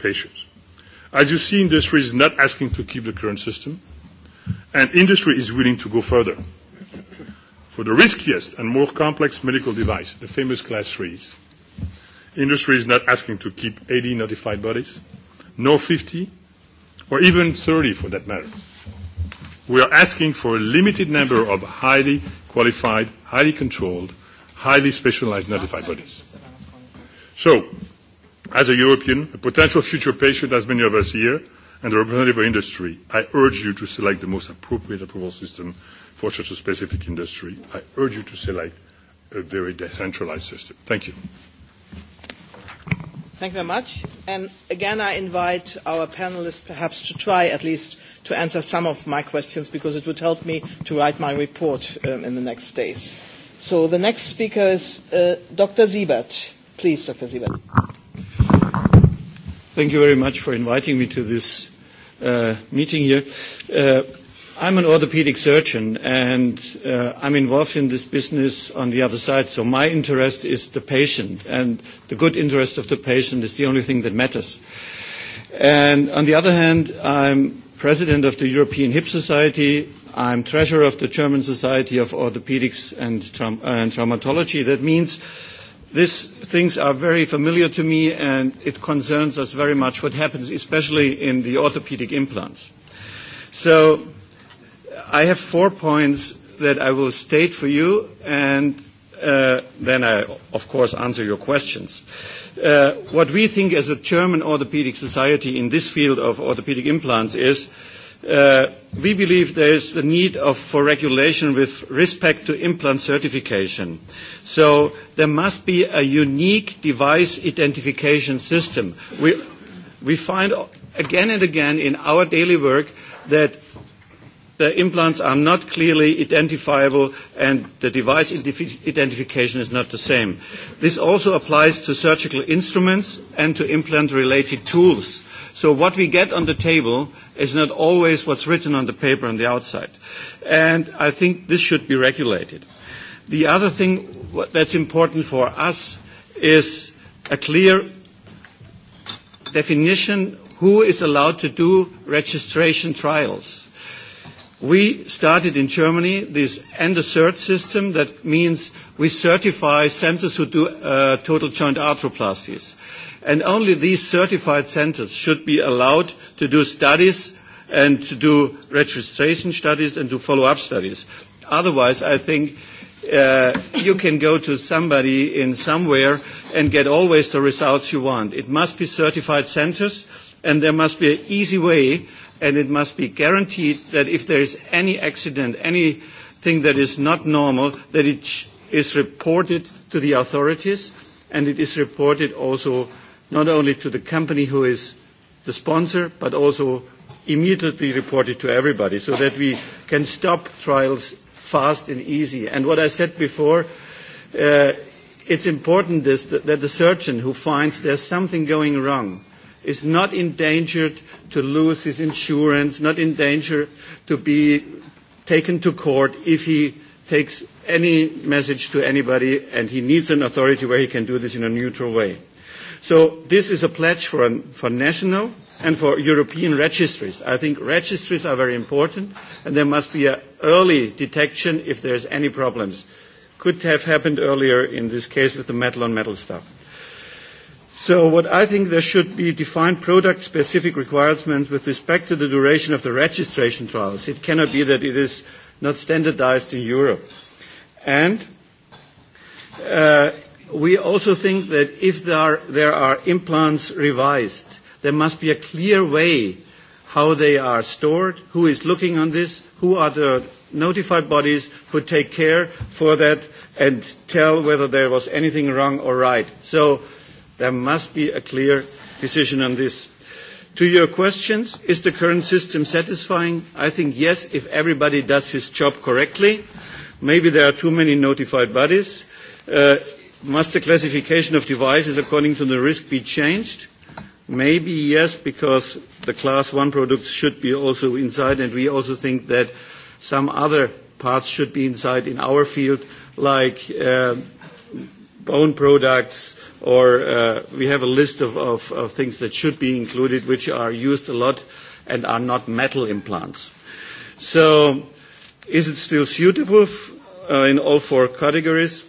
patients. As you see, industry is not asking to keep the current system, and industry is willing to go further. For the riskiest and more complex medical device, the famous class 3s, industry is not asking to keep 80 notified bodies, nor 50, or even 30 for that matter. We are asking for a limited number of highly qualified, highly controlled, highly specialized notified bodies. So, As a European, a potential future patient, as many of us here, and a representative of industry, I urge you to select the most appropriate approval system for such a specific industry. I urge you to select a very decentralized system. Thank you. Thank you very much. And again, I invite our panelists perhaps to try at least to answer some of my questions because it would help me to write my report in the next days. So the next speaker is Dr. Siebert. Please, Dr. Siebert. Thank you very much for inviting me to this meeting here. I'm an orthopedic surgeon and I'm involved in this business on the other side. So my interest is the patient and the good interest of the patient is the only thing that matters. And on the other hand, I'm president of the European Hip Society. I'm treasurer of the German Society of Orthopedics and Traumatology. That means These things are very familiar to me and it concerns us very much what happens, especially in the orthopedic implants. So I have four points that I will state for you and then I, of course, answer your questions. What we think as a German orthopedic society in this field of orthopedic implants is we believe there is the need for regulation with respect to implant certification. So there must be a unique device identification system. We find again and again in our daily work that the implants are not clearly identifiable and the device identification is not the same. This also applies to surgical instruments and to implant-related tools. So what we get on the table is not always what's written on the paper on the outside. And I think this should be regulated. The other thing that's important for us is a clear definition who is allowed to do registration trials. We started in Germany this assert system. That means we certify centers who do total joint arthroplasties and only these certified centers should be allowed to do studies and to do registration studies and to follow-up studies. Otherwise, I think you can go to somebody in somewhere and get always the results you want. It must be certified centers, and there must be an easy way, and it must be guaranteed that if there is any accident, anything that is not normal, that it is reported to the authorities, and it is reported also not only to the company who is the sponsor, but also immediately reported to everybody so that we can stop trials fast and easy. And what I said before, it's important that the surgeon who finds there's something going wrong is not endangered to lose his insurance, not in danger to be taken to court if he takes any message to anybody, and he needs an authority where he can do this in a neutral way. So this is a pledge for national and for European registries. I think registries are very important, and there must be an early detection if there's any problems. Could have happened earlier in this case with the metal-on-metal stuff. So what I think there should be defined product-specific requirements with respect to the duration of the registration trials. It cannot be that it is not standardized in Europe. And We also think that if there are implants revised, there must be a clear way how they are stored, who is looking on this, who are the notified bodies who take care for that and tell whether there was anything wrong or right. So there must be a clear decision on this. To your questions, is the current system satisfying? I think yes, if everybody does his job correctly. Maybe there are too many notified bodies. Must the classification of devices according to the risk be changed? Maybe yes, because the class one products should be also inside, and we also think that some other parts should be inside in our field, like bone products, or we have a list of things that should be included, which are used a lot and are not metal implants. So is it still suitable in all four categories?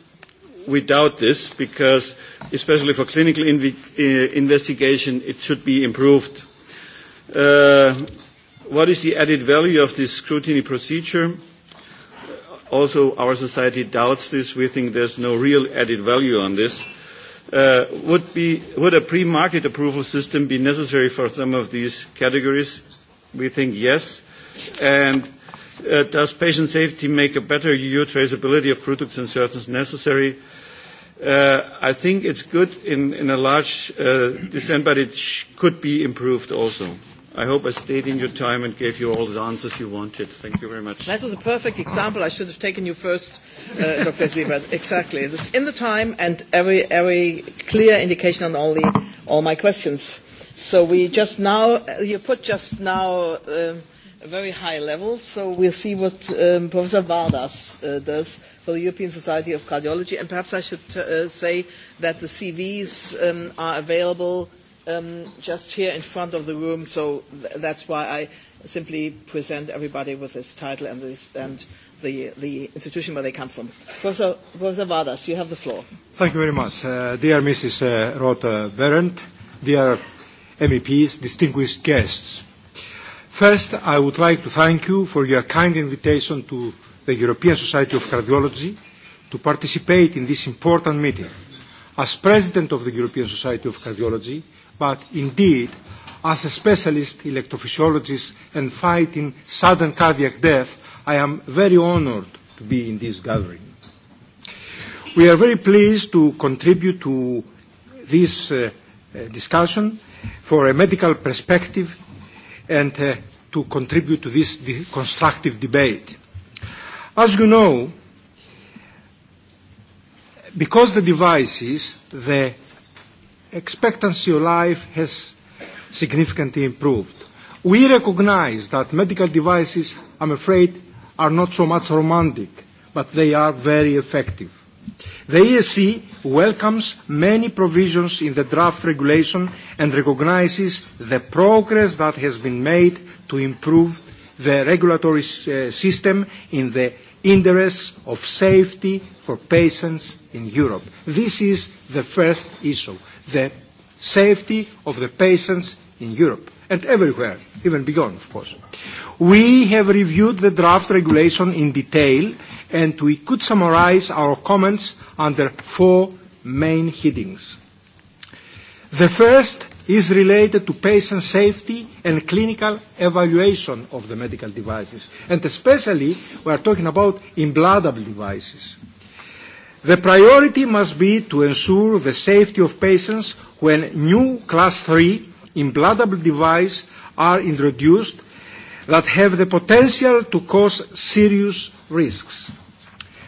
we doubt this because, especially for clinical investigation, it should be improved. What is the added value of this scrutiny procedure? Also, our society doubts this. We think there's no real added value on this. Would a pre-market approval system be necessary for some of these categories? We think yes. And Does patient safety make a better EU traceability of products and services necessary? I think it's good in a large descent, but it could be improved also. I hope I stayed in your time and gave you all the answers you wanted. Thank you very much. That was a perfect example. I should have taken you first, Dr. but Exactly. It's in the time and every every clear indication on all the all my questions. So we just now you put just now very high level, so we'll see what Professor Vardas does for the European Society of Cardiology. And perhaps I should say that the CVs are available just here in front of the room, so that's why I simply present everybody with this title and this and the institution where they come from. Professor Vardas, you have the floor. Thank you very much. Dear Mrs. Roth-Berendt, dear MEPs, distinguished guests. First, I would like to thank you for your kind invitation to the European Society of Cardiology to participate in this important meeting. As President of the European Society of Cardiology, but indeed as a specialist electrophysiologist and fighting sudden cardiac death, I am very honored to be in this gathering. We are very pleased to contribute to this discussion for a medical perspective and to contribute to this constructive debate. As you know, because the devices, the expectancy of life has significantly improved. We recognize that medical devices, I'm afraid, are not so much romantic, but they are very effective. The ESC welcomes many provisions in the draft regulation and recognises the progress that has been made to improve the regulatory system in the interests of safety for patients in Europe. This is the first issue, the safety of the patients in Europe and everywhere, even beyond, of course. We have reviewed the draft regulation in detail and we could summarise our comments under four main headings. The first is related to patient safety and clinical evaluation of the medical devices, and especially we are talking about implantable devices. The priority must be to ensure the safety of patients when new class III implantable devices are introduced that have the potential to cause serious risks.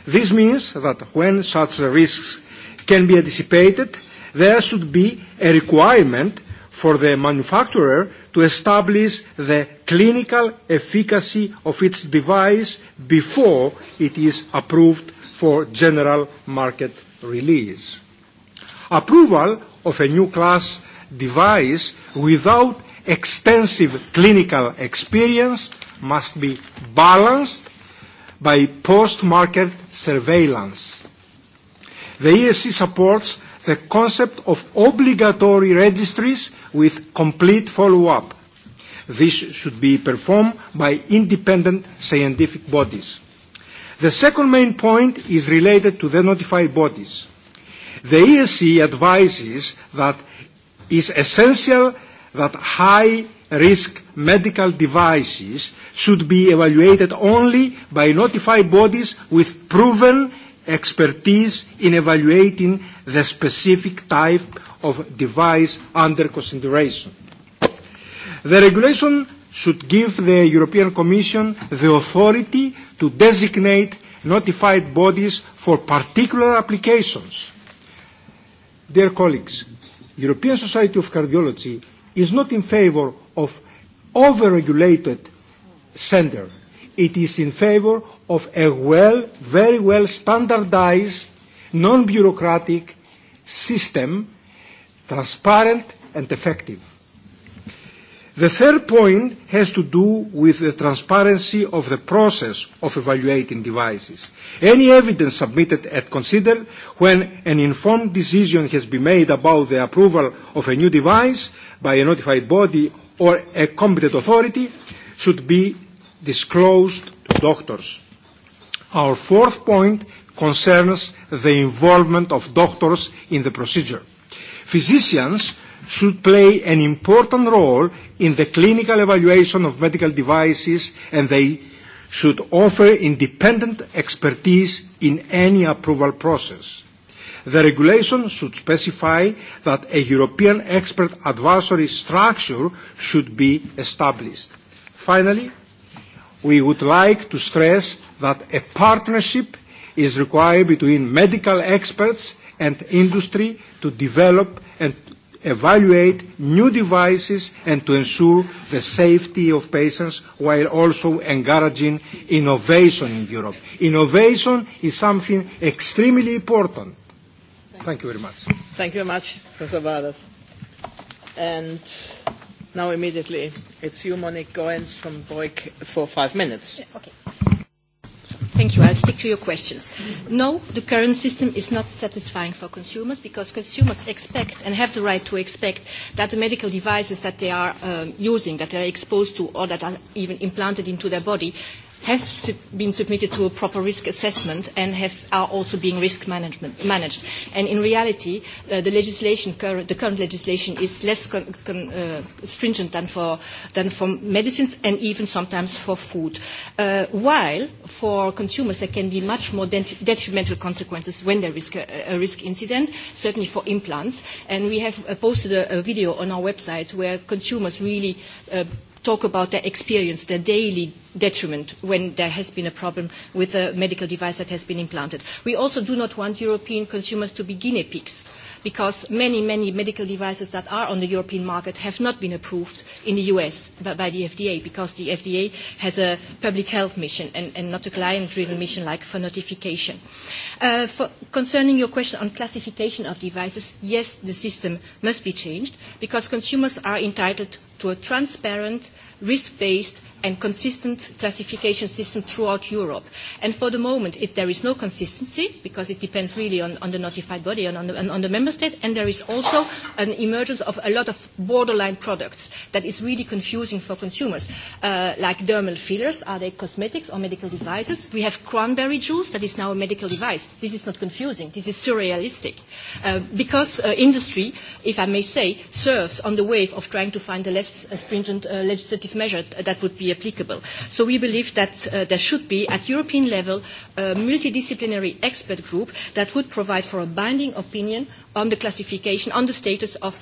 This means that when such risks can be anticipated, there should be a requirement for the manufacturer to establish the clinical efficacy of its device before it is approved for general market release. Approval of a new class device without extensive clinical experience must be balanced by post-market surveillance. The ESC supports the concept of obligatory registries with complete follow-up. This should be performed by independent scientific bodies. The second main point is related to the notified bodies. The ESC advises that it is essential that high risk medical devices should be evaluated only by notified bodies with proven expertise in evaluating the specific type of device under consideration. The regulation should give the European Commission the authority to designate notified bodies for particular applications. Dear colleagues, the European Society of Cardiology is not in favour of over-regulated center. It is in favour of a well, very well standardised, non-bureaucratic system, transparent and effective. The third point has to do with the transparency of the process of evaluating devices. Any evidence submitted at consider when an informed decision has been made about the approval of a new device by a notified body or a competent authority should be disclosed to doctors. Our fourth point concerns the involvement of doctors in the procedure. Physicians should play an important role in the clinical evaluation of medical devices and they should offer independent expertise in any approval process. The regulation should specify that a European expert advisory structure should be established. Finally, we would like to stress that a partnership is required between medical experts and industry to develop evaluate new devices and to ensure the safety of patients while also encouraging innovation in Europe. Innovation is something extremely important. Thank you very much. Thank you very much, Professor Vardas. And now immediately it's you, Monique Goins from Boyk, for five minutes. Okay. Thank you. I'll stick to your questions. No, the current system is not satisfying for consumers because consumers expect and have the right to expect that the medical devices that they are using, that they are exposed to or that are even implanted into their body, have been submitted to a proper risk assessment and are also being risk managed. And in reality, the legislation, the current legislation, is less stringent than for medicines and even sometimes for food. While for consumers there can be much more detrimental consequences when there is a risk incident, certainly for implants. And we have posted a video on our website where consumers really talk about their experience, their daily detriment when there has been a problem with a medical device that has been implanted. We also do not want European consumers to be guinea pigs because many, many medical devices that are on the European market have not been approved in the US by the FDA because the FDA has a public health mission and not a client-driven mission like for notification. Concerning your question on classification of devices, yes, the system must be changed because consumers are entitled to a transparent, risk-based and consistent classification system throughout Europe. And for the moment, there is no consistency because it depends really on the notified body and on the member state. And there is also an emergence of a lot of borderline products that is really confusing for consumers, like dermal fillers. Are they cosmetics or medical devices? We have cranberry juice that is now a medical device. This is not confusing. This is surrealistic. Because industry, if I may say, serves on the wave of trying to find a less stringent legislative measure that would be applicable. So we believe that there should be, at European level, a multidisciplinary expert group that would provide for a binding opinion on the classification, on the status of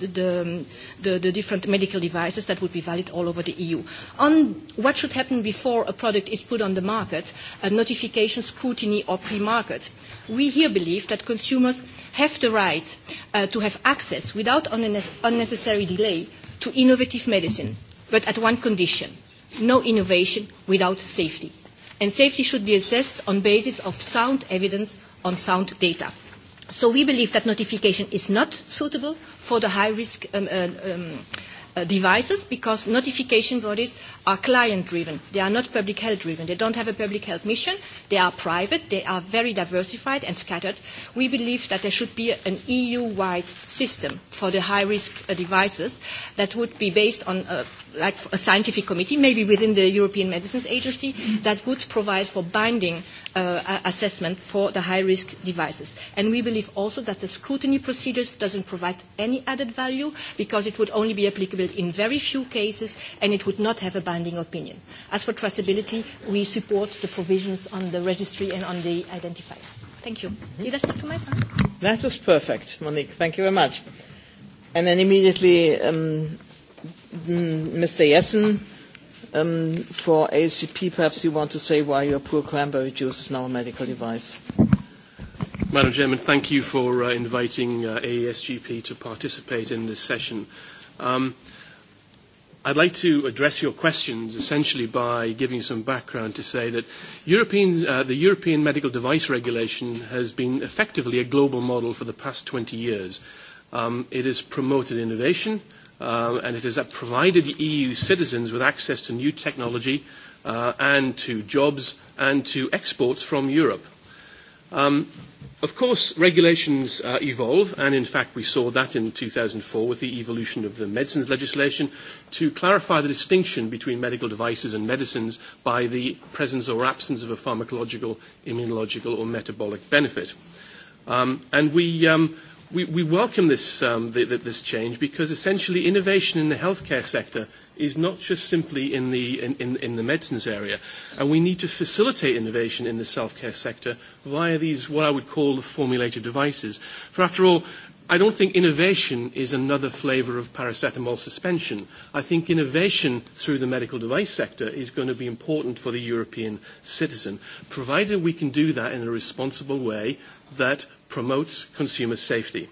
the different medical devices that would be valid all over the EU. On what should happen before a product is put on the market, a notification, scrutiny or pre-market, we here believe that consumers have the right to have access without unnecessary delay to innovative medicine but at one condition no innovation without safety. And safety should be assessed on basis of sound evidence on sound data. So we believe that notification is not suitable for the high risk devices because notification bodies are client driven. They are not public health driven. They don't have a public health mission. They are private. They are very diversified and scattered. We believe that there should be an EU wide system for the high risk devices that would be based on like a scientific committee, maybe within the European Medicines Agency, that would provide for binding assessment for the high-risk devices. And we believe also that the scrutiny procedures doesn't provide any added value because it would only be applicable in very few cases and it would not have a binding opinion. As for traceability, we support the provisions on the registry and on the identifier. Thank you. Did I stick to my time? That was perfect, Monique. Thank you very much. And then immediately Mr. Jessen, for ACP, perhaps you want to say why your poor cranberry juice is now a medical device. Madam Chairman, thank you for inviting AESGP to participate in this session. I'd like to address your questions essentially by giving some background to say that the European Medical Device Regulation has been effectively a global model for the past 20 years. It has promoted innovation, and it has provided EU citizens with access to new technology and to jobs and to exports from Europe. Of course, regulations evolve, and in fact we saw that in 2004 with the evolution of the medicines legislation to clarify the distinction between medical devices and medicines by the presence or absence of a pharmacological, immunological or metabolic benefit. And we we, we welcome this, um, the, this change because essentially innovation in the healthcare sector is not just simply in the, in, in, in the medicines area. And we need to facilitate innovation in the self-care sector via these, what I would call the formulated devices. For after all, I don't think innovation is another flavour of paracetamol suspension. I think innovation through the medical device sector is going to be important for the European citizen, provided we can do that in a responsible way that promotes consumer safety.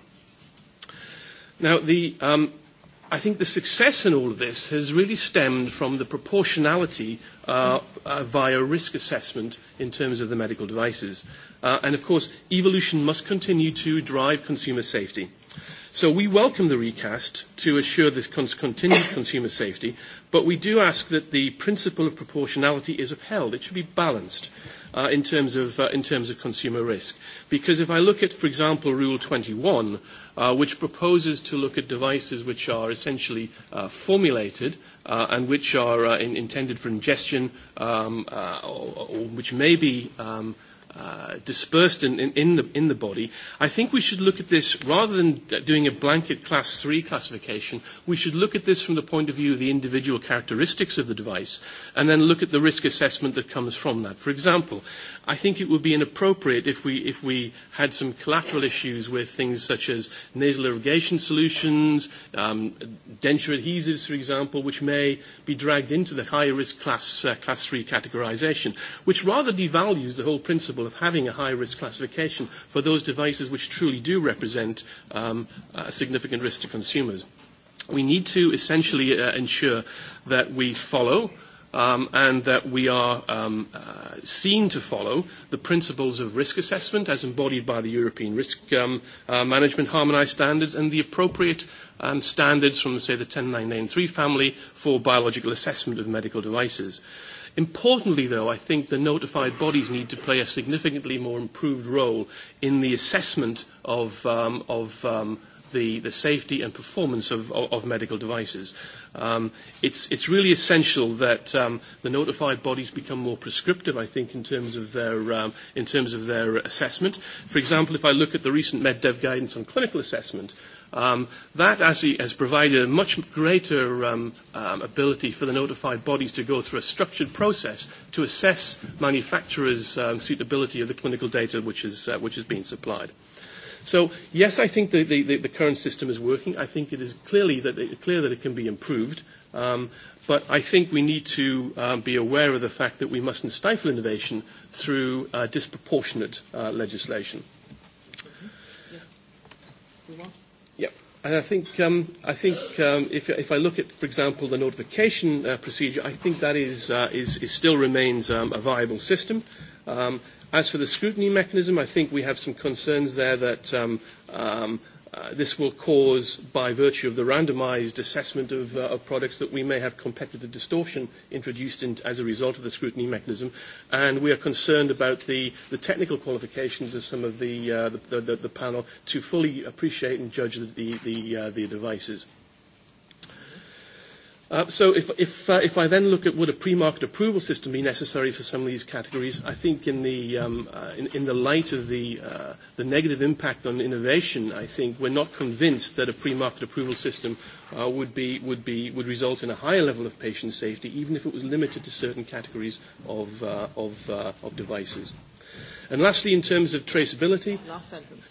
Now, the I think the success in all of this has really stemmed from the proportionality via risk assessment in terms of the medical devices. And, of course, evolution must continue to drive consumer safety. So we welcome the recast to assure this continued consumer safety, but we do ask that the principle of proportionality is upheld. It should be balanced in terms of in terms of consumer risk because if i look at for example rule 21 which proposes to look at devices which are essentially formulated and which are intended for ingestion or which may be dispersed in in the in the body, I think we should look at this rather than doing a blanket class three classification. We should look at this from the point of view of the individual characteristics of the device, and then look at the risk assessment that comes from that. For example, I think it would be inappropriate if we if we had some collateral issues with things such as nasal irrigation solutions, denture adhesives, for example, which may be dragged into the higher risk class class three categorization, which rather devalues the whole principle of having a high risk classification for those devices which truly do represent a significant risk to consumers. We need to essentially ensure that we follow and that we are seen to follow the principles of risk assessment as embodied by the European Risk Management Harmonized Standards and the appropriate standards from, say, the 10993 family for biological assessment of medical devices. Importantly, though, I think the notified bodies need to play a significantly more improved role in the assessment of the safety and performance of medical devices. It's really essential that the notified bodies become more prescriptive, I think, in terms of their assessment. For example, if I look at the recent MedDev guidance on clinical assessment, That actually has provided a much greater ability for the notified bodies to go through a structured process to assess manufacturers' suitability of the clinical data which is been supplied. So, yes, I think the current system is working. I think it is clearly clear that it can be improved. But I think we need to be aware of the fact that we mustn't stifle innovation through disproportionate legislation. Yeah. And I think, um, I think um, if, if I look at, for example, the notification uh, procedure, I think that is, uh, is, is still remains um, a viable system. Um, as for the scrutiny mechanism, I think we have some concerns there that um, um, This will cause, by virtue of the randomized assessment of products, that we may have competitive distortion introduced as a result of the scrutiny mechanism, and we are concerned about the technical qualifications of some of the panel to fully appreciate and judge the devices. So if I then look at would a pre-market approval system be necessary for some of these categories, I think in the light of the negative impact on innovation, I think we're not convinced that a pre-market approval system would result in a higher level of patient safety, even if it was limited to certain categories of devices. And lastly, in terms of traceability,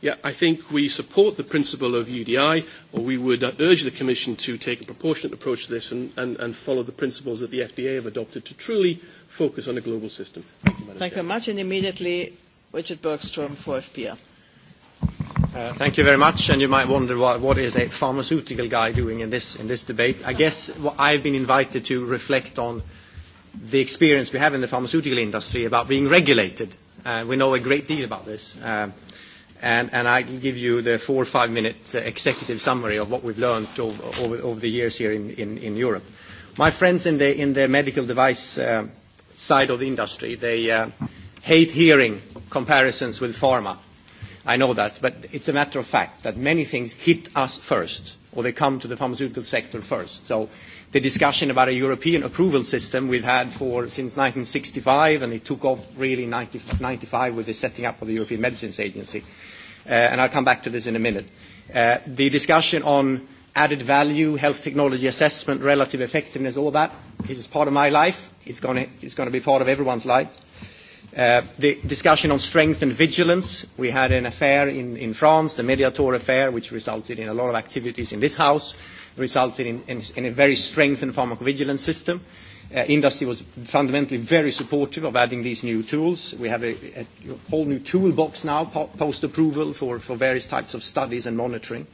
yeah, I think we support the principle of UDI, or we would urge the Commission to take a proportionate approach to this and, and, follow the principles that the FDA have adopted to truly focus on a global system. Thank you, very much. And immediately, Richard Bergstrom for FPR. Thank you very much. And you might wonder what is a pharmaceutical guy doing in this in this debate. I guess what I've been invited to reflect on the experience we have in the pharmaceutical industry about being regulated We know a great deal about this, and I can give you the four or five-minute executive summary of what we've learned over the years here in Europe. My friends in the medical device side of the industry, they hate hearing comparisons with pharma. I know that, but it's a matter of fact that many things hit us first, or they come to the pharmaceutical sector first. So the discussion about a European approval system we've had for since 1965, and it took off really in 1995 with the setting up of the European Medicines Agency. And I'll come back to this in a minute. The discussion on added value, health technology assessment, relative effectiveness, all that is part of my life. It's going to be part of everyone's life. The discussion on strength and vigilance. We had an affair in France, the Mediator affair, which resulted in a lot of activities in this House resulted in a very strengthened pharmacovigilance system. Industry was fundamentally very supportive of adding these new tools. We have a whole new toolbox now, post-approval, for various types of studies and monitoring.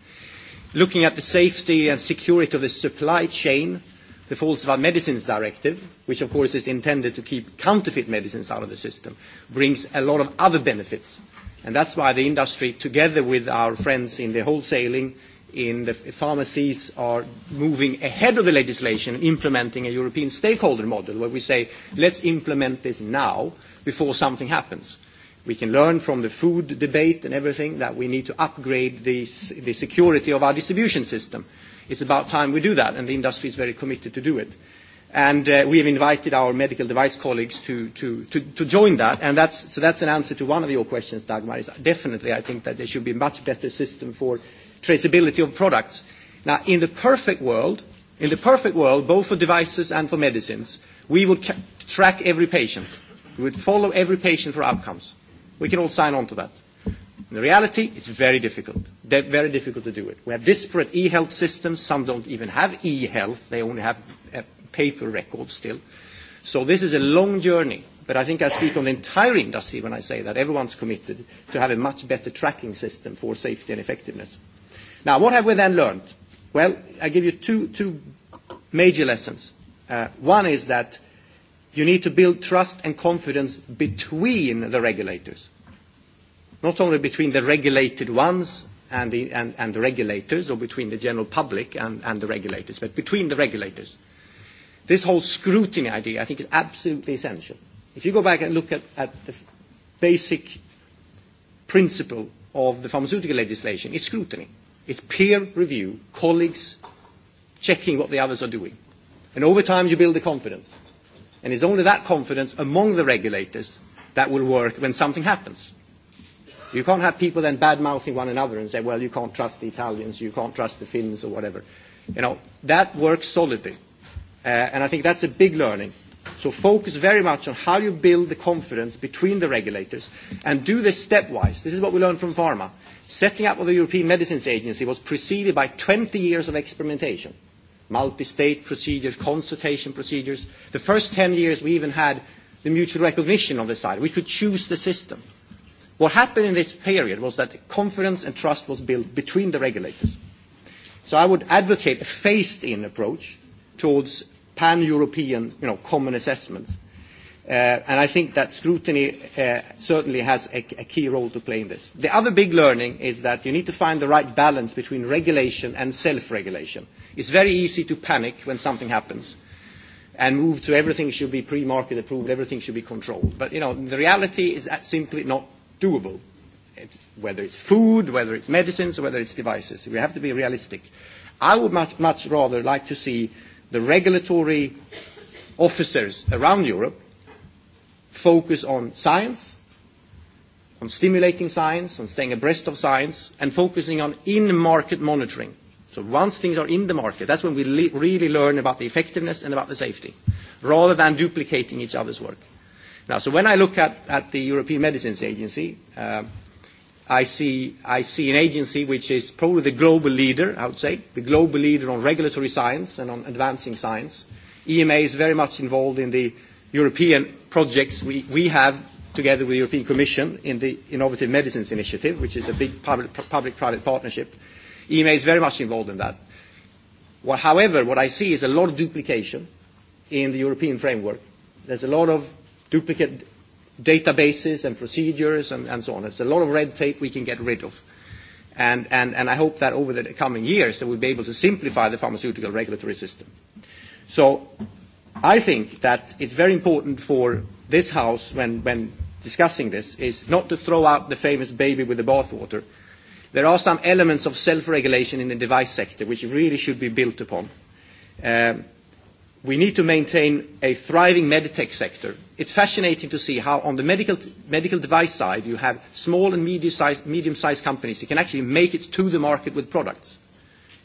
Looking at the safety and security of the supply chain, the Falsified Medicines Directive, which of course is intended to keep counterfeit medicines out of the system, brings a lot of other benefits. And that's why the industry, together with our friends in the wholesaling in the pharmacies are moving ahead of the legislation and implementing a European stakeholder model where we say, let's implement this now before something happens. We can learn from the food debate and everything that we need to upgrade the security of our distribution system. It's about time we do that, and the industry is very committed to do it. And we have invited our medical device colleagues to to to join that. And that's so that's an answer to one of your questions, Dagmar. Definitely, I think that there should be a much better system for traceability of products. Now, in the perfect world, in the perfect world, both for devices and for medicines, we would track every patient. We would follow every patient for outcomes. We can all sign on to that. In reality, it's very difficult. Very difficult to do it. We have disparate e-health systems. Some don't even have e-health. They only have paper records still. So this is a long journey. But I think I speak on the entire industry when I say that everyone's committed to have a much better tracking system for safety and effectiveness. Now, what have we then learned? Well, I give you two, two major lessons. one is that you need to build trust and confidence between the regulators, not only between the regulated ones and the, and, and the regulators or between the general public and, and the regulators, but between the regulators. This whole scrutiny idea, I think, is absolutely essential. If you go back and look at, at the basic principle of the pharmaceutical legislation, it's scrutiny. It's peer review, colleagues checking what the others are doing. And over time you build the confidence. And it's only that confidence among the regulators that will work when something happens. You can't have people then bad-mouthing one another and say, well, you can't trust the Italians, you can't trust the Finns or whatever. You know, that works solidly. And I think that's a big learning. So focus very much on how you build the confidence between the regulators and do this stepwise. This is what we learned from pharma. Setting up of the European Medicines Agency was preceded by 20 years of experimentation. Multi-state procedures, consultation procedures. The first 10 years we even had the mutual recognition on the side. We could choose the system. What happened in this period was that confidence and trust was built between the regulators. So I would advocate a phased-in approach towards pan-European common assessments And I think that scrutiny certainly has a key role to play in this. The other big learning is that you need to find the right balance between regulation and self-regulation. It's very easy to panic when something happens and move to everything should be pre-market approved, everything should be controlled. But, you know, the reality is that simply not doable, whether it's food, whether it's medicines, or whether it's devices. We have to be realistic. I would much rather like to see the regulatory officers around Europe focus on science, on stimulating science, on staying abreast of science, and focusing on in-market monitoring. So once things are in the market, that's when we really learn about the effectiveness and about the safety, rather than duplicating each other's work. Now, so when I look at the European Medicines Agency, I see an agency which is probably the global leader, I would say, the global leader on regulatory science and on advancing science. EMA is very much involved in the European projects we have together with the European Commission in the Innovative Medicines Initiative, which is a big public-private partnership. EMA is very much involved in that. However, what I see is a lot of duplication in the European framework. There's a lot of duplicate databases and procedures and so on. There's a lot of red tape we can get rid of. And I hope that over the coming years that we'll be able to simplify the pharmaceutical regulatory system. So I think that it's very important for this House, when discussing this, is not to throw out the famous baby with the bathwater. There are some elements of self-regulation in the device sector which really should be built upon. We need to maintain a thriving Meditech sector. It's fascinating to see how on the medical device side you have small and medium-sized companies that can actually make it to the market with products.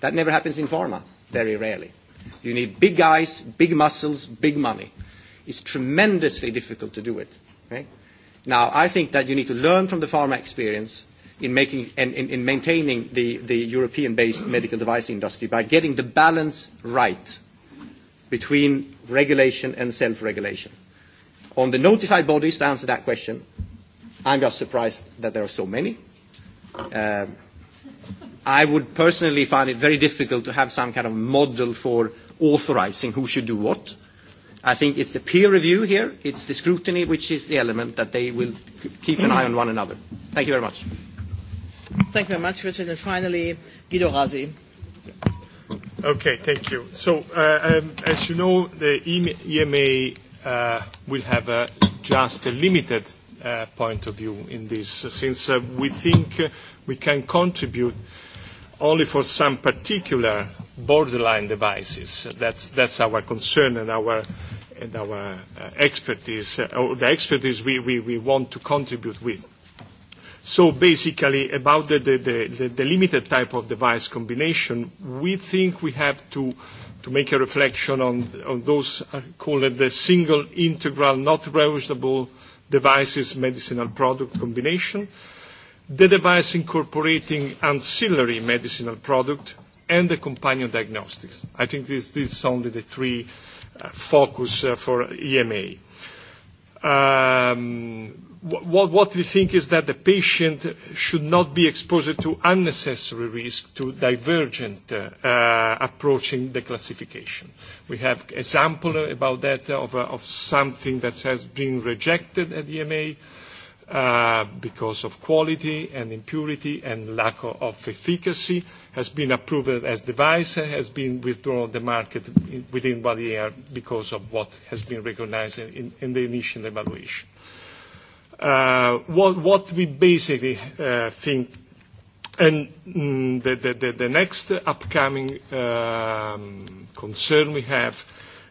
That never happens in pharma, very rarely. You need big guys, big muscles, big money. It's tremendously difficult to do it. Now, I think that you need to learn from the pharma experience in making and in maintaining the European-based medical device industry by getting the balance right between regulation and self-regulation. On the notified bodies, to answer that question, I'm just surprised that there are so many. I would personally find it very difficult to have some kind of model for authorizing who should do what. I think it's the peer review here, it's the scrutiny, which is the element that they will keep an eye on one another. Thank you very much. Thank you very much, Richard. And finally, Guido Razi. Okay, thank you. So, as you know, the EMA will have just a limited point of view in this, since we think we can contribute only for some particular borderline devices. That's our concern and our expertise, or the expertise we want to contribute with. So basically, about the limited type of device combination, we think we have to make a reflection on those, call it the single integral, not reusable devices medicinal product combination the device incorporating ancillary medicinal product and the companion diagnostics. I think this is only the three focus for EMA. What we think is that the patient should not be exposed to unnecessary risk to divergent approaching the classification. We have example about that of something that has been rejected at EMA because of quality and impurity and lack of efficacy, has been approved as device, and has been withdrawn from the market within one year because of what has been recognized in the initial evaluation. What we basically think, and the next upcoming concern we have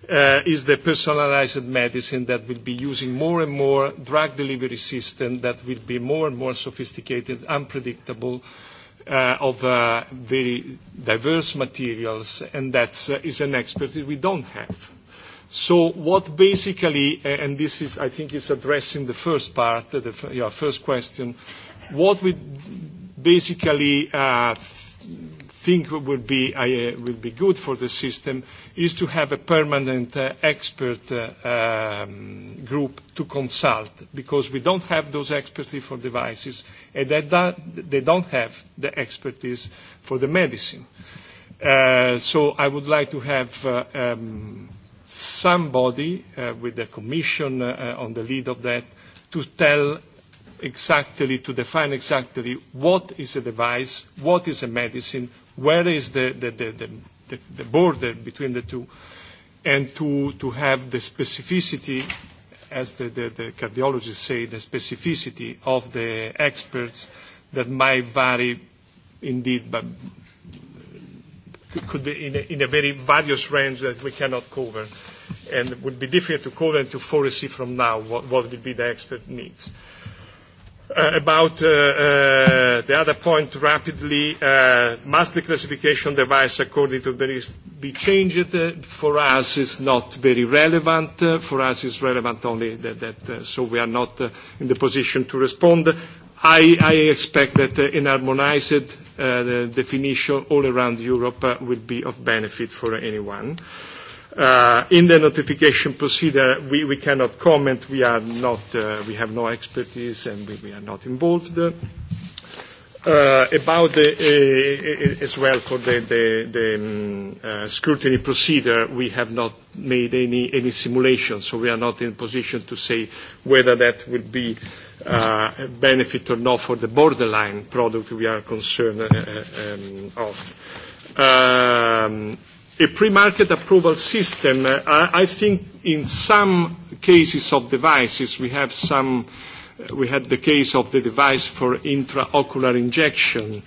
is the personalized medicine that will be using more and more drug delivery system that will be more and more sophisticated, unpredictable, of very diverse materials, and that is an expertise we don't have. So what basically, and this is, I think, is addressing the first part, your first question, what we basically think would be would be good for the system is to have a permanent expert group to consult because we don't have those expertise for devices and they don't have the expertise for the medicine. So I would like to have somebody with the Commission on the lead of that to tell exactly, to define exactly what is a device, what is a medicine, where is the the the the border between the two and to to have the specificity as the the cardiologists say the specificity of the experts that might vary indeed but could be in a, in a very various range that we cannot cover and it would be difficult to cover and to foresee from now what, what would be the expert needs. About the other point rapidly, must the classification device according to the be changed? For us it's not very relevant. For us it's relevant only that so we are not in the position to respond. I expect that an harmonized definition all around Europe will be of benefit for anyone. In the notification procedure, we cannot comment. We are not, we have no expertise and we are not involved. About the, as well for the scrutiny procedure, we have not made any simulations so we are not in a position to say whether that would be a benefit or not for the borderline product we are concerned of a pre-market approval system. I think in some cases of devices, we have some, we had the case of the device for intraocular injection.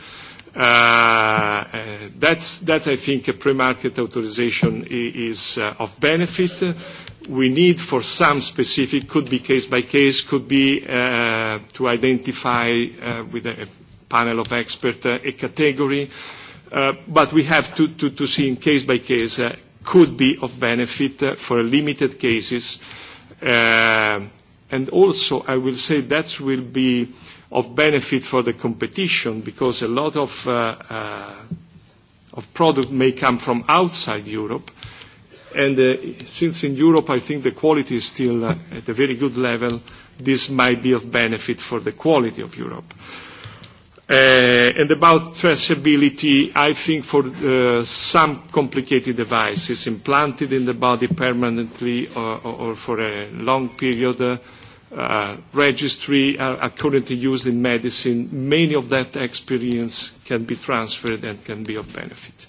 That's, that I think a pre-market authorization is of benefit. We need for some specific, could be case by case, could be to identify with a panel of experts a category but we have to see in case by case could be of benefit for limited cases. And also, I will say that will be of benefit for the competition because a lot of product may come from outside Europe. And since in Europe, I think the quality is still at a very good level, this might be of benefit for the quality of Europe. And about traceability, I think for some complicated devices implanted in the body permanently or for a long period, registry are currently used in medicine. Many of that experience can be transferred and can be of benefit.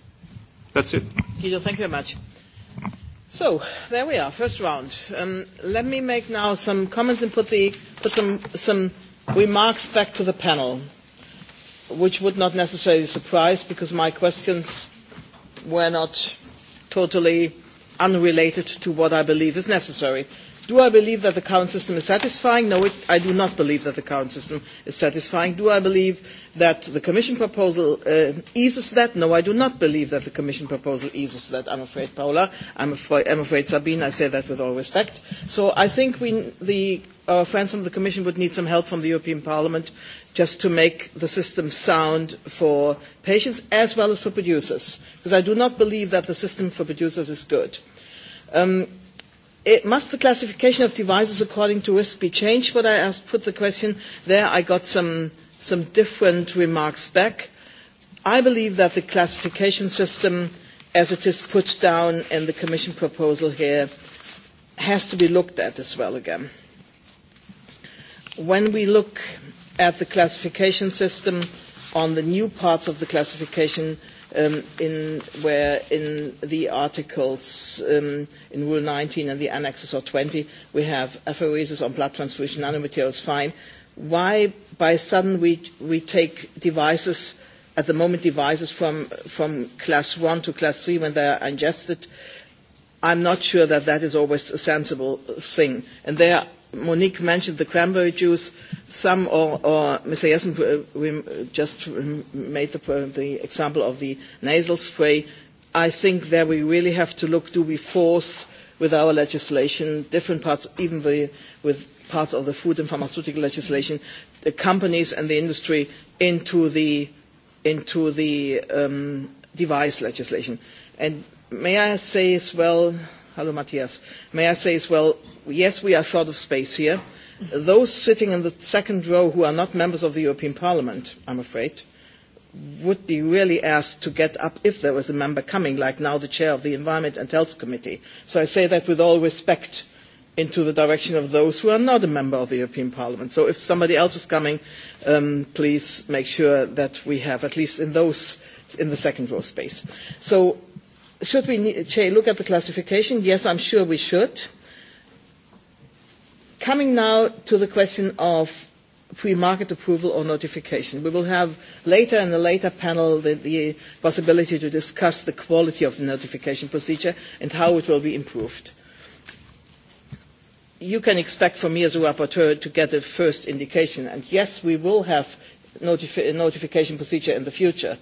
That's it. Guido, thank you very much. So there we are, first round. Let me make now some comments and put some remarks back to the panel which would not necessarily surprise because my questions were not totally unrelated to what I believe is necessary. Do I believe that the current system is satisfying? No, I do not believe that the current system is satisfying. Do I believe that the Commission proposal eases that? No, I do not believe that the Commission proposal eases that. I'm afraid, Paula. I'm afraid, Sabine. I say that with all respect. So I think our friends from the Commission would need some help from the European Parliament just to make the system sound for patients as well as for producers, because I do not believe that the system for producers is good. Must the classification of devices according to risk be changed? But I put the question there. I got some different remarks back. I believe that the classification system, as it is put down in the Commission proposal here, has to be looked at as well again. When we look at the classification system on the new parts of the classification in where in the articles in Rule 19 and the annexes or 20 we have aphorisms on blood transfusion nanomaterials, fine. Why by sudden we take devices, at the moment devices from class 1 to class 3 when they are ingested? I'm not sure that that is always a sensible thing. And there Monique mentioned the cranberry juice. Some, or Mr. Jessen just made the example of the nasal spray. I think that we really have to look, do we force with our legislation, different parts, even with parts of the food and pharmaceutical legislation, the companies and the industry into the into the device legislation. And may I say as well, hello Matthias, may I say as well, yes, we are short of space here. Those sitting in the second row who are not members of the European Parliament, I'm afraid, would be really asked to get up if there was a member coming, like now the chair of the Environment and Health Committee. So I say that with all respect into the direction of those who are not a member of the European Parliament. So if somebody else is coming, please make sure that we have at least in those in the second row space. So should we look at the classification? Yes, I'm sure we should. Coming now to the question of pre-market approval or notification. We will have later in the later panel the possibility to discuss the quality of the notification procedure and how it will be improved. You can expect from me as a rapporteur to get a first indication. And yes, we will have a notification procedure in the future.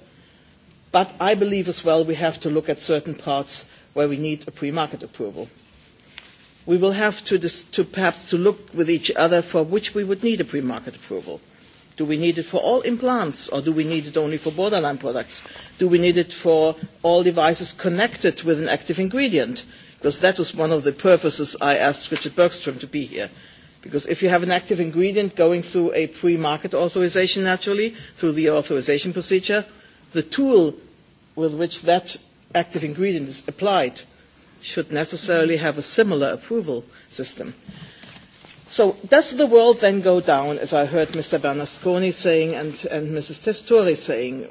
But I believe as well we have to look at certain parts where we need a pre-market approval we will have to perhaps to look with each other for which we would need a pre-market approval. Do we need it for all implants or do we need it only for borderline products? Do we need it for all devices connected with an active ingredient? Because that was one of the purposes I asked Richard Bergstrom to be here. Because if you have an active ingredient going through a pre-market authorization naturally, through the authorisation procedure, the tool with which that active ingredient is applied should necessarily have a similar approval system. So does the world then go down, as I heard Mr. Bernasconi saying and Mrs. Testori saying,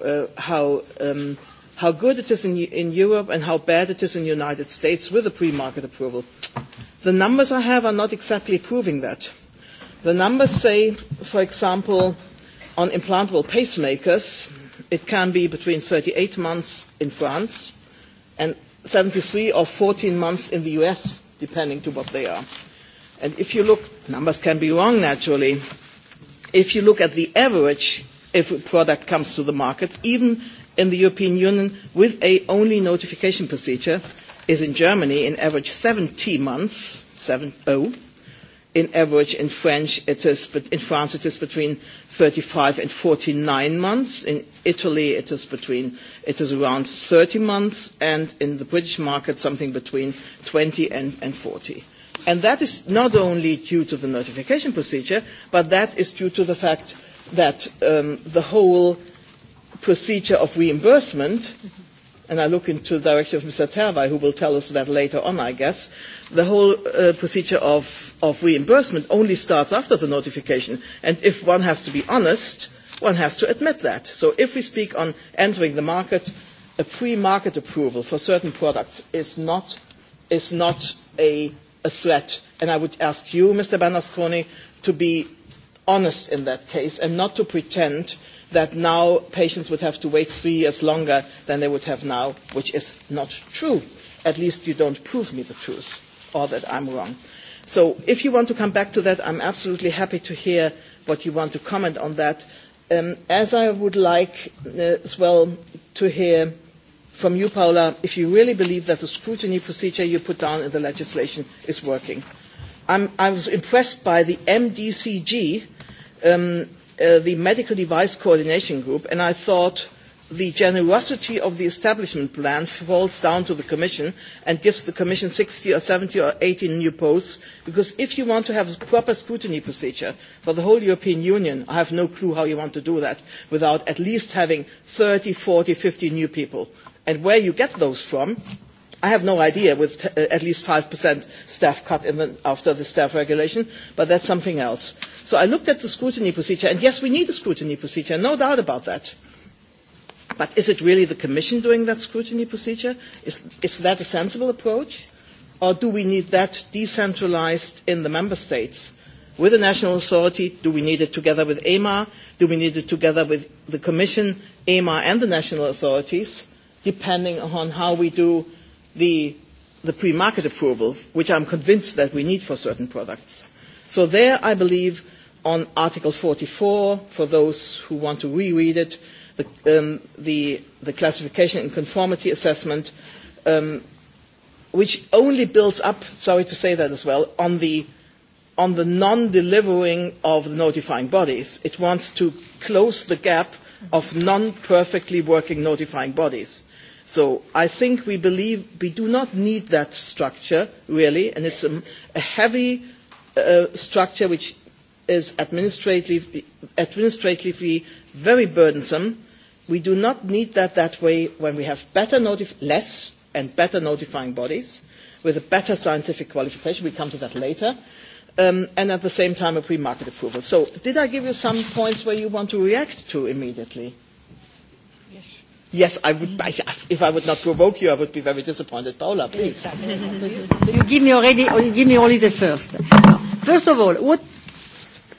how good it is in Europe and how bad it is in the United States with the pre-market approval? The numbers I have are not exactly proving that. The numbers say, for example, on implantable pacemakers, it can be between 38 months in France and 73 or 14 months in the US, depending to what they are. And if you look, numbers can be wrong naturally, if you look at the average if a product comes to the market, even in the European Union with a only notification procedure, is in Germany in average 70 months, 7 in average in French it is in France it is between 35 and 49 months in Italy it is between it is around 30 months and in the British market something between 20 and and 40 and that is not only due to the notification procedure but that is due to the fact that the whole procedure of reimbursement and I look into the direction of Mr. Terwey, who will tell us that later on, I guess, the whole procedure of reimbursement only starts after the notification. And if one has to be honest, one has to admit that. So if we speak on entering the market, a pre-market approval for certain products is not a threat. And I would ask you, Mr. Banasconi, to be honest in that case and not to pretend that now patients would have to wait three years longer than they would have now, which is not true. At least you don't prove me the truth or that I'm wrong. So if you want to come back to that, I'm absolutely happy to hear what you want to comment on that. As I would like as well to hear from you, Paula, if you really believe that the scrutiny procedure you put down in the legislation is working. I was impressed by the MDCG the Medical Device Coordination Group, and I thought the generosity of the establishment plan falls down to the Commission and gives the Commission 60 or 70 or 80 new posts, because if you want to have a proper scrutiny procedure for the whole European Union, I have no clue how you want to do that without at least having 30, 40, 50 new people. And where you get those from I have no idea with at least 5% staff cut after the staff regulation, but that's something else. So I looked at the scrutiny procedure, and yes, we need a scrutiny procedure, no doubt about that. But is it really the Commission doing that scrutiny procedure? Is that a sensible approach? Or do we need that decentralized in the member states? With a national authority, do we need it together with EMA? Do we need it together with the Commission, EMA, and the national authorities, depending on how we do the pre-market approval, which I am convinced that we need for certain products. So there, I believe, on Article 44, for those who want to reread it, the classification and conformity assessment, which only builds up, sorry to say that as well, on the non-delivering of the notifying bodies. It wants to close the gap of non-perfectly working notifying bodies. So I think we believe we do not need that structure really, and it's a heavy structure which is administratively very burdensome. We do not need that that way when we have better less and better notifying bodies with a better scientific qualification. We come to that later. And at the same time, a pre-market approval. So did I give you some points where you want to react to immediately? Yes, I would. if I would not provoke you, I would be very disappointed. Paula, please. So you give me already. You give me only the first. First of all,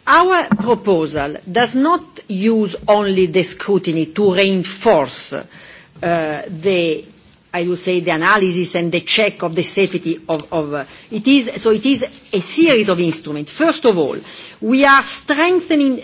our proposal does not use only the scrutiny to reinforce the, I would say, the analysis and the check of the safety of. It is so. It is a series of instruments. First of all, we are strengthening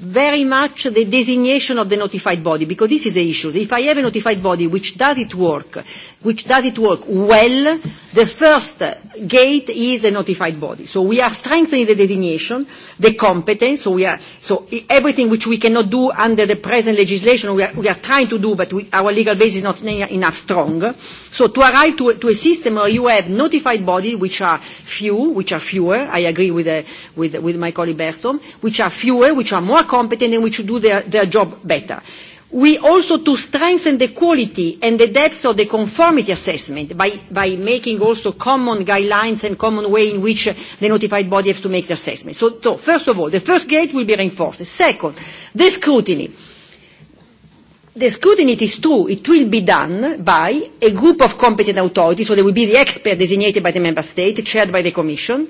very much the designation of the notified body, because this is the issue. If I have a notified body which does it work, which does it work well, the first gate is the notified body. So we are strengthening the designation, the competence, so we are, so everything which we cannot do under the present legislation we are, we are trying to do, but our legal base is not enough strong. So to arrive to, a system where you have notified bodies which are few, which are fewer, I agree with, with, with my colleague Berstrom, which are fewer, which are more competent and which do their, their job better. We also to strengthen the quality and the depth of the conformity assessment by making also common guidelines and common way in which the notified body has to make the assessment. So first of all, the first gate will be reinforced. Second, the scrutiny. The scrutiny, it is true, it will be done by a group of competent authorities, so there will be the expert designated by the member state, chaired by the Commission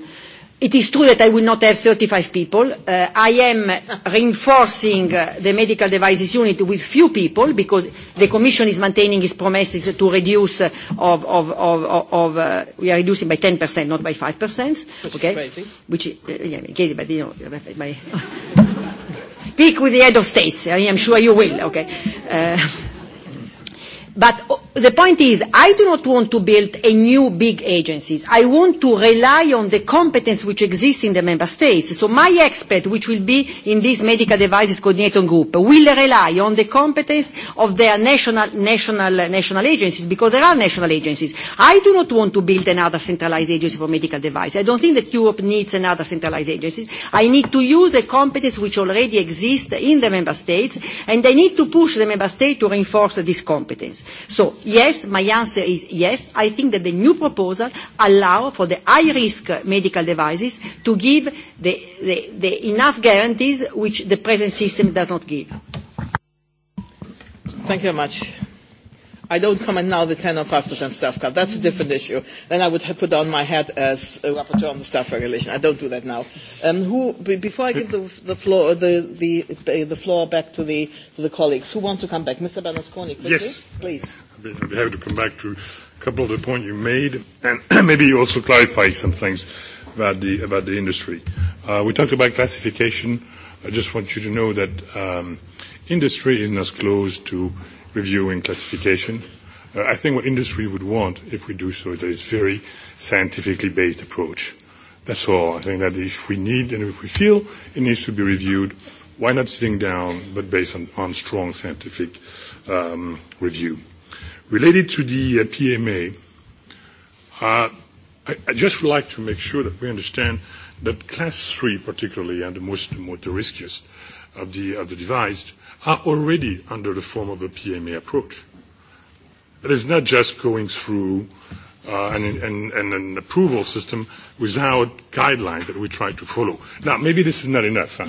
It is true that I will not have 35 people. I am reinforcing the medical devices unit with few people because the Commission is maintaining its promises to reduce of, of, of, we are reducing by 10%, not by 5%. Which okay? is crazy. but you know, speak with the head of states. I am sure you will, okay. but the point is I do not want to build a new big agencies. I want to rely on the competence which exists in the member states. So my expert, which will be in this medical devices coordinating group, will rely on the competence of their national, national, national agencies because there are national agencies. I do not want to build another centralized agency for medical devices. I don't think that Europe needs another centralized agency. I need to use the competence which already exists in the member states and I need to push the member states to reinforce this competence. So yes, my answer is yes. I think that the new proposal allows for the high-risk medical devices to give the enough guarantees which the present system does not give. Thank you very much. I don't comment now the 10 or 5% staff cut. That's a different issue. Then I would put on my hat as a rapporteur on the staff regulation. I don't do that now. Who, before I give the floor, the floor back to the to the colleagues, who wants to come back? Mr. Berlusconi, please. Please. I'd be happy to come back to a couple of the points you made, and maybe you also clarify some things about the about the industry. We talked about classification. I just want you to know that industry is as close to Reviewing classification. I think what industry would want, if we do so, that is very scientifically based approach. That's all. I think that if we need and if we feel it needs to be reviewed, why not sitting down, but based on, strong scientific um, review. Related to the PMA, I, just would like to make sure that we understand that class three particularly, and the most, the most riskiest of the, of the device, are already under the form of a PMA approach. It is not just going through an approval system without guidelines that we try to follow. Now, maybe this is not enough.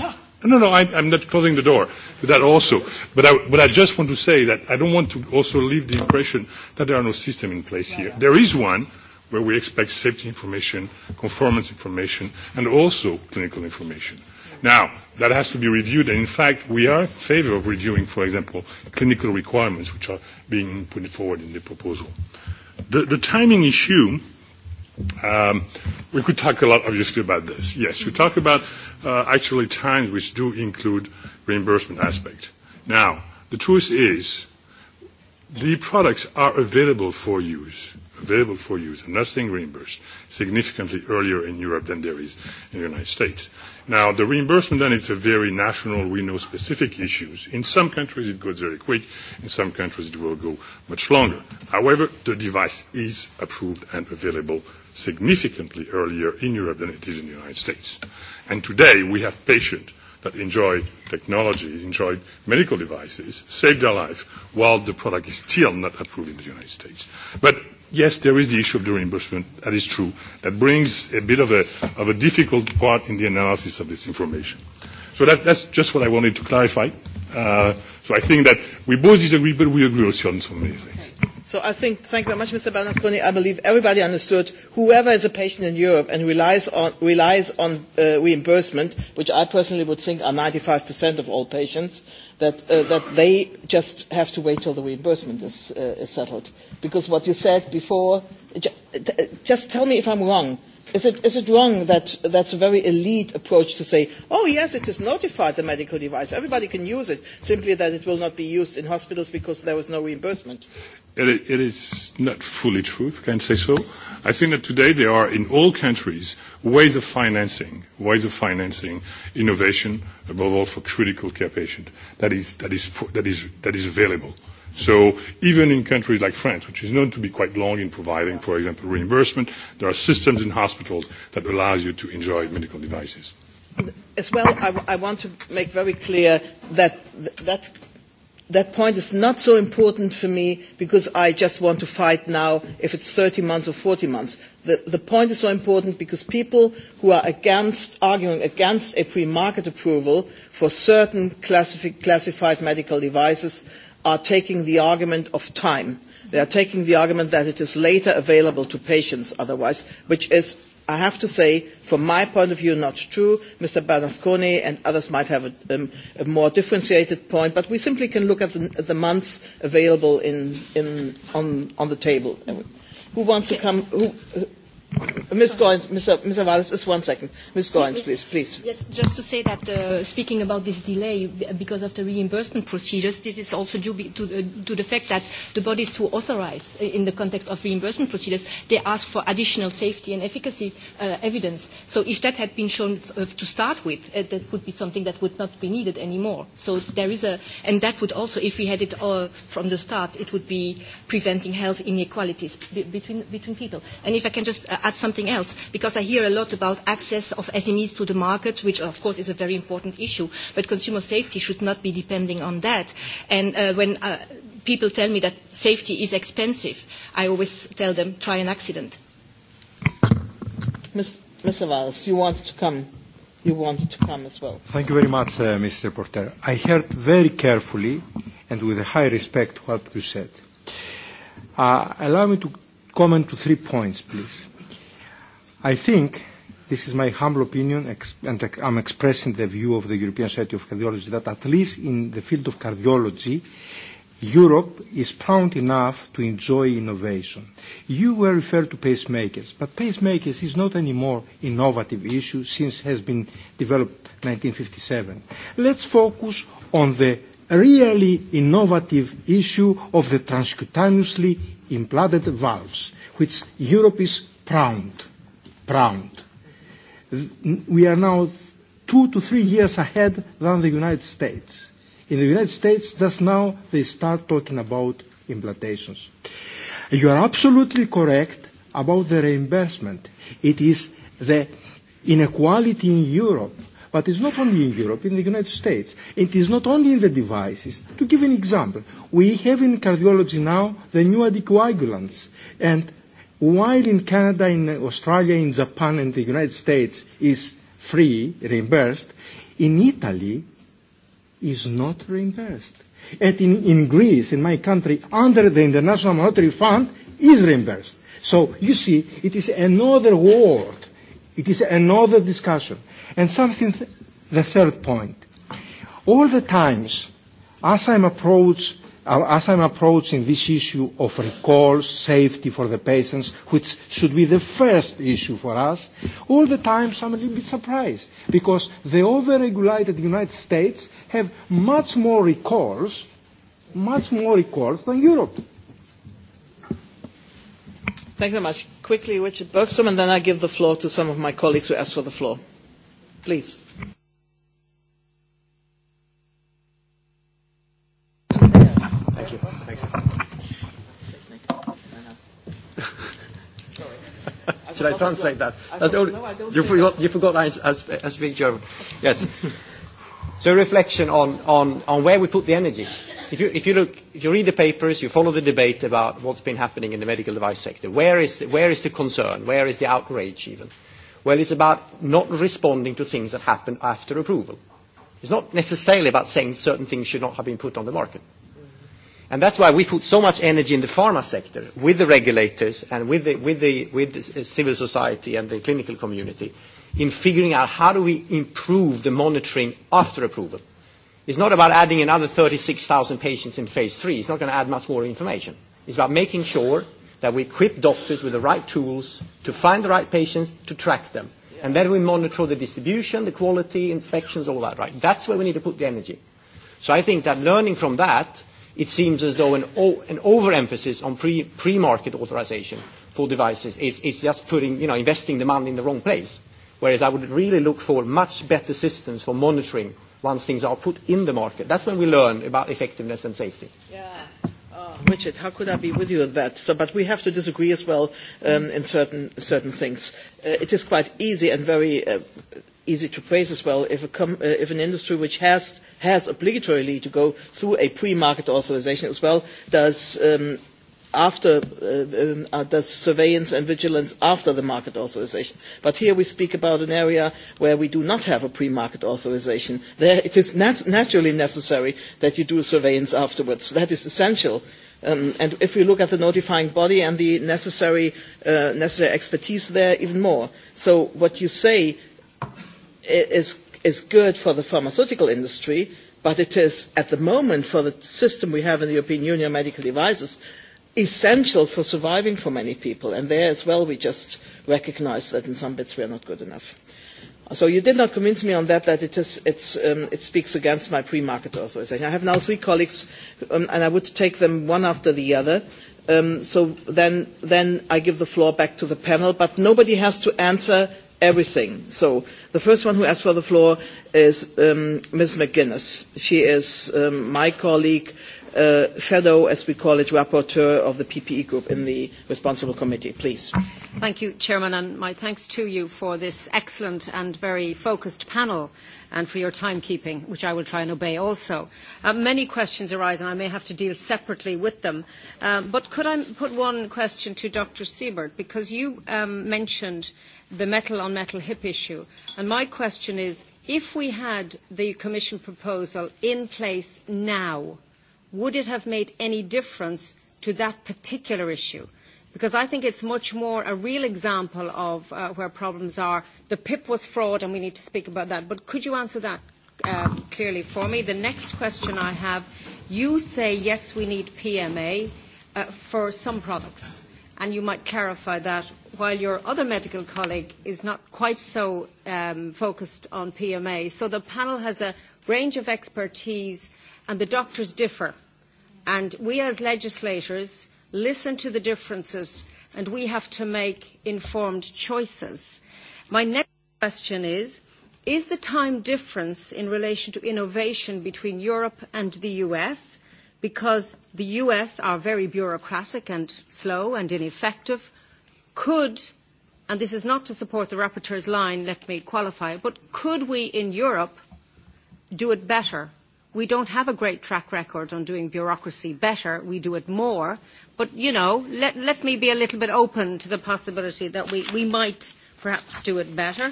No, no, I'm not closing the door to that also. But I just want to say that I don't want to also leave the impression that there are no system in place here. There is one where we expect safety information, conformance information, and also clinical information. Now, that has to be reviewed, and in fact, we are in favor of reviewing, for example, clinical requirements which are being put forward in the proposal. The the timing issue, we could talk a lot, obviously, about this. Yes, we talk about actually times which do include reimbursement aspect. Now, the truth is, the products are available for use available for use and nothing reimbursed significantly earlier in Europe than there is in the United States. Now, the reimbursement then is a very national, we know specific issues. In some countries it goes very quick, in some countries it will go much longer. However, the device is approved and available significantly earlier in Europe than it is in the United States. And today we have patients that enjoy technology, enjoy medical devices, save their life while the product is still not approved in the United States. But Yes, there is the issue of the reimbursement. That is true. That brings a bit of a difficult part in the analysis of this information. So that's just what I wanted to clarify. So I think that we both disagree, but we agree also on so many things. So I think, thank you very much, Mr. Bernasconi. I believe everybody understood whoever is a patient in Europe and relies on, relies on reimbursement, which I personally would think are 95% of all patients, that, that they just have to wait till the reimbursement is, is settled. Because what you said before, just tell me if I'm wrong. Is it, is it wrong that that's a very elite approach to say, oh yes, it is notified the medical device, everybody can use it, simply that it will not be used in hospitals because there was no reimbursement? It is not fully true, if I can say so. I think that today there are in all countries ways of financing, ways of financing innovation, above all for critical care patients. That is that is that is that is available. So even in countries like France, which is known to be quite long in providing, for example, reimbursement, there are systems in hospitals that allow you to enjoy medical devices. As well, I want to make very clear that that that point is not so important for me because I just want to fight now if it's 30 months or 40 months. The point is so important because people who are arguing against a pre-market approval for certain classified medical devices are taking the argument of time. They are taking the argument that it is later available to patients otherwise, which is I have to say, from my point of view, not true. Mr. Berlusconi and others might have a more differentiated point, but we simply can look at the months available on the table. Who wants to come? Ms. Goins, Mr. Wallace, just one second. Ms. Goins, please, please. just to say that speaking about this delay because of the reimbursement procedures, this is also due to the fact that the bodies to authorize in the context of reimbursement procedures, they ask for additional safety and efficacy evidence. So if that had been shown to start with, that would be something that would not be needed anymore. So there is a, and that would also, if we had it all from the start, it would be preventing health inequalities between between people. And if I can just add something else, because I hear a lot about access of SMEs to the market, which of course is a very important issue, but consumer safety should not be depending on that. And when people tell me that safety is expensive, I always tell them try an accident. Mr. you wanted to come. You wanted to come as well. Thank you very much, Mr. Porter. I heard very carefully and with high respect what you said. Allow me to comment to three points, please. I think, this is my humble opinion, and I'm expressing the view of the European Society of Cardiology, that at least in the field of cardiology, Europe is proud enough to enjoy innovation. You were referred to pacemakers, but pacemakers is not more innovative issue since it has been developed 1957. Let's focus on the really innovative issue of the transcutaneously implanted valves, which Europe is proud Proud. We are now two to three years ahead than the United States. In the United States, just now, they start talking about implantations. You are absolutely correct about the reimbursement. It is the inequality in Europe, but it's not only in Europe, in the United States. It is not only in the devices. To give an example, we have in cardiology now the new anticoagulants, and while in Canada, in Australia, in Japan and the United States is free, reimbursed, in Italy is not reimbursed. And in, in Greece, in my country, under the International Monetary Fund is reimbursed. So you see, it is another world. It is another discussion. And something, the third point. All the times, as I'm approached as I'm approaching this issue of recall, safety for the patients, which should be the first issue for us, all the time I'm a little bit surprised because the over over-regulated United States have much more recalls, much more recalls than Europe. Thank you very much. Quickly, Richard Bergstrom, and then I give the floor to some of my colleagues who asked for the floor. Please. Should I translate that? That's only, you, forgot, you forgot I, I, speak German. Yes. so reflection on, on, on where we put the energy. If you, if you look, if you read the papers, you follow the debate about what's been happening in the medical device sector. Where is the, where is the concern? Where is the outrage even? Well, it's about not responding to things that happen after approval. It's not necessarily about saying certain things should not have been put on the market. And that's why we put so much energy in the pharma sector with the regulators and with the civil society and the clinical community in figuring out how do we improve the monitoring after approval. It's not about adding another 36,000 patients in phase three. It's not going to add much more information. It's about making sure that we equip doctors with the right tools to find the right patients, to track them. And then we monitor the distribution, the quality, inspections, all that, right? That's where we need to put the energy. So I think that learning from that it seems as though an overemphasis on pre-market authorization for devices is just putting, you know, investing the money in the wrong place. Whereas I would really look for much better systems for monitoring once things are put in the market. That's when we learn about effectiveness and safety. Yeah. Richard, how could I be with you on that? So, but we have to disagree as well in certain certain things. It is quite easy and very easy to praise as well if an industry which has obligatorily to go through a pre-market authorization as well does surveillance and vigilance after the market authorisation. But here we speak about an area where we do not have a pre-market authorization. There it is naturally necessary that you do surveillance afterwards. That is essential. And if we look at the notifying body and the necessary expertise there, even more. So what you say is good for the pharmaceutical industry, but it is at the moment for the system we have in the European Union medical devices essential for surviving for many people. And there as well we just recognise that in some bits we are not good enough. So you did not convince me on that that it speaks against my pre-market authorization. I have now three colleagues, and I would take them one after the other. So then I give the floor back to the panel, but nobody has to answer everything. So the first one who asked for the floor is Ms. McGuinness. She is my colleague shadow, as we call it, rapporteur of the PPE group in the responsible committee. Please. Thank you, Chairman, and my thanks to you for this excellent and very focused panel and for your timekeeping, which I will try and obey also. Many questions arise, and I may have to deal separately with them. But could I put one question to Dr. Siebert, because you mentioned the metal-on-metal hip issue, and my question is, if we had the Commission proposal in place now, would it have made any difference to that particular issue? Because I think it's much more a real example of where problems are. The PIP was fraud, and we need to speak about that. But could you answer that clearly for me? The next question I have, you say, yes, we need PMA for some products, and you might clarify that, while your other medical colleague is not quite so focused on PMA. So the panel has a range of expertise, and the doctors differ and we as legislators listen to the differences and we have to make informed choices. My next question is, is the time difference in relation to innovation between Europe and the US? Because the US are very bureaucratic and slow and ineffective, could, and this is not to support the rapporteur's line, let me qualify, but could we in Europe do it better? we don't have a great track record on doing bureaucracy better. We do it more. But, you know, let me be a little bit open to the possibility that we might perhaps do it better.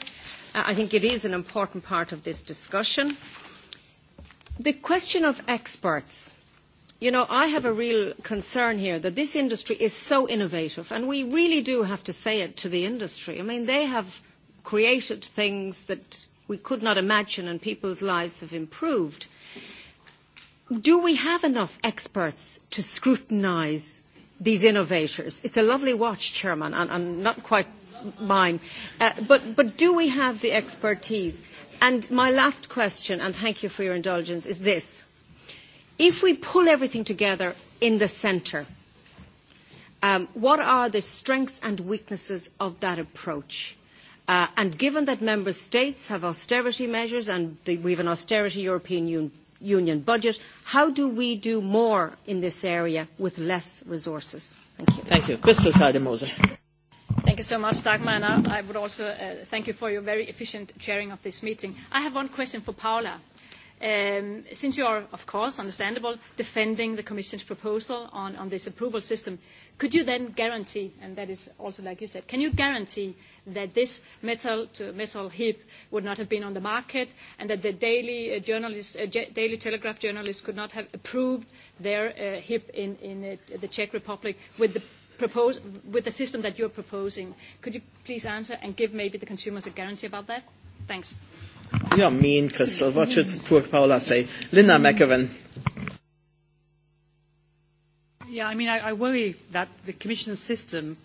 I think it is an important part of this discussion. The question of experts. You know, I have a real concern here that this industry is so innovative, and we really do have to say it to the industry. I mean, they have created things that we could not imagine and people's lives have improved. Do we have enough experts to scrutinise these innovators? It's a lovely watch, Chairman, and not quite mine. But do we have the expertise? And my last question, and thank you for your indulgence, is this. If we pull everything together in the centre, what are the strengths and weaknesses of that approach? And given that member states have austerity measures and we have an austerity European Union budget, how do we do more in this area with less resources? Thank you. Thank you. Crystal Thank you so much, Dagmar, and I would also thank you for your very efficient chairing of this meeting. I have one question for Paula. Since you are, of course, understandable, defending the Commission's proposal on this approval system, Could you then guarantee, and that is also like you said, can you guarantee that this metal-to-metal hip would not have been on the market and that the Daily Telegraph journalists could not have approved their hip in the Czech Republic with the system that you're proposing? Could you please answer and give maybe the consumers a guarantee about that? Thanks. Yeah, me Crystal. Watch should Poor Paula say. Linda McEwen. Yeah, I mean, I worry that the commission system,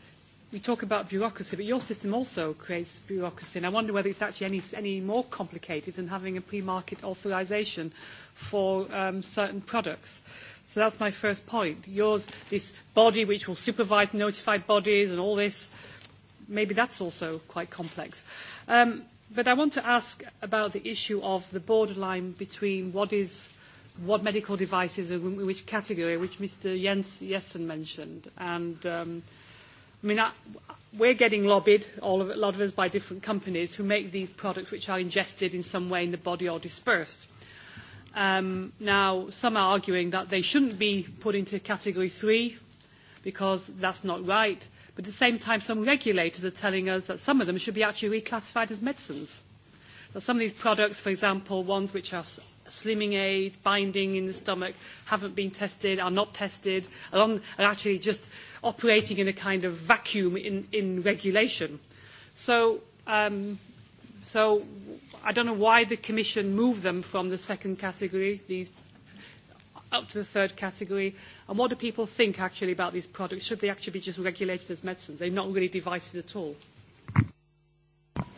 we talk about bureaucracy, but your system also creates bureaucracy, and I wonder whether it's actually any more complicated than having a pre-market authorisation for certain products. So that's my first point. Yours, this body which will supervise notified bodies and all this, maybe that's also quite complex. But I want to ask about the issue of the borderline between what is what medical devices are in which category, which Mr. Jens Jessen mentioned. And I mean, we're getting lobbied, a lot of us, by different companies who make these products which are ingested in some way in the body or dispersed. now, some are arguing that they shouldn't be put into category three because that's not right. But at the same time, some regulators are telling us that some of them should be actually reclassified as medicines. That some of these products, for example, ones which are slimming aids, binding in the stomach, haven't been tested, are not tested, are actually just operating in a kind of vacuum in regulation. So I don't know why the Commission moved them from the second category, these up to the third category, and what do people think actually about these products? Should they actually be just regulated as medicines? They're not really devices at all.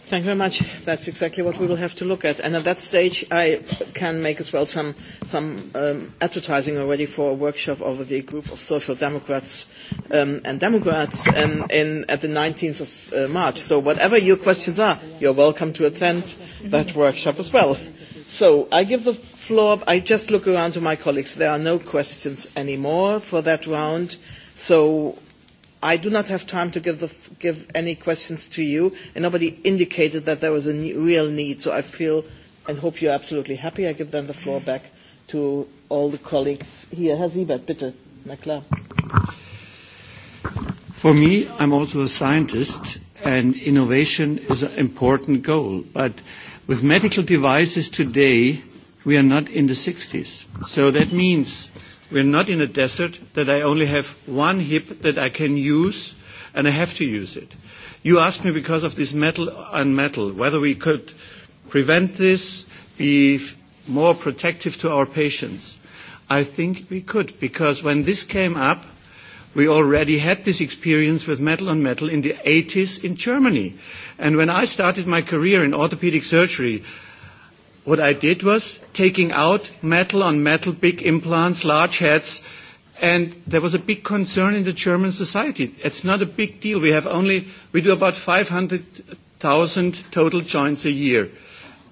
Thank you very much. That's exactly what we will have to look at. And at that stage, I can make as well some some advertising already for a workshop of the group of social democrats and democrats in at the 19th of March. So whatever your questions are, you're welcome to attend that workshop as well. So I give the floor. I just look around to my colleagues. There are no questions anymore for that round. So I do not have time to give any questions to you, and nobody indicated that there was a real need. So I feel and hope you're absolutely happy. I give then the floor back to all the colleagues here. Herr Siebert, bitte. Na klar. For me, I'm also a scientist, and innovation is an important goal. But with medical devices today, we are not in the 60s. So that means We're not in a desert that I only have one hip that I can use and I have to use it. You asked me because of this metal on metal, whether we could prevent this, be more protective to our patients. I think we could, because when this came up, we already had this experience with metal on metal in the 80s in Germany. And when I started my career in orthopedic surgery, What I did was taking out metal on metal, big implants, large heads, and there was a big concern in the German society. It's not a big deal. We have only, we do about 500,000 total joints a year.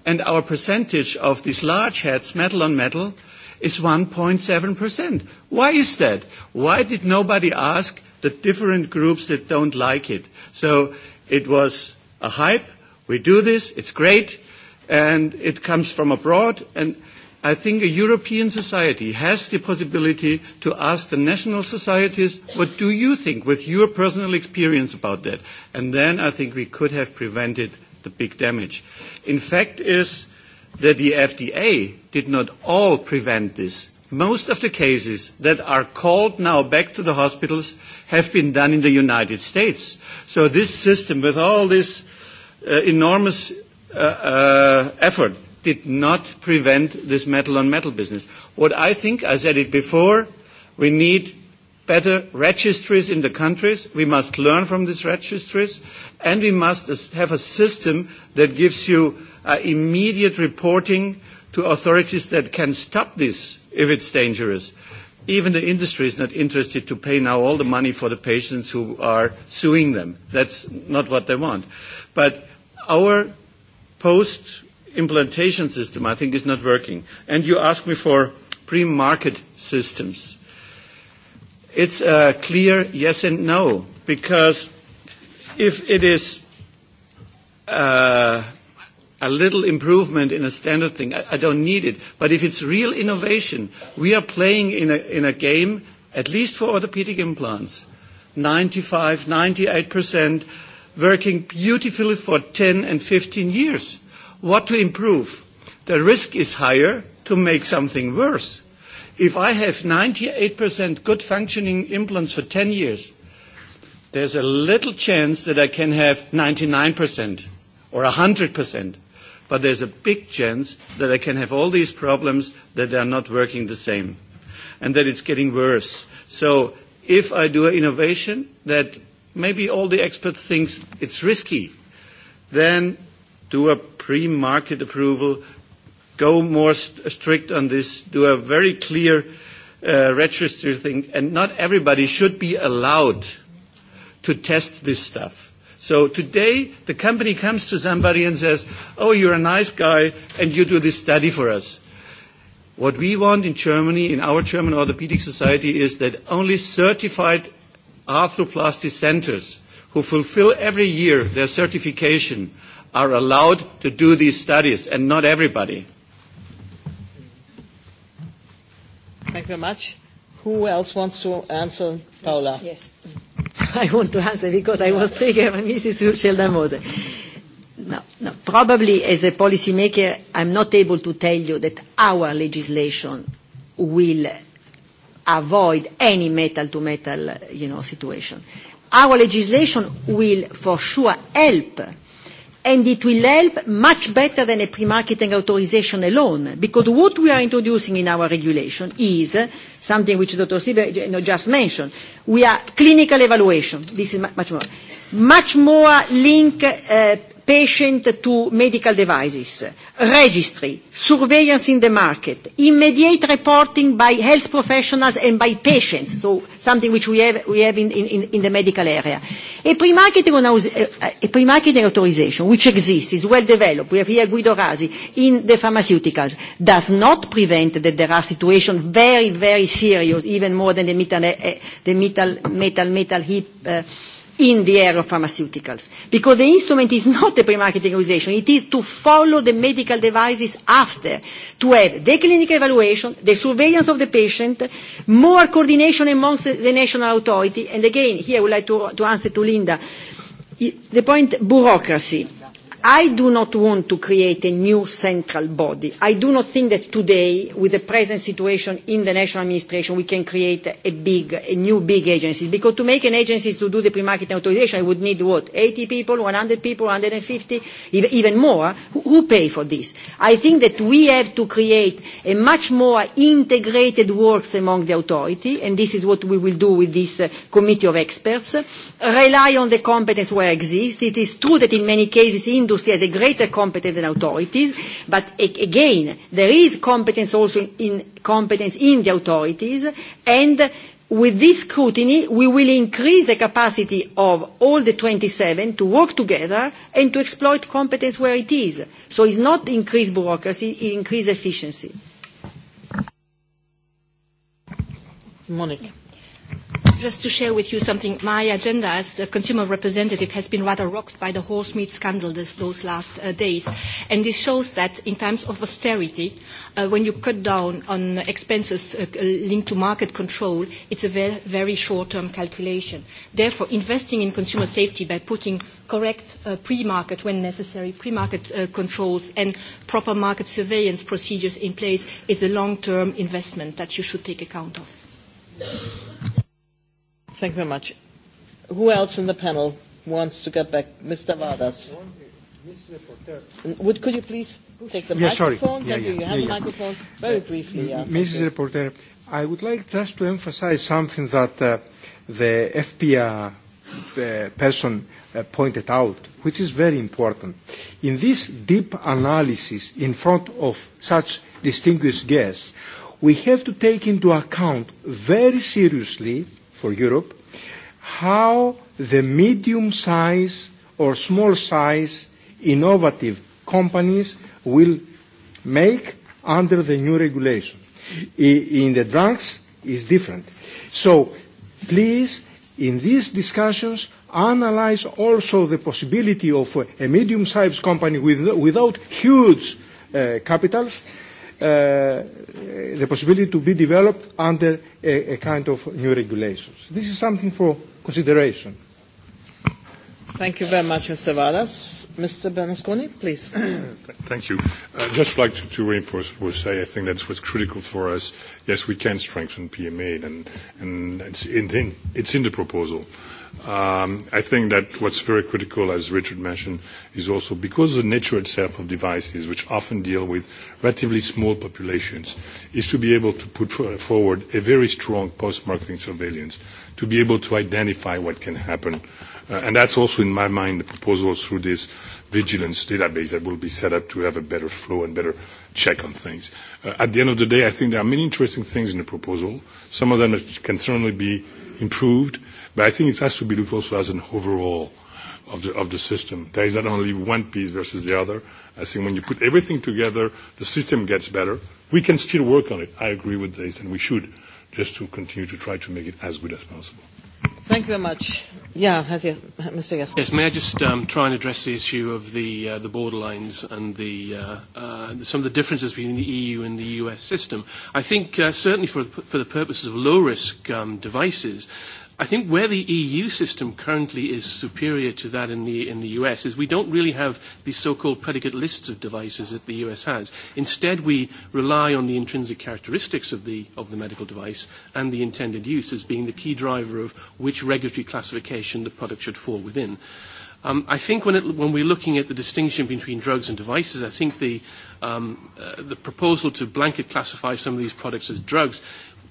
And our percentage of these large heads, metal on metal, is 1.7%. Why is that? Why did nobody ask the different groups that don't like it? So it was a hype. We do this. It's great and it comes from abroad. And I think a European society has the possibility to ask the national societies, what do you think with your personal experience about that? And then I think we could have prevented the big damage. In fact is that the FDA did not all prevent this. Most of the cases that are called now back to the hospitals have been done in the United States. So this system with all this enormous effort did not prevent this metal-on-metal business. What I think, I said it before, we need better registries in the countries. We must learn from these registries, and we must have a system that gives you immediate reporting to authorities that can stop this if it's dangerous. Even the industry is not interested to pay now all the money for the patients who are suing them. That's not what they want. But our post-implantation system, I think, is not working. And you ask me for pre-market systems. It's a clear yes and no, because if it is a little improvement in a standard thing, I don't need it. But if it's real innovation, we are playing in a game, at least for orthopedic implants, 95, 98% working beautifully for 10 and 15 years. What to improve? The risk is higher to make something worse. If I have 98% good functioning implants for 10 years, there's a little chance that I can have 99% or 100%. But there's a big chance that I can have all these problems that they are not working the same and that it's getting worse. So if I do an innovation that maybe all the experts think it's risky, then do a pre-market approval, go more strict on this, do a very clear register thing, and not everybody should be allowed to test this stuff. So today the company comes to somebody and says, oh, you're a nice guy and you do this study for us. What we want in Germany, in our German Orthopedic Society, is that only certified arthroplasty centers who fulfill every year their certification are allowed to do these studies and not everybody. Thank you very much. Who else wants to answer, Paula? Yes. I want to answer because I was thinking of Mrs. Ursula No, no. Probably as a policymaker, I'm not able to tell you that our legislation will avoid any metal-to-metal, you know, situation. Our legislation will for sure help, and it will help much better than a pre-marketing authorization alone, because what we are introducing in our regulation is something which Dr. Sieber just mentioned. We are clinical evaluation. This is much more, much more link patient to medical devices, registry, surveillance in the market, immediate reporting by health professionals and by patients, so something which we have in the medical area. A pre-marketing authorization which exists, is well developed, we have here Guido Rasi, in the pharmaceuticals, does not prevent that there are situations very, very serious, even more than the metal metal metal hip in the area of pharmaceuticals, because the instrument is not a pre-marketing authorization. It is to follow the medical devices after, to have the clinical evaluation, the surveillance of the patient, more coordination amongst the national authority. And again, here I would like to answer to Linda, the point bureaucracy. I do not want to create a new central body. I do not think that today, with the present situation in the national administration, we can create a big, a new big agency. Because to make an agency to do the pre-market authorization, I would need what, 80 people, 100 people, 150, even more. Who pay for this? I think that we have to create a much more integrated works among the authority, and this is what we will do with this committee of experts. Rely on the competence where exists. It is true that in many cases, industry see has a greater competence than authorities, but again, there is competence also in competence in the authorities, and with this scrutiny we will increase the capacity of all the 27 to work together and to exploit competence where it is. So it's not increased bureaucracy, it increased efficiency. Monique just to share with you something. My agenda as a consumer representative has been rather rocked by the horse meat scandal those last days. And this shows that in times of austerity, when you cut down on expenses linked to market control, it's a very short-term calculation. Therefore, investing in consumer safety by putting correct pre-market, when necessary, pre-market controls and proper market surveillance procedures in place is a long-term investment that you should take account of. Thank you very much. Who else in the panel wants to get back? Mr. Vardas. Would, could you please take the microphone? Thank you. You have the microphone. Very briefly. Yeah. Mrs. Reporter, I would like just to emphasize something that the FPR person pointed out, which is very important. In this deep analysis in front of such distinguished guests, we have to take into account very seriously for Europe, how the medium size or small size innovative companies will make under the new regulation. In the drugs is different. So please in these discussions analyze also the possibility of a medium sized company without huge capitals the possibility to be developed under a kind of new regulations. This is something for consideration. Thank you very much, Mr. Vadas. Mr. Bernasconi, please. Thank you. I'd just like to reinforce what I say, I think that's what's critical for us. Yes, we can strengthen PMA, and it's in the proposal. I think that what's very critical, as Richard mentioned, is also because of the nature itself of devices, which often deal with relatively small populations, is to be able to put forward a very strong post-marketing surveillance, to be able to identify what can happen. And that's also, in my mind, the proposal through this vigilance database that will be set up to have a better flow and better check on things. At the end of the day, I think there are many interesting things in the proposal. Some of them can certainly be improved But I think it has to be looked also as an overall of the of the system. There is not only one piece versus the other. I think when you put everything together, the system gets better. We can still work on it. I agree with this, and we should just to continue to try to make it as good as possible. Thank you very much. Yeah, Mr. Yes. Yes, may I just try and address the issue of the the borderlines and the some of the differences between the EU and the US system. I think certainly for the purposes of low risk devices, I think where the EU system currently is superior to that in the in the US is we don't really have the so-called predicate lists of devices that the US has. Instead, we rely on the intrinsic characteristics of the of the medical device and the intended use as being the key driver of which regulatory classification the product should fall within. I think when when we're looking at the distinction between drugs and devices, I think the the proposal to blanket classify some of these products as drugs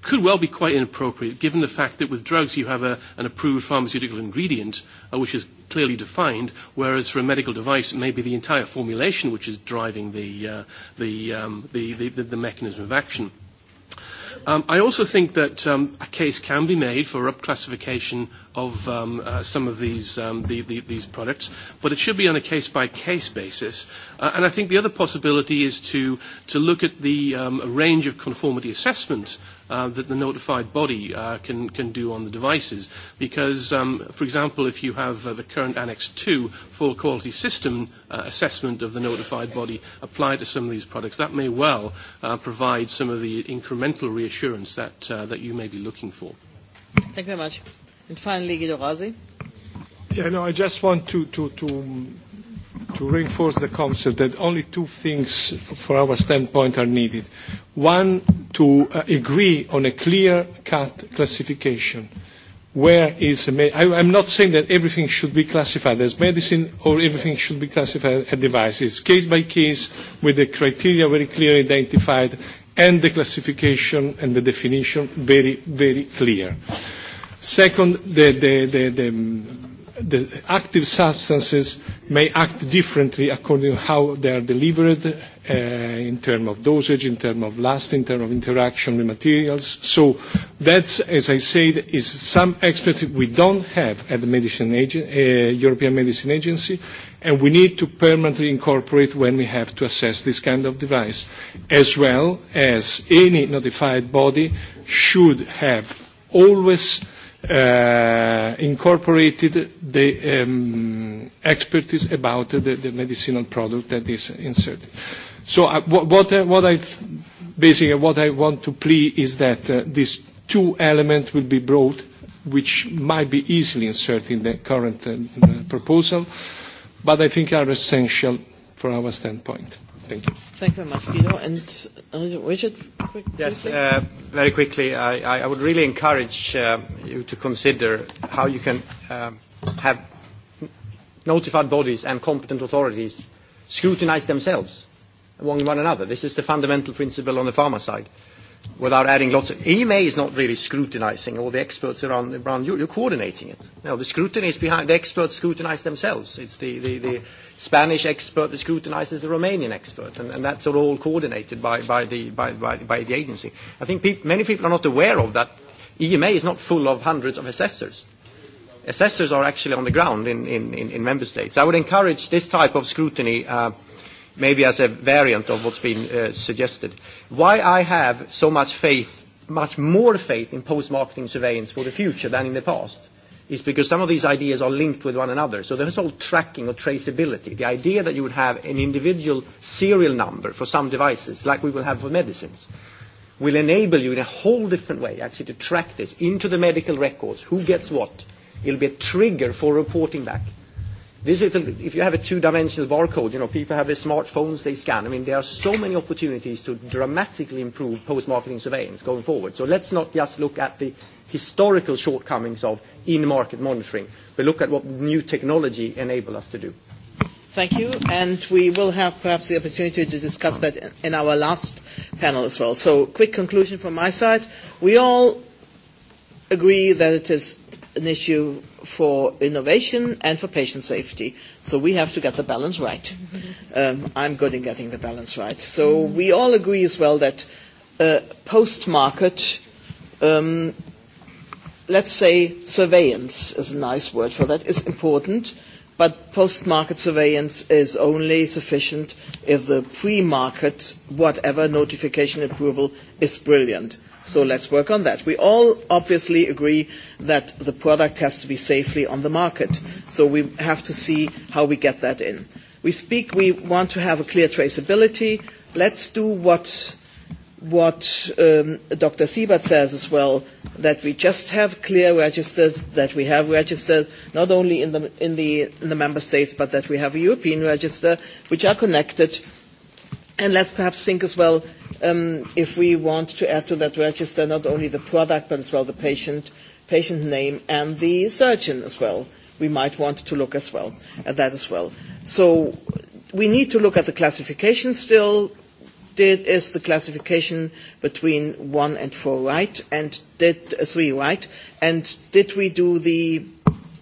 could well be quite inappropriate given the fact that with drugs you have an approved pharmaceutical ingredient which is clearly defined, whereas for a medical device it may be the entire formulation which is driving the, the, the, the, the mechanism of action. I also think that a case can be made for up classification of some of these these products, but it should be on a case by case basis. And I think the other possibility is to to look at the range of conformity assessment that the notified body can can do on the devices. Because, for example, if you have the current Annex 2 full quality system assessment of the notified body applied to some of these products, that may well provide some of the incremental reassurance that that you may be looking for. Thank you very much. And finally, Guido Razi. Yeah, no, I just want to to to to reinforce the concept that only two things from our standpoint are needed. One, to agree on a clear-cut classification. Where is I'm not saying that everything should be classified as medicine or everything should be classified as devices. Case by case, with the criteria very clearly identified and the classification and the definition very, very clear. Second, the active substances may act differently according to how they are delivered in terms of dosage, in terms of last, in terms of interaction with materials. So that, as I said, is some expertise we don't have at the European Medicine Agency, and we need to permanently incorporate when we have to assess this kind of device, as well as any notified body should have always incorporated the expertise about the medicinal product that is inserted. So what I basically what I want to plea is that these two elements will be brought, which might be easily inserted in the current proposal, but I think are essential for our standpoint. Thank you. Thank you very much, Guido. And Richard? Yes, very quickly. I I would really encourage you to consider how you can have notified bodies and competent authorities scrutinize themselves among one another. This is the fundamental principle on the pharma side without adding lots of EMA is not really scrutinizing all the experts around around you. You're coordinating it. Now the scrutiny is behind the experts scrutinize themselves. It's the Spanish expert that scrutinizes the Romanian expert and that's all coordinated by the agency. I think many people are not aware of that. EMA is not full of hundreds of assessors. Assessors are actually on the ground in member states. I would encourage this type of scrutiny maybe as a variant of what's been suggested. Why I have so much faith, much more faith in post-marketing surveillance for the future than in the past is because some of these ideas are linked with one another. So there's all tracking or traceability. The idea that you would have an individual serial number for some devices, like we will have for medicines, will enable you in a whole different way actually to track this into the medical records, who gets what. It'll be a trigger for reporting back if you have a two-dimensional barcode, you know, people have their smartphones, they scan. I mean, there are so many opportunities to dramatically improve post-marketing surveillance going forward. So let's not just look at the historical shortcomings of in-market monitoring, but look at what new technology enable us to do. Thank you. And we will have perhaps the opportunity to discuss that in our last panel as well. So quick conclusion from my side. We all agree that it is an issue for innovation and for patient safety. So we have to get the balance right. I'm good in getting the balance right. So we all agree as well that post-market, let's say surveillance is a nice word for that, is important, but post-market surveillance is only sufficient if the pre-market, whatever, notification approval is brilliant. So let's work on that. We all obviously agree that the product has to be safely on the market. So we have to see how we get that in. We speak, we want to have a clear traceability. Let's do what what Dr. Siebert says as well, that we just have clear registers, that we have registers not only in the member states, but that we have a European register, which are connected And let's perhaps think as well if we want to add to that register not only the product but as well the patient patient name and the surgeon as well. We might want to look as well at that as well. So we need to look at the classification still. Did is the classification between one and four right and did three right and did we do the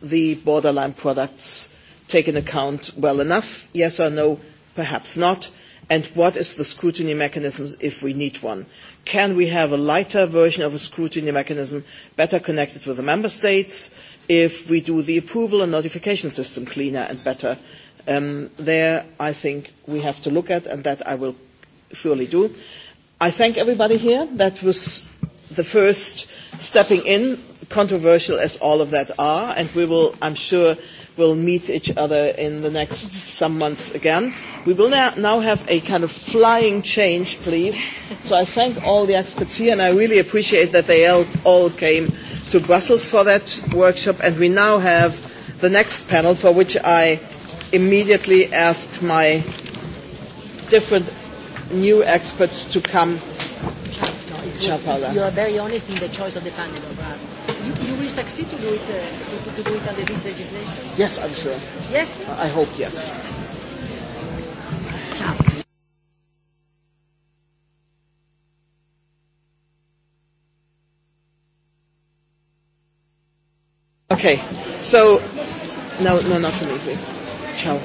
the borderline products take in account well enough? Yes or no? Perhaps not and what is the scrutiny mechanism if we need one. Can we have a lighter version of a scrutiny mechanism better connected with the member states if we do the approval and notification system cleaner and better? There, I think we have to look at, and that I will surely do. I thank everybody here. That was the first stepping in, controversial as all of that are, and we will, I'm sure, will meet each other in the next some months again. We will now have a kind of flying change, please. So I thank all the experts here, and I really appreciate that they all came to Brussels for that workshop. And we now have the next panel, for which I immediately ask my different new experts to come. You are very honest in the choice of the panel, you, will succeed to do it uh, to, to do it under this legislation? Yes, I'm sure. Yes. I hope yes. Ciao. Okay, so no, no, not for me, please. Ciao.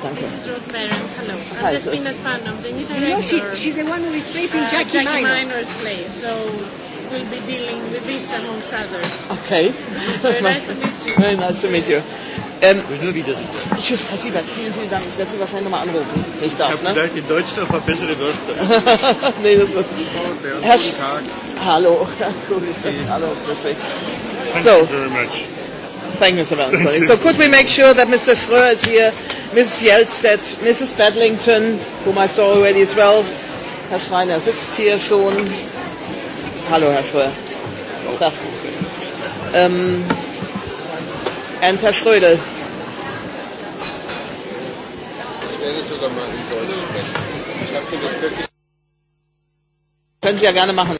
Thank you. This is Ruth Barron. Hello. Hi, This fan of the new director. No, she, she's the one who is facing uh, Jackie, Jackie Minor's place. So will be dealing with this amongst others. Okay. Very nice to meet you. Very nice to meet you. Ähm, Tschüss, Herr Siebert. Vielen, vielen Dank. Ich werde Sie wahrscheinlich nochmal anrufen. Ich darf, ich habe vielleicht in Deutsch noch bessere Wörter. nee, das ist... Herr Guten Tag. Hallo. Grüße. Hallo, grüße. Thank so. you very much. Thank you, Mr. Valenzuela. So could we make sure that Mr. Fröhr is here, Mrs. Fjellstedt, Mrs. Badlington, whom I saw already as well. Herr Schreiner sitzt hier schon. Hallo, Herr Schröder. Tag. Ähm, Ernst Herr Schrödel. Ich werde sogar mal in Deutsch sprechen. Ich habe das wirklich. Können Sie ja gerne machen.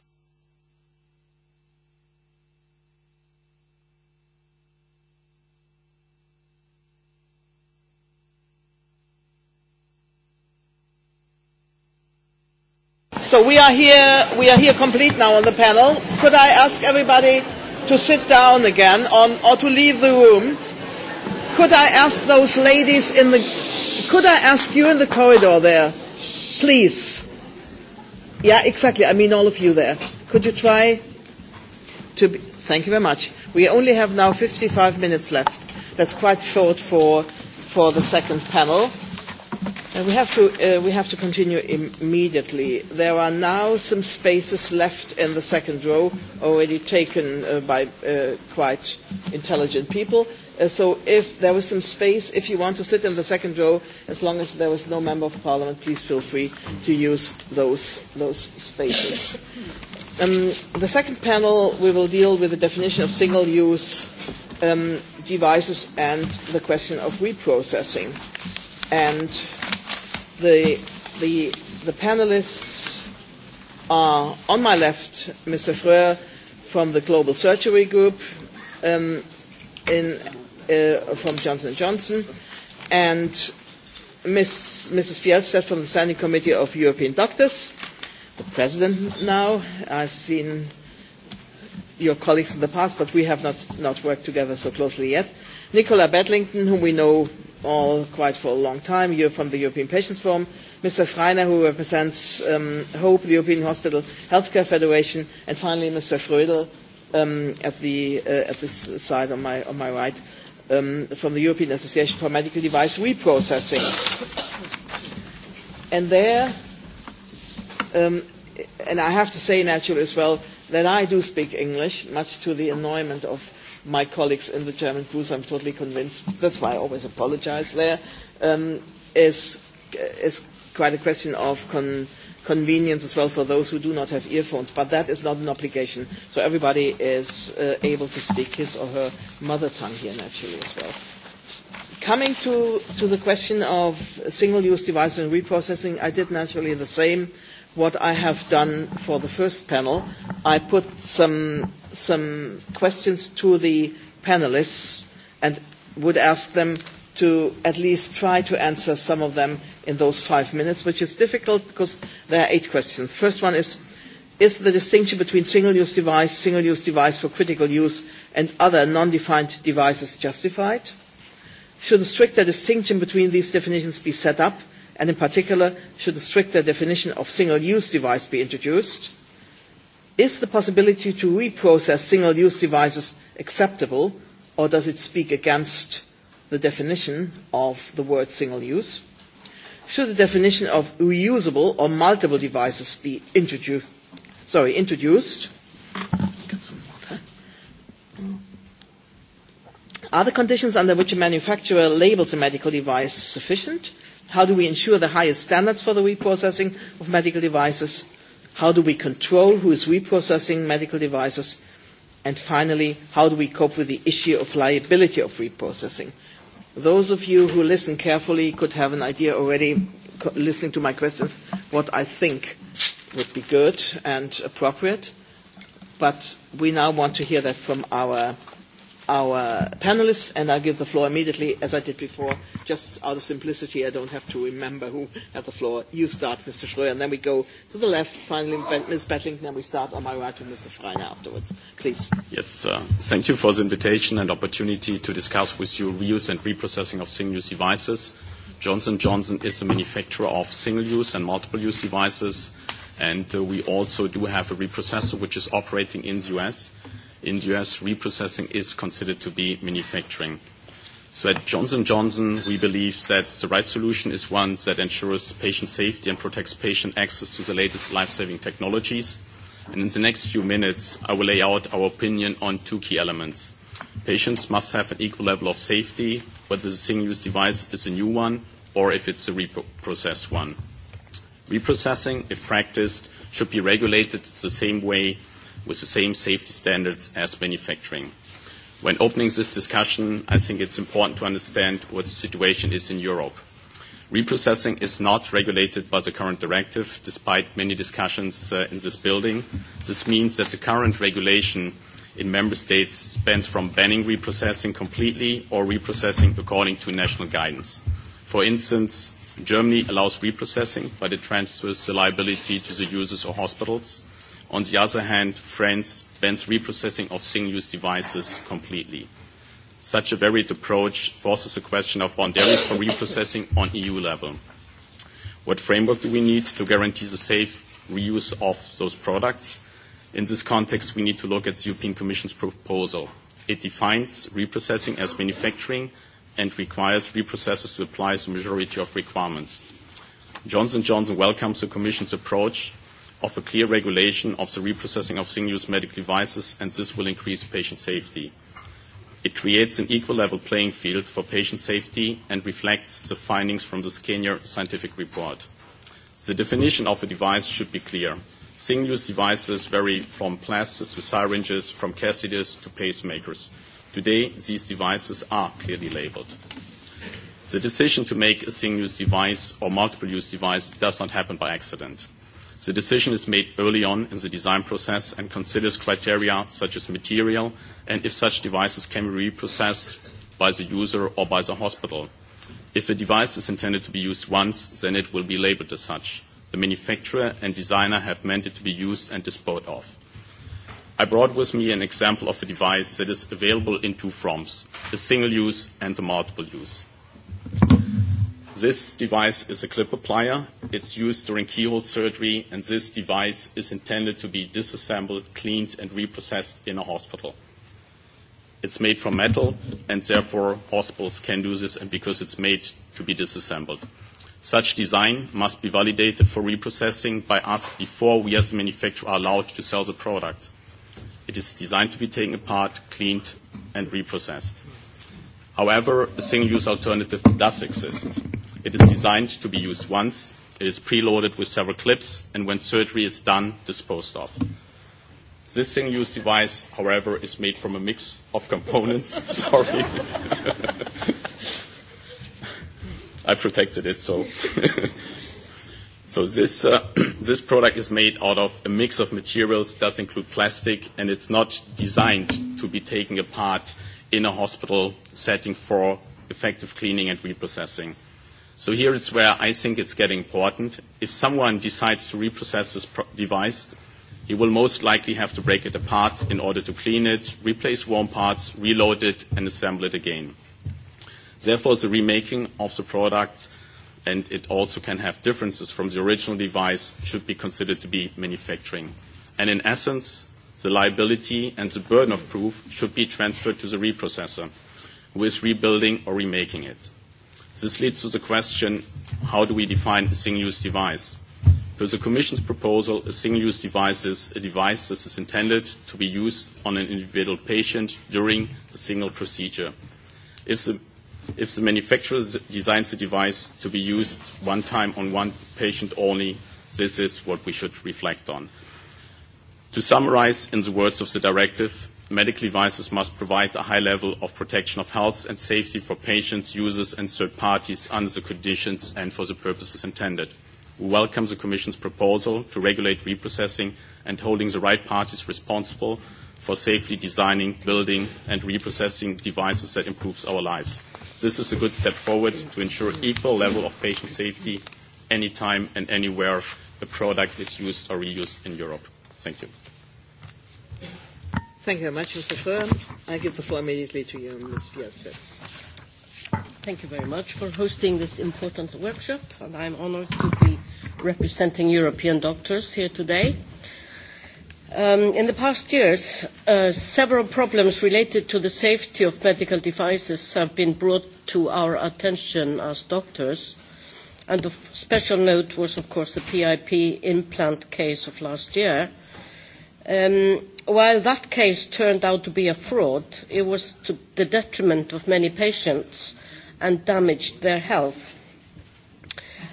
So we are here, we are here complete now on the panel. Could I ask everybody to sit down again on, or to leave the room? Could I ask those ladies in the, could I ask you in the corridor there, please? Yeah, exactly. I mean all of you there. Could you try to be, thank you very much. We only have now 55 minutes left. That's quite short for, for the second panel. We have to we have to continue immediately. There are now some spaces left in the second row, already taken by quite intelligent people. So if there was some space, if you want to sit in the second row, as long as there was no member of parliament, please feel free to use those those spaces. The second panel we will deal with the definition of single-use devices and the question of reprocessing and the the panelists are on my left Mr. Fröer from the Global Surgery Group from Johnson Johnson and Mrs. Fjellstedt from the Standing Committee of European Doctors, the President now. I've seen your colleagues in the past, but we have not worked together so closely yet. Nicola Bedlington, whom we know all quite for a long time. You're from the European Patients Forum. Mr. Freiner, who represents HOPE, the European Hospital Healthcare Federation, and finally Mr. Frödel at the at this side on my on my right from the European Association for Medical Device Reprocessing. And there, and I have to say naturally as well that I do speak English, much to the annoyment of my colleagues in the German I I'm totally convinced. That's why I always apologize there. Is is quite a question of convenience as well for those who do not have earphones, but that is not an obligation. So everybody is able to speak his or her mother tongue here naturally as well. Coming to the question of single-use devices and reprocessing, I did naturally the same what I have done for the first panel. I put some questions to the panelists and would ask them to at least try to answer some of them in those five minutes, which is difficult because there are eight questions. The first one is, is the distinction between single-use device, single-use device for critical use, and other non-defined devices justified? Should a stricter distinction between these definitions be set up and in particular should a stricter definition of single-use device be introduced? Is the possibility to reprocess single-use devices acceptable or does it speak against the definition of the word single-use? Should the definition of reusable or multiple devices be introduced? Sorry, introduced. Are the conditions under which a manufacturer labels a medical device sufficient? How do we ensure the highest standards for the reprocessing of medical devices? How do we control who is reprocessing medical devices? And finally, how do we cope with the issue of liability of reprocessing? Those of you who listen carefully could have an idea already, listening to my questions, what I think would be good and appropriate. But we now want to hear that from our our panelists, and I give the floor immediately, as I did before, just out of simplicity. I don't have to remember who had the floor. You start, Mr. Schröer, and then we go to the left, finally, Ms. Bettling, and then we start on my right with Mr. Schreiner afterwards. Please. Yes, thank you for the invitation and opportunity to discuss with you reuse and reprocessing of single-use devices. Johnson Johnson is a manufacturer of single-use and multiple-use devices, and we also do have a reprocessor which is operating in the U.S., in the U.S., reprocessing is considered to be manufacturing. So at Johnson Johnson, we believe that the right solution is one that ensures patient safety and protects patient access to the latest life-saving technologies. And in the next few minutes, I will lay out our opinion on two key elements. Patients must have an equal level of safety, whether the single-use device is a new one or if it's a reprocessed one. Reprocessing, if practiced, should be regulated the same way with the same safety standards as manufacturing. When opening this discussion, I think it's important to understand what the situation is in Europe. Reprocessing is not regulated by the current directive, despite many discussions in this building. This means that the current regulation in member states spans from banning reprocessing completely or reprocessing according to national guidance. For instance, Germany allows reprocessing, but it transfers the liability to the users or hospitals. On the other hand, France bans reprocessing of single-use devices completely. Such a varied approach forces the question of boundaries for reprocessing on EU level. What framework do we need to guarantee the safe reuse of those products? In this context, we need to look at the European Commission's proposal. It defines reprocessing as manufacturing and requires reprocessors to apply the majority of requirements. Johnson Johnson welcomes the Commission's approach of a clear regulation of the reprocessing of single-use medical devices, and this will increase patient safety. It creates an equal level playing field for patient safety and reflects the findings from the Scania scientific report. The definition of a device should be clear. Single-use devices vary from plasters to syringes, from catheters to pacemakers. Today, these devices are clearly labeled. The decision to make a single-use device or multiple-use device does not happen by accident. The decision is made early on in the design process and considers criteria such as material and if such devices can be reprocessed by the user or by the hospital. If a device is intended to be used once, then it will be labeled as such. The manufacturer and designer have meant it to be used and disposed of. I brought with me an example of a device that is available in two forms, a single use and a multiple use. This device is a clip applier. It's used during keyhole surgery, and this device is intended to be disassembled, cleaned, and reprocessed in a hospital. It's made from metal, and therefore hospitals can do this, and because it's made to be disassembled. Such design must be validated for reprocessing by us before we as a manufacturer are allowed to sell the product. It is designed to be taken apart, cleaned, and reprocessed. However, a single-use alternative does exist. It is designed to be used once. It is preloaded with several clips, and when surgery is done, disposed of. This single-use device, however, is made from a mix of components. Sorry. I protected it, so. So this this product is made out of a mix of materials, does include plastic, and it's not designed to be taken apart in a hospital setting for effective cleaning and reprocessing. So here it's where I think it's getting important. If someone decides to reprocess this device, he will most likely have to break it apart in order to clean it, replace warm parts, reload it, and assemble it again. Therefore, the remaking of the product, and it also can have differences from the original device, should be considered to be manufacturing. And in essence, the liability and the burden of proof should be transferred to the reprocessor, who is rebuilding or remaking it. This leads to the question, how do we define a single-use device? For the Commission's proposal, a single-use device is a device that is intended to be used on an individual patient during a single procedure. If the if the manufacturer designs the device to be used one time on one patient only, this is what we should reflect on. To summarize, in the words of the directive, medical devices must provide a high level of protection of health and safety for patients, users, and third parties under the conditions and for the purposes intended. We welcome the Commission's proposal to regulate reprocessing and holding the right parties responsible for safely designing, building, and reprocessing devices that improves our lives. This is a good step forward to ensure equal level of patient safety anytime and anywhere a product is used or reused in Europe. Thank you. Thank you very much, Mr. Fern. I give the floor immediately to you, Ms. Piazza. Thank you very much for hosting this important workshop, and I'm honored to be representing European doctors here today. In the past years, several problems related to the safety of medical devices have been brought to our attention as doctors, and of special note was, of course, the PIP implant case of last year While that case turned out to be a fraud, it was to the detriment of many patients and damaged their health.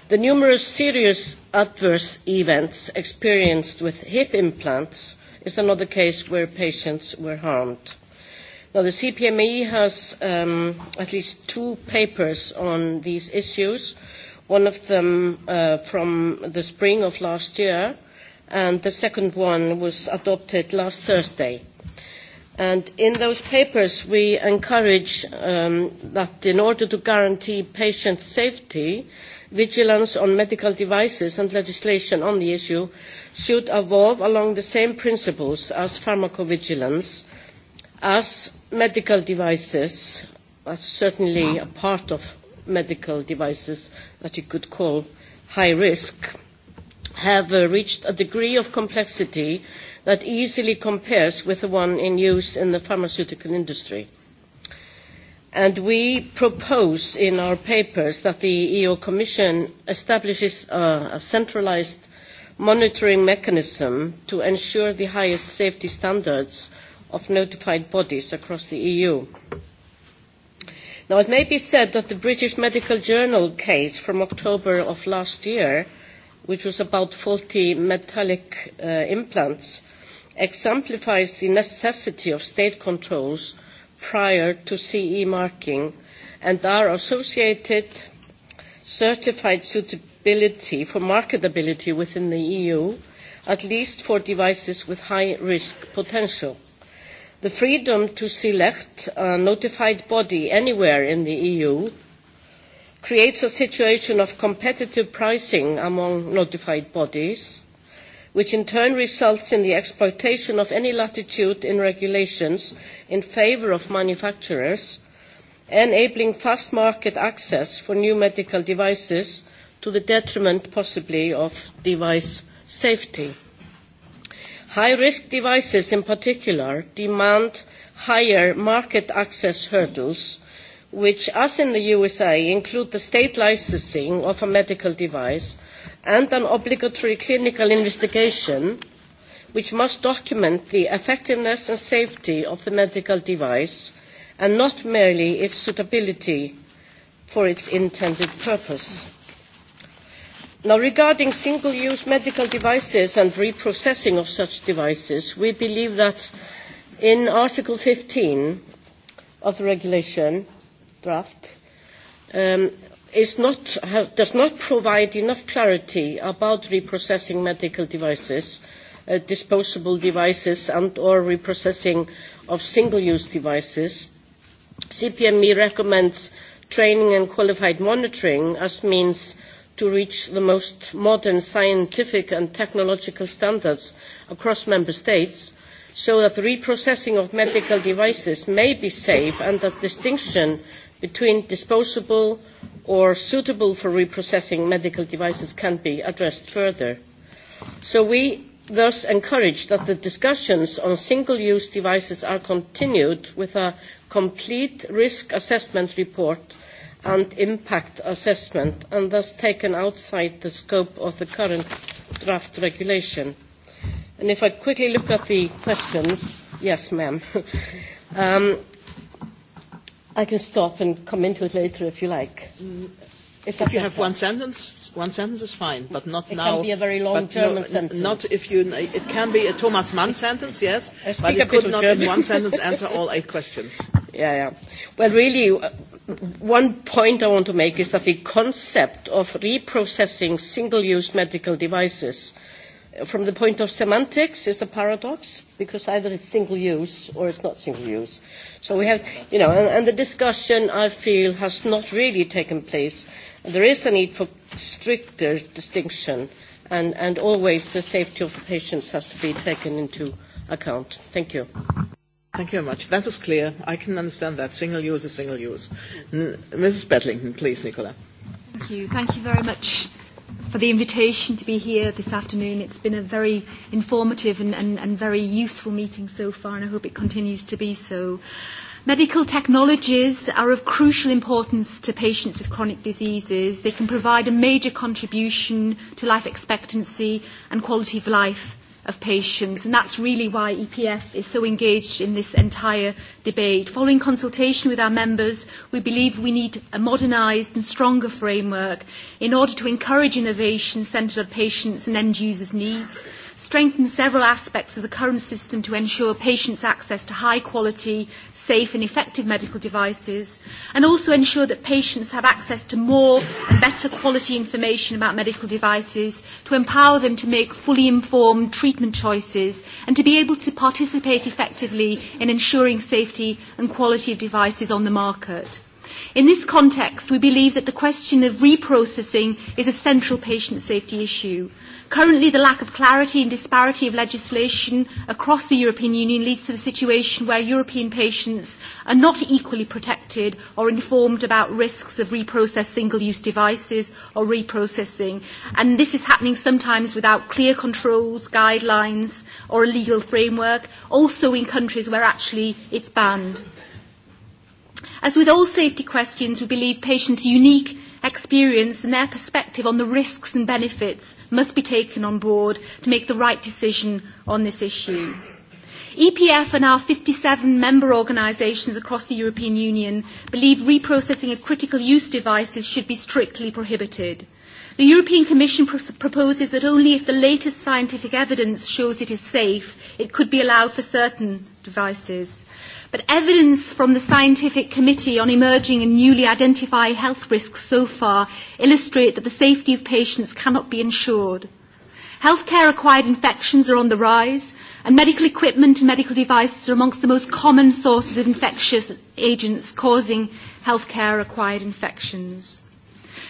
The numerous serious adverse events experienced with hip implants is another case where patients were harmed. Now, the CPME has at least two papers on these issues, one of them from the spring of last year and the second one was adopted last Thursday. And in those papers, we encourage that in order to guarantee patient safety, vigilance on medical devices and legislation on the issue should evolve along the same principles as pharmacovigilance, as medical devices, are certainly a part of medical devices that you could call high risk have reached a degree of complexity that easily compares with the one in use in the pharmaceutical industry. And we propose in our papers that the EU Commission establishes a centralised monitoring mechanism to ensure the highest safety standards of notified bodies across the EU. Now, it may be said that the British Medical Journal case from October of last year which was about faulty metallic implants, exemplifies the necessity of state controls prior to CE marking and our associated certified suitability for marketability within the EU, at least for devices with high risk potential. The freedom to select a notified body anywhere in the EU creates a situation of competitive pricing among notified bodies, which in turn results in the exploitation of any latitude in regulations in favour of manufacturers, enabling fast market access for new medical devices to the detriment possibly of device safety. High risk devices in particular demand higher market access hurdles which as in the USA include the state licensing of a medical device and an obligatory clinical investigation which must document the effectiveness and safety of the medical device and not merely its suitability for its intended purpose. Now regarding single-use medical devices and reprocessing of such devices, we believe that in Article 15 of the regulation draft does not provide enough clarity about reprocessing medical devices, disposable devices and or reprocessing of single-use devices. CPME recommends training and qualified monitoring as means to reach the most modern scientific and technological standards across member states so that reprocessing of medical devices may be safe and that distinction between disposable or suitable for reprocessing medical devices can be addressed further. So we thus encourage that the discussions on single-use devices are continued with a complete risk assessment report and impact assessment and thus taken outside the scope of the current draft regulation. And if I quickly look at the questions, yes, ma'am. I can stop and come into it later if you like. If you have one sentence, one sentence is fine, but not now. It can be a very long German sentence. Not if you. It can be a Thomas Mann sentence, yes, but you could not in one sentence answer all eight questions. Yeah, yeah. Well, really, one point I want to make is that the concept of reprocessing single-use medical devices from the point of semantics is a paradox because either it's single use or it's not single use. So we have, you know, and the discussion I feel has not really taken place. There is a need for stricter distinction and always the safety of the patients has to be taken into account. Thank you. Thank you very much. That was clear. I can understand that. Single use is single use. Mrs. Bedlington, please, Nicola. Thank you. Thank you very much for the invitation to be here this afternoon. It's been a very informative and, and, and very useful meeting so far, and I hope it continues to be so. Medical technologies are of crucial importance to patients with chronic diseases. They can provide a major contribution to life expectancy and quality of life of patients, and that's really why EPF is so engaged in this entire debate. Following consultation with our members, we believe we need a modernised and stronger framework in order to encourage innovation centred on patients and end users' needs, strengthen several aspects of the current system to ensure patients' access to high quality, safe and effective medical devices, and also ensure that patients have access to more and better quality information about medical devices to empower them to make fully informed treatment choices and to be able to participate effectively in ensuring safety and quality of devices on the market. In this context, we believe that the question of reprocessing is a central patient safety issue. Currently, the lack of clarity and disparity of legislation across the European Union leads to the situation where European patients are not equally protected or informed about risks of reprocessed single-use devices or reprocessing. And this is happening sometimes without clear controls, guidelines or a legal framework, also in countries where actually it's banned. As with all safety questions, we believe patients' unique experience and their perspective on the risks and benefits must be taken on board to make the right decision on this issue. EPF and our 57 member organisations across the European Union believe reprocessing of critical use devices should be strictly prohibited. The European Commission proposes that only if the latest scientific evidence shows it is safe, it could be allowed for certain devices. But evidence from the Scientific Committee on Emerging and Newly Identified Health Risks so far illustrate that the safety of patients cannot be ensured. Healthcare-acquired infections are on the rise, and medical equipment and medical devices are amongst the most common sources of infectious agents causing healthcare-acquired infections.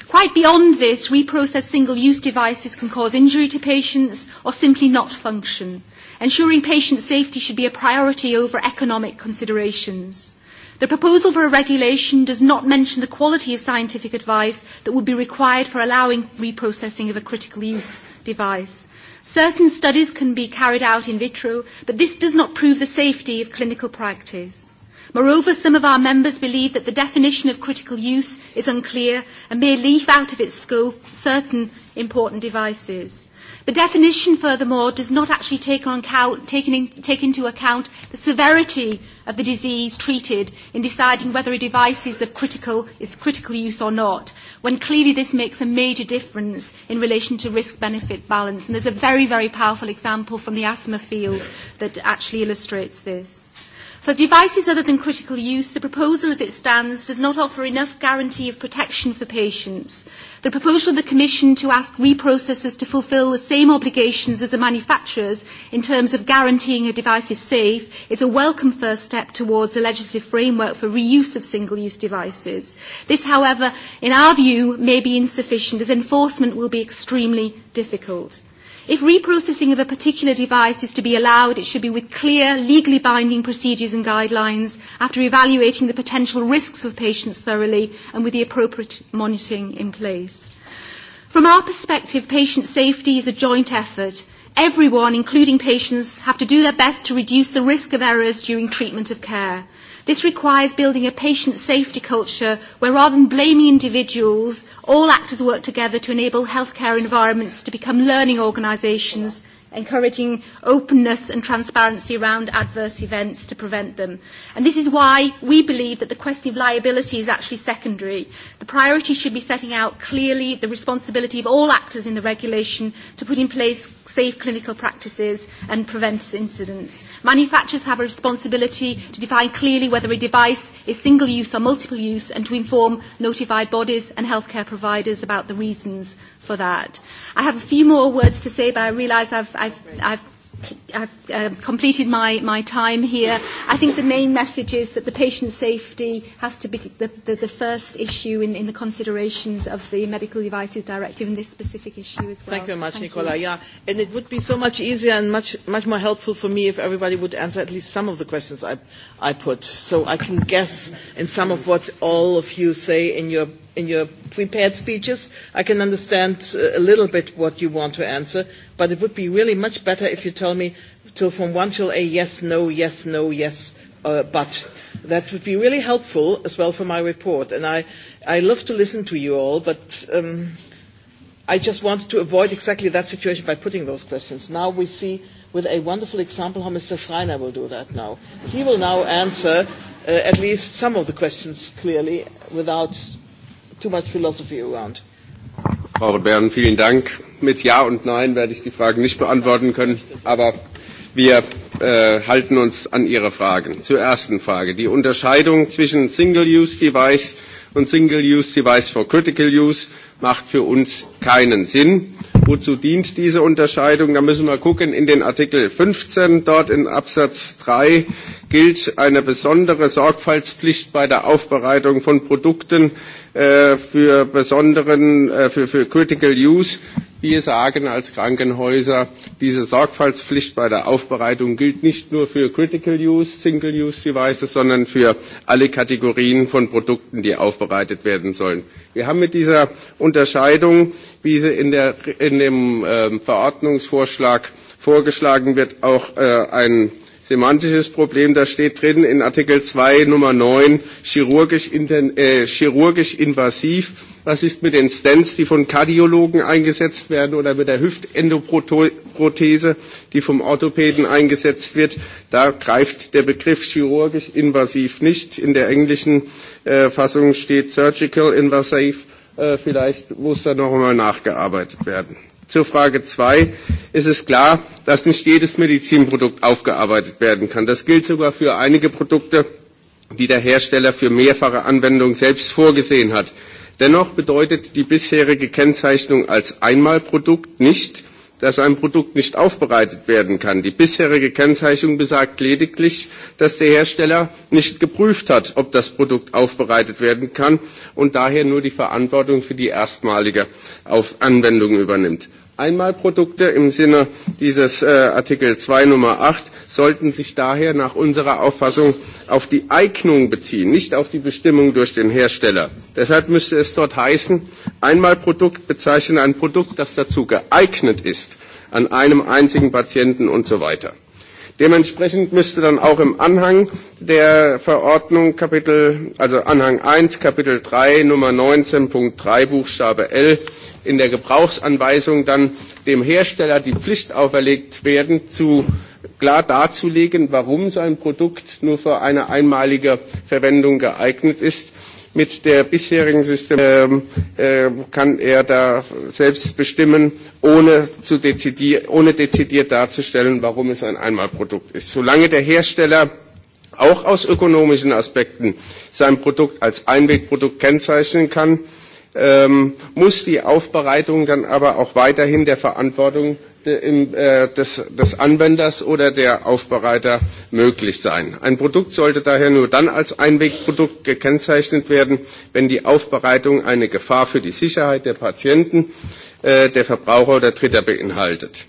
Quite beyond this, reprocessed single-use devices can cause injury to patients or simply not function. Ensuring patient safety should be a priority over economic considerations. The proposal for a regulation does not mention the quality of scientific advice that would be required for allowing reprocessing of a critical use device. Certain studies can be carried out in vitro, but this does not prove the safety of clinical practice. Moreover, some of our members believe that the definition of critical use is unclear and may leave out of its scope certain important devices. The definition, furthermore, does not actually take into account the severity of the disease treated in deciding whether a device is of critical use or not, when clearly this makes a major difference in relation to risk-benefit balance. And there's a very, very powerful example from the asthma field that actually illustrates this. For devices other than critical use, the proposal as it stands does not offer enough guarantee of protection for patients. The proposal of the Commission to ask reprocessors to fulfil the same obligations as the manufacturers in terms of guaranteeing a device is safe is a welcome first step towards a legislative framework for reuse of single-use devices. This, however, in our view, may be insufficient as enforcement will be extremely difficult. If reprocessing of a particular device is to be allowed, it should be with clear, legally binding procedures and guidelines after evaluating the potential risks of patients thoroughly and with the appropriate monitoring in place. From our perspective, patient safety is a joint effort. Everyone, including patients, have to do their best to reduce the risk of errors during treatment of care. This requires building a patient safety culture where rather than blaming individuals, all actors work together to enable healthcare environments to become learning organisations encouraging openness and transparency around adverse events to prevent them. And this is why we believe that the question of liability is actually secondary. The priority should be setting out clearly the responsibility of all actors in the regulation to put in place safe clinical practices and prevent incidents. Manufacturers have a responsibility to define clearly whether a device is single use or multiple use and to inform notified bodies and healthcare providers about the reasons for that. I have a few more words to say, but I realize I've I've I've completed my my time here. I think the main message is that the patient safety has to be the first issue in the considerations of the Medical Devices Directive in this specific issue as well. Thank you very much, Nicola. Yeah, and it would be so much easier and much much more helpful for me if everybody would answer at least some of the questions I I put, so I can guess in some of what all of you say in your in your prepared speeches. I can understand a little bit what you want to answer, but it would be really much better if you tell me till from one till a yes, no, yes, no, yes, but. That would be really helpful as well for my report. And I I love to listen to you all, but I just want to avoid exactly that situation by putting those questions. Now we see with a wonderful example how Mr. Freiner will do that now. He will now answer at least some of the questions clearly without too much philosophy around. Frau Bern, vielen Dank. Mit Ja und Nein werde ich die Fragen nicht beantworten können, aber wir halten uns an Ihre Fragen. Zur ersten Frage. Die Unterscheidung zwischen Single-Use-Device und Single-Use-Device for Critical Use macht für uns keinen Sinn. Wozu dient diese Unterscheidung? Da müssen wir gucken. In den Artikel 15, dort in Absatz 3, gilt eine besondere Sorgfaltspflicht bei der Aufbereitung von Produkten für besonderen, für Critical Use. Wir sagen als Krankenhäuser, diese Sorgfaltspflicht bei der Aufbereitung gilt nicht nur für Critical Use, Single Use Devices, sondern für alle Kategorien von Produkten, die aufbereitet werden sollen. Wir haben mit dieser Unterscheidung, wie sie in dem Verordnungsvorschlag vorgeschlagen wird, auch einen semantisches Problem, da steht drin in Artikel 2 Nummer 9 chirurgisch, chirurgisch invasiv. Was ist mit den Stents, die von Kardiologen eingesetzt werden oder mit der Hüftendoprothese, die vom Orthopäden eingesetzt wird? Da greift der Begriff chirurgisch invasiv nicht. In der englischen Fassung steht surgical invasive. Vielleicht muss da noch einmal nachgearbeitet werden. Zur Frage 2 ist es klar, dass nicht jedes Medizinprodukt aufgearbeitet werden kann. Das gilt sogar für einige Produkte, die der Hersteller für mehrfache Anwendung selbst vorgesehen hat. Dennoch bedeutet die bisherige Kennzeichnung als Einmalprodukt nicht, dass ein Produkt nicht aufbereitet werden kann. Die bisherige Kennzeichnung besagt lediglich, dass der Hersteller nicht geprüft hat, ob das Produkt aufbereitet werden kann und daher nur die Verantwortung für die erstmalige Anwendung übernimmt. Einmalprodukte im Sinne dieses Artikel 2 Nummer 8 sollten sich daher nach unserer Auffassung auf die Eignung beziehen, nicht auf die Bestimmung durch den Hersteller. Deshalb müsste es dort heißen, Einmalprodukt bezeichnet ein Produkt, das dazu geeignet ist, an einem einzigen Patienten usw. Dementsprechend müsste dann auch im Anhang der Verordnung Kapitel, also Anhang 1, Kapitel 3, Nummer 19, Punkt 3, Buchstabe L in der Gebrauchsanweisung dann dem Hersteller die Pflicht auferlegt werden, zu klar darzulegen, warum sein Produkt nur für eine einmalige Verwendung geeignet ist Mit der bisherigen System kann er da selbst bestimmen, ohne dezidiert darzustellen, warum es ein Einmalprodukt ist. Solange der Hersteller auch aus ökonomischen Aspekten sein Produkt als Einwegprodukt kennzeichnen kann, muss die Aufbereitung dann aber auch weiterhin der Verantwortung des Anwenders oder der Aufbereiter möglich sein. Ein Produkt sollte daher nur dann als Einwegprodukt gekennzeichnet werden, wenn die Aufbereitung eine Gefahr für die Sicherheit der Patienten, der Verbraucher oder Dritter beinhaltet.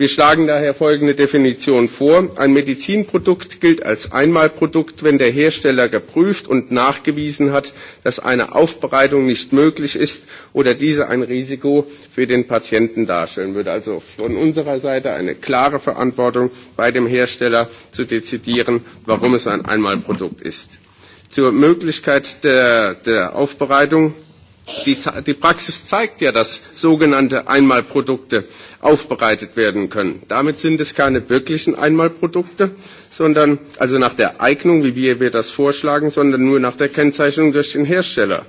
Wir schlagen daher folgende Definition vor. Ein Medizinprodukt gilt als Einmalprodukt, wenn der Hersteller geprüft und nachgewiesen hat, dass eine Aufbereitung nicht möglich ist oder diese ein Risiko für den Patienten darstellen würde. Also von unserer Seite eine klare Verantwortung bei dem Hersteller zu dezidieren, warum es ein Einmalprodukt ist. Zur Möglichkeit der Aufbereitung Die Praxis zeigt ja, dass sogenannte Einmalprodukte aufbereitet werden können. Damit sind es keine wirklichen Einmalprodukte, sondern also nach der Eignung, wie wir das vorschlagen, sondern nur nach der Kennzeichnung durch den Hersteller.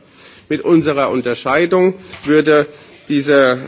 Mit unserer Unterscheidung würde dieser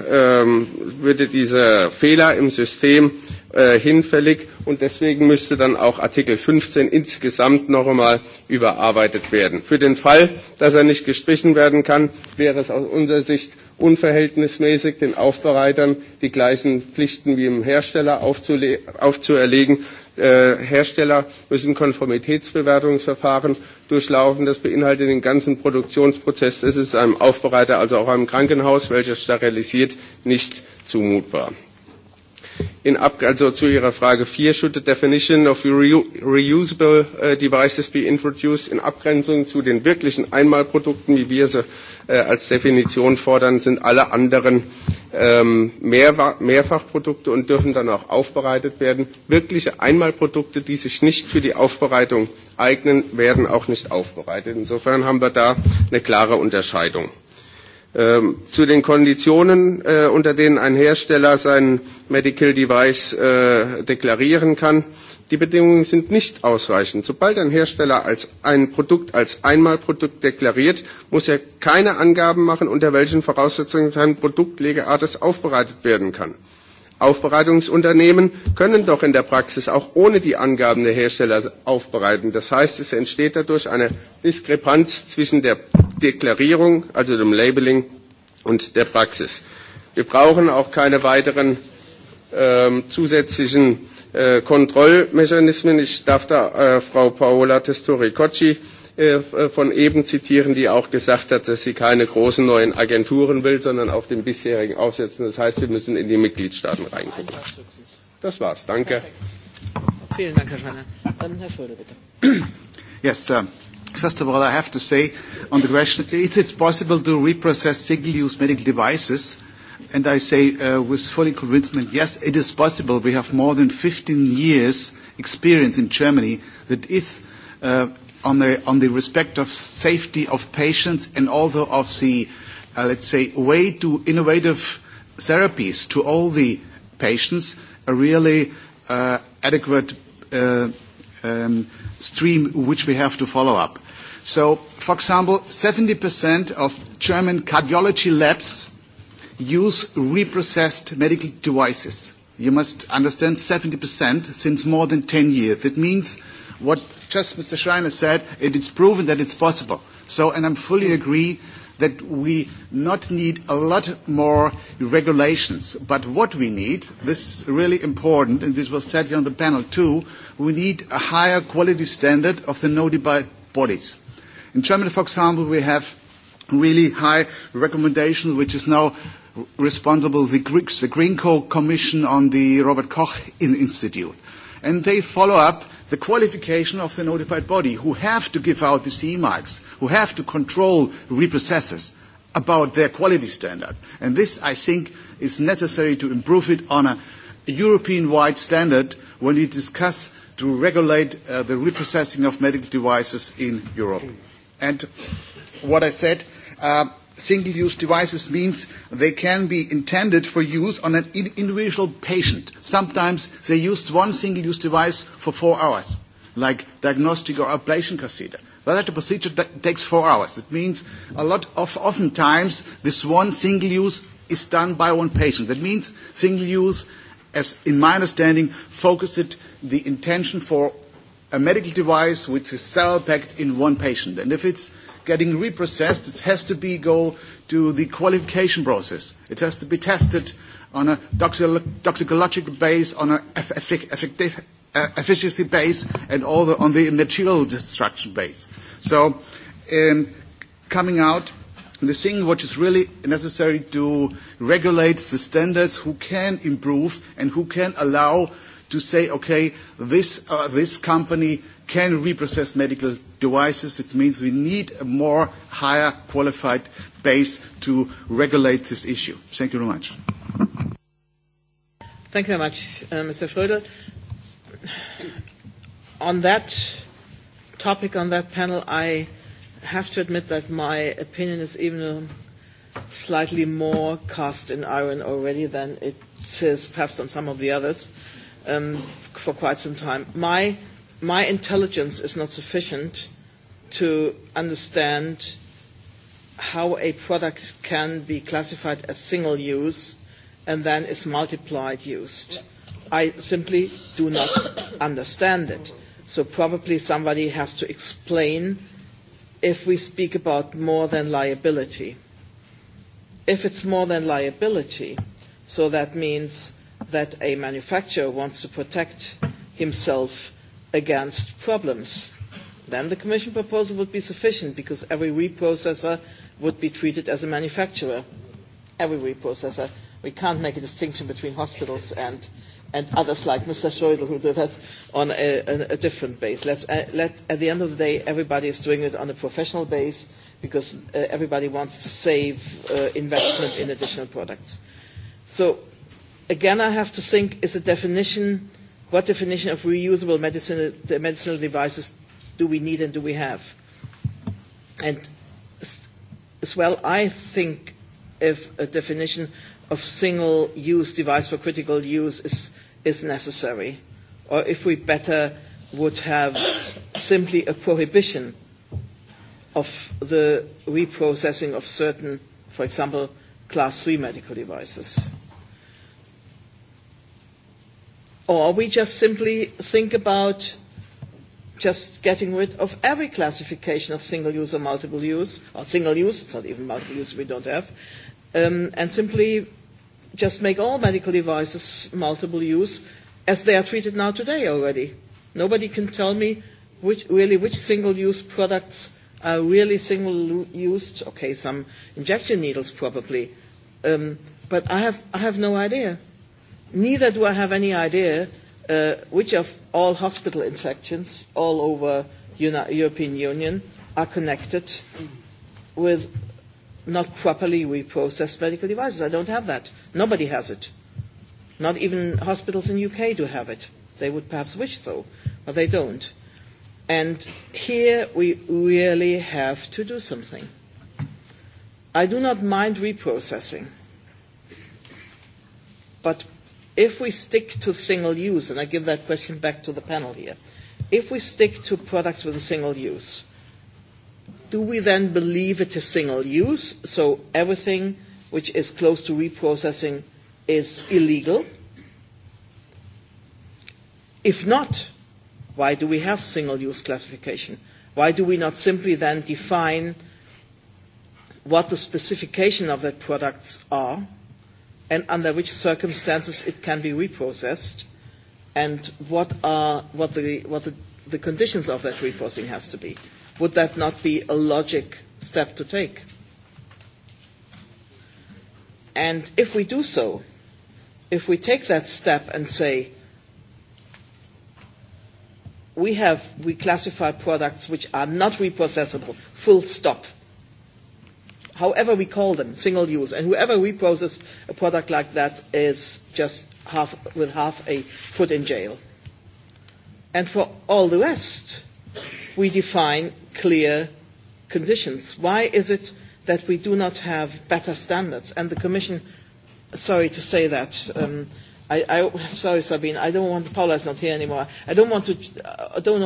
Fehler im System hinfällig und deswegen müsste dann auch Artikel 15 insgesamt noch einmal überarbeitet werden. Für den Fall, dass er nicht gestrichen werden kann, wäre es aus unserer Sicht unverhältnismäßig, den Aufbereitern die gleichen Pflichten wie dem Hersteller aufzuerlegen. Hersteller müssen Konformitätsbewertungsverfahren durchlaufen. Das beinhaltet den ganzen Produktionsprozess. Das ist einem Aufbereiter, also auch einem Krankenhaus, welches sterilisiert, nicht zumutbar. Also zu Ihrer Frage 4, should the definition of reusable devices be introduced in Abgrenzung zu den wirklichen Einmalprodukten, wie wir sie als Definition fordern, sind alle anderen Mehrfachprodukte und dürfen dann auch aufbereitet werden. Wirkliche Einmalprodukte, die sich nicht für die Aufbereitung eignen, werden auch nicht aufbereitet. Insofern haben wir da eine klare Unterscheidung. Zu den Konditionen, unter denen ein Hersteller sein Medical Device deklarieren kann. Die Bedingungen sind nicht ausreichend. Sobald ein Hersteller ein Produkt als Einmalprodukt deklariert, muss er keine Angaben machen, unter welchen Voraussetzungen sein Produkt aufbereitet werden kann. Aufbereitungsunternehmen können doch in der Praxis auch ohne die Angaben der Hersteller aufbereiten. Das heißt, es entsteht dadurch eine Diskrepanz zwischen der Deklarierung, also dem Labeling, und der Praxis. Wir brauchen auch keine weiteren zusätzlichen Kontrollmechanismen. Ich darf da Frau Paola Testori-Cocci von eben zitieren, die auch gesagt hat, dass sie keine großen neuen Agenturen will, sondern auf dem bisherigen aufsetzen. Das heißt, wir müssen in die Mitgliedstaaten reingucken. Das war's. Danke. Vielen Dank, Herr Schneider. Dann Herr Schröder, bitte. Yes, sir. First of all, I have to say on the question, is it possible to reprocess single-use medical devices? And I say with full convincement, yes, it is possible. We have more than 15 years experience in Germany that is on the respect of safety of patients and also of the, let's say, way to innovative therapies to all the patients, a really adequate stream which we have to follow up. So, for example, 70% of German cardiology labs use reprocessed medical devices. You must understand 70% since more than 10 years. It means what just Mr. Schreiner said, it is proven that it's possible. So, and I fully agree that we not need a lot more regulations. But what we need, this is really important, and this was said here on the panel too, we need a higher quality standard of the notified bodies. In Germany, for example, we have really high recommendation which is now responsible the Green Commission on the Robert Koch Institute. And they follow up the qualification of the notified body who have to give out the CE marks, who have to control reprocessors about their quality standard. And this, I think, is necessary to improve it on a European-wide standard when we discuss to regulate the reprocessing of medical devices in Europe. And what I said, single-use devices means they can be intended for use on an individual patient. Sometimes they used one single-use device for four hours, like diagnostic or ablation procedure. But that procedure takes four hours. It means a lot of oftentimes this one single-use is done by one patient. That means single-use, as in my understanding, focuses the intention for a medical device which is cell-packed in one patient. And if it's getting reprocessed, it has to be go to the qualification process. It has to be tested on a toxicological base, on an efficiency base, and on the material destruction base. So coming out, the thing which is really necessary to regulate the standards who can improve and who can allow to say, okay, this company can reprocess medical devices. It means we need a more higher qualified base to regulate this issue. Thank you very much. Thank you very much, Mr. Schrödel. On that topic, on that panel, I have to admit that my opinion is even slightly more cast in iron already than it is perhaps on some of the others for quite some time. My my intelligence is not sufficient to understand how a product can be classified as single use and then is multiplied used. I simply do not understand it. So probably somebody has to explain if we speak about more than liability. If it's more than liability, so that means that a manufacturer wants to protect himself against problems. Then the Commission proposal would be sufficient because every reprocessor would be treated as a manufacturer. Every reprocessor. We can't make a distinction between hospitals and others like Mr. Schroedel who did that on a different base. Let's let at the end of the day everybody is doing it on a professional base because everybody wants to save investment in additional products. So again I have to think is a definition what definition of reusable medicinal devices do we need and do we have? And as well, I think if a definition of single-use device for critical use is is necessary, or if we better would have simply a prohibition of the reprocessing of certain, for example, class 3 medical devices. Or we just simply think about just getting rid of every classification of single use or multiple use, or single use, it's not even multiple use we don't have, and simply just make all medical devices multiple use as they are treated now today already. Nobody can tell me which really which single use products are really single used okay, some injection needles probably. But I have I have no idea. Neither do I have any idea which of all hospital infections all over the European Union are connected with not properly reprocessed medical devices. I don't have that. Nobody has it. Not even hospitals in the UK do have it. They would perhaps wish so, but they don't. And here we really have to do something. I do not mind reprocessing, but If we stick to single use, and I give that question back to the panel here, if we stick to products with a single use, do we then believe it is single use, so everything which is close to reprocessing is illegal? If not, why do we have single use classification? Why do we not simply then define what the specification of that products are? and under which circumstances it can be reprocessed and what are what the what the, the conditions of that reprocessing has to be would that not be a logic step to take and if we do so if we take that step and say we have we classify products which are not reprocessable full stop however we call them, single use. And whoever reprocesses a product like that is just half, with half a foot in jail. And for all the rest, we define clear conditions. Why is it that we do not have better standards? And the Commission, sorry to say that, um, I, I, sorry Sabine, I don't want, is not here anymore, I don't want to, I don't,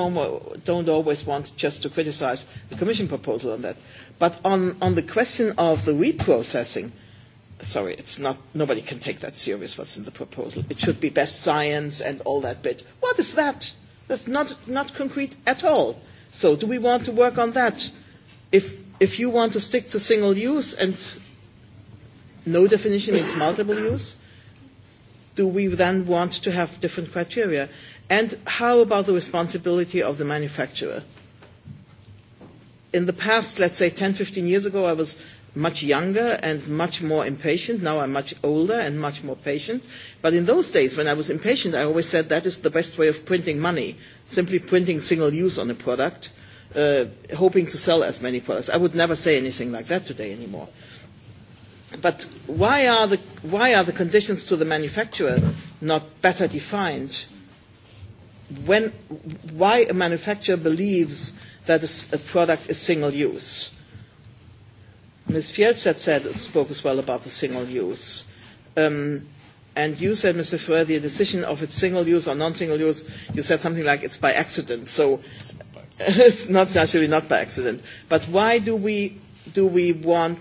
don't always want just to criticize the Commission proposal on that, But on on the question of the reprocessing, sorry, it's not nobody can take that serious. What's in the proposal? It should be best science and all that bit. What is that? That's not not concrete at all. So do we want to work on that? If if you want to stick to single use and no definition means multiple use, do we then want to have different criteria? And how about the responsibility of the manufacturer? in the past, let's say 10, 15 years ago, I was much younger and much more impatient. Now I'm much older and much more patient. But in those days, when I was impatient, I always said that is the best way of printing money, simply printing single use on a product, hoping to sell as many products. I would never say anything like that today anymore. But why are the why are the conditions to the manufacturer not better defined? When why a manufacturer believes that a product is single use. Ms. Fjellstedt said spoke as well about the single use. And you said, Mr. Schroeder, the decision of its single use or non-single use, you said something like it's by accident. So it's not actually not by accident. But why do we do we want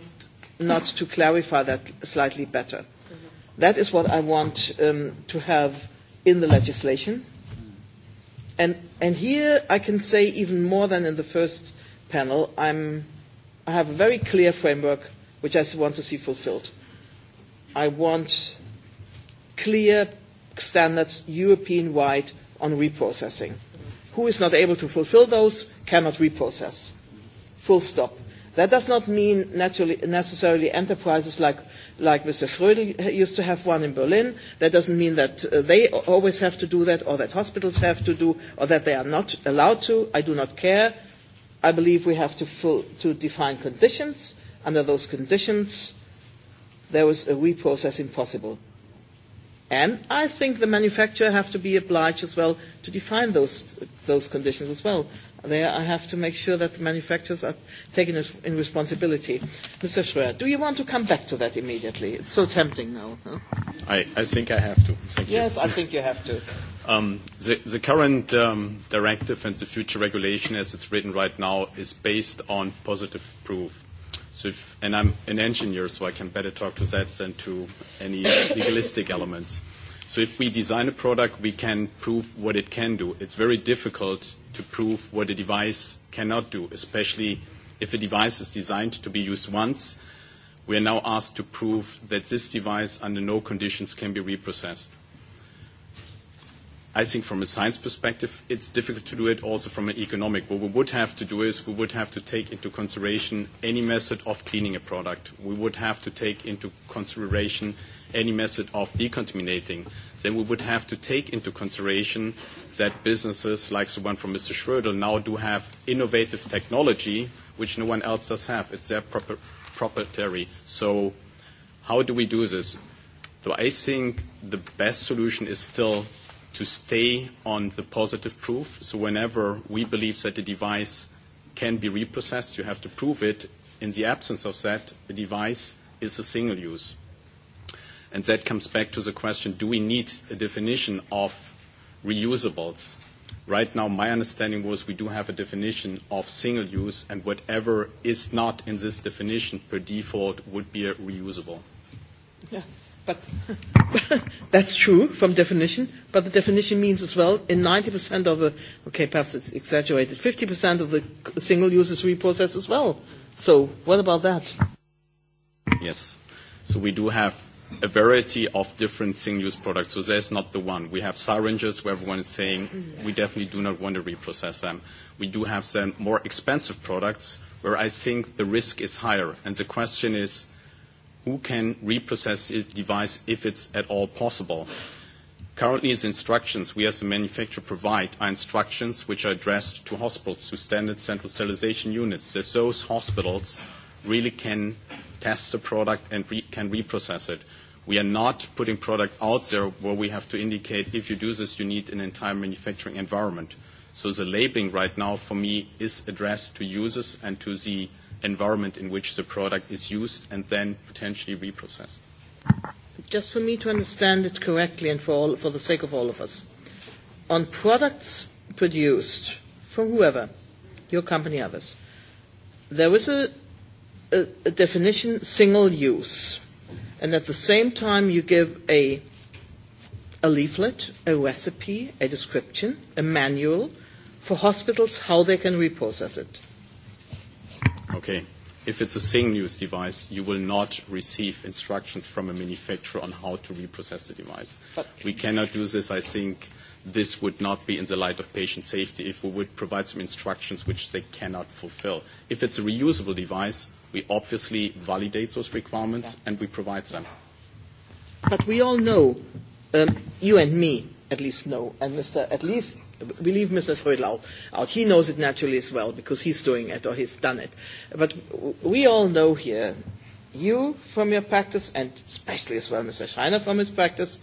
not to clarify that slightly better? That is what I want to have in the legislation. And here I can say even more than in the first panel, I have a very clear framework which I want to see fulfilled. I want clear standards European-wide on reprocessing. Who is not able to fulfill those cannot reprocess. Full stop. That does not mean necessarily enterprises like like Mr. Schrödel used to have one in Berlin. That doesn't mean that they always have to do that or that hospitals have to do or that they are not allowed to. I do not care. I believe we have to define conditions. Under those conditions, there was a reprocessing possible. And I think the manufacturer have to be obliged as well to define those those conditions as well there I have to make sure that the manufacturers are taken in responsibility. Mr. Schroer, do you want to come back to that immediately? It's so tempting now. I, I think I have to. Thank you. Yes, I think you have to. Um, the, the current um, directive and the future regulation as it's written right now is based on positive proof. So if, and I'm an engineer, so I can better talk to that than to any legalistic elements. So if we design a product, we can prove what it can do. It's very difficult to prove what a device cannot do, especially if a device is designed to be used once. We are now asked to prove that this device under no conditions can be reprocessed. I think from a science perspective, it's difficult to do it also from an economic. What we would have to do is we would have to take into consideration any method of cleaning a product. We would have to take into consideration any method of decontaminating, then we would have to take into consideration that businesses like the one from Mr. Schrödel now do have innovative technology which no one else does have. It's their proprietary. So how do we do this? So I think the best solution is still to stay on the positive proof. So whenever we believe that a device can be reprocessed, you have to prove it. In the absence of that, the device is a single use. And that comes back to the question, do we need a definition of reusables? Right now, my understanding was we do have a definition of single use, and whatever is not in this definition per default would be a reusable. Yeah, but that's true from definition, but the definition means as well in 90% of the, okay, perhaps it's exaggerated, 50% of the single use is reprocessed as well. So what about that? Yes. So we do have a variety of different single-use products. So there's not the one. We have syringes where everyone is saying, we definitely do not want to reprocess them. We do have some more expensive products where I think the risk is higher. And the question is, who can reprocess the device if it's at all possible? Currently, the instructions we as a manufacturer provide are instructions which are addressed to hospitals, to standard central sterilization units. There's those hospitals really can test the product and can reprocess it. We are not putting product out there where we have to indicate if you do this, you need an entire manufacturing environment. So the labeling right now, for me, is addressed to users and to the environment in which the product is used and then potentially reprocessed. Just for me to understand it correctly and for the sake of all of us, on products produced from whoever, your company, others, there is a a definition single use and at the same time you give a a leaflet, a recipe, a description, a manual for hospitals how they can reprocess it. Okay. If it's a single-use device, you will not receive instructions from a manufacturer on how to reprocess the device. We cannot do this. I think this would not be in the light of patient safety if we would provide some instructions which they cannot fulfill. If it's a reusable device, we obviously validate those requirements and we provide them. But we all know, you and me at least know, and Mr. at least we leave Mr. Schrödel out. He knows it naturally as well because he's doing it or he's done it. But we all know here, you from your practice and especially as well Mr. Schreiner from his practice,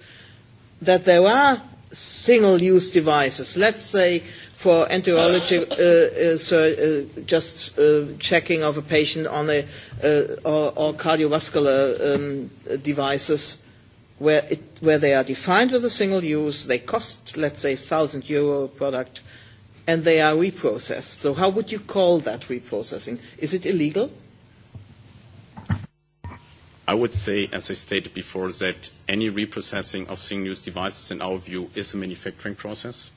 that there are single-use devices. Let's say for enterology, just checking of a patient on a or cardiovascular devices where where they are defined with a single use, they cost, let's say, 1,000 euro product, and they are reprocessed. So how would you call that reprocessing? Is it illegal? I would say, as I stated before, that any reprocessing of single-use devices, in our view, is a manufacturing process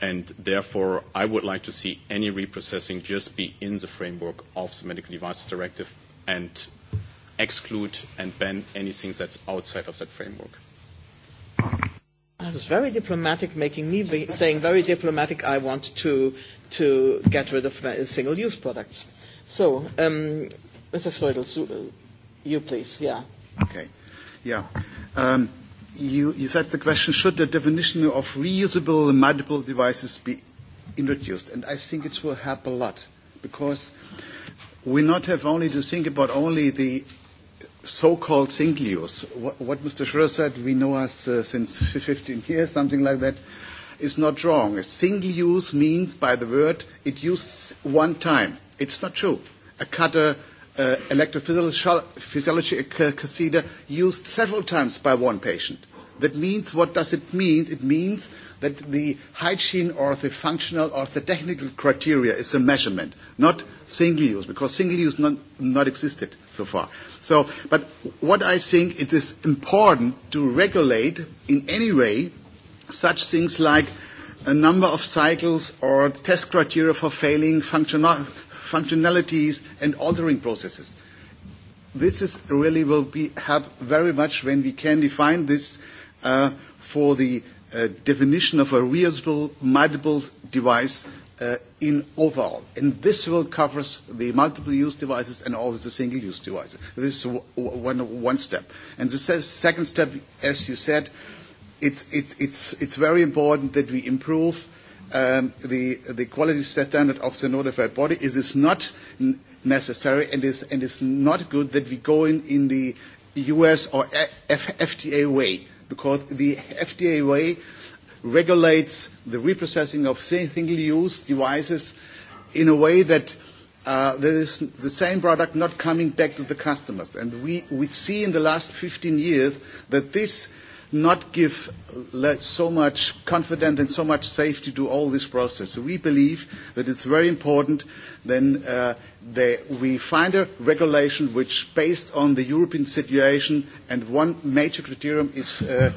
and therefore I would like to see any reprocessing just be in the framework of the Medical Devices Directive and exclude and ban anything that's outside of that framework. That was very diplomatic, making me saying very diplomatic. I want to to get rid of single-use products. So, Mr. Schleudel, you please. Yeah. Okay. Yeah you said the question, should the definition of reusable multiple devices be introduced? And I think it will help a lot because we not have only to think about only the so-called single use. What Mr. Schroeder said, we know us since 15 years, something like that, is not wrong. Single use means by the word it used one time. It's not true. A cutter electrophysiology procedure used several times by one patient. That means, what does it mean? It means that the hygiene or the functional or the technical criteria is a measurement, not single use, because single use not existed so far. So, but what I think it is important to regulate in any way such things like a number of cycles or test criteria for failing functional functionalities and altering processes. This is really will be help very much when we can define this for the definition of a reusable, multiple device in overall. And this will cover the multiple-use devices and also the single-use devices. This is one step. And the second step, as you said, it's very important that we improve um the the quality standard of the notified body is is not necessary and is and is not good that we go in in the US or FTA way because the FDA way regulates the reprocessing of single-use devices in a way that there is the same product not coming back to the customers. And we we see in the last 15 years that this not give so much confidence and so much safety to all this process. we believe that it's very important that we find a regulation which, based on the European situation, and one major criterion is the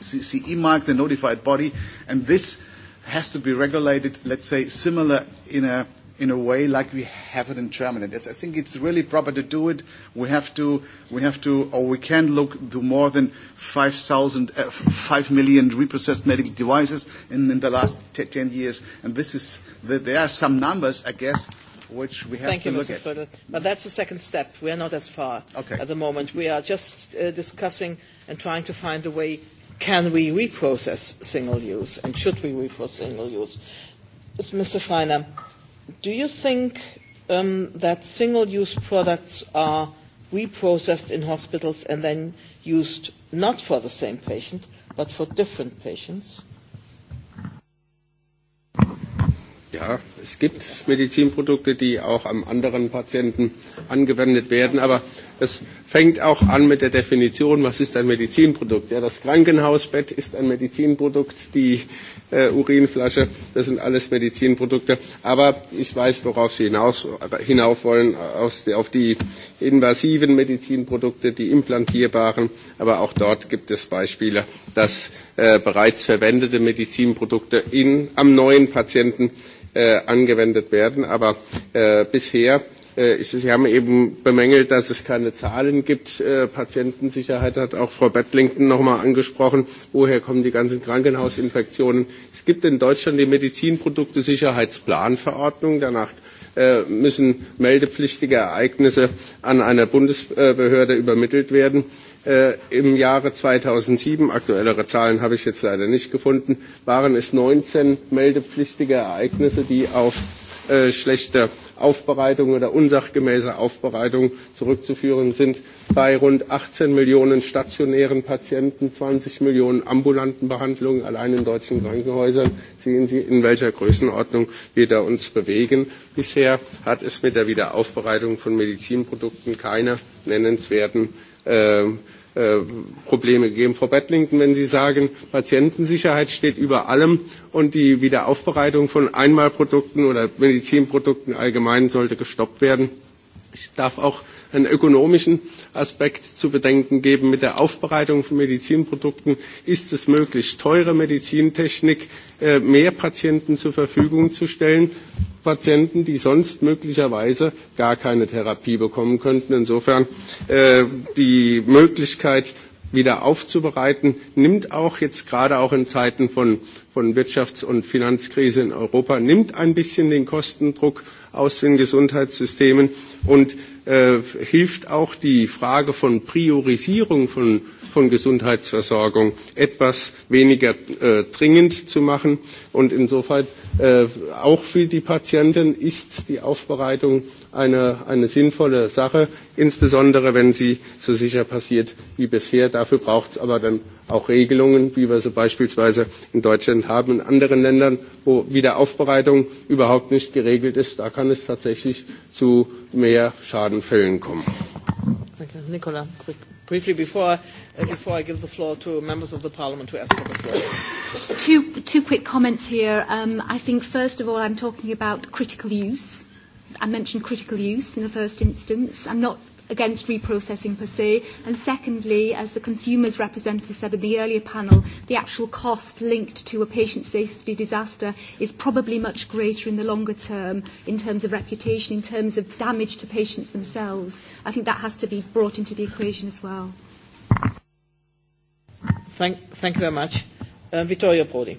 CE mark, the notified body, and this has to be regulated, let's say, similar in a in a way like we have it in Germany. I think it's really proper to do it. We have to, we have to, or we can look to more than 5,000, 5 million reprocessed medical devices in, the last 10 years. And this is, there are some numbers, I guess, which we have to look at. Thank you, Mr. But that's the second step. We are not as far at the moment. We are just discussing and trying to find a way can we reprocess single use and should we reprocess single use. Mr. Schreiner, do you think that single-use products are reprocessed in hospitals and then used not for the same patient but for different patients? Ja, es gibt Medizinprodukte, die auch an anderen Patienten angewendet werden, aber es fängt auch an mit der Definition, was ist ein Medizinprodukt. Ja, das Krankenhausbett ist ein Medizinprodukt, die Urinflasche, das sind alles Medizinprodukte. Aber ich weiß, worauf Sie hinaus, hinauf wollen, auf die invasiven Medizinprodukte, die implantierbaren. Aber auch dort gibt es Beispiele, dass bereits verwendete Medizinprodukte in, am neuen Patienten angewendet werden. Aber bisher Sie haben eben bemängelt, dass es keine Zahlen gibt. Patientensicherheit hat auch Frau Bettlington noch mal angesprochen. Woher kommen die ganzen Krankenhausinfektionen? Es gibt in Deutschland die Medizinprodukte-Sicherheitsplanverordnung. Danach müssen meldepflichtige Ereignisse an einer Bundesbehörde übermittelt werden. Im Jahre 2007, aktuellere Zahlen habe ich jetzt leider nicht gefunden, waren es 19 meldepflichtige Ereignisse, die auf schlechte Aufbereitung oder unsachgemäße Aufbereitung zurückzuführen sind bei rund 18 Millionen stationären Patienten, 20 Millionen ambulanten Behandlungen allein in deutschen Krankenhäusern. Sehen Sie, in welcher Größenordnung wir da uns bewegen. Bisher hat es mit der Wiederaufbereitung von Medizinprodukten keine nennenswerten Probleme geben, Frau Bettlington, wenn Sie sagen, Patientensicherheit steht über allem und die Wiederaufbereitung von Einmalprodukten oder Medizinprodukten allgemein sollte gestoppt werden, Es darf auch einen ökonomischen Aspekt zu bedenken geben. Mit der Aufbereitung von Medizinprodukten ist es möglich, teure Medizintechnik mehr Patienten zur Verfügung zu stellen. Patienten, die sonst möglicherweise gar keine Therapie bekommen könnten. Insofern die Möglichkeit, wieder aufzubereiten, nimmt auch jetzt gerade auch in Zeiten von Wirtschafts- und Finanzkrise in Europa, nimmt ein bisschen den Kostendruck aus den Gesundheitssystemen und hilft auch die Frage von Priorisierung von von Gesundheitsversorgung etwas weniger dringend zu machen. Und insofern auch für die Patienten ist die Aufbereitung eine sinnvolle Sache, insbesondere wenn sie so sicher passiert wie bisher. Dafür braucht es aber dann auch Regelungen, wie wir sie beispielsweise in Deutschland haben, in anderen Ländern, wo Wiederaufbereitung überhaupt nicht geregelt ist. Da kann es tatsächlich zu mehr Schadenfällen kommen. Nicola, quick, briefly before before I give the floor to members of the Parliament who ask for the floor. Two two quick comments here. I think first of all I'm talking about critical use. I mentioned critical use in the first instance. I'm not against reprocessing per se, and secondly, as the consumers' representative said in the earlier panel, the actual cost linked to a patient safety disaster is probably much greater in the longer term in terms of reputation, in terms of damage to patients themselves. I think that has to be brought into the equation as well. Thank, thank you very much. Vittorio Poli.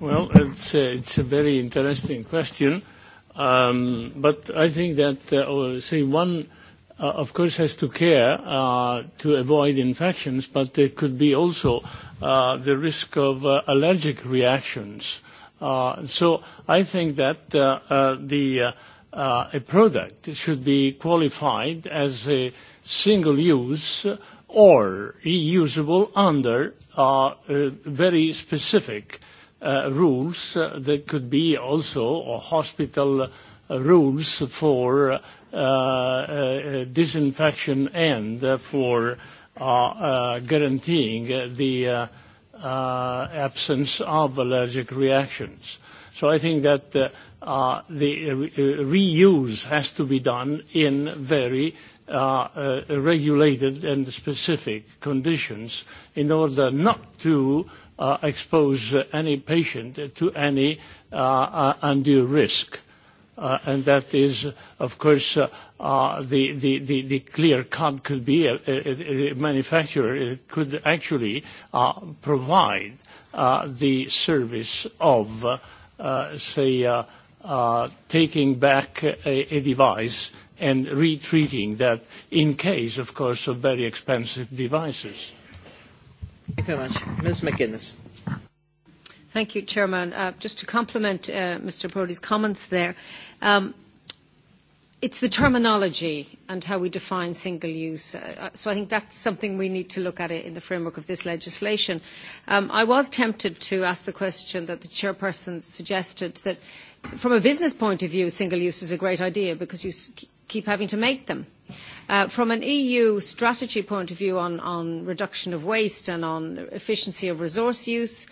Well, it's, it's a very interesting question But I think that, see, one, of course, has to care to avoid infections, but there could be also the risk of allergic reactions. So I think that the a product should be qualified as a single-use or reusable under very specific rules that could be also hospital rules for disinfection and for guaranteeing the absence of allergic reactions. So I think that the reuse has to be done in very regulated and specific conditions in order not to expose any patient to any undue risk. And that is, of course, the clear cut could be a manufacturer could actually provide the service of, say, taking back a device and retreating that in case, of course, of very expensive devices. Thank you Just to complement Mr. Prodi's comments there, is the terminology and how we define single use. So I think that is something we need to look at in the framework of this legislation. I was tempted to ask the question that the chairperson suggested that from a business point of view, single use is a great idea because you keep having to make them From an EU strategy point of view on reduction of waste and on efficiency of resource use,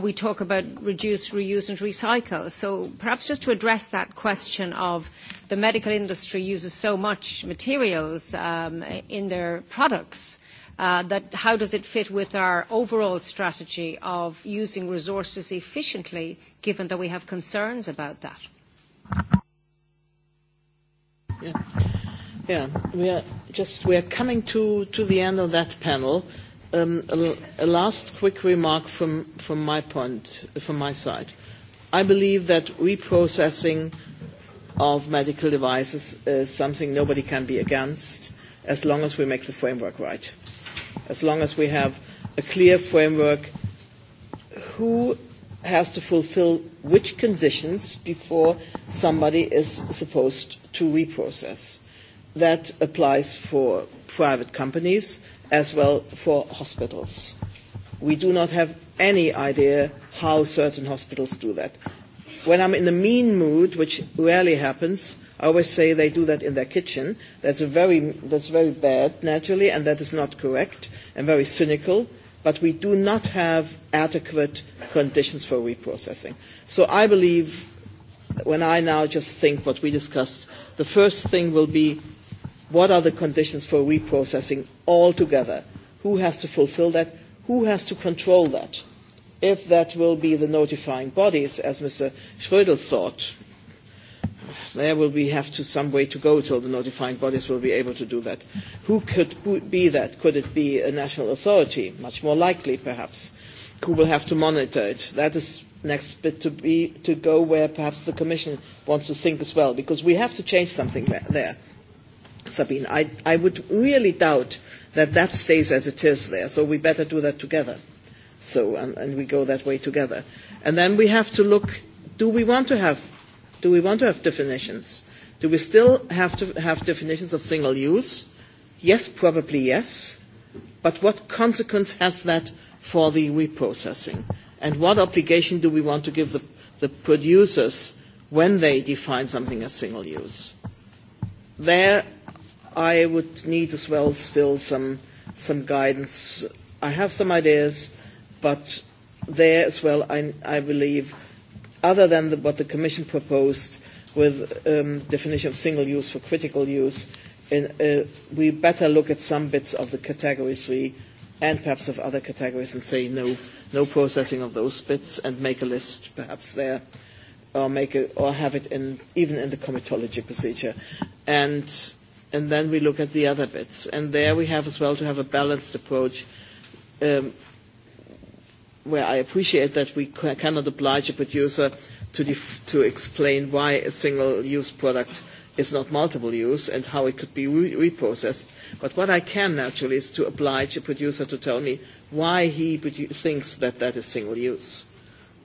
we talk about reduce, reuse and recycle. So perhaps just to address that question of the medical industry uses so much materials in their products, that how does it fit with our overall strategy of using resources efficiently, given that we have concerns about that? Yeah, we are just we are coming to to the end of that panel. A last quick remark from from my point, from my side. I believe that reprocessing of medical devices is something nobody can be against, as long as we make the framework right, as long as we have a clear framework. Who has to fulfill which conditions before somebody is supposed to reprocess? That applies for private companies as well for hospitals. We do not have any idea how certain hospitals do that. When I'm in a mean mood, which rarely happens, I always say they do that in their kitchen. That's very bad, naturally, and that is not correct and very cynical. But we do not have adequate conditions for reprocessing. So I believe, when I now just think what we discussed, the first thing will be what are the conditions for reprocessing altogether? Who has to fulfill that? Who has to control that? If that will be the notifying bodies, as Mr. Schrödel thought, there will be have to some way to go till the notifying bodies will be able to do that. Who could be that? Could it be a national authority? Much more likely, perhaps. Who will have to monitor it? That is next bit to be to go where perhaps the Commission wants to think as well, because we have to change something there. Sabine. I would really doubt that that stays as it is there, so we better do that together. So, and we go that way together. And then we have to look, do we want to have, do we want to have definitions? Do we still have to have definitions of single use? Yes, probably yes. But what consequence has that for the reprocessing? And what obligation do we want to give the producers when they define something as single use? There I would need as well still some some guidance. I have some ideas, but there as well, I I believe, other than what the Commission proposed with definition of single use for critical use, we better look at some bits of the category 3 and perhaps of other categories and say no, no processing of those bits and make a list perhaps there or make or have it in even in the comitology procedure. And and then we look at the other bits. And there we have as well to have a balanced approach where I appreciate that we cannot oblige a producer to explain why a single-use product is not multiple use and how it could be reprocessed. But what I can naturally is to oblige a producer to tell me why he thinks that that is single use,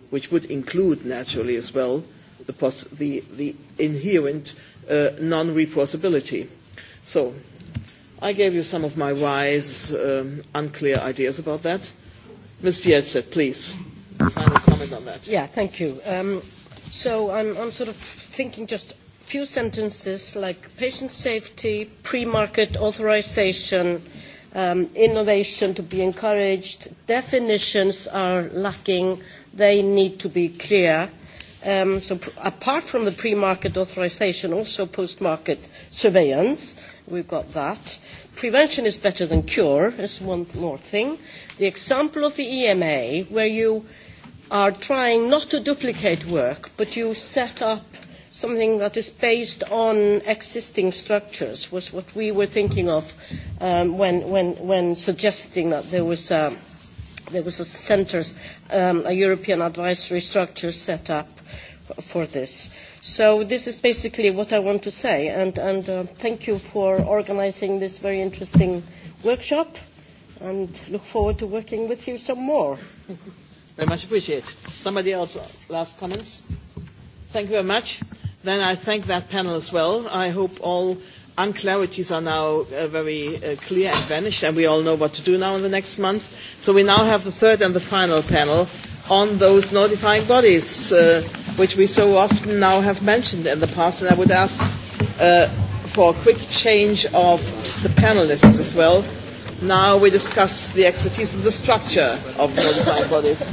which would include naturally as well the inherent non-reprocessability So I gave you some of my wise, unclear ideas about that. Ms. Fietze, please. Final comment on that. Yeah, thank you. So I'm sort of thinking just a few sentences like patient safety, pre-market authorization, innovation to be encouraged. Definitions are lacking. They need to be clear. So apart from the pre-market authorization, also post-market surveillance We've got that. Prevention is better than cure is one more thing. The example of the EMA, where you are trying not to duplicate work, but you set up something that is based on existing structures, was what we were thinking of when suggesting that there was a there was a centre, a European advisory structure set up for this. So this is basically what I want to say, and thank you for organizing this very interesting workshop, and look forward to working with you some more. Very much appreciate. Somebody else, last comments? Thank you very much. Then I thank that panel as well. I hope all unclarities are now very clear and vanished, and we all know what to do now in the next months. So we now have the third and the final panel on those notifying bodies, which we so often now have mentioned in the past. And I would ask for a quick change of the panelists as well. Now we discuss the expertise and the structure of notifying bodies.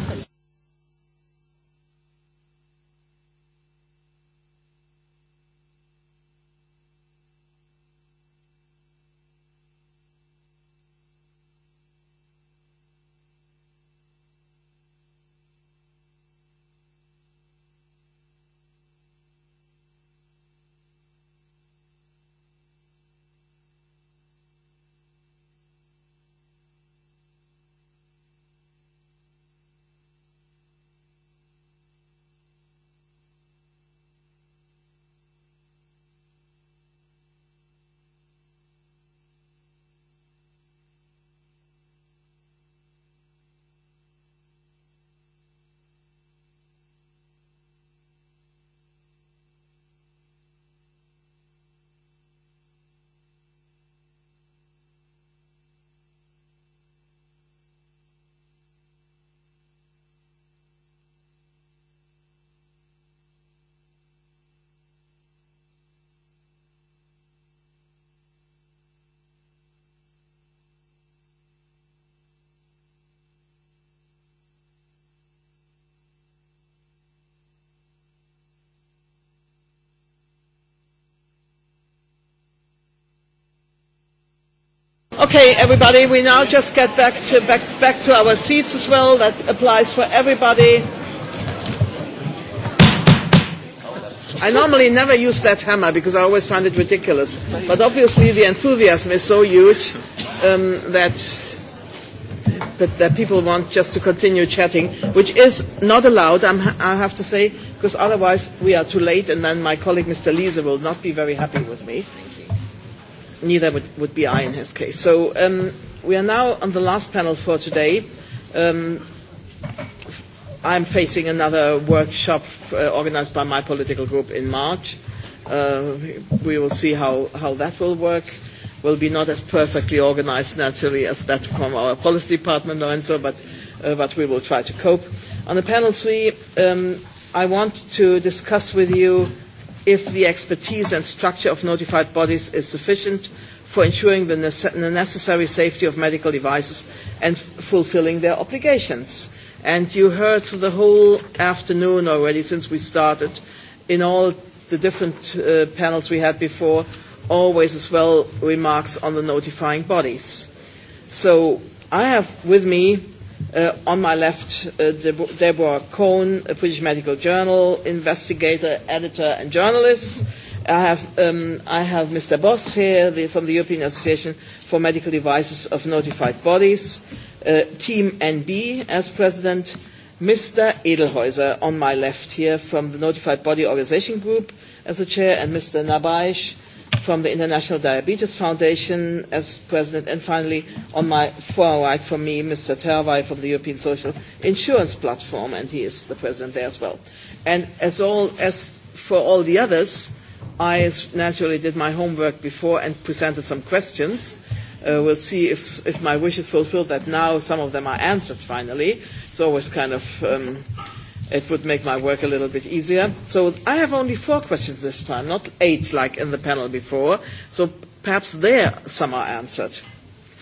Okay, everybody, we now just get back to, back, back to our seats as well. That applies for everybody. I normally never use that hammer because I always find it ridiculous. But obviously the enthusiasm is so huge um, that, that, that people want just to continue chatting, which is not allowed, I'm, I have to say, because otherwise we are too late and then my colleague Mr. Lisa will not be very happy with me neither would be I in his case. So we are now on the last panel for today. I'm facing another workshop organized by my political group in March. We will see how how that will work. Will be not as perfectly organized naturally as that from our policy department, Lorenzo, but but we will try to cope. On the panel three, I want to discuss with you if the expertise and structure of notified bodies is sufficient for ensuring the necessary safety of medical devices and fulfilling their obligations. And you heard the whole afternoon already since we started in all the different panels we had before, always as well remarks on the notifying bodies. So I have with me On my left, Deborah Cohn, a British medical journal investigator, editor and journalist. I have Mr. Boss here from the European Association for Medical Devices of Notified Bodies, Team NB as president. Mr. Edelhäuser on my left here from the Notified Body Organization Group as a chair, and Mr. Nabaish from the International Diabetes Foundation as president, and finally on my far right from me, Mr. Terwey from the European Social Insurance Platform, and he is the president there as well. And as all as for all the others, I naturally did my homework before and presented some questions. We'll see if if my wish is fulfilled that now some of them are answered finally. It's always kind of It would make my work a little bit easier. So I have only four questions this time, not eight like in the panel before. So perhaps there some are answered.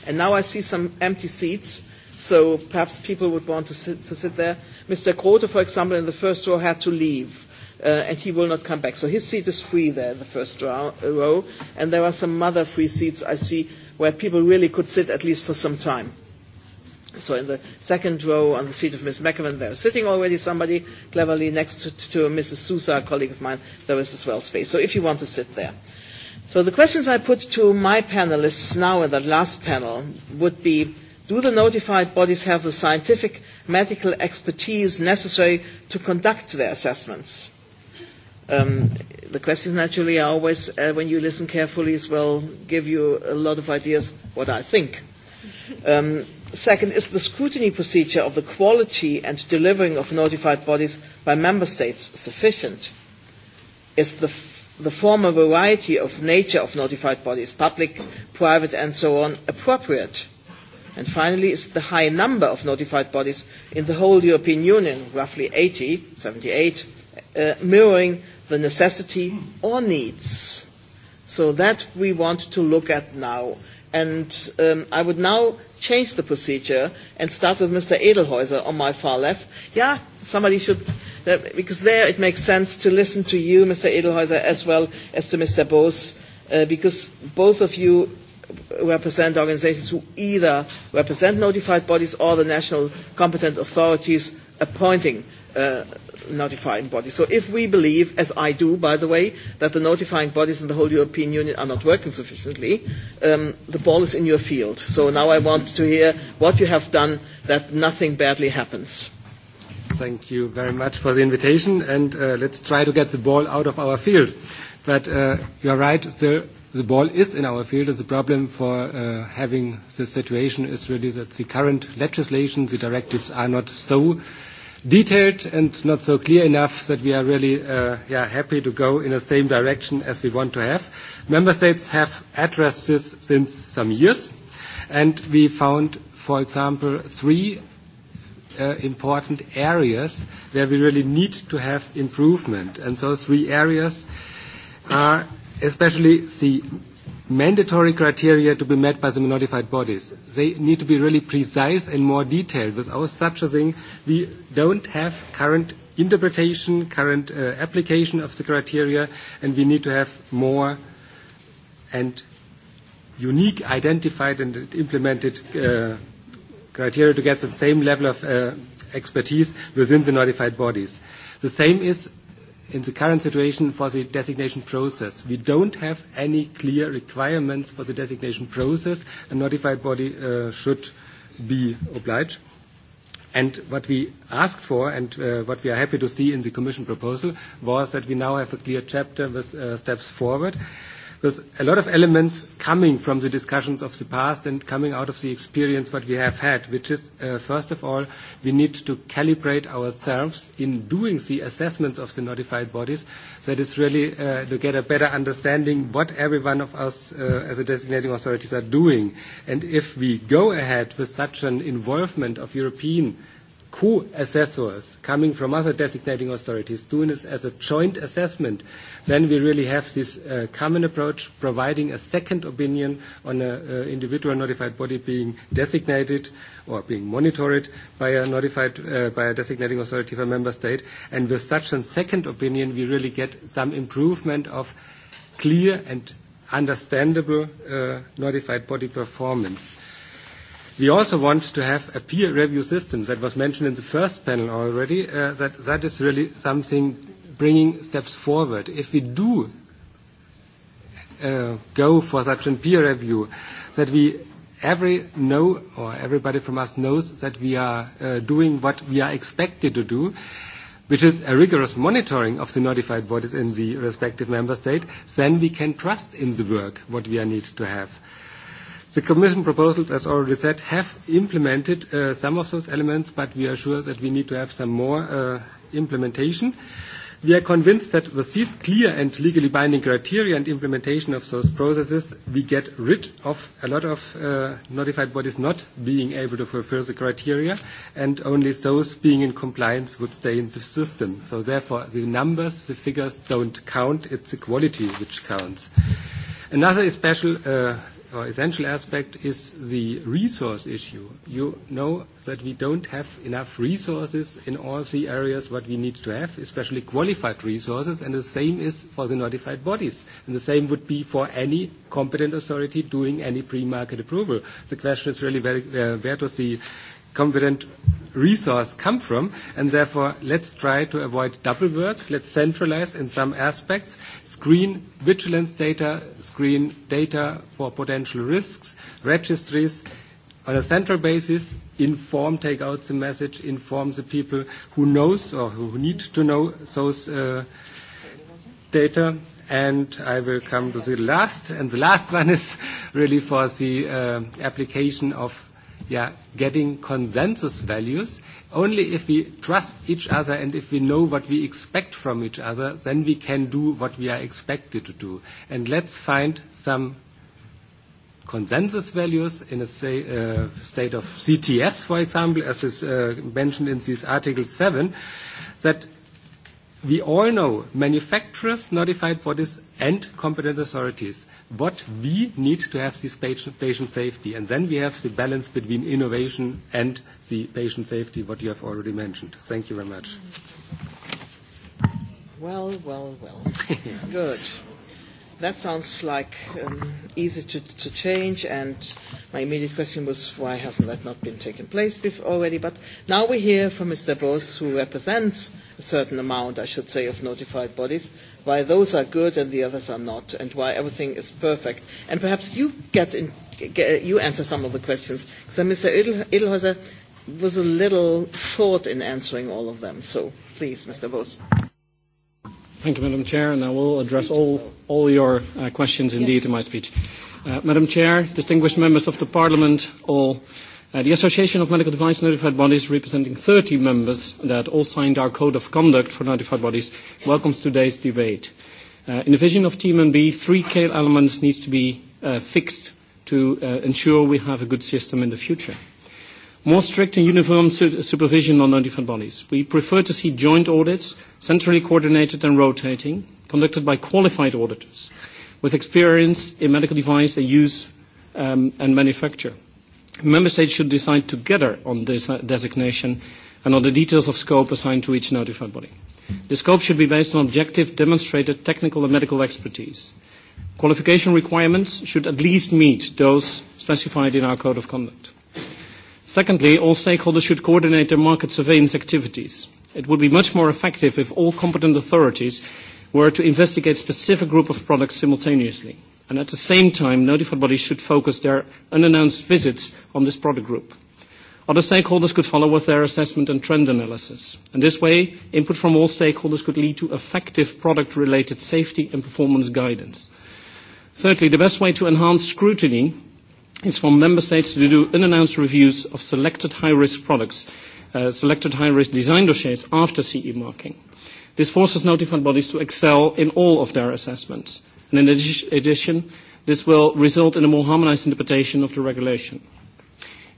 And now I see some empty seats, so perhaps people would want to sit, to sit there. Mr. Grote, for example, in the first row had to leave, and he will not come back. So his seat is free there in the first row, and there are some other free seats I see where people really could sit at least for some time so in the second row on the seat of Ms. McEwen, there was sitting already somebody cleverly next to Mrs. Sousa, a colleague of mine. There is as well space. So if you want to sit there. So the questions I put to my panelists now in that last panel would be, do the notified bodies have the scientific medical expertise necessary to conduct their assessments? The questions naturally are always, when you listen carefully as well, give you a lot of ideas what I think. Second is the scrutiny procedure of the quality and delivering of notified bodies by member states sufficient? Is the the former variety of nature of notified bodies, public, private and so on, appropriate? And finally, is the high number of notified bodies in the whole European Union, roughly 80, 78, mirroring the necessity or needs? So that we want to look at now. And I would now change the procedure and start with Mr. Edelhäuser on my far left. Yeah, somebody should, because there it makes sense to listen to you, Mr. Edelhäuser, as well as to Mr. Bose, because both of you represent organizations who either represent notified bodies or the national competent authorities appointing notifying body. So if we believe, as I do, by the way, that the notifying bodies in the whole European Union are not working sufficiently, the ball is in your field. So now I want to hear what you have done that nothing badly happens. Thank you very much for the invitation, and let's try to get the ball out of our field. But you are right, still the ball is in our field, and the problem for having this situation is really that the current legislation, the directives, are not so detailed and not so clear enough that we are really happy to go in the same direction as we want to have. Member States have addressed this since some years, and we found, for example, three important areas where we really need to have improvement. And those three areas are especially the mandatory criteria to be met by the notified bodies. They need to be really precise and more detailed. Without such a thing, we don't have current interpretation, current application of the criteria, and we need to have more and unique identified and implemented criteria to get the same level of expertise within the notified bodies. The same is in the current situation for the designation process. We don't have any clear requirements for the designation process. A notified body should be obliged. And what we asked for and what we are happy to see in the Commission proposal was that we now have a clear chapter with steps forward are a lot of elements coming from the discussions of the past and coming out of the experience that we have had, which is, first of all, we need to calibrate ourselves in doing the assessments of the notified bodies. That is really to get a better understanding what every one of us as a designating authorities are doing. And if we go ahead with such an involvement of European co-assessors coming from other designating authorities doing this as a joint assessment, then we really have this common approach providing a second opinion on an individual notified body being designated or being monitored by a notified by a designating authority of a member state. And with such a second opinion, we really get some improvement of clear and understandable notified body performance. We also want to have a peer review system that was mentioned in the first panel already. That that is really something bringing steps forward. If we do go for such a peer review, that we every know or everybody from us knows that we are doing what we are expected to do, which is a rigorous monitoring of the notified bodies in the respective member state, then we can trust in the work what we are need to have. The Commission proposals, as already said, have implemented some of those elements, but we are sure that we need to have some more implementation. We are convinced that with these clear and legally binding criteria and implementation of those processes, we get rid of a lot of notified bodies not being able to fulfill the criteria, and only those being in compliance would stay in the system. So therefore, the numbers, the figures don't count, it's the quality which counts. Another special essential aspect is the resource issue. You know that we don't have enough resources in all the areas what we need to have, especially qualified resources, and the same is for the notified bodies. And the same would be for any competent authority doing any pre-market approval. The question is really where does the competent resource come from, and therefore let's try to avoid double work, let's centralize in some aspects, screen vigilance data, screen data for potential risks, registries on a central basis, inform, take out the message, inform the people who knows or who need to know those data. And I will come to the last, and the last one is really for the application of yeah, getting consensus values. Only if we trust each other and if we know what we expect from each other, then we can do what we are expected to do. And let's find some consensus values in a state of CTS, for example, as is mentioned in this Article 7, that we all know manufacturers, notified bodies, and competent authorities what we need to have this patient safety. And then we have the balance between innovation and the patient safety, what you have already mentioned. Thank you very much. Well, well, well. Good. That sounds like easy to change, and my immediate question was why hasn't that not been taken place already? But now we hear from Mr. Bose, who represents a certain amount, I should say, of notified bodies, why those are good and the others are not, and why everything is perfect. And perhaps you get you answer some of the questions, because Mr. Edelhäuser was a little short in answering all of them. So please, Mr. Vos. Thank you, Madam Chair, and I will address all, all your questions indeed in my speech. Madam Chair, distinguished members of the Parliament, all. The Association of Medical Device Notified Bodies, representing 30 members that all signed our Code of Conduct for Notified Bodies, welcomes today's debate. In the vision of Team B, three key elements need to be fixed to ensure we have a good system in the future. More strict and uniform supervision on notified bodies. We prefer to see joint audits, centrally coordinated and rotating, conducted by qualified auditors with experience in medical device use and manufacture. Member States should decide together on this designation and on the details of scope assigned to each notified body. The scope should be based on objective, demonstrated technical and medical expertise. Qualification requirements should at least meet those specified in our Code of Conduct. Secondly, all stakeholders should coordinate their market surveillance activities. It would be much more effective if all competent authorities were to investigate a specific group of products simultaneously and at the same time notified bodies should focus their unannounced visits on this product group. Other stakeholders could follow with their assessment and trend analysis. and this way, input from all stakeholders could lead to effective product-related safety and performance guidance. Thirdly, the best way to enhance scrutiny is for member states to do unannounced reviews of selected high-risk products, selected high-risk design dossiers after CE marking. This forces notified bodies to excel in all of their assessments. In addition, this will result in a more harmonized interpretation of the regulation.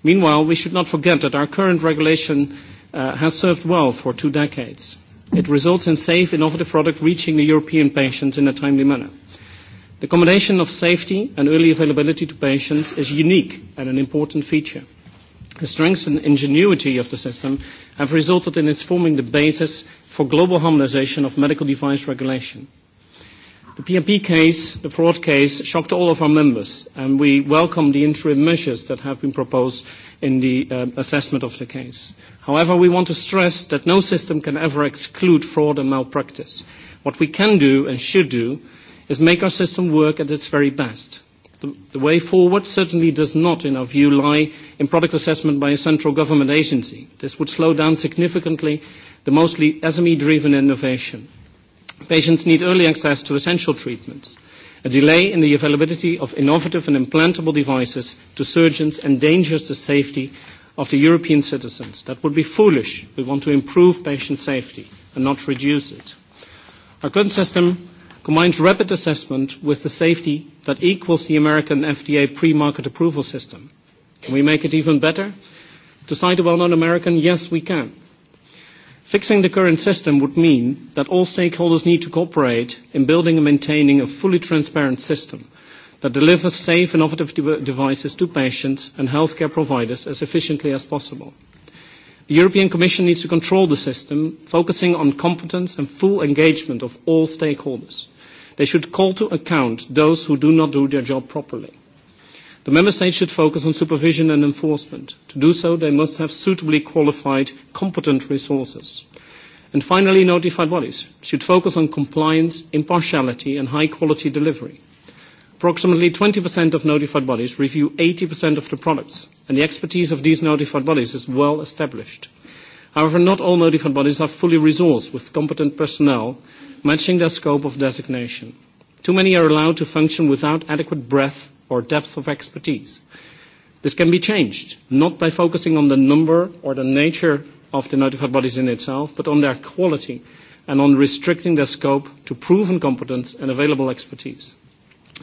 Meanwhile, we should not forget that our current regulation has served well for two decades. It results in safe, innovative products reaching the European patients in a timely manner. The combination of safety and early availability to patients is unique and an important feature. The strength and ingenuity of the system have resulted in its forming the basis for global harmonization of medical device regulation. The PMP case, the fraud case, shocked all of our members, and we welcome the interim measures that have been proposed in the assessment of the case. However, we want to stress that no system can ever exclude fraud and malpractice. What we can do and should do is make our system work at its very best. The way forward certainly does not, in our view, lie in product assessment by a central government agency. This would slow down significantly the mostly SME-driven innovation. Patients need early access to essential treatments. A delay in the availability of innovative and implantable devices to surgeons endangers the safety of the European citizens. That would be foolish. We want to improve patient safety and not reduce it. Our current system combines rapid assessment with the safety that equals the American FDA pre-market approval system. Can we make it even better? To cite a well-known American, yes, we can. Fixing the current system would mean that all stakeholders need to cooperate in building and maintaining a fully transparent system that delivers safe, innovative devices to patients and healthcare providers as efficiently as possible. The European Commission needs to control the system, focusing on competence and full engagement of all stakeholders. They should call to account those who do not do their job properly. The Member States should focus on supervision and enforcement. To do so, they must have suitably qualified, competent resources. And finally, notified bodies should focus on compliance, impartiality and high-quality delivery. Approximately 20% of notified bodies review 80% of the products, and the expertise of these notified bodies is well established. However, not all notified bodies are fully resourced with competent personnel matching their scope of designation. Too many are allowed to function without adequate breadth or depth of expertise. This can be changed, not by focusing on the number or the nature of the notified bodies in itself, but on their quality and on restricting their scope to proven competence and available expertise.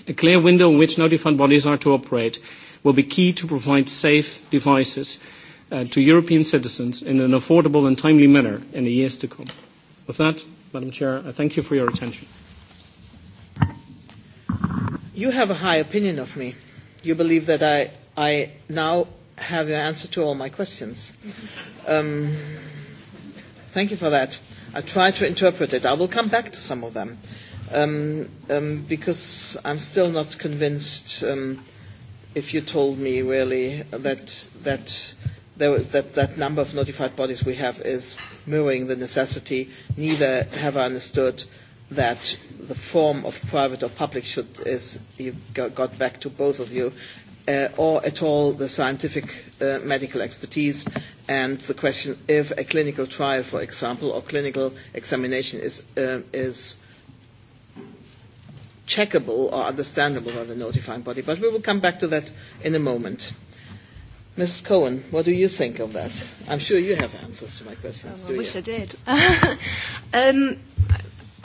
A clear window in which notified bodies are to operate will be key to provide safe devices to European citizens in an affordable and timely manner in the years to come. With that, Madam Chair, I thank you for your attention. You have a high opinion of me. You believe that I I now have your answer to all my questions. Thank you for that. I try to interpret it. I will come back to some of them because I'm still not convinced. If you told me really that that that number of notified bodies we have is mirroring the necessity, neither have I understood that the form of private or public should is you got back to both of you or at all the scientific medical expertise and the question if a clinical trial for example or clinical examination is is checkable or understandable by the notifying body but we will come back to that in a moment Mrs. Cohen, what do you think of that? I'm sure you have answers to my questions. I wish I did.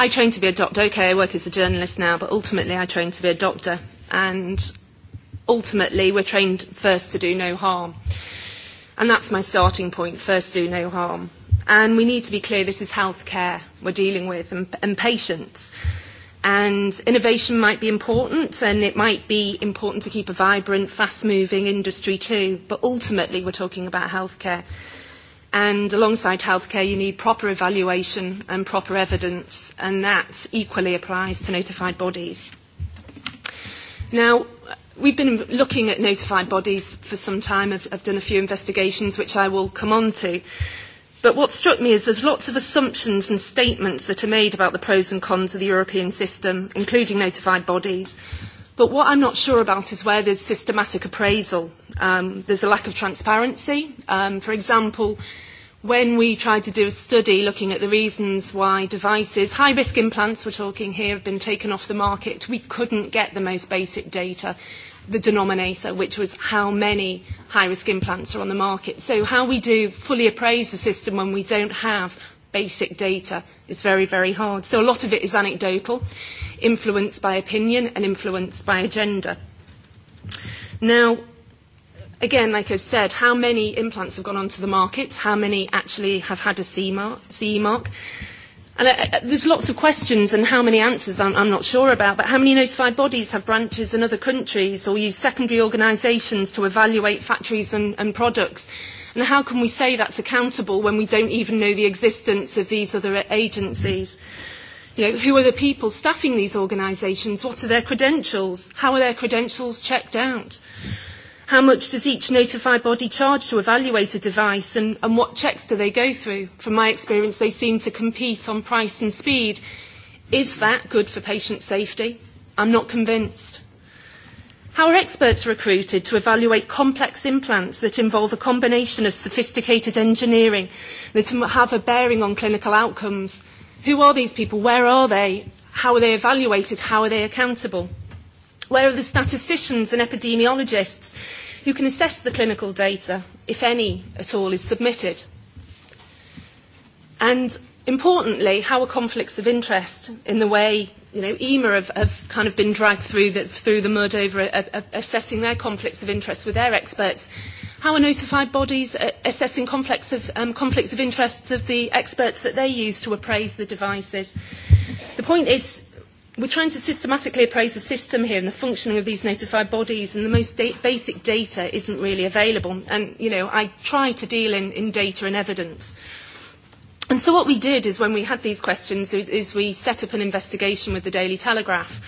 I trained to be a doctor. Okay, I work as a journalist now, but ultimately I trained to be a doctor. And ultimately we're trained first to do no harm. And that's my starting point, first do no harm. And we need to be clear this is healthcare we're dealing with and patients. And innovation might be important and it might be important to keep a vibrant, fast-moving industry too. But ultimately we're talking about healthcare. And alongside healthcare, you need proper evaluation and proper evidence, and that equally applies to notified bodies. Now, we've been looking at notified bodies for some time. I've done a few investigations, which I will come on to. But what struck me is there's lots of assumptions and statements that are made about the pros and cons of the European system, including notified bodies. But what I'm not sure about is where there's systematic appraisal. There's a lack of transparency. For example, when we tried to do a study looking at the reasons why devices, high-risk implants we're talking here, have been taken off the market, we couldn't get the most basic data, the denominator, which was how many high-risk implants are on the market. So how we do fully appraise the system when we don't have basic data is very, very hard. So a lot of it is anecdotal, influenced by opinion and influenced by agenda. Now, again, like I've said, how many implants have gone onto the market? How many actually have had a CE mark? And there's lots of questions and how many answers I'm not sure about, but how many notified bodies have branches in other countries or use secondary organisations to evaluate factories and products? And how can we say that's accountable when we don't even know the existence of these other agencies? You know, who are the people staffing these organisations? What are their credentials? How are their credentials checked out? How much does each notified body charge to evaluate a device and what checks do they go through? From my experience, they seem to compete on price and speed. Is that good for patient safety? I'm not convinced. How are experts recruited to evaluate complex implants that involve a combination of sophisticated engineering that have a bearing on clinical outcomes? Who are these people? Where are they? How are they evaluated? How are they accountable? Where are the statisticians and epidemiologists who can assess the clinical data, if any at all, is submitted? And importantly, how are conflicts of interest in the way you know, EMA have, have kind of been dragged through the, through the mud over assessing their conflicts of interest with their experts. How are notified bodies assessing conflicts of, um, of interests of the experts that they use to appraise the devices? The point is, we're trying to systematically appraise the system here and the functioning of these notified bodies, and the most basic data isn't really available. And, you know, I try to deal in, in data and evidence. And so what we did is when we had these questions is we set up an investigation with the Daily Telegraph.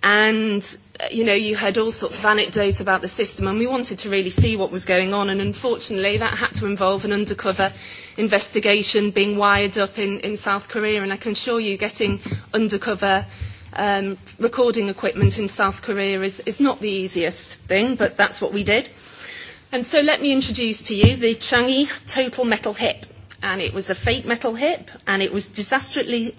And, you know, you heard all sorts of anecdotes about the system and we wanted to really see what was going on. And unfortunately, that had to involve an undercover investigation being wired up in, in South Korea. And I can assure you getting undercover um, recording equipment in South Korea is, is not the easiest thing, but that's what we did. And so let me introduce to you the Changi Total Metal Hip and it was a fake metal hip, and it was disastrously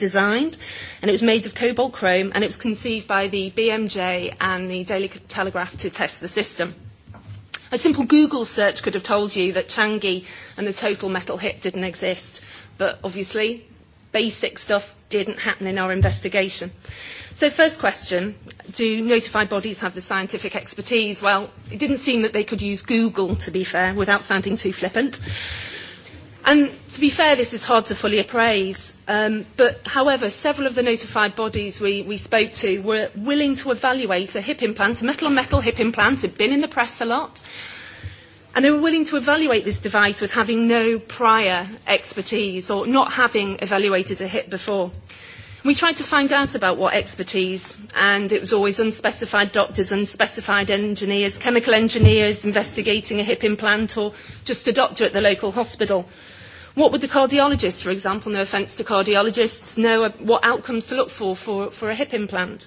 designed, and it was made of cobalt chrome, and it was conceived by the BMJ and the Daily Telegraph to test the system. A simple Google search could have told you that Changi and the total metal hip didn't exist, but obviously basic stuff didn't happen in our investigation. So first question, do notified bodies have the scientific expertise? Well, it didn't seem that they could use Google, to be fair, without sounding too flippant. And to be fair, this is hard to fully appraise. But however, several of the notified bodies we spoke to were willing to evaluate a hip implant, a metal-on-metal hip implant, had been in the press a lot, and they were willing to evaluate this device with having no prior expertise or not having evaluated a hip before. We tried to find out about what expertise, and it was always unspecified doctors, unspecified engineers, chemical engineers investigating a hip implant, or just a doctor at the local hospital. What would a cardiologist, for example, no offence to cardiologists, know what outcomes to look for for a hip implant?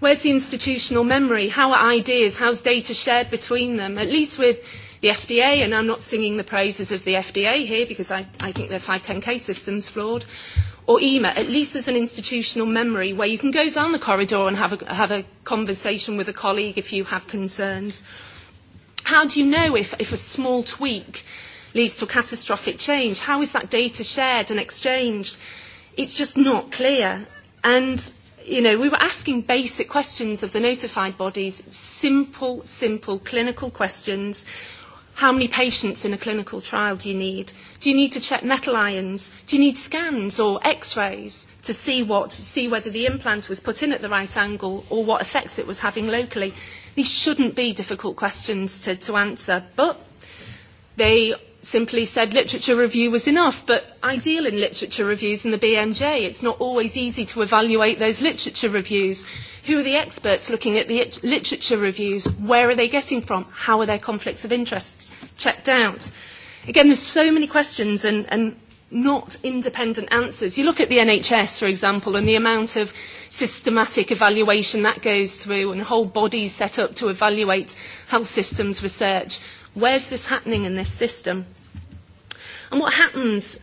Where's the institutional memory? How are ideas? How's data shared between them? At least with the FDA, and I'm not singing the praises of the FDA here because I think their 510k system's flawed, or EMA, at least there's an institutional memory where you can go down the corridor and have a, have a conversation with a colleague if you have concerns. How do you know if, if a small tweak leads to catastrophic change? How is that data shared and exchanged? It's just not clear. And, you know, we were asking basic questions of the notified bodies, simple, simple clinical questions How many patients in a clinical trial do you need? Do you need to check metal ions? Do you need scans or x-rays to see what, to see whether the implant was put in at the right angle or what effects it was having locally? These shouldn't be difficult questions to, to answer, but they simply said literature review was enough, but ideal in literature reviews in the BMJ. It's not always easy to evaluate those literature reviews. Who are the experts looking at the literature reviews? Where are they getting from? How are their conflicts of interests checked out? Again, there's so many questions and, and not independent answers. You look at the NHS, for example, and the amount of systematic evaluation that goes through and whole bodies set up to evaluate health systems research. Where's this happening in this system? what happens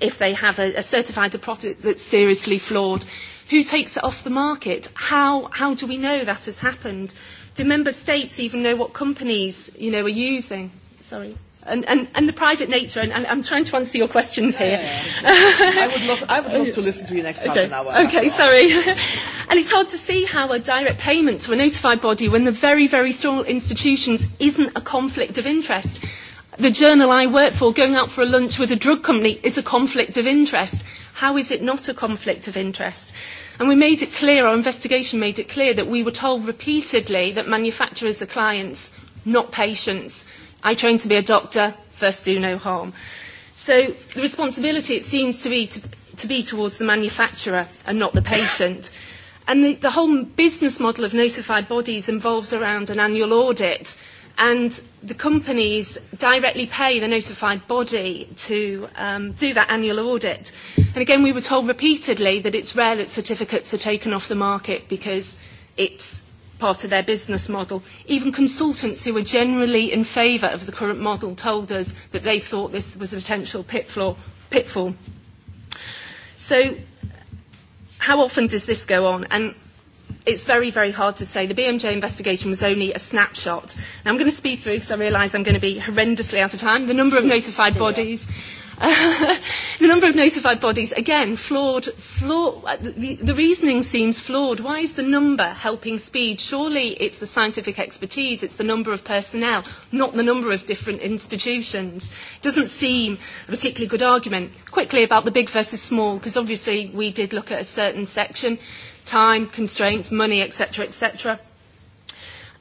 if they have a certified product that's seriously flawed? Who takes it off the market? How how do we know that has happened? Do member states even know what companies, you know, are using? Sorry. And, and, the private nature, and, I'm trying to answer your questions here. I, would love, I would love to listen to you next half an hour. Okay, sorry. and it's hard to see how a direct payment to a notified body when the very, very strong institutions isn't a conflict of interest the journal I work for going out for a lunch with a drug company is a conflict of interest. How is it not a conflict of interest? And we made it clear, our investigation made it clear, that we were told repeatedly that manufacturers are clients, not patients. I trained to be a doctor, first do no harm. So the responsibility, it seems to be, to be towards the manufacturer and not the patient. And the whole business model of notified bodies involves around an annual audit and the companies directly pay the notified body to do that annual audit. And again, we were told repeatedly that it's rare that certificates are taken off the market because it's part of their business model. Even consultants who were generally in favour of the current model told us that they thought this was a potential pitfall. So how often does this go on? And it's very, very hard to say. The BMJ investigation was only a snapshot. Now, I'm going to speed through because I realise I'm going to be horrendously out of time. The number of notified bodies. The number of notified bodies, again, flawed. The reasoning seems flawed. Why is the number helping speed? Surely it's the scientific expertise, it's the number of personnel, not the number of different institutions. Doesn't seem a particularly good argument. Quickly about the big versus small, because obviously we did look at a certain section time constraints, money, etc., etc.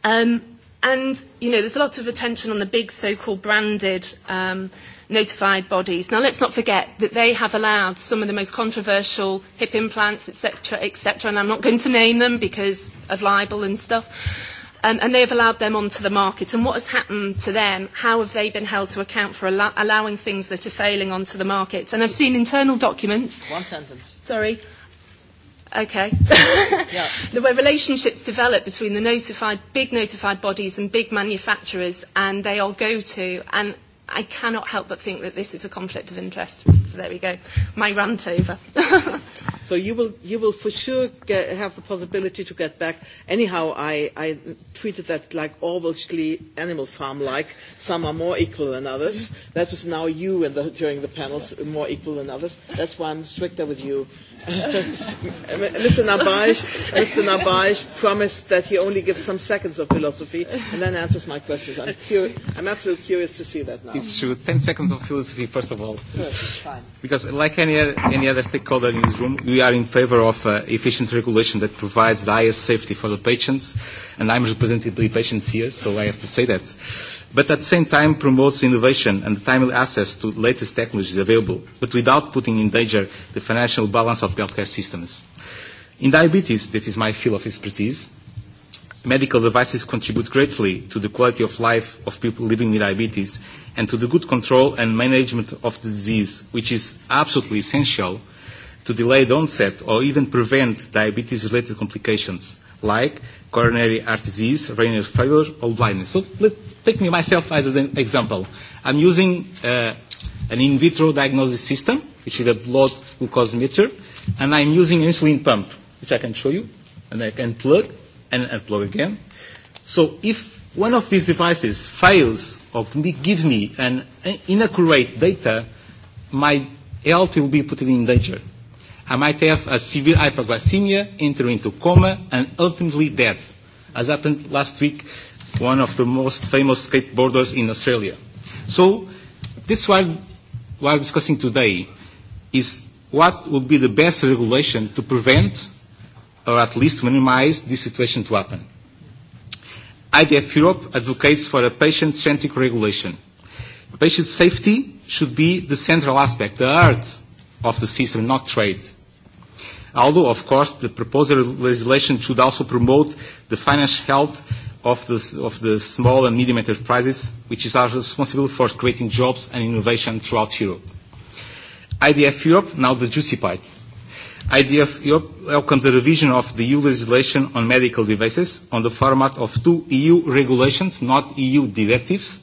Um, and, you know, there's a lot of attention on the big so-called branded um, notified bodies. Now, let's not forget that they have allowed some of the most controversial hip implants, etc., etc., and I'm not going to name them because of libel and stuff. Um, and they have allowed them onto the market. And what has happened to them? How have they been held to account for allowing things that are failing onto the market? And I've seen internal documents. One sentence. Sorry Okay. The way relationships develop between the notified, big notified bodies and big manufacturers, and they all go to, and I cannot help but think that this is a conflict of interest. So there we go. My rant over. So you will, you will for sure have the possibility to get back. Anyhow, I, I treated that like obviously Animal Farm-like. Some are more equal than others. That was now you and the, during the panels more equal than others. That's why I'm stricter with you Mr. Nabaj, Mr. promised that he only gives some seconds of philosophy and then answers my questions. I'm, curious, I'm absolutely curious to see that now. It's true. Ten seconds of philosophy, first of all. Because like any, any other stakeholder in this room, we are in favor of efficient regulation that provides the highest safety for the patients. And I'm represented by patients here, so I have to say that. But at the same time, promotes innovation and timely access to latest technologies available, but without putting in danger the financial balance of of healthcare systems. In diabetes, that is my field of expertise, medical devices contribute greatly to the quality of life of people living with diabetes and to the good control and management of the disease, which is absolutely essential to delay the onset or even prevent diabetes-related complications like coronary heart disease, renal failure, or blindness. So let take me myself as an example. I'm using an in vitro diagnosis system which is a blood glucose meter, and I'm using an insulin pump, which I can show you, and I can plug and unplug again. So if one of these devices fails or gives me an inaccurate data, my health will be put in danger. I might have a severe hypoglycemia, enter into coma, and ultimately death, as happened last week, one of the most famous skateboarders in Australia. So this is why we are discussing today is what would be the best regulation to prevent or at least minimize this situation to happen. IDF Europe advocates for a patient-centric regulation. Patient safety should be the central aspect, the heart of the system, not trade. Although, of course, the proposed legislation should also promote the financial health of the small and medium enterprises, which is our responsible for creating jobs and innovation throughout Europe. IDF Europe, now the juicy part. IDF Europe welcomes the revision of the EU legislation on medical devices on the format of two EU regulations, not EU directives.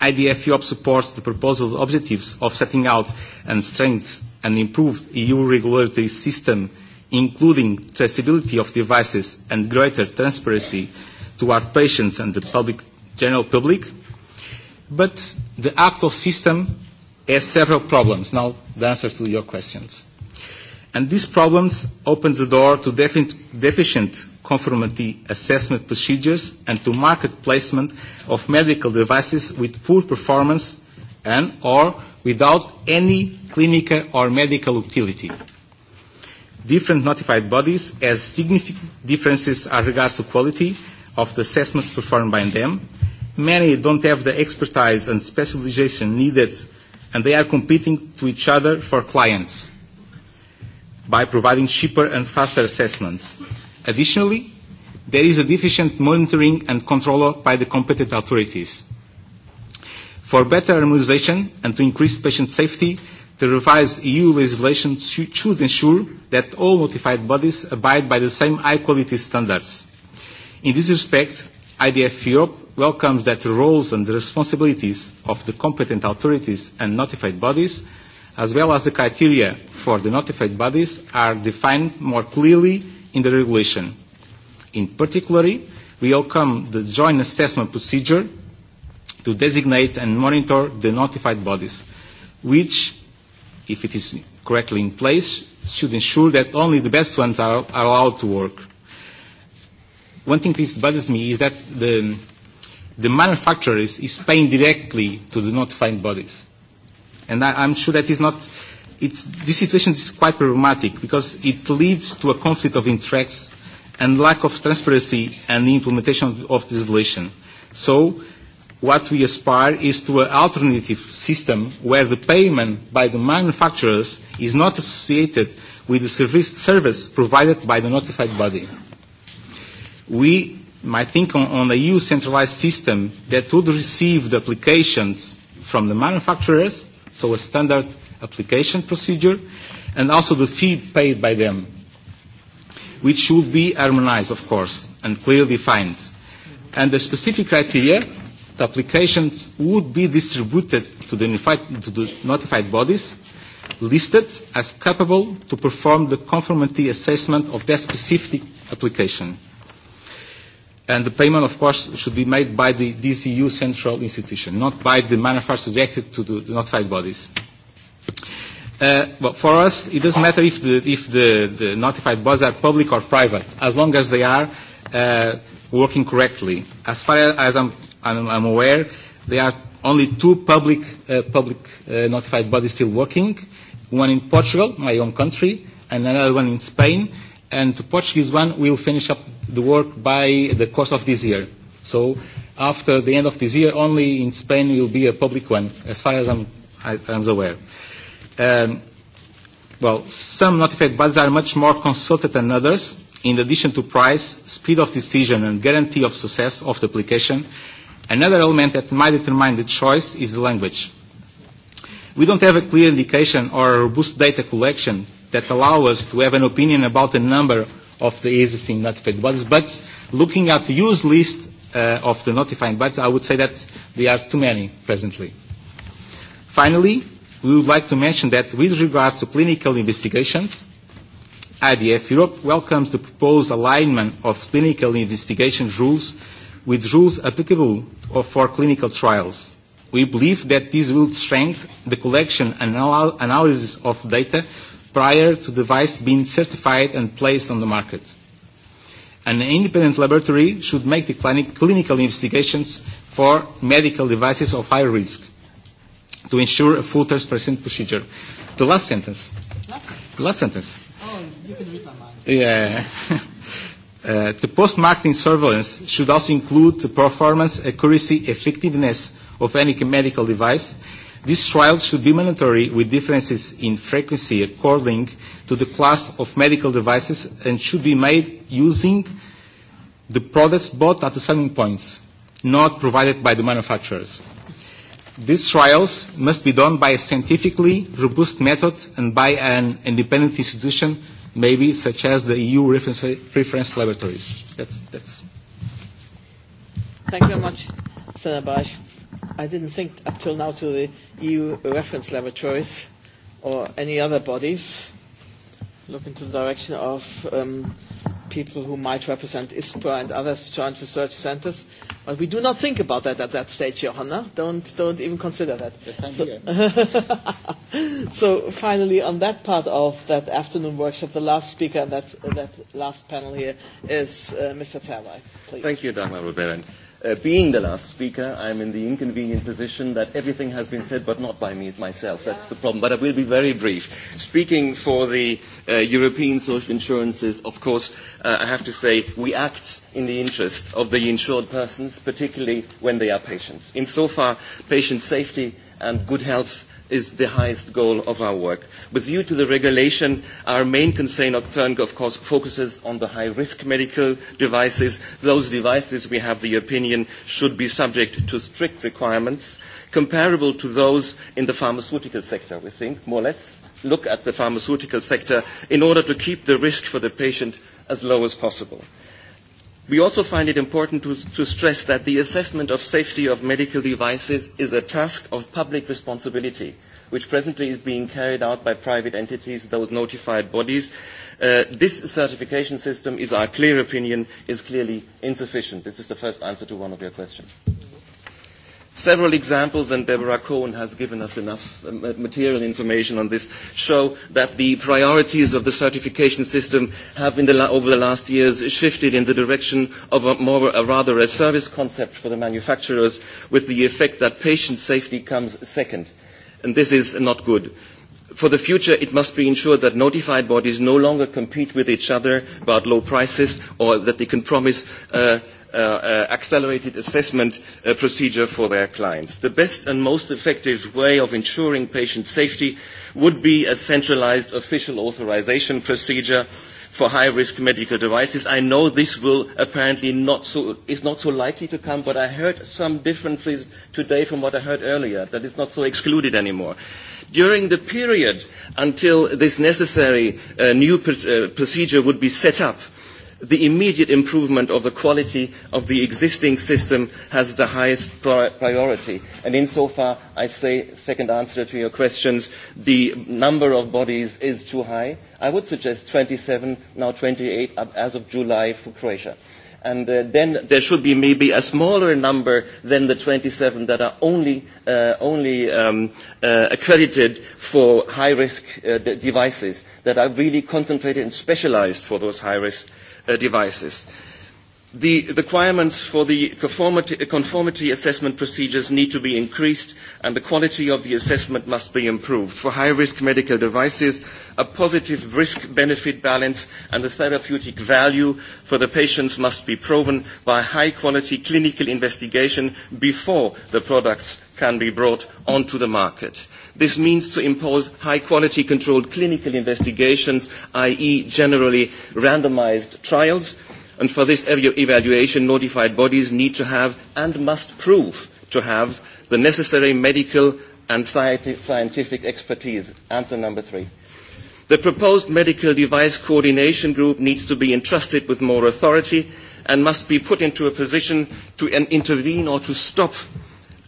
IDF Europe supports the proposed objectives of setting out and strengthen an improved EU regulatory system, including traceability of devices and greater transparency to our patients and the public, general public. But the actual system has several problems. Now, the answers to your questions. And these problems open the door to deficient conformity assessment procedures and to market placement of medical devices with poor performance and or without any clinical or medical utility. Different notified bodies have significant differences as regards to quality of the assessments performed by them. Many don't have the expertise and specialization needed and they are competing to each other for clients by providing cheaper and faster assessments. Additionally, there is a deficient monitoring and control by the competent authorities. For better harmonization and to increase patient safety, the revised EU legislation should ensure that all notified bodies abide by the same high-quality standards. In this respect, IDF Europe welcomes that the roles and the responsibilities of the competent authorities and notified bodies, as well as the criteria for the notified bodies, are defined more clearly in the regulation. In particular, we welcome the joint assessment procedure to designate and monitor the notified bodies, which, if it is correctly in place, should ensure that only the best ones are allowed to work one thing that bothers me is that the the manufacturer is paying directly to the notified bodies. And I'm sure that is not it's this situation is quite problematic because it leads to a conflict of interests and lack of transparency and the implementation of this legislation. So what we aspire is to an alternative system where the payment by the manufacturers is not associated with the service provided by the notified body we might think on a EU centralized system that would receive the applications from the manufacturers, so a standard application procedure, and also the fee paid by them, which should be harmonized, of course, and clearly defined. And the specific criteria, the applications would be distributed to the notified bodies listed as capable to perform the conformity assessment of their specific application and the payment, of course, should be made by the DCU central institution, not by the manufacturer directed to the notified bodies. for us, it doesn't matter if the notified bodies are public or private, as long as they are working correctly. As far as I'm aware, there are only two public notified bodies still working, one in Portugal, my own country, and another one in Spain, and the Portuguese one will finish up the work by the course of this year. So after the end of this year, only in Spain will be a public one, as far as I'm aware. Well, some notified bodies are much more consulted than others. In addition to price, speed of decision and guarantee of success of the application, another element that might determine the choice is the language. We don't have a clear indication or a robust data collection that allow us to have an opinion about the number of the existing notified bodies. But looking at the use list of the notified bodies, I would say that there are too many presently. Finally, we would like to mention that with regards to clinical investigations, IDF Europe welcomes the proposed alignment of clinical investigation rules with rules applicable for clinical trials. We believe that this will strengthen the collection and analysis of data prior to device being certified and placed on the market. An independent laboratory should make the clinical investigations for medical devices of high risk to ensure a full transparent procedure. The last sentence. Last sentence. Oh, you can Yeah. The post-marketing surveillance should also include the performance, accuracy, effectiveness of any medical device These trials should be mandatory with differences in frequency according to the class of medical devices and should be made using the products bought at the selling points, not provided by the manufacturers. These trials must be done by a scientifically robust method and by an independent institution, maybe such as the EU reference laboratories. Thank you very much, Senator I didn't think up till now to the EU reference laboratories or any other bodies. Look into the direction of people who might represent ISPRA and other joint research centers. But we do not think about that at that stage, Johanna. Don't, don't even consider that. so finally, on that part of that afternoon workshop, the last speaker on that, that last panel here is Mr. Terwey. Thank you, Dr being the last speaker, I am in the inconvenient position that everything has been said, but not by me myself. That's the problem. But I will be very brief. Speaking for the European social insurances, of course, I have to say we act in the interest of the insured persons, particularly when they are patients. Insofar, patient safety and good health is the highest goal of our work. With view to the regulation, our main concern, of course, focuses on the high-risk medical devices. Those devices, we have the opinion, should be subject to strict requirements comparable to those in the pharmaceutical sector, we think, more or less look at the pharmaceutical sector in order to keep the risk for the patient as low as possible. We also find it important to stress that the assessment of safety of medical devices is a task of public responsibility, which presently is being carried out by private entities, those notified bodies. This certification system, is our clear opinion, is clearly insufficient. This is the first answer to one of your questions. Several examples, and Deborah Cohen has given us enough material information on this, show that the priorities of the certification system have, over the last years, shifted in the direction of a more rather a service concept for the manufacturers, with the effect that patient safety comes second, and this is not good. For the future, it must be ensured that notified bodies no longer compete with each other about low prices, or that they can promise accelerated assessment procedure for their clients. The best and most effective way of ensuring patient safety would be a centralised official authorisation procedure for high-risk medical devices. I know this will apparently not so, is not so likely to come, but I heard some differences today from what I heard earlier, that is not so excluded anymore. During the period until this necessary new procedure would be set up, the immediate improvement of the quality of the existing system has the highest priority. And insofar, I say, second answer to your questions, the number of bodies is too high. I would suggest 27, now 28 as of July for Croatia. And then there should be maybe a smaller number than the 27 that are only accredited for high-risk devices, that are really concentrated and specialized for those high-risk devices. The requirements for the conformity assessment procedures need to be increased and the quality of the assessment must be improved. For high-risk medical devices, a positive risk-benefit balance and the therapeutic value for the patients must be proven by high-quality clinical investigation before the products can be brought onto the market. This means to impose high-quality controlled clinical investigations, i.e. generally randomized trials, and for this evaluation notified bodies need to have and must prove to have the necessary medical and scientific expertise. Answer number three. The proposed medical device coordination group needs to be entrusted with more authority and must be put into a position to intervene or to stop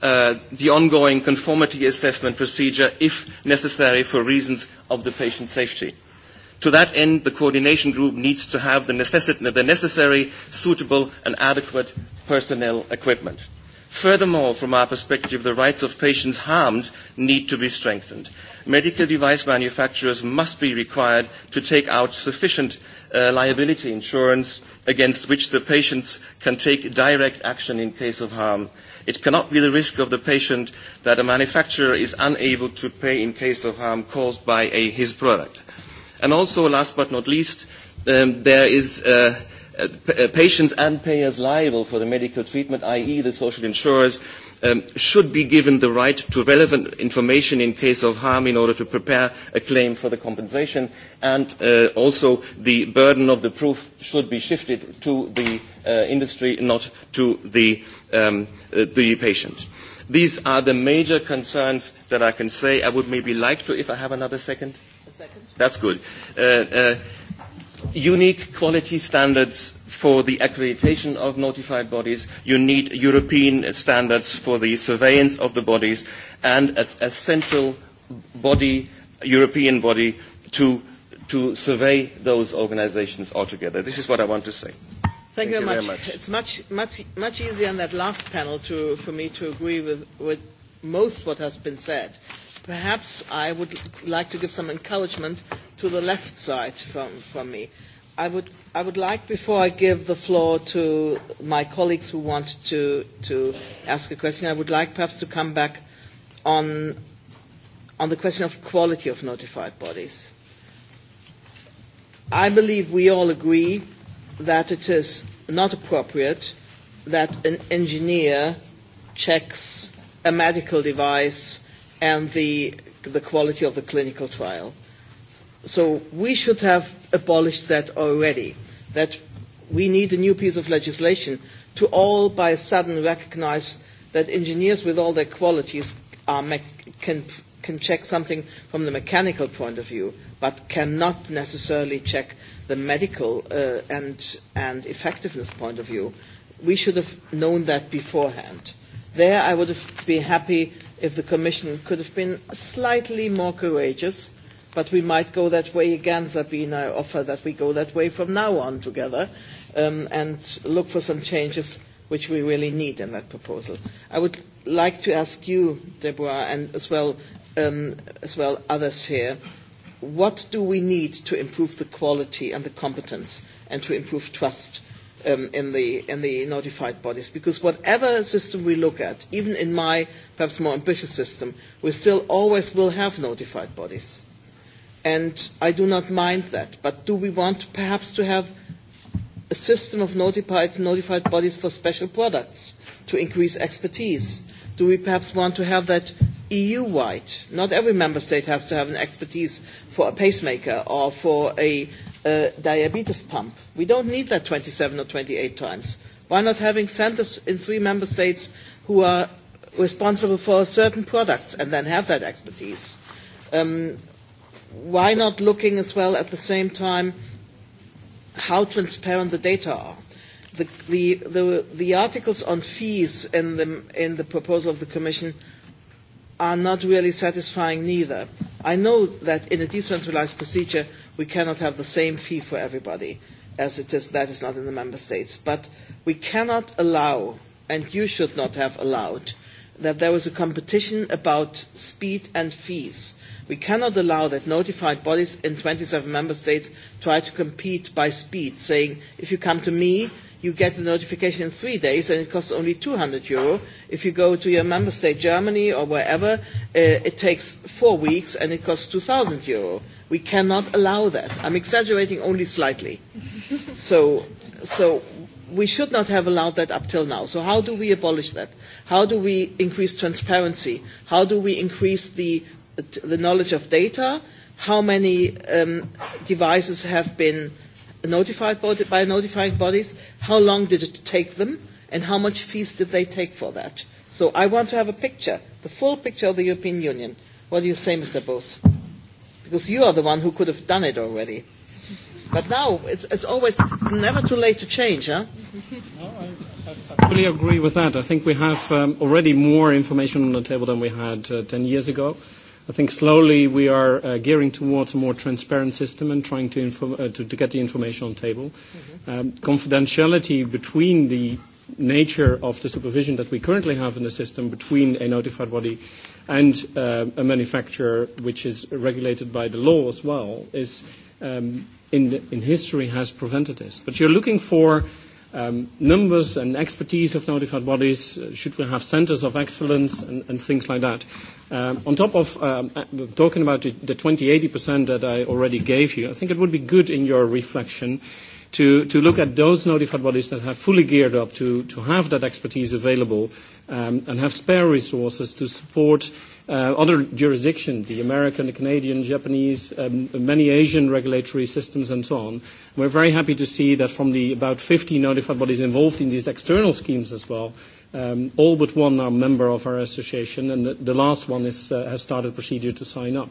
the ongoing conformity assessment procedure if necessary for reasons of the patient safety. To that end, the coordination group needs to have the necessary, suitable and adequate personnel equipment. Furthermore, from our perspective, the rights of patients harmed need to be strengthened. Medical device manufacturers must be required to take out sufficient liability insurance against which the patients can take direct action in case of harm It cannot be the risk of the patient that a manufacturer is unable to pay in case of harm caused by his product. And also, last but not least, there is patients and payers liable for the medical treatment, i.e. the social insurers, should be given the right to relevant information in case of harm in order to prepare a claim for the compensation and also the burden of the proof should be shifted to the industry not to the patient. These are the major concerns that I can say. I would maybe like to, if I have another second. second. That's good unique quality standards for the accreditation of notified bodies. You need European standards for the surveillance of the bodies and a central body, European body, to to survey those organisations altogether. This is what I want to say. Thank you very much. It's much much much easier on that last panel to for me to agree with with most what has been said perhaps I would like to give some encouragement to the left side from me. I would like, before I give the floor to my colleagues who want to ask a question, I would like perhaps to come back on the question of quality of notified bodies. I believe we all agree that it is not appropriate that an engineer checks a medical device and the the quality of the clinical trial. So we should have abolished that already, that we need a new piece of legislation to all by a sudden recognize that engineers with all their qualities can can check something from the mechanical point of view, but cannot necessarily check the medical and and effectiveness point of view. We should have known that beforehand. There I would have been happy if the Commission could have been slightly more courageous, but we might go that way again, Sabine. I offer that we go that way from now on together and look for some changes which we really need in that proposal. I would like to ask you, Deborah, and as well as well others here, what do we need to improve the quality and the competence and to improve trust in the notified bodies because whatever system we look at even in my perhaps more ambitious system we still always will have notified bodies and i do not mind that but do we want perhaps to have a system of notified notified bodies for special products to increase expertise do we perhaps want to have that eu wide not every member state has to have an expertise for a pacemaker or for a diabetes pump. We don't need that 27 or 28 times. Why not having centers in three member states who are responsible for certain products and then have that expertise? Why not looking as well at the same time how transparent the data are? The articles on fees in the proposal of the Commission are not really satisfying neither. I know that in a decentralized procedure we cannot have the same fee for everybody as it is that is not in the member states but we cannot allow and you should not have allowed that there was a competition about speed and fees we cannot allow that notified bodies in 27 member states try to compete by speed saying if you come to me you get the notification in three days and it costs only 200 euro. If you go to your member state, Germany or wherever, it takes four weeks and it costs 2,000 euro. We cannot allow that. I'm exaggerating only slightly. So we should not have allowed that up till now. So how do we abolish that? How do we increase transparency? How do we increase the knowledge of data? How many devices have been notified by notifying bodies, how long did it take them, and how much fees did they take for that. So I want to have a picture, the full picture of the European Union. What do you say, Mr. Bose? Because you are the one who could have done it already. But now, it's, it's always, it's never too late to change, huh? I, fully agree with that. I think we have already more information on the table than we had 10 years ago. I think slowly we are gearing towards a more transparent system and trying to to get the information on table. Um Confidentiality between the nature of the supervision that we currently have in the system between a notified body and a manufacturer, which is regulated by the law as well, is um in in history has prevented this. But you're looking for numbers and expertise of notified bodies, should we have centers of excellence and things like that. On top of talking about the 20-80% that I already gave you, I think it would be good in your reflection to look at those notified bodies that have fully geared up to have that expertise available and have spare resources to support other jurisdiction, the American, the Canadian, Japanese, many Asian regulatory systems and so on. We're very happy to see that from the about 50 notified bodies involved in these external schemes as well, all but one are member of our association, and the last one has started procedure to sign up.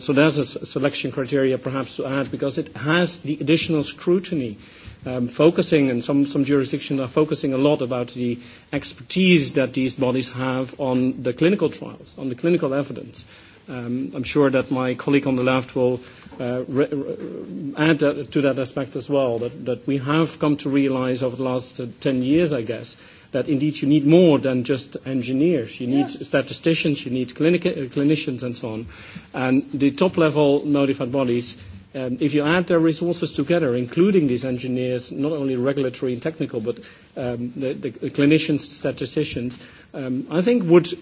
So there's a selection criteria perhaps to add, because it has the additional scrutiny focusing, and some some jurisdictions are focusing a lot about the expertise that these bodies have on the clinical trials, on the clinical evidence. I'm sure that my colleague on the left will add to that aspect as well, that we have come to realize over the last 10 years, I guess, that indeed you need more than just engineers. You need statisticians, you need clinicians and so on. And the top-level notified bodies If you add their resources together, including these engineers, not only regulatory and technical, but the clinicians, statisticians, I think would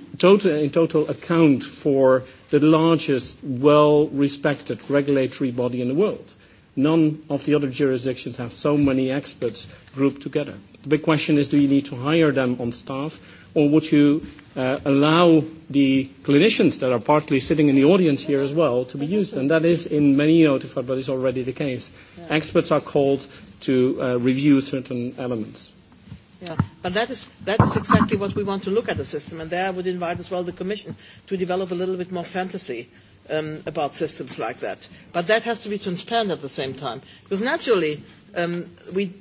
in total account for the largest well-respected regulatory body in the world. None of the other jurisdictions have so many experts grouped together. The big question is, do you need to hire them on staff? or would you allow the clinicians that are partly sitting in the audience here as well to be used? And that is in many notified bodies already the case. Experts are called to review certain elements. Yeah, but that is that is exactly what we want to look at the system, and there I would invite as well the Commission to develop a little bit more fantasy about systems like that. But that has to be transparent at the same time, because naturally we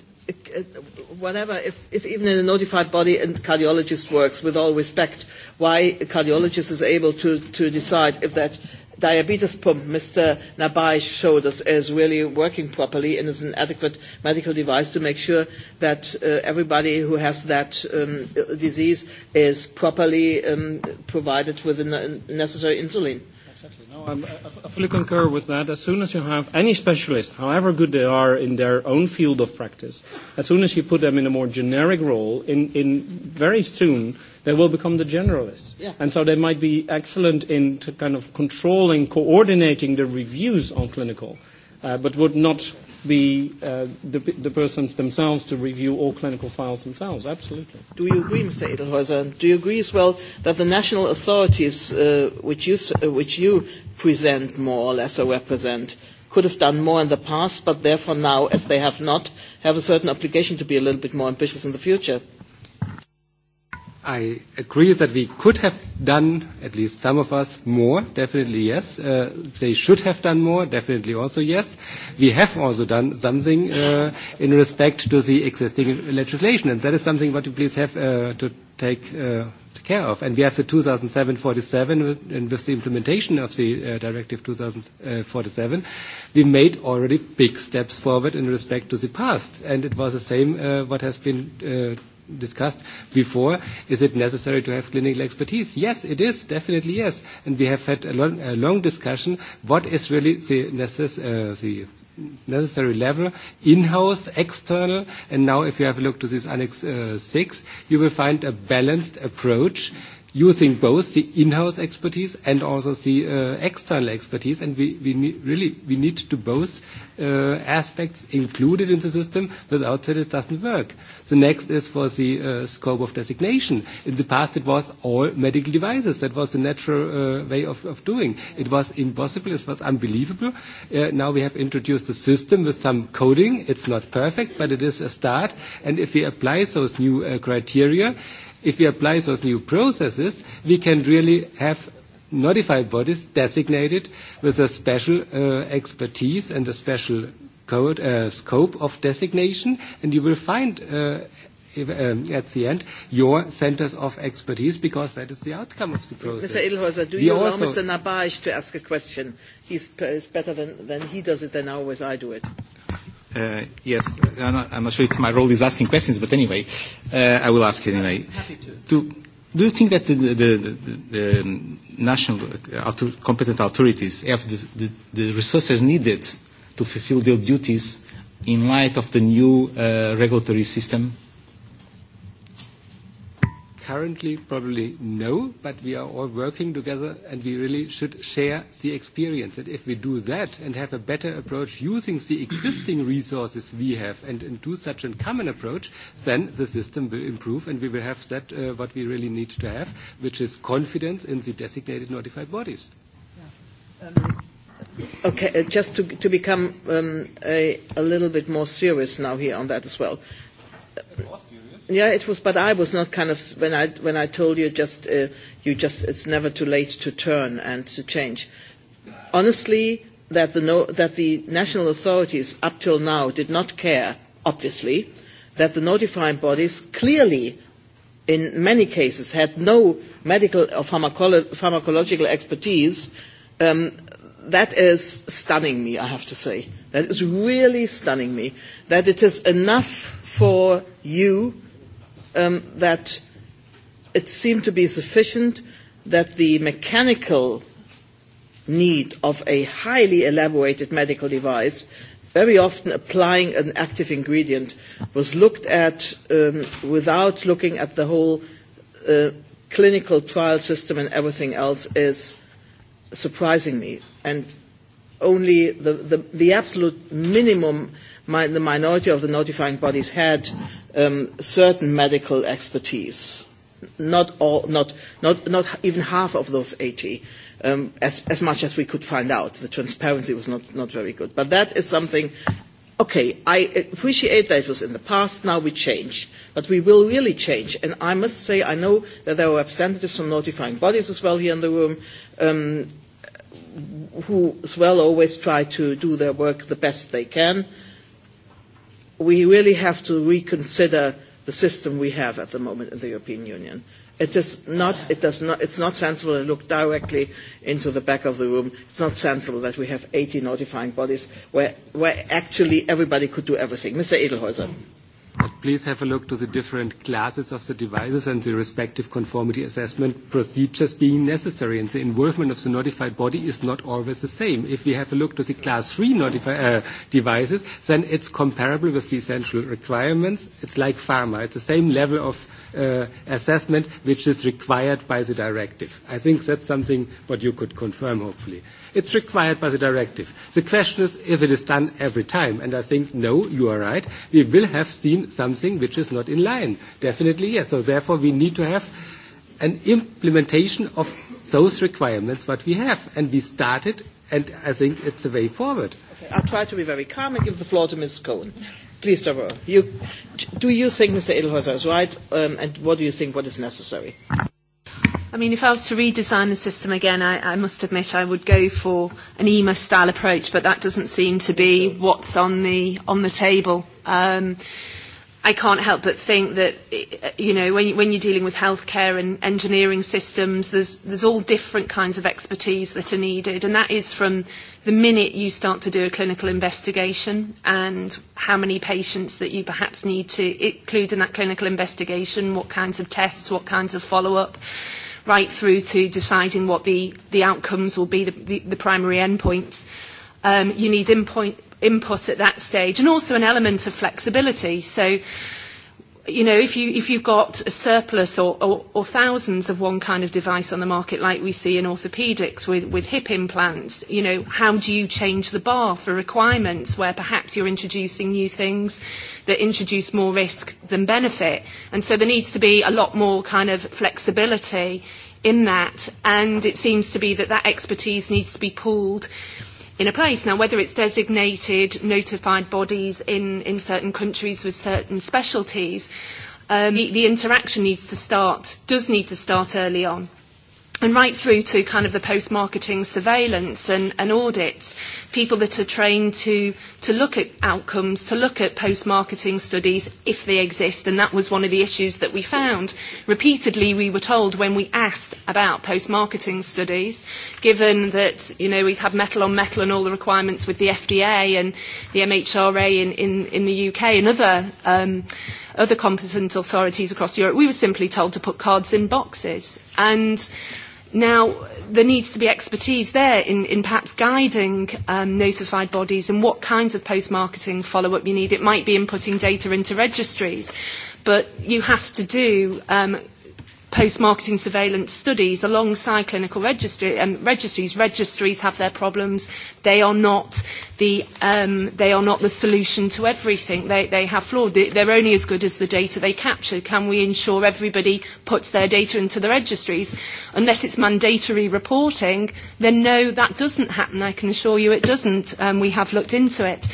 whatever, if, if even in a notified body and cardiologist works, with all respect, why a cardiologist is able to, to decide if that diabetes pump Mr. Nabai showed us is really working properly and is an adequate medical device to make sure that everybody who has that disease is properly provided with the necessary insulin. Exactly. No, I fully concur with that. As soon as you have any specialist, however good they are in their own field of practice, as soon as you put them in a more generic role, in, in very soon they will become the generalists. And so they might be excellent in kind of controlling, coordinating the reviews on clinical but would not be the persons themselves to review all clinical files themselves. Absolutely. Do you agree, Mr. Edelhäuser? Do you agree as well that the national authorities, which you present more or less or represent, could have done more in the past, but therefore now, as they have not, have a certain obligation to be a little bit more ambitious in the future? I agree that we could have done, at least some of us, more, definitely yes. They should have done more, definitely also yes. We have also done something in respect to the existing legislation, and that is something what you please have to take care of. And we have the 2007-47, and with the implementation of the Directive 2047, we made already big steps forward in respect to the past, and it was the same what has been discussed before, is it necessary to have clinical expertise? Yes, it is, definitely yes. And we have had a long discussion, what is really the necessary level, in-house, external, and now if you have a look to this Annex 6, you will find a balanced approach using both the in-house expertise and also the external expertise. And we really we need to both aspects included in the system. Without that, it doesn't work. The next is for the scope of designation. In the past, it was all medical devices. That was the natural way of doing. It was impossible. It was unbelievable. Now we have introduced a system with some coding. It's not perfect, but it is a start. And if we apply those new criteria, If we apply those new processes, we can really have notified bodies designated with a special expertise and a special code scope of designation, and you will find at the end your centers of expertise because that is the outcome of the process. Mr. Illhäuser, do you allow Mr. Nabaj to ask a question? He's better than he does it than always I do it. Yes, I'm not sure if my role is asking questions, but anyway, I will ask anyway. Do you think that the national competent authorities have the resources needed to fulfill their duties in light of the new regulatory system? currently probably no, but we are all working together and we really should share the experience. And if we do that and have a better approach using the existing resources we have and do such a common approach, then the system will improve and we will have that what we really need to have, which is confidence in the designated notified bodies. Okay, just to become a little bit more serious now here on that as well. Yeah, it was, but I was not kind of when I when I told you just you just it's never too late to turn and to change. Honestly, that the that the national authorities up till now did not care, obviously, that the notifying bodies clearly, in many cases, had no medical or pharmacological expertise. That is stunning me, I have to say. That is really stunning me. That it is enough for you that it seemed to be sufficient that the mechanical need of a highly elaborated medical device, very often applying an active ingredient, was looked at without looking at the whole clinical trial system and everything else is surprising me. And only the absolute minimum the minority of the notifying bodies had certain medical expertise. Not all, not not even half of those 80, as much as we could find out. The transparency was not not very good. But that is something. Okay, I appreciate that it was in the past. Now we change, but we will really change. And I must say, I know that there are representatives from notifying bodies as well here in the room, who as well always try to do their work the best they can we really have to reconsider the system we have at the moment in the European Union. It is not, it does not, it's not sensible to look directly into the back of the room. It's not sensible that we have 80 notifying bodies where, actually everybody could do everything. Mr. Edelhäuser please have a look to the different classes of the devices and the respective conformity assessment procedures being necessary. And the involvement of the notified body is not always the same. If we have a look to the class 3 devices, then it's comparable with the essential requirements. It's like pharma. It's the same level of assessment which is required by the directive. I think that's something what you could confirm, hopefully. It's required by the directive. The question is if it is done every time, and I think, no, you are right. We will have seen something which is not in line. Definitely, yes. So therefore, we need to have an implementation of those requirements what we have, and we started, and I think it's the way forward. I'll try to be very calm and give the floor to Ms. Cohen. Please, Deborah, do you think Mr. Edelhäuser is right, and what do you think what is necessary? I mean, if I was to redesign the system again, I must admit I would go for an EMA-style approach, but that doesn't seem to be what's on the on the table. I can't help but think that, you know, when, when you're dealing with healthcare and engineering systems, there's, there's all different kinds of expertise that are needed. And that is from the minute you start to do a clinical investigation and how many patients that you perhaps need to include in that clinical investigation, what kinds of tests, what kinds of follow-up, right through to deciding what the, the outcomes will be, the, the primary endpoints. Um, you need in-point input at that stage and also an element of flexibility. So you know, if you if you've got a surplus or, or, thousands of one kind of device on the market, like we see in orthopedics with, with hip implants, you know, how do you change the bar for requirements where perhaps you're introducing new things that introduce more risk than benefit? And so there needs to be a lot more kind of flexibility in that. And it seems to be that that expertise needs to be pooled in a place. Now, whether it's designated, notified bodies in, in certain countries with certain specialties, the, interaction needs to start, does need to start early on. And right through to kind of the post-marketing surveillance and audits people that are trained to to look at outcomes, to look at post-marketing studies if they exist, and that was one of the issues that we found. Repeatedly, we were told when we asked about post-marketing studies, given that you know we've had metal on metal and all the requirements with the FDA and the MHRA in in in the UK and other other competent authorities across Europe, we were simply told to put cards in boxes and Now, there needs to be expertise there in perhaps guiding notified bodies and what kinds of post-marketing follow-up you need. It might be in putting data into registries, but you have to do post-marketing surveillance studies alongside clinical registries. Registries have their problems. They are not the solution to everything. They have flawed. They're only as good as the data they capture. Can we ensure everybody puts their data into the registries? Unless it's mandatory reporting, then no, that doesn't happen. I can assure you it doesn't. We have looked into it.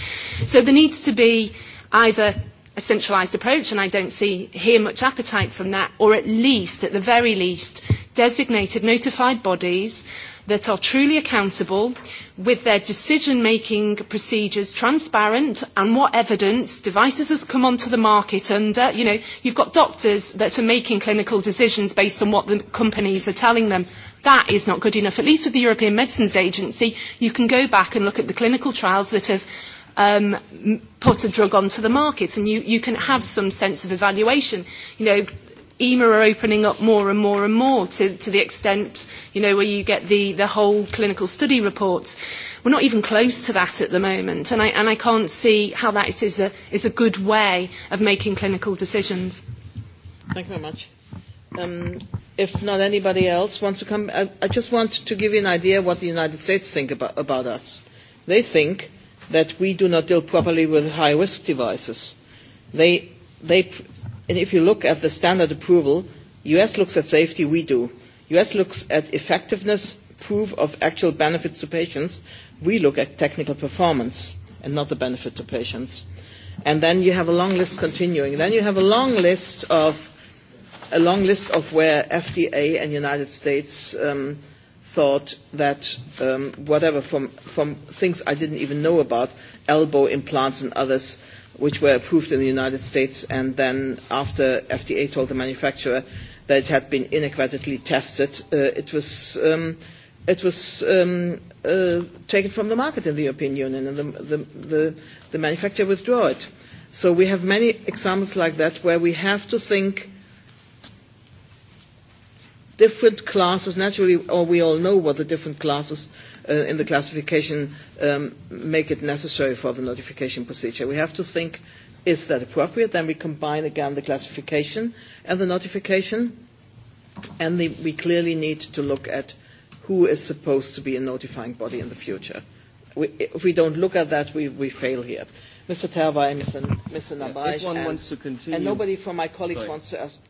So there needs to be either a centralised approach, and I don't see here much appetite from that, or at least, at the very least, designated notified bodies that are truly accountable, with their decision-making procedures transparent, and what evidence devices has come onto the market under. You know, you've got doctors that are making clinical decisions based on what the companies are telling them. That is not good enough. At least with the European Medicines Agency, you can go back and look at the clinical trials that have put a drug onto the market and you can have some sense of evaluation. You know, EMA are opening up more and more and more to the extent, you know, where you get the whole clinical study reports. We're not even close to that at the moment and I can't see how that is a good way of making clinical decisions. Thank you very much. If not anybody else wants to come, I just want to give you an idea what the United States think about us. They think that we do not deal properly with high-risk devices. They, they, and if you look at the standard approval, U.S. looks at safety, we do. U.S. looks at effectiveness, proof of actual benefits to patients. We look at technical performance and not the benefit to patients. And then you have a long list continuing. Then you have a long list of a long list of where FDA and United States thought that whatever from from things I didn't even know about elbow implants and others which were approved in the United States and then after FDA told the manufacturer that it had been inadequately tested it was it was taken from the market in the European Union and the the manufacturer withdrew it so we have many examples like that where we have to think different classes, naturally, or we all know what the different classes in the classification make it necessary for the notification procedure. We have to think, is that appropriate? Then we combine again the classification and the notification, and we clearly need to look at who is supposed to be a notifying body in the future. If we don't look at that, we fail here. Mr. Terwey, Mr. Nabai, and nobody from my colleagues wants to ask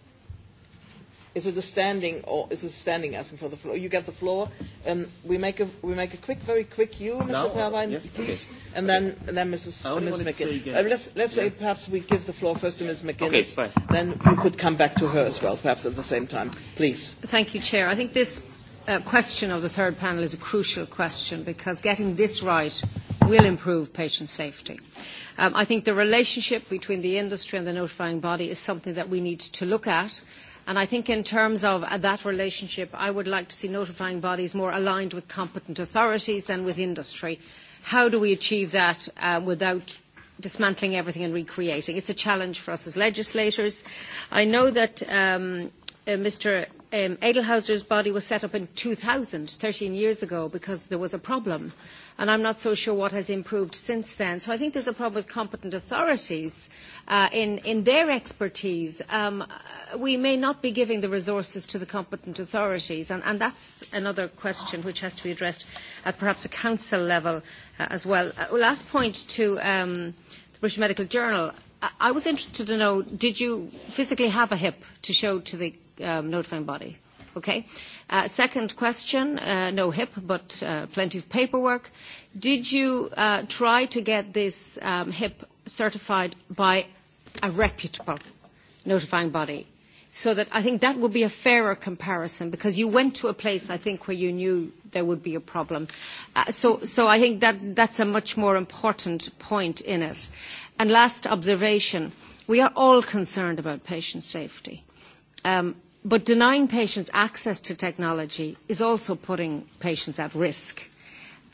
Is it a standing or is it standing asking for the floor? You get the floor. Um, we make a we make a quick, very quick you, Mr. yes, please, and then and then Mrs. Ms. McGinn. let's let's say perhaps we give the floor first to Ms. McGinnis. Okay, Then you could come back to her as well, perhaps at the same time, please. Thank you, Chair. I think this question of the third panel is a crucial question because getting this right will improve patient safety. I think the relationship between the industry and the notifying body is something that we need to look at And I think in terms of that relationship, I would like to see notifying bodies more aligned with competent authorities than with industry. How do we achieve that without dismantling everything and recreating? It's a challenge for us as legislators. I know that Mr. Edelhauser's body was set up in 2000, 13 years ago, because there was a problem. And I'm not so sure what has improved since then. So I think there's a problem with competent authorities in their expertise we may not be giving the resources to the competent authorities, and that's another question which has to be addressed at perhaps a council level as well. Last point to the British Medical Journal. I was interested to know, did you physically have a hip to show to the notifying body? Second question, no hip, but plenty of paperwork. Did you try to get this hip certified by a reputable notifying body? so that I think that would be a fairer comparison because you went to a place, I think, where you knew there would be a problem. So I think that that's a much more important point in it. And last observation, we are all concerned about patient safety. But denying patients access to technology is also putting patients at risk.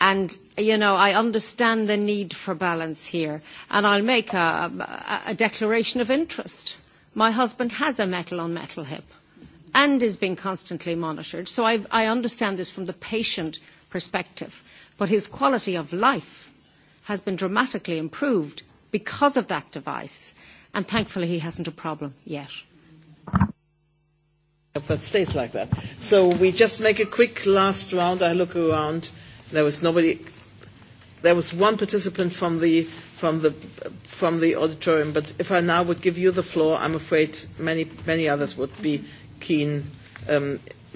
And, you know, I understand the need for balance here. And I'll make a declaration of interest My husband has a metal on metal hip and is being constantly monitored. So I understand this from the patient perspective. But his quality of life has been dramatically improved because of that device. And thankfully, he hasn't a problem yet. That stays like that. So we just make a quick last round. I look around. There was nobody. There was one participant from the from the from the auditorium. But if I now would give you the floor, I'm afraid many many others would be keen.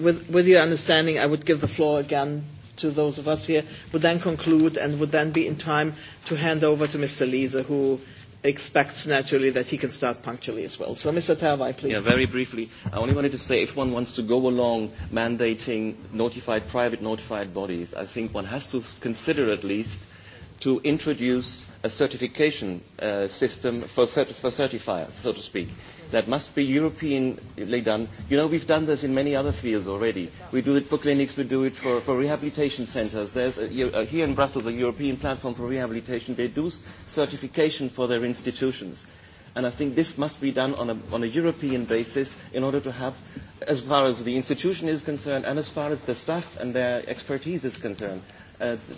With with your understanding, I would give the floor again to those of us here. Would then conclude and would then be in time to hand over to Mr. Liese, who expects naturally that he can start punctually as well. So, Mr. Tavai, please. Yeah, very briefly. I only wanted to say if one wants to go along mandating notified private notified bodies, I think one has to consider at least to introduce a certification system for certifiers, so to speak. That must be Europeanly done. You know, we've done this in many other fields already. We do it for clinics, we do it for rehabilitation centers. There's here in Brussels the European platform for rehabilitation. They do certification for their institutions. And I think this must be done on a European basis in order to have, as far as the institution is concerned and as far as the staff and their expertise is concerned,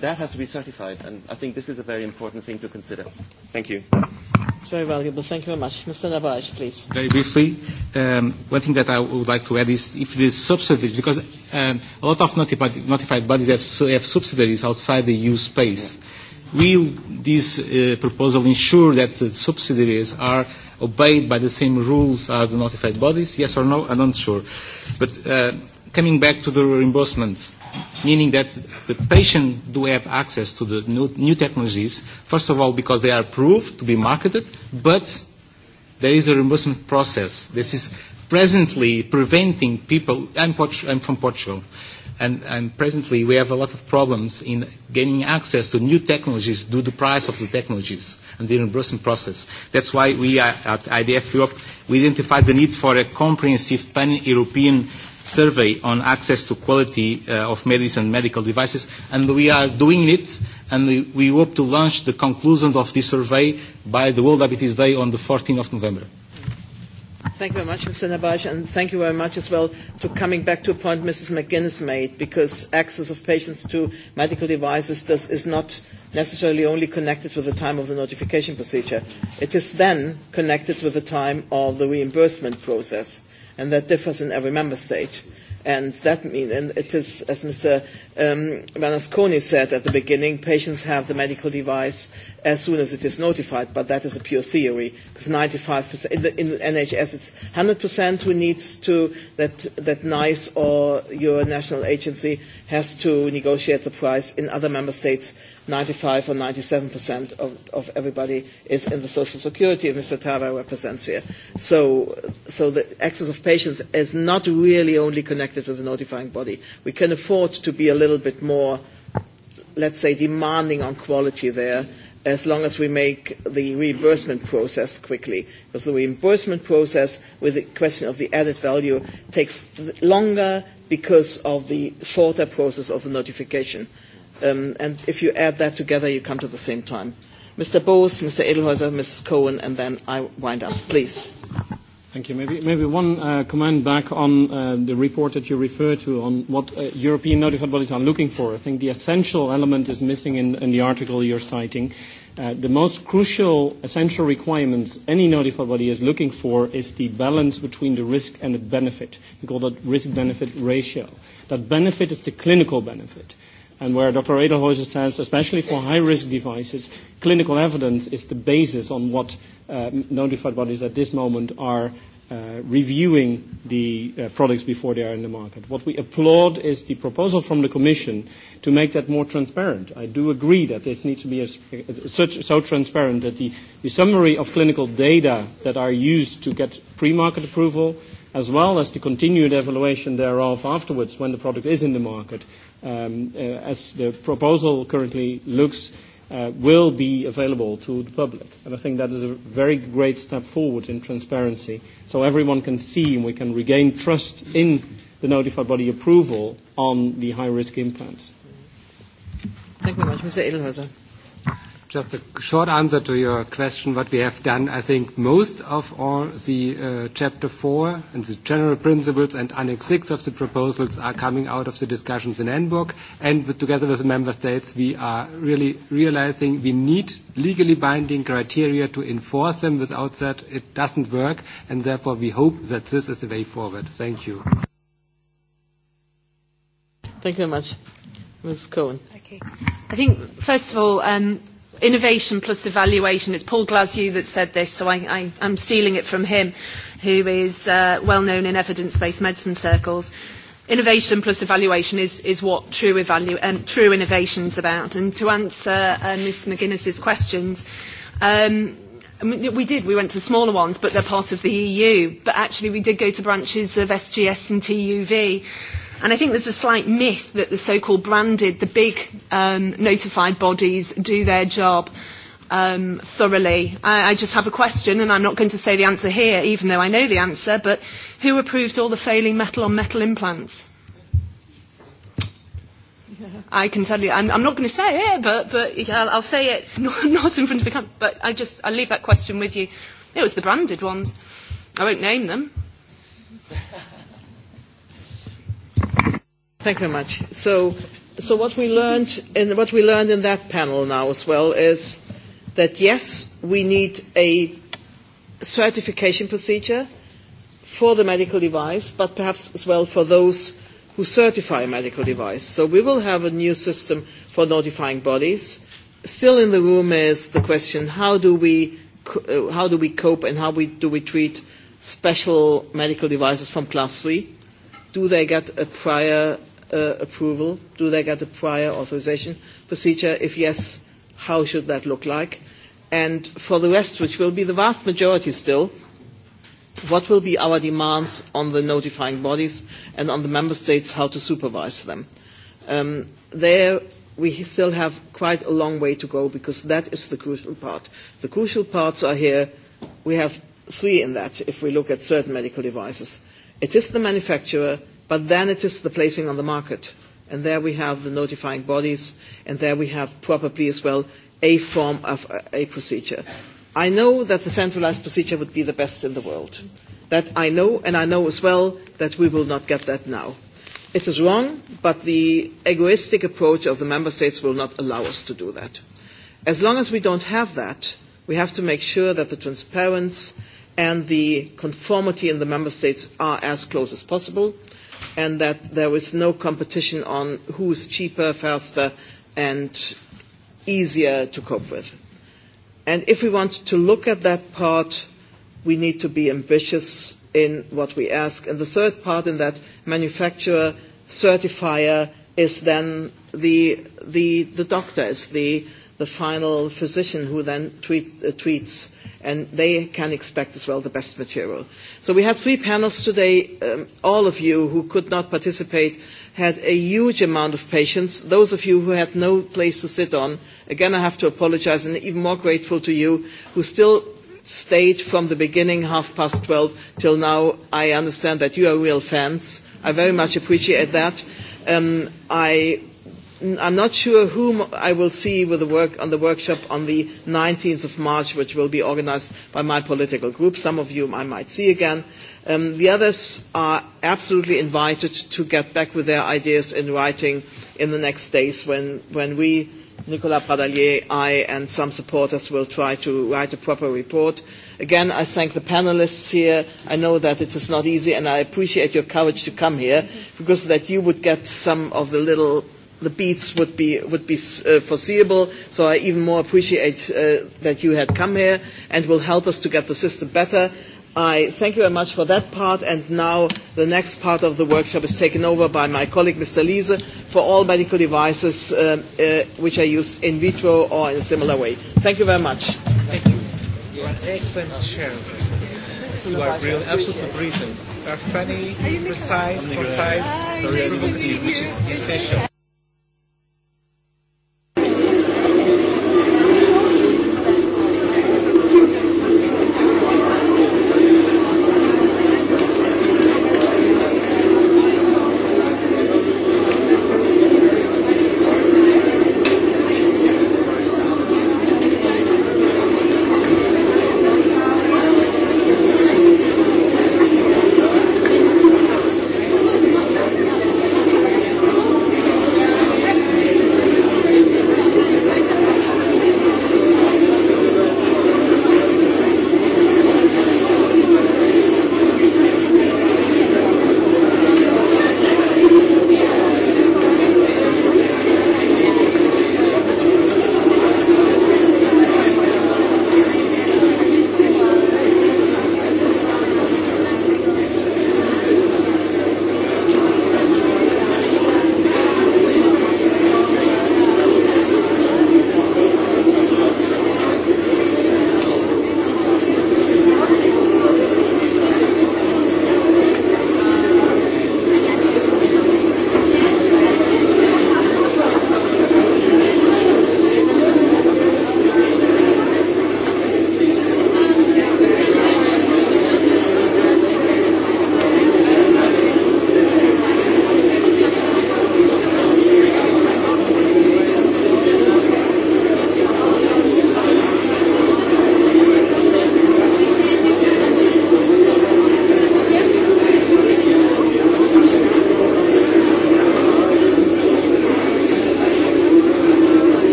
that has to be certified, and I think this is a very important thing to consider. Thank you. It's very valuable. Thank you very much. Mr. Navaj, please. Very briefly, one thing that I would like to add is if the subsidies, because a lot of notified bodies have subsidiaries outside the EU space, will this proposal ensure that the subsidiaries are obeyed by the same rules as the notified bodies? Yes or no? I'm not sure. But coming back to the reimbursement, meaning that the patient do have access to the new technologies, first of all because they are approved to be marketed, but there is a reimbursement process. This is presently preventing people. I'm from Portugal, and presently we have a lot of problems in gaining access to new technologies due to the price of the technologies and the reimbursement process. That's why we at IDF Europe we identified the need for a comprehensive pan-European survey on access to quality of medicine and medical devices, and we are doing it, and we hope to launch the conclusion of this survey by the World Diabetes Day on the 14th of November. Thank you very much, Mr. Nabaj, and thank you very much as well to coming back to a point Mrs. McGuinness made, because access of patients to medical devices is not necessarily only connected with the time of the notification procedure. It is then connected with the time of the reimbursement process and that differs in every member state. And that means, and it is, as Mr. Berlusconi said at the beginning, patients have the medical device as soon as it is notified, but that is a pure theory, because 95%, in the, in NHS it's 100% who needs to, that, that NICE or your national agency has to negotiate the price. In other member states, 95 or 97% of, of everybody is in the social security Mr. Tava represents here. So, so the access of patients is not really only connected with the notifying body. We can afford to be a little bit more, let's say, demanding on quality there as long as we make the reimbursement process quickly. Because the reimbursement process with the question of the added value takes longer because of the shorter process of the notification. And if you add that together, you come to the same time. Mr. Bose, Mr. Edelhäuser, Mrs. Cohen, and then I wind up. Please. Thank you. Maybe one comment back on the report that you refer to on what European notified bodies are looking for. I think the essential element is missing in the article you're citing. The most crucial essential requirements any notified body is looking for is the balance between the risk and the benefit. We call that risk-benefit ratio. That benefit is the clinical benefit and where Dr. Edelhäuser says, especially for high-risk devices, clinical evidence is the basis on what notified bodies at this moment are reviewing the products before they are in the market. What we applaud is the proposal from the Commission to make that more transparent. I do agree that this needs to be so transparent that the summary of clinical data that are used to get pre-market approval, as well as the continued evaluation thereof afterwards when the product is in the market, as the proposal currently looks, will be available to the public. And I think that is a very great step forward in transparency, so everyone can see and we can regain trust in the notified body approval on the high-risk implants. Thank you very much. Mr. Edelhauser. Just a short answer to your question. What we have done, I think most of all the Chapter 4 and the general principles and Annex 6 of the proposals are coming out of the discussions in Hamburg. And together with the member states, we are really realizing we need legally binding criteria to enforce them. Without that, it doesn't work. And therefore, we hope that this is the way forward. Thank you. Thank you very much. Ms. Cohen. Okay. I think, first of all, innovation plus evaluation. It's Paul Glasgow that said this, so I, I'm stealing it from him, who is well known in evidence-based medicine circles. Innovation plus evaluation is, is what true, innovation is about. And to answer Ms McGuinness's questions, um, we did, we went to smaller ones, but they're part of the EU. But actually we did go to branches of SGS and TUV And I think there's a slight myth that the so-called branded, the big notified bodies do their job thoroughly. I just have a question, and I'm not going to say the answer here, even though I know the answer, but who approved all the failing metal-on-metal implants? I can tell you, I'm, I'm not going to say it, but, but I'll, I'll say it not, in front of the camera. But I just, I leave that question with you. It was the branded ones. I won't name them, Thank you very much. So, so what we learned and what we learned in that panel now as well is that yes, we need a certification procedure for the medical device, but perhaps as well for those who certify a medical device. So we will have a new system for notifying bodies. Still in the room is the question: How do we how do we cope and how do we treat special medical devices from class three? Do they get a prior approval? Do they get a prior authorization procedure? If yes, how should that look like? And for the rest, which will be the vast majority still, what will be our demands on the notifying bodies and on the member states how to supervise them? There we still have quite a long way to go because that is the crucial part. The crucial parts are here. We have three in that if we look at certain medical devices. It is the manufacturer, But then it is the placing on the market. And there we have the notifying bodies, and there we have probably as well a form of a procedure. I know that the centralised procedure would be the best in the world. That I know, and I know as well that we will not get that now. It is wrong, but the egoistic approach of the member states will not allow us to do that. As long as we don't have that, we have to make sure that the transparency and the conformity in the member states are as close as possible and that there was no competition on who is cheaper, faster, and easier to cope with. And if we want to look at that part, we need to be ambitious in what we ask. And the third part in that manufacturer, certifier, is then the the the doctor, is the the final physician who then tweets and they can expect as well the best material. So we had three panels today. All of you who could not participate had a huge amount of patience. Those of you who had no place to sit on, again I have to apologise and even more grateful to you who still stayed from the beginning, half past 12 till now. I understand that you are real fans. I very much appreciate that. I I'm not sure whom I will see with the work on the workshop on the 19th of March, which will be organised by my political group. Some of you I might see again. The others are absolutely invited to get back with their ideas in writing in the next days when when we, Nicolas Padalier, I and some supporters will try to write a proper report. Again, I thank the panelists here. I know that it is not easy, and I appreciate your courage to come here, because that you would get some of the little the beats would be would be foreseeable. So I even more appreciate that you had come here and will help us to get the system better. I thank you very much for that part, and now the next part of the workshop is taken over by my colleague, Mr. Liese, for all medical devices which are used in vitro or in a similar way. Thank you very much. Thank you. You are an excellent chair. You are absolutely brilliant. You are funny, precise, concise, which is essential.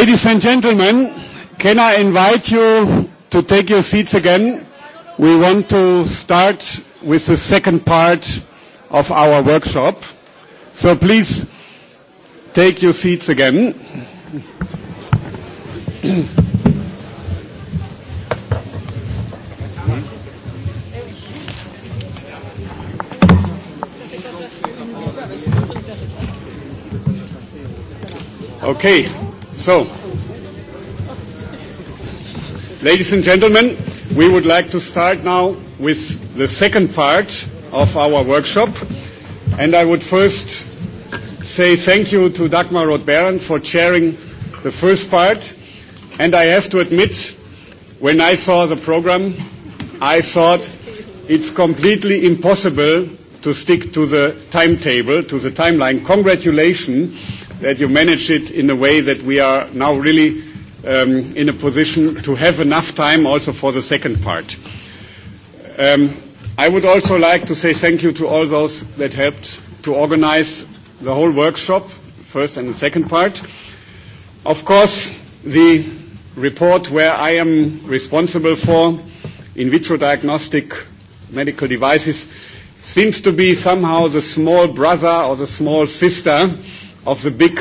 Ladies and gentlemen, can I invite you to take your seats again? We want to start with the second part of our workshop. So please take your seats again. Okay. So, ladies and gentlemen, we would like to start now with the second part of our workshop. And I would first say thank you to Dagmar roth for chairing the first part. And I have to admit, when I saw the program, I thought it's completely impossible to stick to the timetable, to the timeline. Congratulations that you manage it in a way that we are now really in a position to have enough time also for the second part. I would also like to say thank you to all those that helped to organize the whole workshop, first and the second part. Of course, the report where I am responsible for, in vitro diagnostic medical devices, seems to be somehow the small brother or the small sister of the big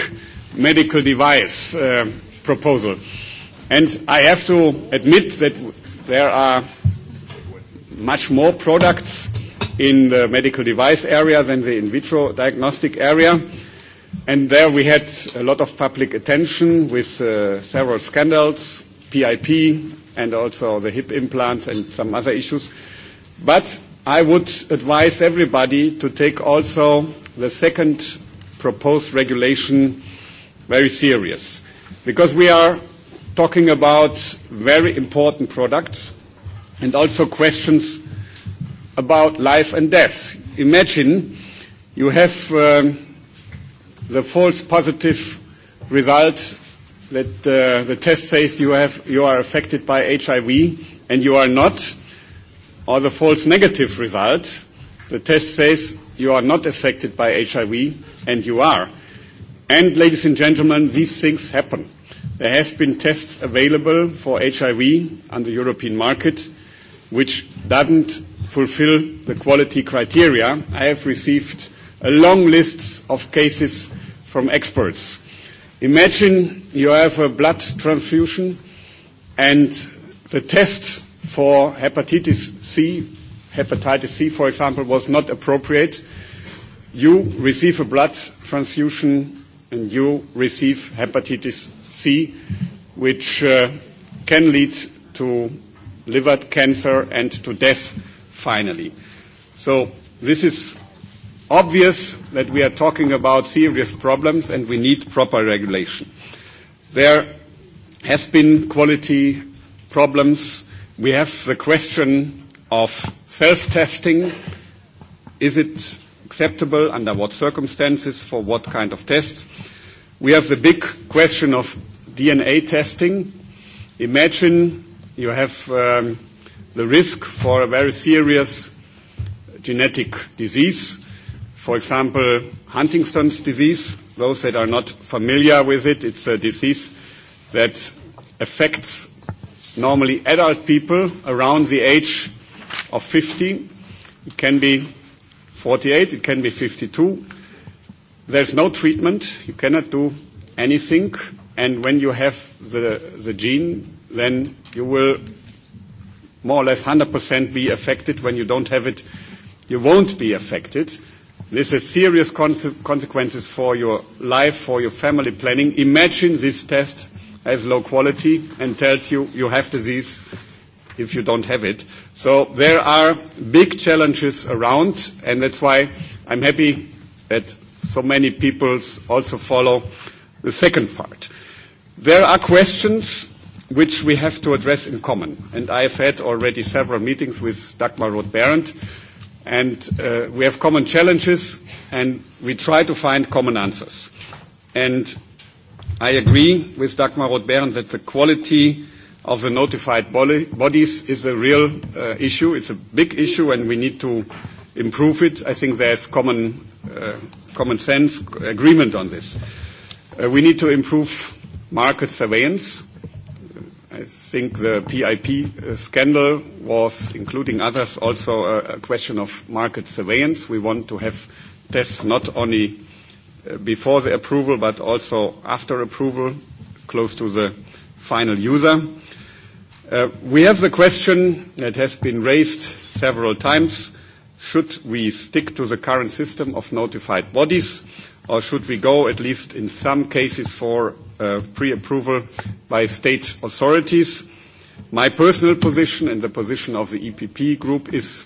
medical device proposal. And I have to admit that there are much more products in the medical device area than the in vitro diagnostic area. And there we had a lot of public attention with several scandals, PIP and also the hip implants and some other issues. But I would advise everybody to take also the second proposed regulation very serious, because we are talking about very important products and also questions about life and death. Imagine you have the false positive result that the test says you have you are affected by HIV and you are not, or the false negative result, the test says you are not affected by HIV and you are. And, ladies and gentlemen, these things happen. There have been tests available for HIV on the European market, which doesn't fulfill the quality criteria. I have received a long list of cases from experts. Imagine you have a blood transfusion and the test for hepatitis C, hepatitis C, for example, was not appropriate you receive a blood transfusion and you receive hepatitis C, which can lead to liver cancer and to death finally. So this is obvious that we are talking about serious problems and we need proper regulation. There has been quality problems. We have the question of self-testing. Is it acceptable, under what circumstances, for what kind of tests. We have the big question of DNA testing. Imagine you have the risk for a very serious genetic disease, for example, Huntington's disease. Those that are not familiar with it, it's a disease that affects normally adult people around the age of 50. It can be 48, it can be 52. There's no treatment. You cannot do anything. And when you have the gene, then you will more or less 100% be affected. When you don't have it, you won't be affected. This has serious consequences for your life, for your family planning. Imagine this test as low quality and tells you you have disease if you don't have it. So there are big challenges around, and that's why I'm happy that so many people also follow the second part. There are questions which we have to address in common, and I have had already several meetings with Dagmar Roth-Behrendt, and we have common challenges, and we try to find common answers. And I agree with Dagmar Roth-Behrendt that the quality of the notified bodies is a real issue. It's a big issue, and we need to improve it. I think there's common sense agreement on this. We need to improve market surveillance. I think the PIP scandal was, including others, also a question of market surveillance. We want to have tests not only before the approval, but also after approval, close to the final user. We have the question that has been raised several times, should we stick to the current system of notified bodies, or should we go, at least in some cases, for pre-approval by state authorities? My personal position and the position of the EPP group is,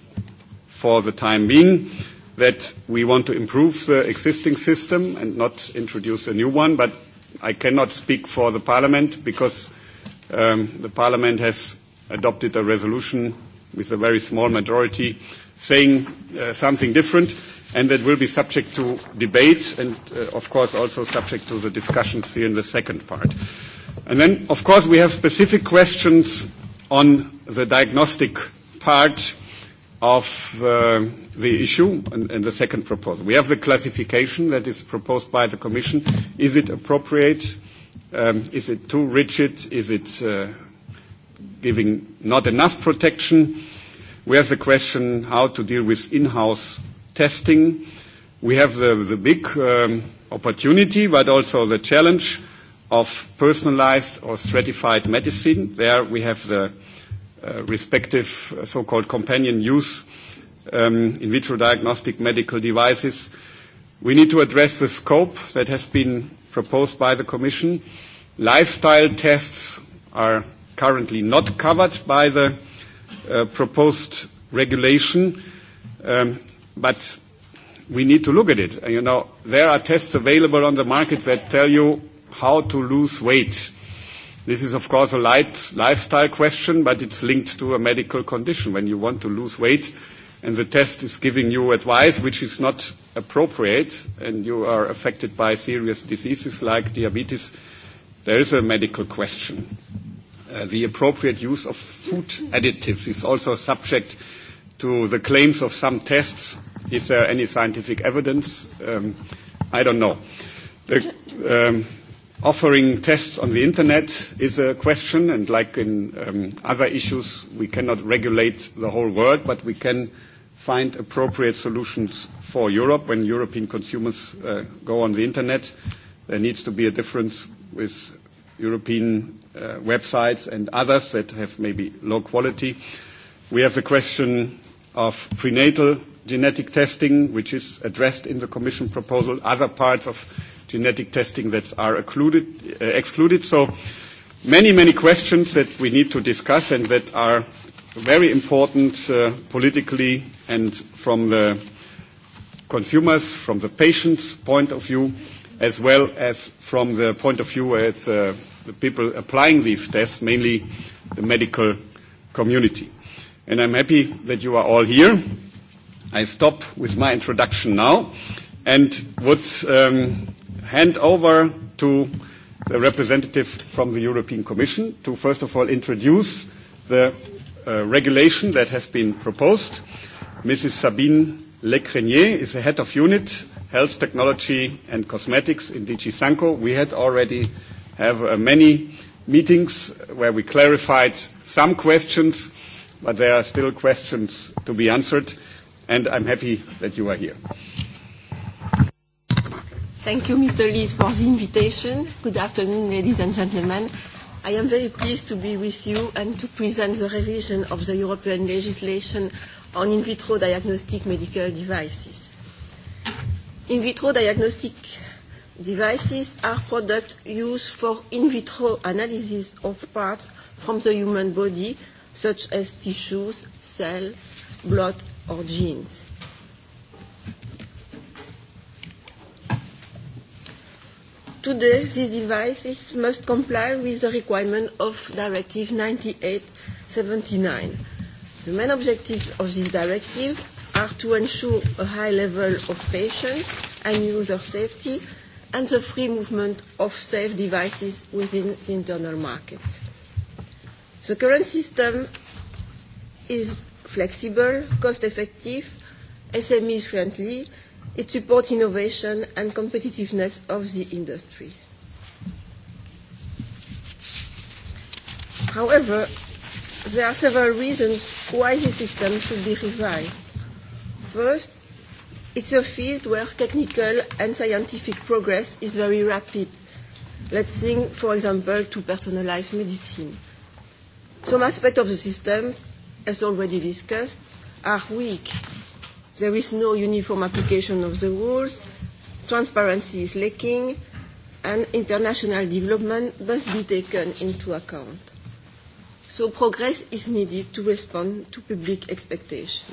for the time being, that we want to improve the existing system and not introduce a new one, but I cannot speak for the Parliament because the Parliament has adopted a resolution with a very small majority saying something different and that will be subject to debate and of course also subject to the discussions here in the second part. And then of course we have specific questions on the diagnostic part of the issue and the second proposal. We have the classification that is proposed by the Commission. Is it appropriate? Is it too rigid? Is it giving not enough protection? We have the question how to deal with in-house testing. We have the big opportunity, but also the challenge of personalized or stratified medicine. There we have the respective so-called companion use in vitro diagnostic medical devices. We need to address the scope that has been proposed by the Commission. Lifestyle tests are currently not covered by the proposed regulation, but we need to look at it. You know, there are tests available on the market that tell you how to lose weight. This is, of course, a light lifestyle question, but it's linked to a medical condition. When you want to lose weight and the test is giving you advice which is not appropriate and you are affected by serious diseases like diabetes, There is a medical question. The appropriate use of food additives is also subject to the claims of some tests. Is there any scientific evidence? I don't know. Offering tests on the Internet is a question, and like in other issues, we cannot regulate the whole world, but we can find appropriate solutions for Europe. When European consumers go on the Internet, there needs to be a difference with European websites and others that have maybe low quality. We have the question of prenatal genetic testing, which is addressed in the Commission proposal, other parts of genetic testing that are excluded. So many, many questions that we need to discuss and that are very important politically and from the consumers, from the patient's point of view as well as from the point of view of the people applying these tests, mainly the medical community. And I'm happy that you are all here. I stop with my introduction now and would hand over to the representative from the European Commission to first of all introduce the regulation that has been proposed. Mrs. Sabine Lecrenier is the head of unit health technology and cosmetics in DG Sanko. We had already have many meetings where we clarified some questions, but there are still questions to be answered, and I'm happy that you are here. Thank you, Mr. Lee, for the invitation. Good afternoon, ladies and gentlemen. I am very pleased to be with you and to present the revision of the European legislation on in vitro diagnostic medical devices in vitro diagnostic devices are products used for in vitro analysis of parts from the human body, such as tissues, cells, blood, or genes. Today, these devices must comply with the requirement of Directive 98/79. The main objectives of this directive are to ensure a high level of patient and user safety and the free movement of safe devices within the internal market. The current system is flexible, cost-effective, SME-friendly. It supports innovation and competitiveness of the industry. However, there are several reasons why the system should be revised. First, it's a field where technical and scientific progress is very rapid. Let's think, for example, to personalized medicine. Some aspects of the system, as already discussed, are weak. There is no uniform application of the rules, transparency is lacking, and international development must be taken into account. So progress is needed to respond to public expectations.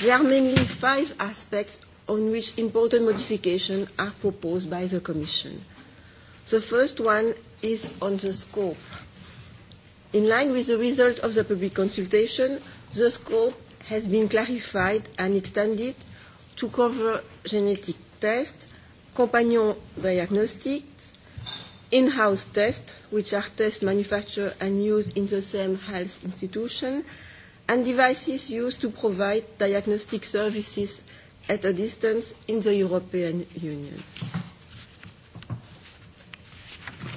There are mainly five aspects on which important modifications are proposed by the Commission. The first one is on the scope. In line with the result of the public consultation, the scope has been clarified and extended to cover genetic tests, companion diagnostics, in-house tests, which are tests manufactured and used in the same health institution, and devices used to provide diagnostic services at a distance in the European Union.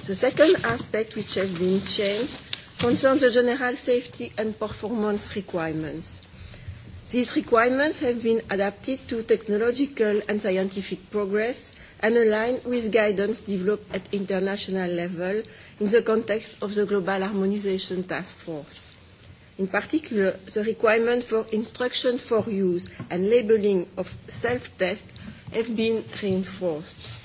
The second aspect which has been changed concerns the general safety and performance requirements. These requirements have been adapted to technological and scientific progress and aligned with guidance developed at international level in the context of the Global Harmonisation Task Force in particular the requirement for instruction for use and labelling of self-test have been reinforced.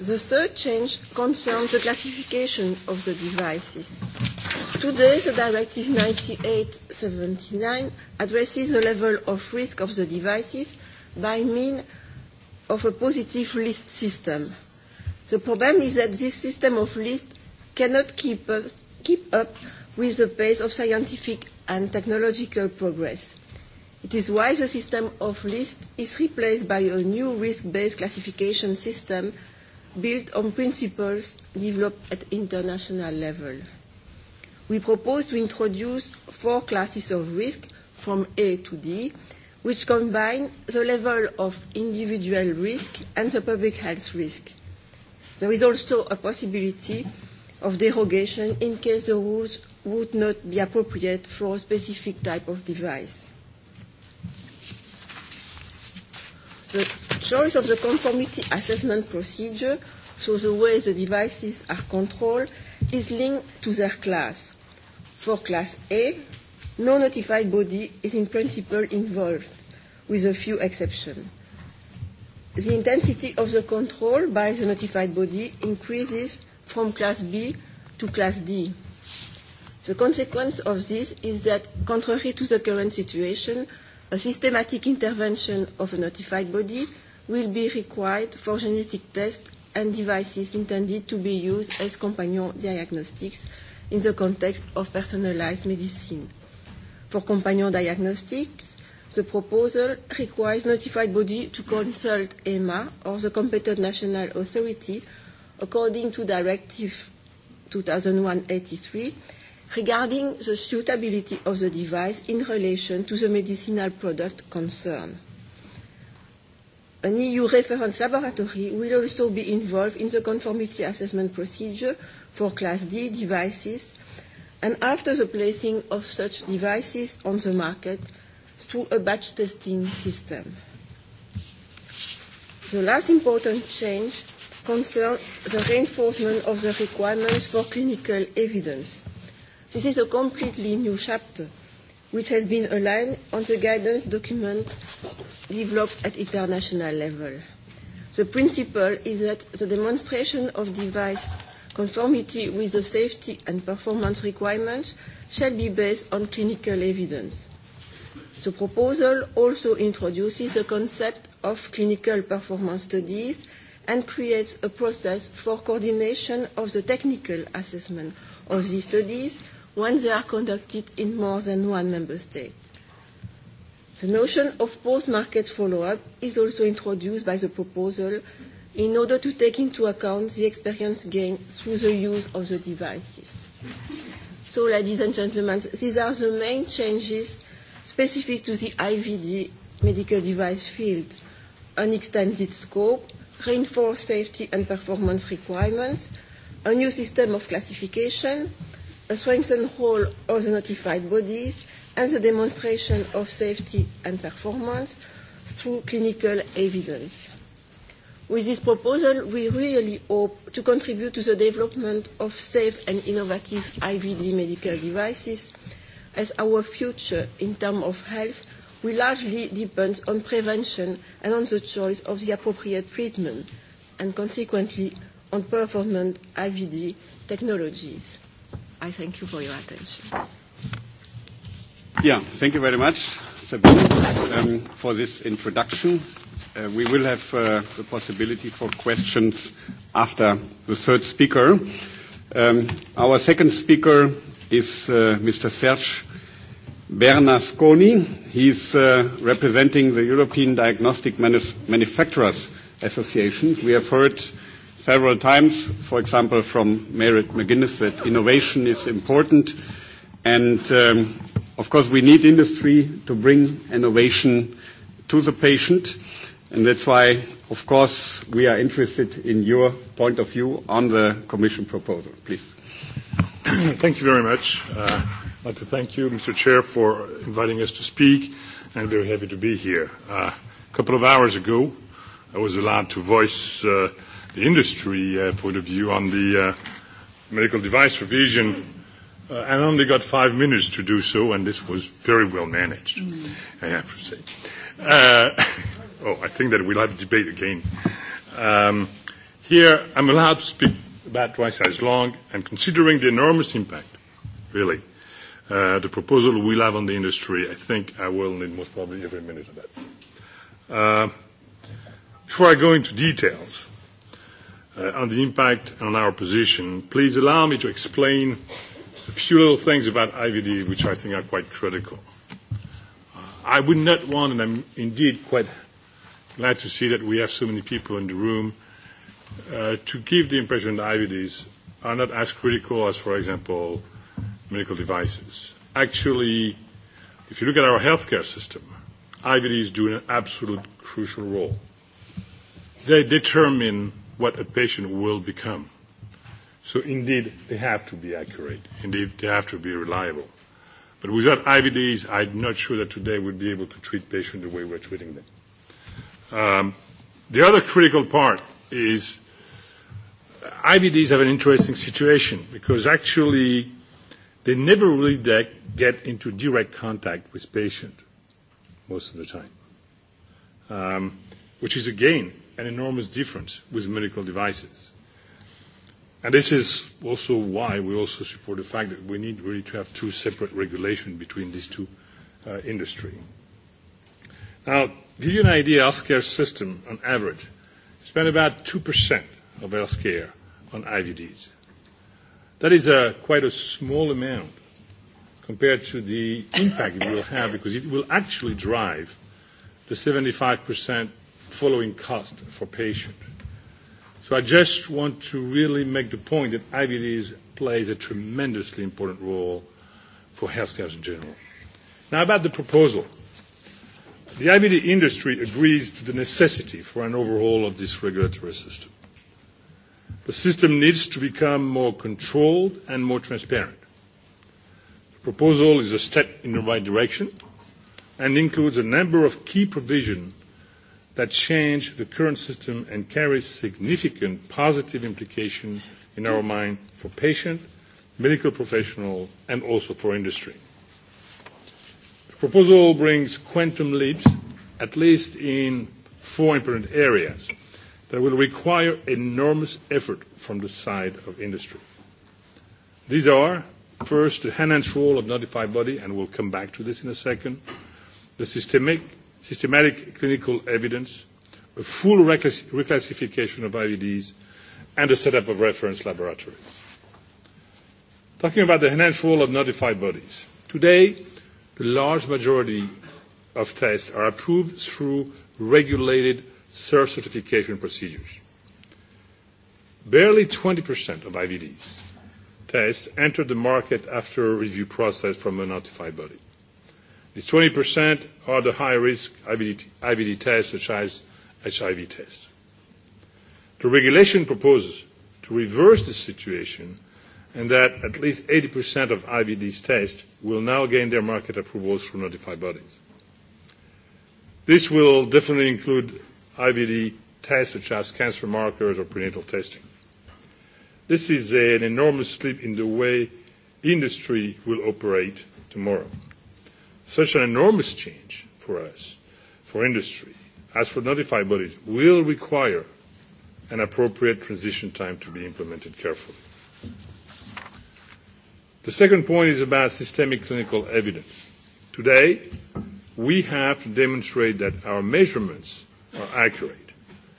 The third change concerns the classification of the devices. Today, the Directive 98/79 addresses the level of risk of the devices by means of a positive list system. The problem is that this system of lists cannot keep up with the pace of scientific and technological progress. It is why the system of lists is replaced by a new risk-based classification system built on principles developed at international level. We propose to introduce four classes of risk from A to D, which combine the level of individual risk and the public health risk. There is also a possibility of derogation in case the rules would not be appropriate for a specific type of device. The choice of the conformity assessment procedure, so the way the devices are controlled, is linked to their class. For class A, no notified body is in principle involved, with a few exceptions the intensity of the control by the notified body increases from class B to class D. The consequence of this is that, contrary to the current situation, a systematic intervention of a notified body will be required for genetic tests and devices intended to be used as companion diagnostics in the context of personalized medicine. For companion diagnostics, The proposal requires notified body to consult EMA or the competent national authority according to Directive 2001/83 regarding the suitability of the device in relation to the medicinal product concerned. An EU reference laboratory will also be involved in the conformity assessment procedure for Class D devices and after the placing of such devices on the market through a batch testing system. The last important change concerns the reinforcement of the requirements for clinical evidence. This is a completely new chapter, which has been aligned on the guidance document developed at international level. The principle is that the demonstration of device conformity with the safety and performance requirements shall be based on clinical evidence. The proposal also introduces the concept of clinical performance studies and creates a process for coordination of the technical assessment of these studies when they are conducted in more than one member state. The notion of post-market follow-up is also introduced by the proposal in order to take into account the experience gained through the use of the devices. So, ladies and gentlemen, these are the main changes specific to the IVD medical device field, an extended scope, reinforced safety and performance requirements, a new system of classification, a strengthened role of the notified bodies, and the demonstration of safety and performance through clinical evidence. With this proposal, we really hope to contribute to the development of safe and innovative IVD medical devices as our future in terms of health will largely depend on prevention and on the choice of the appropriate treatment and consequently on performant IVD technologies. I thank you for your attention. Yeah, thank you very much, Sabine, for this introduction. We will have the possibility for questions after the third speaker. Our second speaker is Mr. Serge Bernasconi. He is representing the European Diagnostic Manufacturers Association. We have heard several times, for example, from Merit McGuinness, that innovation is important. And, of course, we need industry to bring innovation to the patient. And that's why Of course, we are interested in your point of view on the Commission proposal. Please. Thank you very much. I'd like to thank you, Mr. Chair, for inviting us to speak. I'm very happy to be here. A couple of hours ago, I was allowed to voice the industry point of view on the medical device revision and only got five minutes to do so, and this was very well managed, I have to say. Oh, I think that we'll have a debate again. Um, here, I'm allowed to speak about twice as long, and considering the enormous impact, really, uh, the proposal we have on the industry, I think I will need most probably every minute of that. Uh, before I go into details uh, on the impact on our position, please allow me to explain a few little things about IVD which I think are quite critical. I would not want, and I'm indeed quite glad to see that we have so many people in the room to give the impression that IVDs are not as critical as, for example, medical devices. Actually, if you look at our healthcare system, IVDs do an absolute crucial role. They determine what a patient will become. So indeed, they have to be accurate. Indeed, they have to be reliable. But without IVDs, I'm not sure that today we'd be able to treat patients the way we're treating them. The other critical part is IVDs have an interesting situation because actually they never really get into direct contact with patient most of the time, which is again an enormous difference with medical devices. And this is also why we also support the fact that we need really to have two separate regulations between these two industries. Now, give you an idea, healthcare system, on average, spend about 2% of healthcare on IVDs. That is a, quite a small amount compared to the impact it will have because it will actually drive the 75% following cost for patient. So I just want to really make the point that IVDs plays a tremendously important role for healthcare in general. Now about the proposal. The IVD industry agrees to the necessity for an overhaul of this regulatory system. The system needs to become more controlled and more transparent. The proposal is a step in the right direction and includes a number of key provisions that change the current system and carry significant positive implications in our mind for patients, medical professionals and also for industry proposal brings quantum leaps, at least in four important areas, that will require enormous effort from the side of industry. These are, first, the enhanced role of notified body, and we'll come back to this in a second, the systemic systematic clinical evidence, a full reclassification of IVDs, and the setup of reference laboratories. Talking about the enhanced role of notified bodies. Today, the large majority of tests are approved through regulated self-certification procedures. Barely 20% of IVDs tests enter the market after a review process from a notified body. These 20% are the high-risk IVD tests, such as HIV tests. The regulation proposes to reverse this situation and that at least 80% of IVD's tests will now gain their market approvals through notified bodies. This will definitely include IVD tests such as cancer markers or prenatal testing. This is an enormous leap in the way industry will operate tomorrow. Such an enormous change for us, for industry, as for notified bodies, will require an appropriate transition time to be implemented carefully. The second point is about systemic clinical evidence. Today, we have to demonstrate that our measurements are accurate,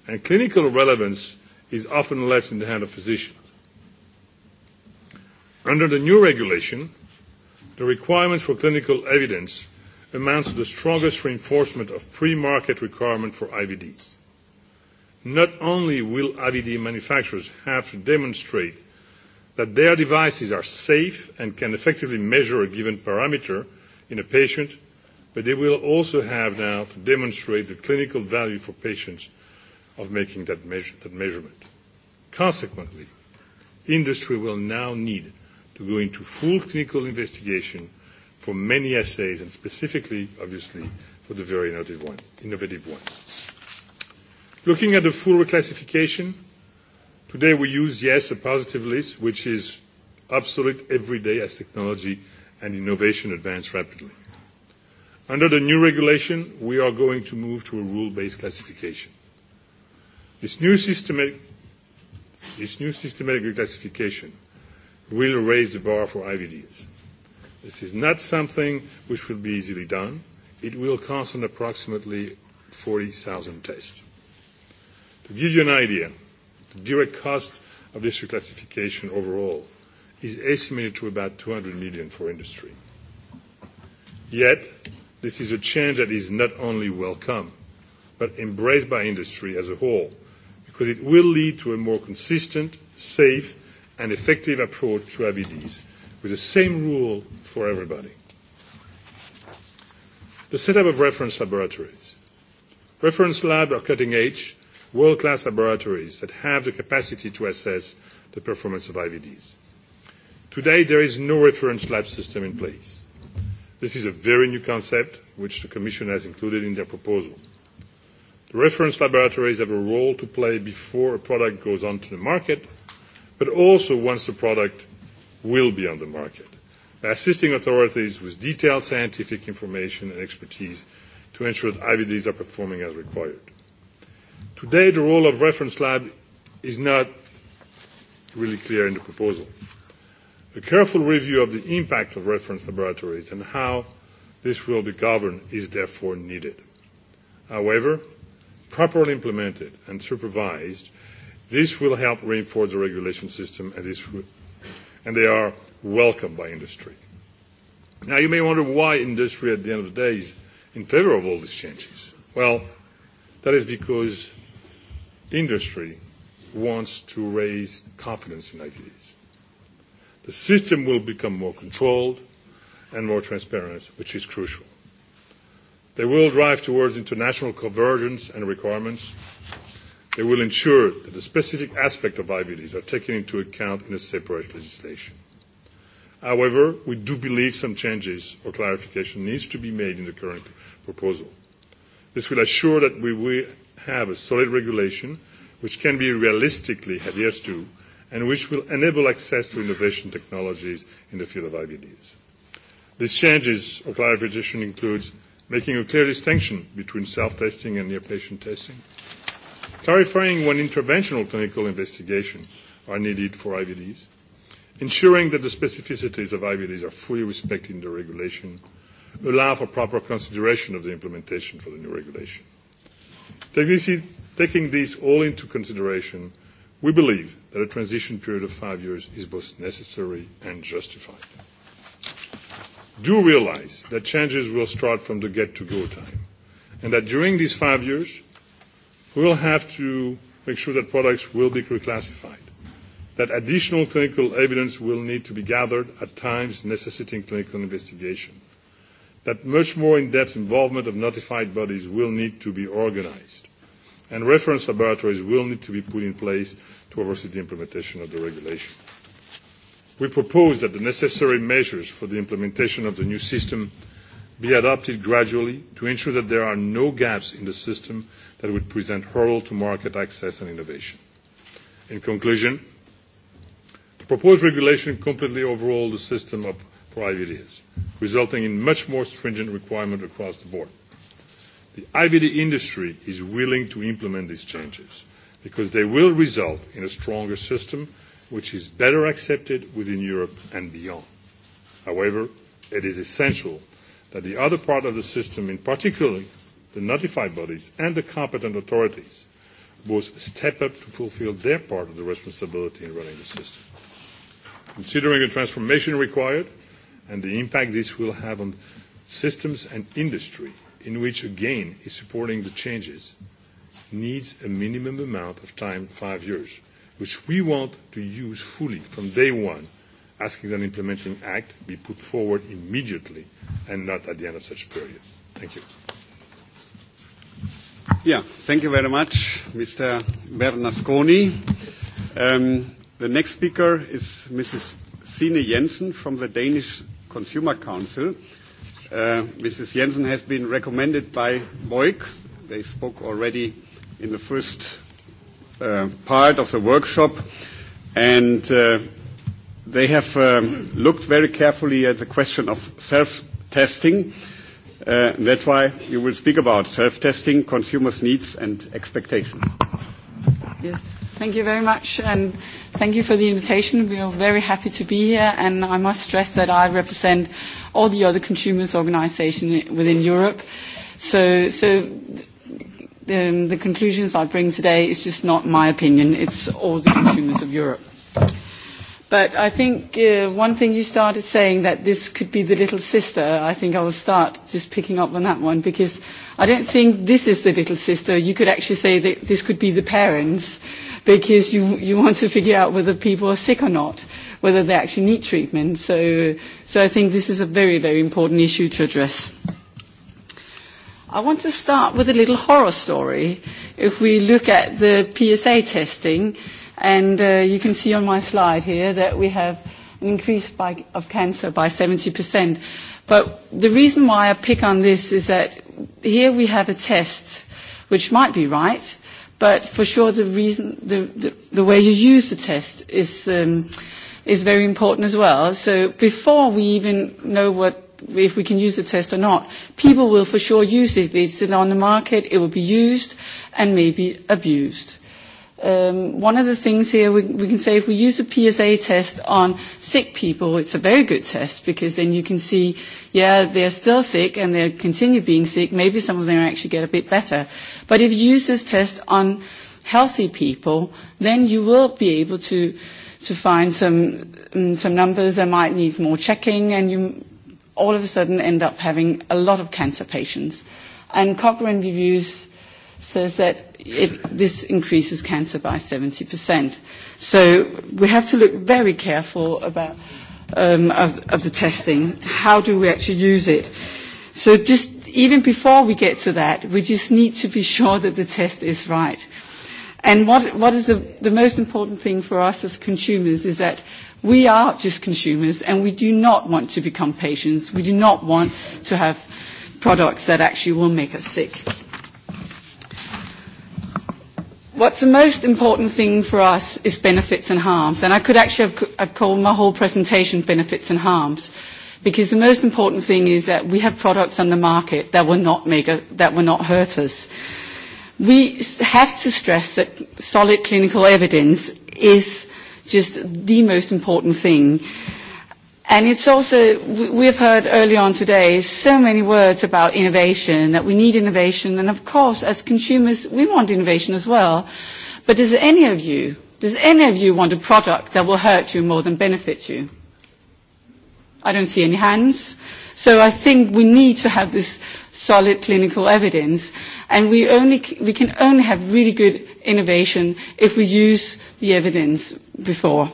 and clinical relevance is often left in the hand of physicians. Under the new regulation, the requirements for clinical evidence amounts to the strongest reinforcement of pre-market requirement for IVDs. Not only will IVD manufacturers have to demonstrate that their devices are safe and can effectively measure a given parameter in a patient, but they will also have now to demonstrate the clinical value for patients of making that measurement. Consequently, industry will now need to go into full clinical investigation for many assays and specifically, obviously, for the very innovative ones. Looking at the full reclassification, Today we use, yes, a positive list, which is obsolete every day as technology and innovation advance rapidly. Under the new regulation, we are going to move to a rule-based classification. This new systematic classification will raise the bar for IVDs. This is not something which will be easily done. It will cost approximately 40,000 tests. To give you an idea, the direct cost of this reclassification overall is estimated to about 200 million for industry. Yet, this is a change that is not only welcome, but embraced by industry as a whole, because it will lead to a more consistent, safe, and effective approach to IBDs, with the same rule for everybody. The setup of reference laboratories. Reference labs are cutting edge world-class laboratories that have the capacity to assess the performance of IVDs. Today, there is no reference lab system in place. This is a very new concept which the Commission has included in their proposal. The reference laboratories have a role to play before a product goes onto the market, but also once the product will be on the market, by assisting authorities with detailed scientific information and expertise to ensure that IVDs are performing as required. Today, the role of reference lab is not really clear in the proposal. A careful review of the impact of reference laboratories and how this will be governed is therefore needed. However, properly implemented and supervised, this will help reinforce the regulation system and they are welcomed by industry. Now, you may wonder why industry at the end of the day is in favor of all these changes. Well, That is because industry wants to raise confidence in IBDs. The system will become more controlled and more transparent, which is crucial. They will drive towards international convergence and requirements. They will ensure that the specific aspects of IBDs are taken into account in a separate legislation. However, we do believe some changes or clarification needs to be made in the current proposal. This will assure that we will have a solid regulation which can be realistically adhered to and which will enable access to innovation technologies in the field of IVDs. These changes of clarification includes making a clear distinction between self-testing and near-patient testing, clarifying when interventional clinical investigations are needed for IVDs, ensuring that the specificities of IVDs are fully respected in the regulation, allow for proper consideration of the implementation for the new regulation. Taking these all into consideration, we believe that a transition period of five years is both necessary and justified. Do realise that changes will start from the get-to-go time, and that during these five years, we will have to make sure that products will be reclassified, that additional clinical evidence will need to be gathered at times necessitating clinical investigation, that much more in-depth involvement of notified bodies will need to be organized, and reference laboratories will need to be put in place to oversee the implementation of the regulation. We propose that the necessary measures for the implementation of the new system be adopted gradually to ensure that there are no gaps in the system that would present hurdle to market access and innovation. In conclusion, the proposed regulation completely overhauled the system of for IVDs, resulting in much more stringent requirements across the board. The IVD industry is willing to implement these changes because they will result in a stronger system which is better accepted within Europe and beyond. However, it is essential that the other part of the system, in particular the notified bodies and the competent authorities, both step up to fulfill their part of the responsibility in running the system. Considering the transformation required, and the impact this will have on systems and industry, in which again is supporting the changes, needs a minimum amount of time, five years, which we want to use fully from day one, asking that implementing act be put forward immediately and not at the end of such a period. Thank you. Yeah, thank you very much, Mr. Bernasconi. The next speaker is Mrs. Sine Jensen from the Danish Consumer Council. Mrs. Jensen has been recommended by Boyk. They spoke already in the first part of the workshop, and they have looked very carefully at the question of self-testing. That's why you will speak about self-testing, consumers' needs and expectations. Yes, thank you very much, and thank you for the invitation. We are very happy to be here, and I must stress that I represent all the other consumers' organisations within Europe. So, so the conclusions I bring today is just not my opinion; it's all the consumers of Europe. But I think one thing you started saying that this could be the little sister, I think I will start just picking up on that one because I don't think this is the little sister. You could actually say that this could be the parents because you you want to figure out whether people are sick or not, whether they actually need treatment. So so I think this is a very, very important issue to address. I want to start with a little horror story. If we look at the PSA testing And you can see on my slide here that we have an increase of cancer by 70%. But the reason why I pick on this is that here we have a test, which might be right, but for sure the reason, the, the, way you use the test is, is very important as well. So before we even know what if we can use the test or not, people will for sure use it. If it's on the market, it will be used and maybe abused. One of the things here we can say if we use a PSA test on sick people, it's a very good test because then you can see, yeah, they're still sick and they continue being sick. Maybe some of them actually get a bit better. But if you use this test on healthy people, then you will be able to to find some some numbers that might need more checking, and you all of a sudden end up having a lot of cancer patients. And Cochrane reviews says that this increases cancer by 70%. So we have to look very careful about of the testing. How do we actually use it? So just even before we get to that, we just need to be sure that the test is right. And what what is the most important thing for us as consumers is that we are just consumers and we do not want to become patients. We do not want to have products that actually will make us sick. What's the most important thing for us is benefits and harms. And I could actually have called my whole presentation benefits and harms. Because the most important thing is that we have products on the market that will not hurt us. We have to stress that solid clinical evidence is just the most important thing. And it's also, we have heard early on today so many words about innovation, that we need innovation. And of course, as consumers, we want innovation as well. But does any of you, does any of you want a product that will hurt you more than benefit you? I don't see any hands. So I think we need to have this solid clinical evidence. And we can only have really good innovation if we use the evidence before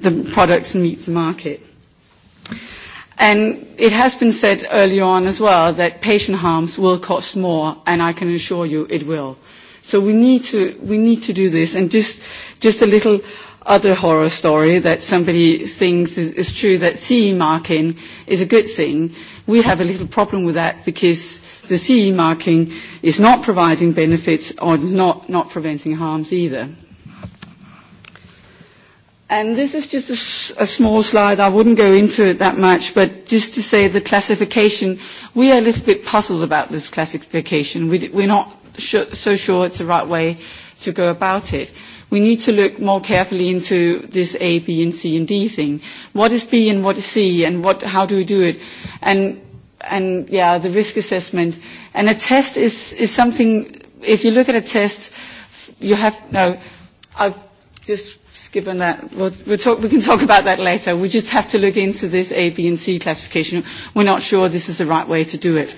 the products meet the market. And it has been said earlier on as well that patient harms will cost more, and I can assure you it will. So we need to we need to do this. And just just a little other horror story that somebody thinks is true that CE marking is a good thing. We have a little problem with that because the CE marking is not providing benefits or not not preventing harms either. And this is just a small slide. I wouldn't go into it that much, but just to say the classification, we are a little bit puzzled about this classification. We're not so sure it's the right way to go about it. We need to look more carefully into this A, B, and C, and D thing. What is B and what is C, and how do we do it? And, yeah, the risk assessment. And a test is something, if you look at a test, you have, no, I'll just given that talk, we can talk about that later. We just have to look into this A, B, and C classification. We're not sure this is the right way to do it.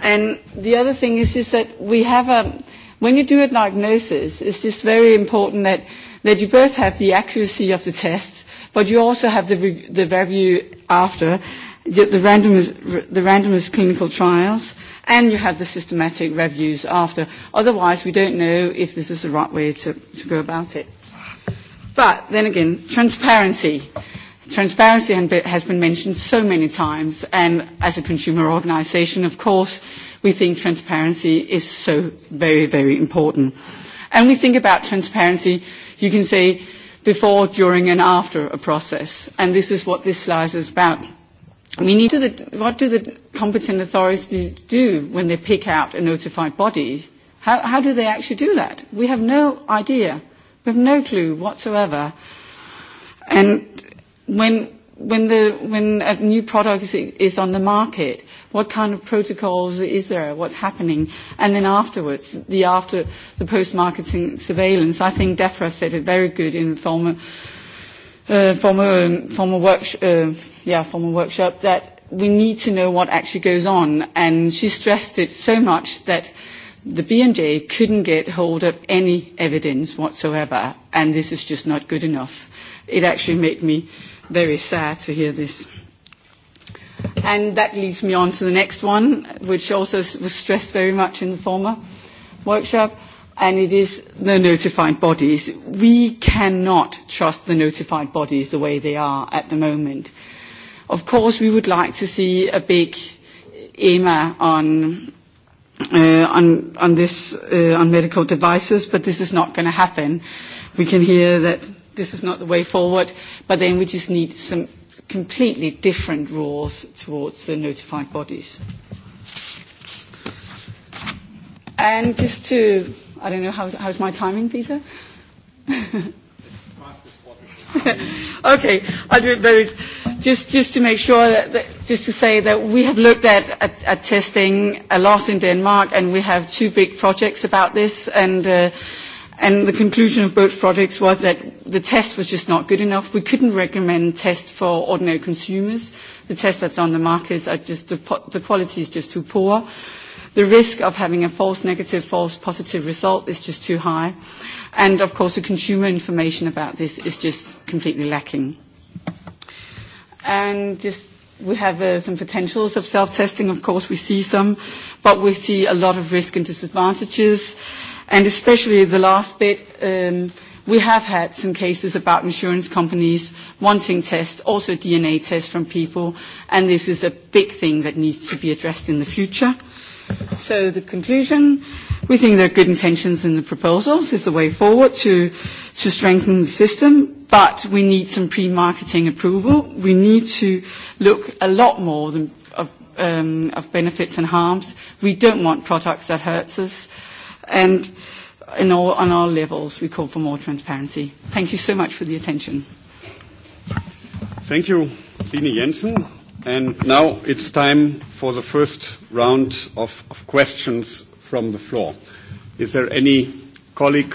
And the other thing is just that we have a, when you do a diagnosis, it's just very important that, you both have the accuracy of the test, but you also have the, review after, the, the, the clinical trials, and you have the systematic reviews after. Otherwise, we don't know if this is the right way to, to go about it. But then again, transparency. Transparency has been mentioned so many times, and as a consumer organisation, of course, we think transparency is so very, very important. And we think about transparency, you can say, before, during, and after a process. And this is what this slide is about. We need to, what do the competent authorities do when they pick out a notified body? How do they actually do that? We have no idea. We have no clue whatsoever. And when when the when a new product is on the market, what kind of protocols is there? What's happening? And then afterwards, the after the post-marketing surveillance. I think DEFRA said it very good in former former former Yeah, former workshop that we need to know what actually goes on. And she stressed it so much that the BMJ couldn't get hold of any evidence whatsoever, and this is just not good enough. It actually made me very sad to hear this. And that leads me on to the next one, which also was stressed very much in the former workshop, and it is the notified bodies. We cannot trust the notified bodies the way they are at the moment. Of course, we would like to see a big EMA on on on this on medical devices, but this is not going to happen. We can hear that this is not the way forward, but then we just need some completely different rules towards the notified bodies. And just to, I don't know, how's my timing, Peter? Okay, I'll do it very just just to make sure that just to say that we have looked at at testing a lot in Denmark and we have two big projects about this and and the conclusion of both projects was that the test was just not good enough. We couldn't recommend tests for ordinary consumers. The tests that's on the markets are just the quality is just too poor The risk of having a false negative, false positive result is just too high. And, of course, the consumer information about this is just completely lacking. And just we have some potentials of self-testing. Of course, we see some, but we see a lot of risk and disadvantages. And especially the last bit, we have had some cases about insurance companies wanting tests, also DNA tests from people, and this is a big thing that needs to be addressed in the future. So the conclusion, we think there are good intentions in the proposals. Is the way forward to strengthen the system, but we need some pre-marketing approval. We need to look a lot more of benefits and harms. We don't want products that hurts us. And on all levels, we call for more transparency. Thank you so much for the attention. Thank you, Jensen. And now it's time for the first round of questions from the floor. Is there any colleague?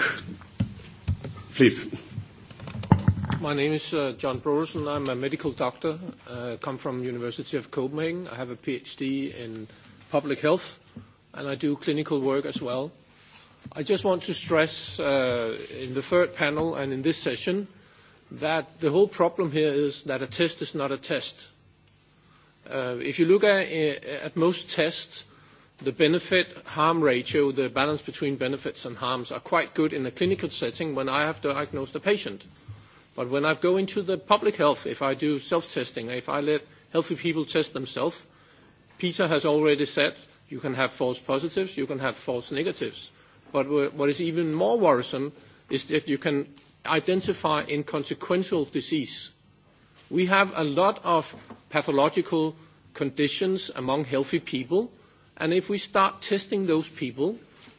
Please. My name is John Brodersen. I'm a medical doctor. I come from University of Copenhagen. I have a PhD in public health, and I do clinical work as well. I just want to stress in the third panel and in this session that the whole problem here is that a test is not a test. If you look at most tests, the benefit-harm ratio, the balance between benefits and harms, are quite good in a clinical setting when I have diagnosed a patient. But when I go into the public health, if I do self-testing, if I let healthy people test themselves, Peter has already said you can have false positives, you can have false negatives. But what is even more worrisome is that you can identify inconsequential disease We have a lot of pathological conditions among healthy people, and if we start testing those people,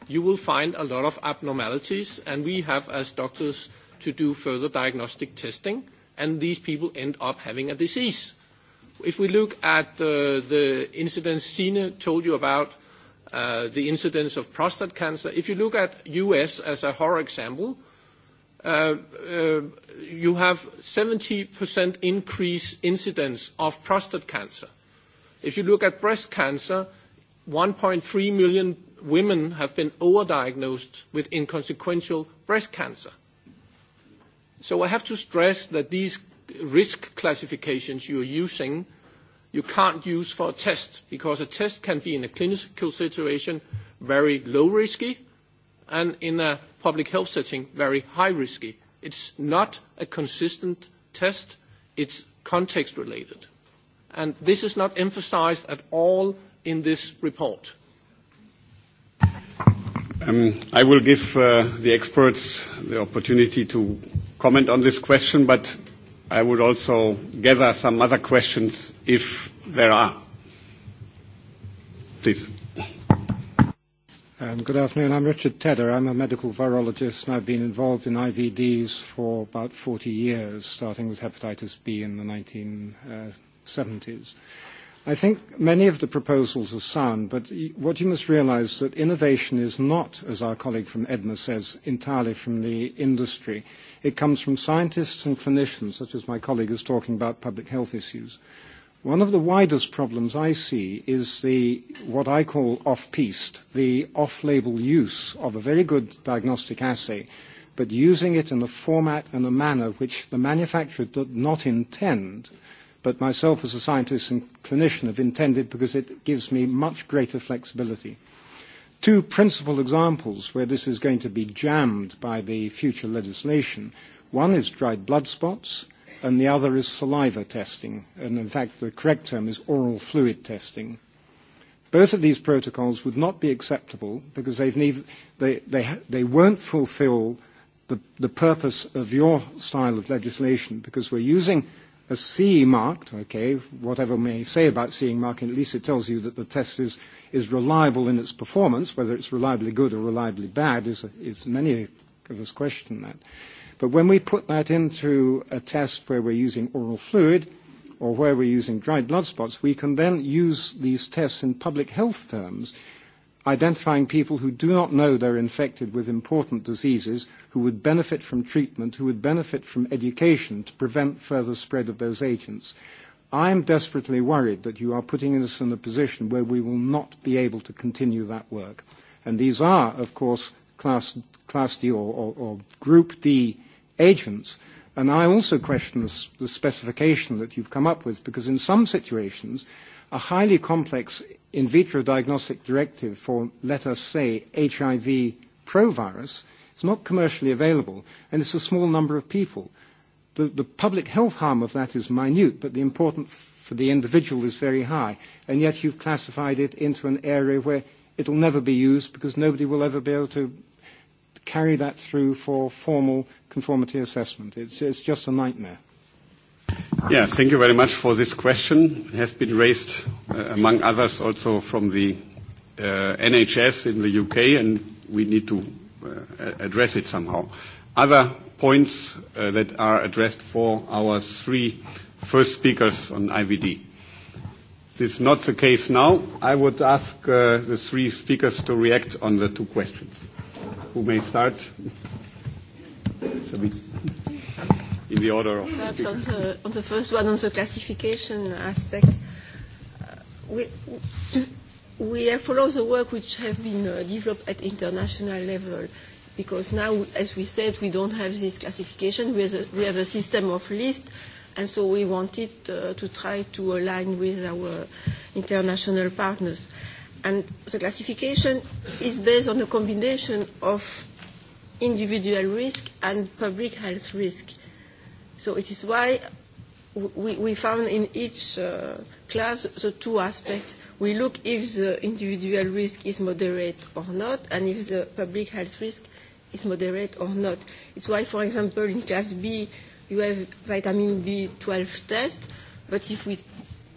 you will find a lot of abnormalities, and we have, as doctors, to do further diagnostic testing, and these people end up having a disease. If we look at the incidence Sine told you about, the incidence of prostate cancer, if you look at U.S. as a horror example, you have 70% increase incidence of prostate cancer. If you look at breast cancer, 1.3 million women have been overdiagnosed with inconsequential breast cancer. So I have to stress that these risk classifications you are using, you can't use for a test, because a test can be in a clinical situation very low risky, and in a public health setting very high risky. It's not a consistent test, it's context related. And this is not emphasized at all in this report. I will give the experts the opportunity to comment on this question, but I would also gather some other questions if there are. Please. Good afternoon. I'm Richard Tedder. I'm a medical virologist, and I've been involved in IVDs for about 40 years, starting with hepatitis B in the 1970s. I think many of the proposals are sound, but what you must realize is that innovation is not, as our colleague from EDMA says, entirely from the industry. It comes from scientists and clinicians, such as my colleague is talking about public health issues. One of the widest problems I see is the what I call off-piste, the off-label use of a very good diagnostic assay, but using it in a format and a manner which the manufacturer did not intend, but myself as a scientist and clinician have intended because it gives me much greater flexibility. Two principal examples where this is going to be jammed by the future legislation. One is dried blood spots and the other is saliva testing, and in fact the correct term is oral fluid testing. Both of these protocols would not be acceptable because they've they they won't fulfill the the purpose of your style of legislation because we're using a CE marked, okay, whatever may say about CE marking, at least it tells you that the test is is reliable in its performance. Whether it's reliably good or reliably bad is many of us question that. But when we put that into a test where we're using oral fluid or where we're using dried blood spots, we can then use these tests in public health terms, identifying people who do not know they're infected with important diseases, who would benefit from treatment, who would benefit from education to prevent further spread of those agents. I'm desperately worried that you are putting us in a position where we will not be able to continue that work. And these are, of course, Class D or Group D agents. And I also question the specification that you've come up with, because in some situations, a highly complex in vitro diagnostic directive for, let us say, HIV provirus is not commercially available, and it's a small number of people. The public health harm of that is minute, but the importance for the individual is very high, and yet you've classified it into an area where it'll never be used because nobody will ever be able to carry that through for formal conformity assessment. It's just a nightmare. Yeah, thank you very much for this question. It has been raised, among others, also from the NHS in the UK, and we need to address it somehow. Other points that are addressed for our three first speakers on IVD. This is not the case now. I would ask the three speakers to react on the two questions who may start? in the order of. Perhaps on the, on the first one, on the classification aspects, we, we have followed the work which have been developed at international level because now, as we said, we don't have this classification. We have a, we have a system of list, and so we wanted to try to align with our international partners. And the classification is based on a combination of individual risk and public health risk. So it is why we found in each class the two aspects. We look if the individual risk is moderate or not, and if the public health risk is moderate or not. It's why, for example, in class B, you have vitamin B12 test, but if we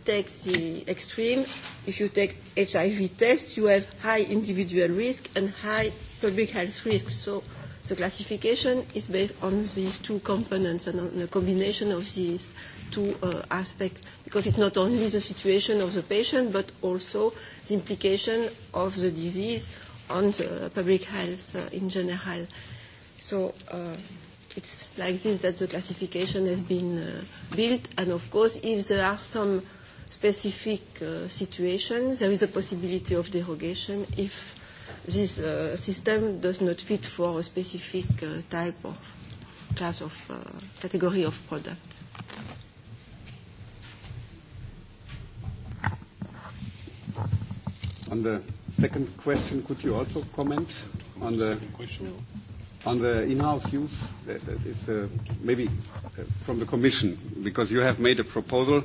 take the extreme, if you take HIV test, you have high individual risk and high public health risk. So the classification is based on these two components and on the combination of these two aspects, because it's not only the situation of the patient, but also the implication of the disease on the public health in general. So it's like this that the classification has been built, and of course, if there are some specific situations, there is a possibility of derogation if this system does not fit for a specific type of class of category of product. On the second question, could you also comment on the on the in-house use? That is maybe from the Commission, because you have made a proposal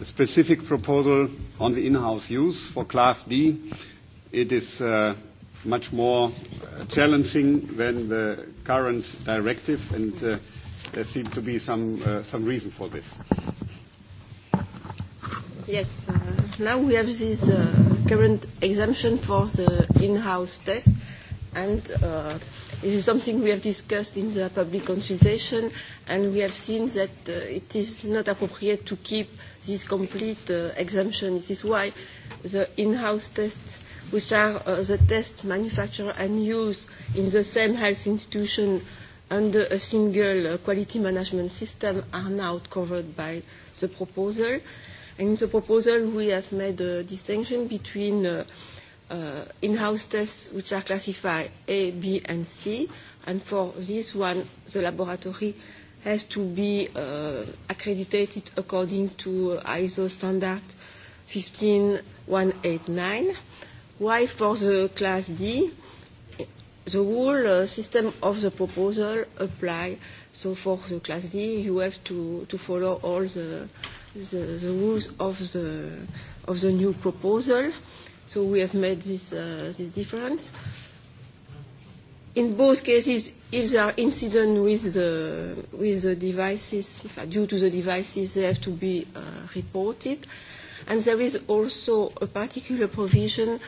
a specific proposal on the in-house use for Class D. It is much more challenging than the current directive, and there seems to be some some reason for this. Yes, now we have this current exemption for the in-house test, and This is something we have discussed in the public consultation, and we have seen that it is not appropriate to keep this complete exemption. It is why the in-house tests, which are the tests manufactured and used in the same health institution under a single quality management system, are now covered by the proposal. In the proposal, we have made a distinction between in-house tests which are classified A, B, and C. And for this one, the laboratory has to be accredited according to ISO standard 15189. While for the class D, the whole system of the proposal apply. So for the class D, you have to to follow all the the rules of the of the new proposal. So we have made this this difference. In both cases, if there are incidents with the with the devices, due to the devices, they have to be reported. And there is also a particular provision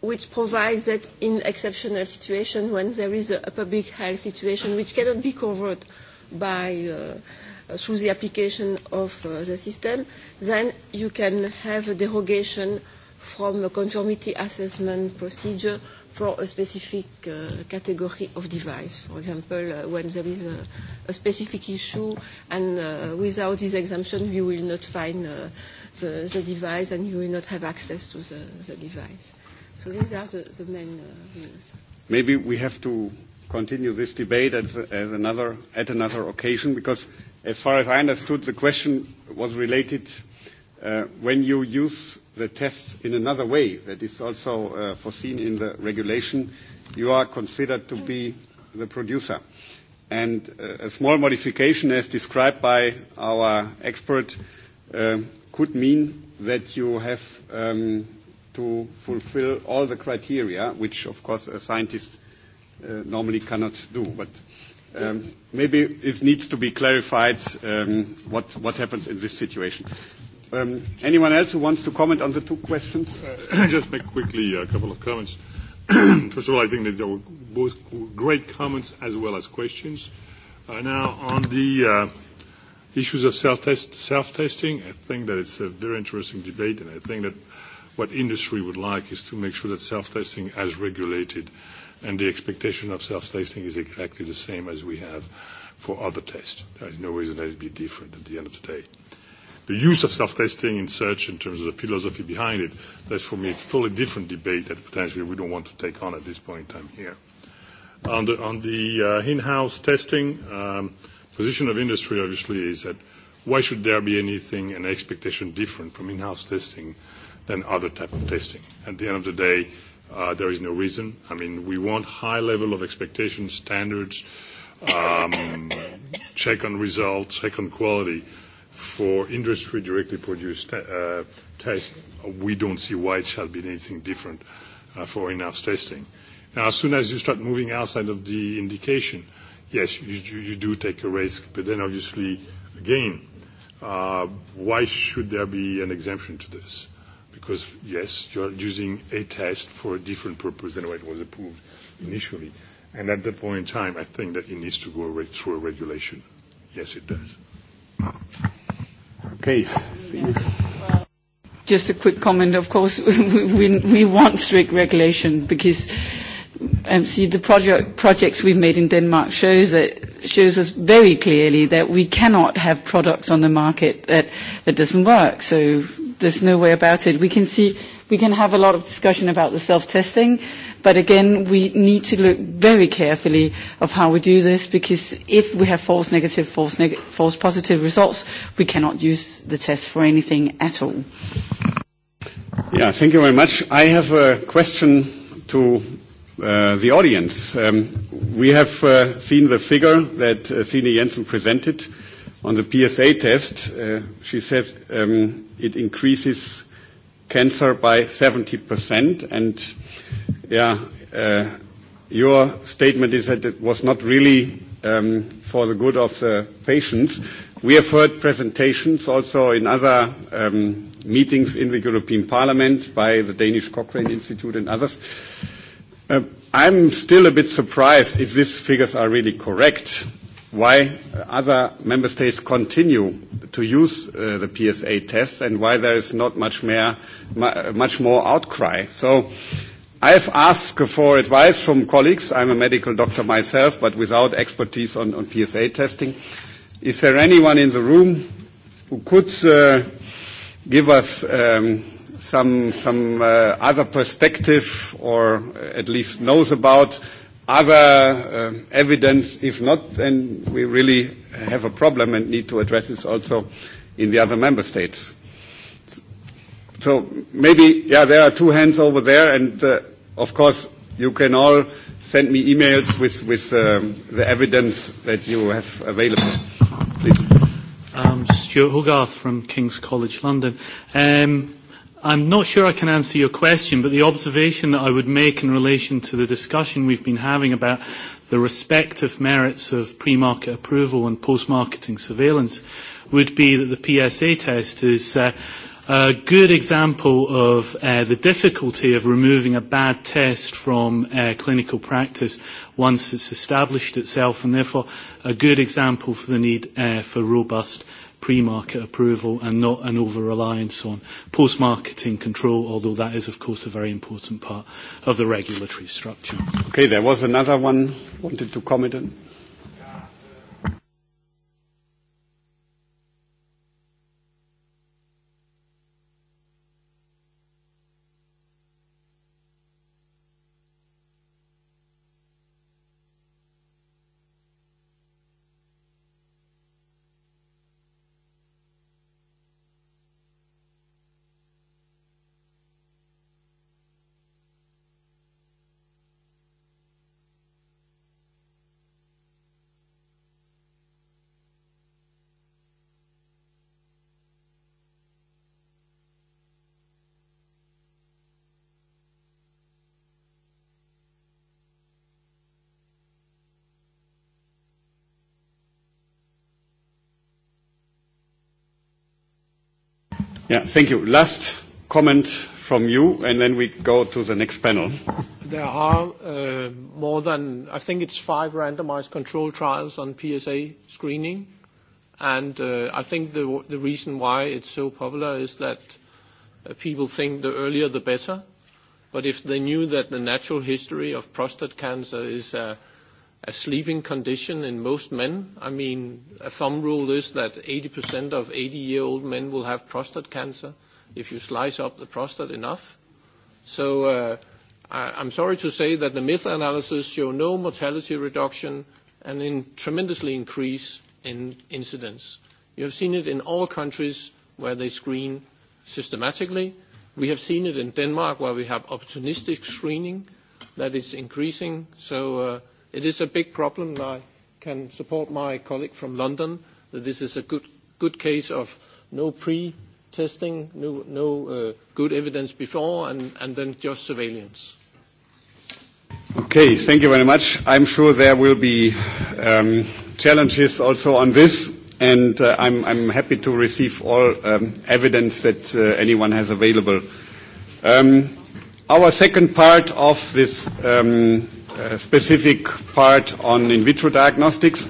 which provides that in exceptional situations, when there is a public health situation which cannot be covered by through the application of the system, then you can have a derogation from a conformity assessment procedure for a specific category of device. For example, when there is a specific issue and without this exemption you will not find the device and you will not have access to the device. So these are the main views. Maybe we have to continue this debate at another occasion because as far as I understood the question was related when you use the tests in another way that is also foreseen in the regulation, you are considered to be the producer. And a small modification, as described by our expert, could mean that you have to fulfill all the criteria, which, of course, a scientist normally cannot do. But maybe it needs to be clarified what happens in this situation. Anyone else who wants to comment on the two questions? Just make quickly a couple of comments. First of all, I think that there were both great comments as well as questions. Now, on the issues of self-testing, I think that it's a very interesting debate, and I think that what industry would like is to make sure that self-testing as regulated, and the expectation of self-testing is exactly the same as we have for other tests. There is no reason that it be different at the end of the day. The use of self-testing in search in terms of the philosophy behind it, that's for me a totally different debate that potentially we don't want to take on at this point in time here. On the in-house testing, position of industry obviously is that why should there be anything, an expectation different from in-house testing than other type of testing? At the end of the day, there is no reason. I mean, we want high level of expectation, standards, check on results, check on quality for industry directly produced tests, we don't see why it shall be anything different for in-house testing. Now, as soon as you start moving outside of the indication, yes, you do take a risk, but then obviously, again, why should there be an exemption to this? Because, yes, you're using a test for a different purpose than what was approved initially. And at that point in time, I think that it needs to go through a regulation. Yes, it does. Just a quick comment. Of course, we we want strict regulation because, see, the project projects we've made in Denmark shows that shows us very clearly that we cannot have products on the market that that doesn't work. So there's no way about it. We can see We can have a lot of discussion about the self-testing, but again, we need to look very carefully of how we do this, because if we have false negative, false positive results, we cannot use the test for anything at all. Yeah, thank you very much. I have a question to the audience. We have seen the figure that Sine Jensen presented on the PSA test. She says it increases cancer by 70%. And yeah, your statement is that it was not really for the good of the patients. We have heard presentations also in other meetings in the European Parliament by the Danish Cochrane Institute and others. I'm still a bit surprised if these figures are really correct why other member states continue to use the PSA tests and why there is not much more outcry. So I have asked for advice from colleagues. I am a medical doctor myself, but without expertise on PSA testing. Is there anyone in the room who could give us some other perspective or at least knows about other evidence. If not, then we really have a problem and need to address this also in the other member states. So maybe, yeah, there are two hands over there, and of course you can all send me emails with with the evidence that you have available. Please. Stuart Hogarth from King's College London. Um I'm not sure I can answer your question, but the observation that I would make in relation to the discussion we've been having about the respective merits of pre-market approval and post-marketing surveillance would be that the PSA test is a good example of the difficulty of removing a bad test from clinical practice once it's established itself, and therefore a good example for the need for robust pre-market approval and not an over-reliance on post-marketing control, although that is, of course, a very important part of the regulatory structure. Okay, there was another one wanted to comment on. Yeah, thank you. Last comment from you, and then we go to the next panel. There are more than, I think it's five randomized control trials on PSA screening, and I think the the reason why it's so popular is that people think the earlier the better, but if they knew that the natural history of prostate cancer is a a sleeping condition in most men. I mean, a thumb rule is that 80% of 80-year-old men will have prostate cancer if you slice up the prostate enough. So I'm sorry to say that the meta-analysis show no mortality reduction and in tremendously increase in incidence. You have seen it in all countries where they screen systematically. We have seen it in Denmark where we have opportunistic screening that is increasing. So It is a big problem, and I can support my colleague from London that this is a good case of no pre-testing, no good evidence before, and then just surveillance. Okay, thank you very much. I'm sure there will be challenges also on this, and I'm happy to receive all evidence that anyone has available. Our second part of this specific part on in vitro diagnostics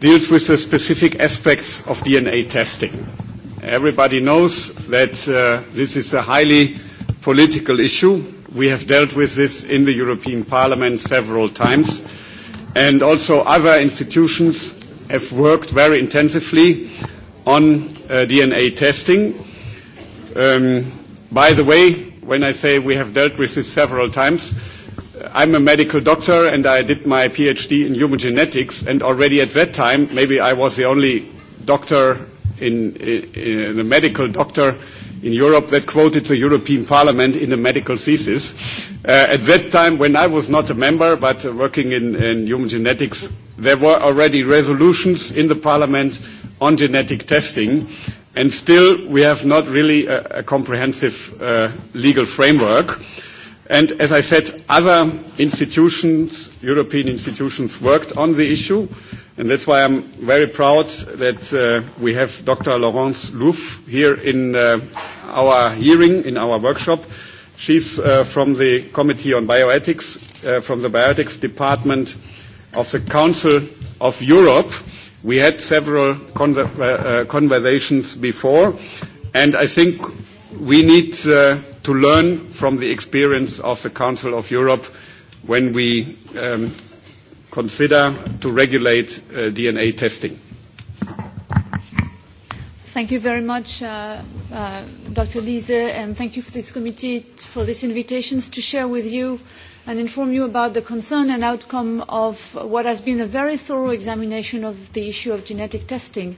deals with the specific aspects of DNA testing. Everybody knows that this is a highly political issue. We have dealt with this in the European Parliament several times, and also other institutions have worked very intensively on DNA testing. By the way, when I say we have dealt with this several times, I'm a medical doctor and I did my PhD in human genetics and already at that time maybe I was the only doctor in the medical doctor in Europe that quoted the European Parliament in a medical thesis. At that time when I was not a member but working in human genetics there were already resolutions in the Parliament on genetic testing and still we have not really a comprehensive legal framework. And as I said, other institutions, European institutions, worked on the issue, and that's why I'm very proud that we have Dr. Laurence Louf here in our hearing, in our workshop. She's from the Committee on Bioethics, from the Bioethics Department of the Council of Europe. We had several conversations before, and I think we need to learn from the experience of the Council of Europe when we consider to regulate DNA testing. Thank you very much, Dr. Liese, and thank you for this committee for these invitation to share with you and inform you about the concern and outcome of what has been a very thorough examination of the issue of genetic testing.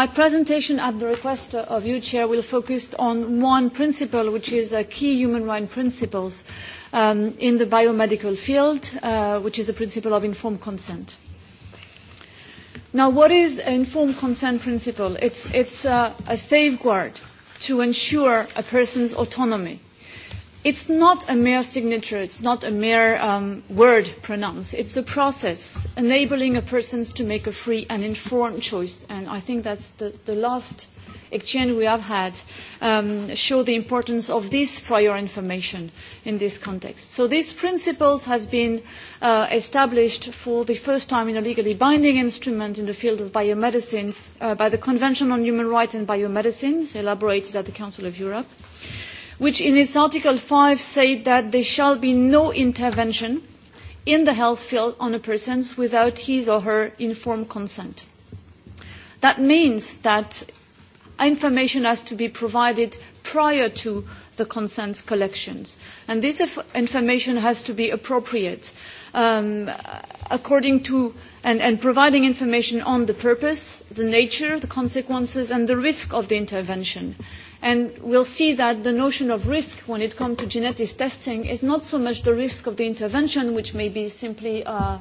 My presentation at the request of you, Chair, will focus on one principle, which is a key human rights principles in the biomedical field, which is the principle of informed consent. Now, what is an informed consent principle? It's a safeguard to ensure a person's autonomy It's not a mere signature, it's not a mere word pronounced. It's a process enabling a person to make a free and informed choice. And I think that's the last exchange we have had show the importance of this prior information in this context. So these principles have been established for the first time in a legally binding instrument in the field of biomedicines by the Convention on Human Rights and Biomedicines, elaborated at the Council of Europe which in its Article 5 said that there shall be no intervention in the health field on a person without his or her informed consent. That means that information has to be provided prior to the consent collections. And this information has to be appropriate according to and providing information on the purpose, the nature, the consequences and the risk of the intervention. And we'll see that the notion of risk when it comes to genetic testing is not so much the risk of the intervention, which may be simply a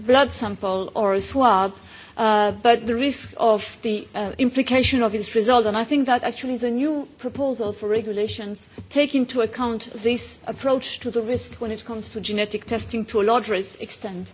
blood sample or a swab, but the risk of the implication of its result. And I think that actually the new proposal for regulations take into account this approach to the risk when it comes to genetic testing to a larger extent.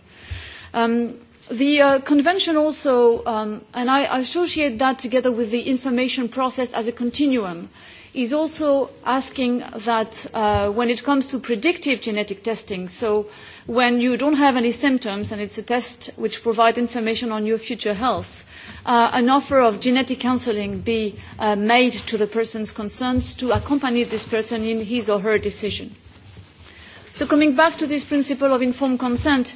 The Convention also, and I associate that together with the information process as a continuum, is also asking that when it comes to predictive genetic testing, so when you don't have any symptoms and it's a test which provides information on your future health, an offer of genetic counselling be made to the persons concerned to accompany this person in his or her decision. So coming back to this principle of informed consent,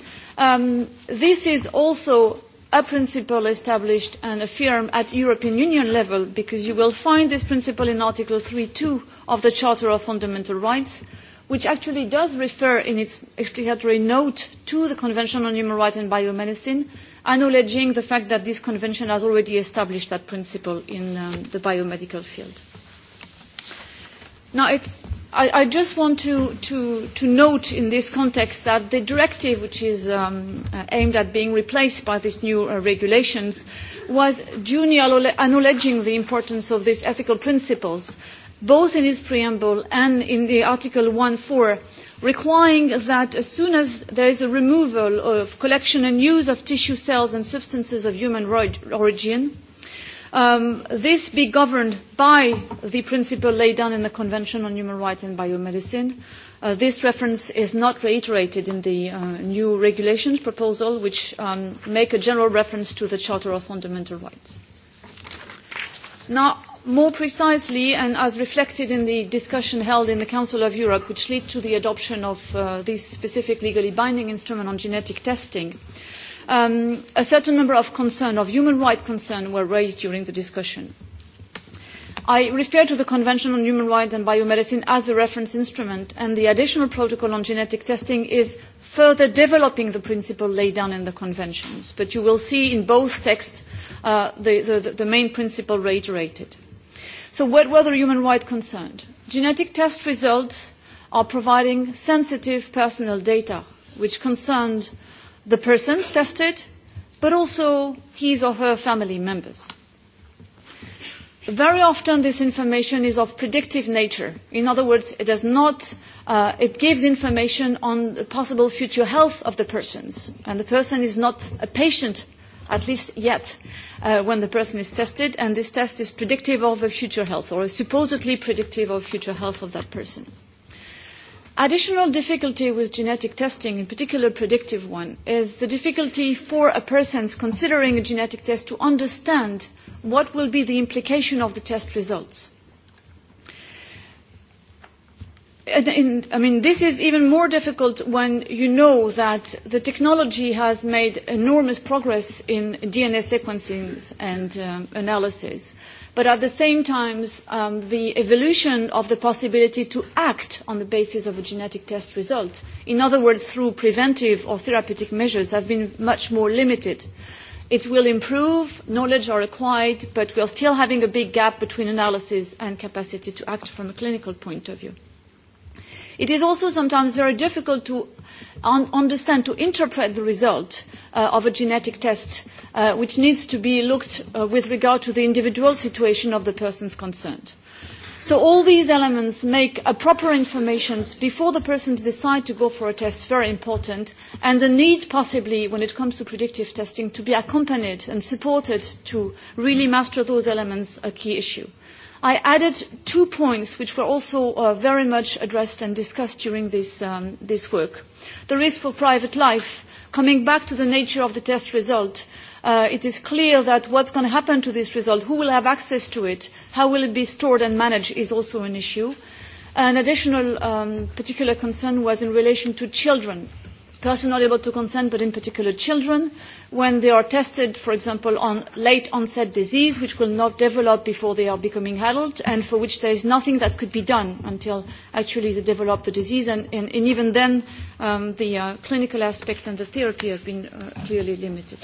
this is also a principle established and affirmed at European Union level, because you will find this principle in Article 3.2 of the Charter of Fundamental Rights, which actually does refer in its explanatory note to the Convention on Human Rights and Biomedicine, acknowledging the fact that this convention has already established that principle in the biomedical field. Now, it's I just want to note in this context that the directive, which is aimed at being replaced by these new regulations, was duly acknowledging the importance of these ethical principles, both in its preamble and in the Article 1.4, requiring that as soon as there is a removal of collection and use of tissue cells and substances of human origin, This be governed by the principle laid down in the Convention on Human Rights and Biomedicine. This reference is not reiterated in the new regulations proposal, which make a general reference to the Charter of Fundamental Rights. Now, more precisely, and as reflected in the discussion held in the Council of Europe, which led to the adoption of this specific legally binding instrument on genetic testing, a certain number of concerns, of human rights concerns, were raised during the discussion. I refer to the Convention on Human Rights and Biomedicine as the reference instrument, and the additional protocol on genetic testing is further developing the principle laid down in the conventions. But you will see in both texts the main principle reiterated. So what were the human rights concerns? Genetic test results are providing sensitive personal data, which concerned the persons tested, but also his or her family members. Very often this information is of predictive nature. In other words, it does not it gives information on the possible future health of the persons, and the person is not a patient, at least yet, when the person is tested, and this test is predictive of the future health or supposedly predictive of future health of that person. Additional difficulty with genetic testing, in particular predictive one, is the difficulty for a person considering a genetic test to understand what will be the implication of the test results. I mean, this is even more difficult when you know that the technology has made enormous progress in DNA sequencing and analysis but at the same time the evolution of the possibility to act on the basis of a genetic test result, in other words through preventive or therapeutic measures, have been much more limited. It will improve, knowledge are acquired, but we are still having a big gap between analysis and capacity to act from a clinical point of view. It is also sometimes very difficult to understand, to interpret the result of a genetic test, which needs to be looked with regard to the individual situation of the persons concerned. So all these elements make a proper information before the person decide to go for a test very important, and the need possibly, when it comes to predictive testing, to be accompanied and supported to really master those elements a key issue. I added two points which were also very much addressed and discussed during this work. The risk for private life. Coming back to the nature of the test result, it is clear that what is going to happen to this result, who will have access to it, how will it be stored and managed is also an issue. An additional particular concern was in relation to children person not able to consent, but in particular children, when they are tested, for example, on late onset disease, which will not develop before they are becoming adult, and for which there is nothing that could be done until actually they develop the disease, and even then the clinical aspects and the therapy have been clearly limited.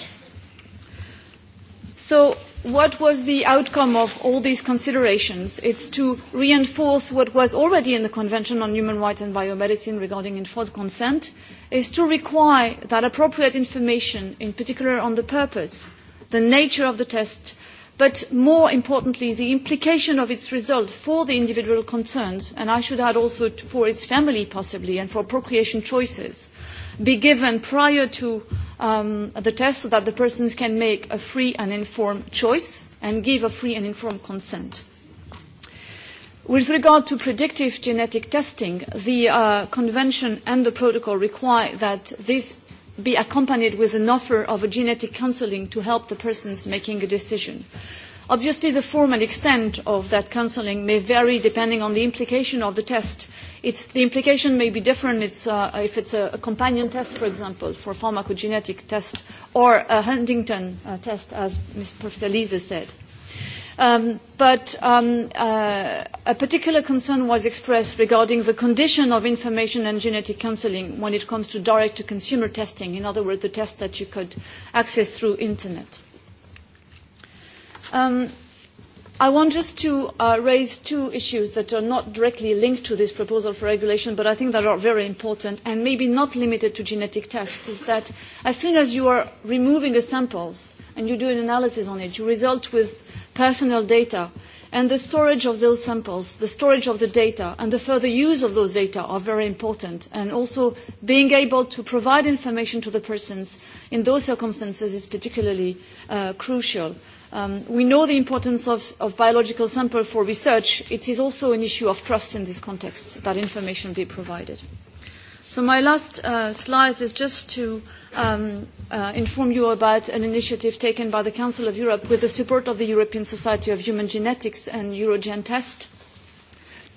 So what was the outcome of all these considerations? It's to reinforce what was already in the Convention on Human Rights and Biomedicine regarding informed consent, is to require that appropriate information, in particular on the purpose, the nature of the test, but more importantly the implication of its result for the individual concerned, and I should add also for its family possibly, and for procreation choices, be given prior to the test so that the persons can make a free and informed choice and give a free and informed consent. With regard to predictive genetic testing, the Convention and the Protocol require that this be accompanied with an offer of a genetic counselling to help the persons making a decision. Obviously, the form and extent of that counselling may vary depending on the implication of the test. The implication may be different if it's a companion test, for example, for pharmacogenetic test, or a Huntington test, as Professor Liese said. But a particular concern was expressed regarding the condition of information and genetic counselling when it comes to direct-to-consumer testing, in other words, the tests that you could access through Internet. I want just to raise two issues that are not directly linked to this proposal for regulation, but I think that are very important and maybe not limited to genetic tests, is that as soon as you are removing the samples and you do an analysis on it, you result with personal data and the storage of those samples, the storage of the data and the further use of those data are very important and also being able to provide information to the persons in those circumstances is particularly crucial. We know the importance of biological samples for research. It is also an issue of trust in this context that information be provided. So my last slide is just to inform you about an initiative taken by the Council of Europe with the support of the European Society of Human Genetics and Eurogen Test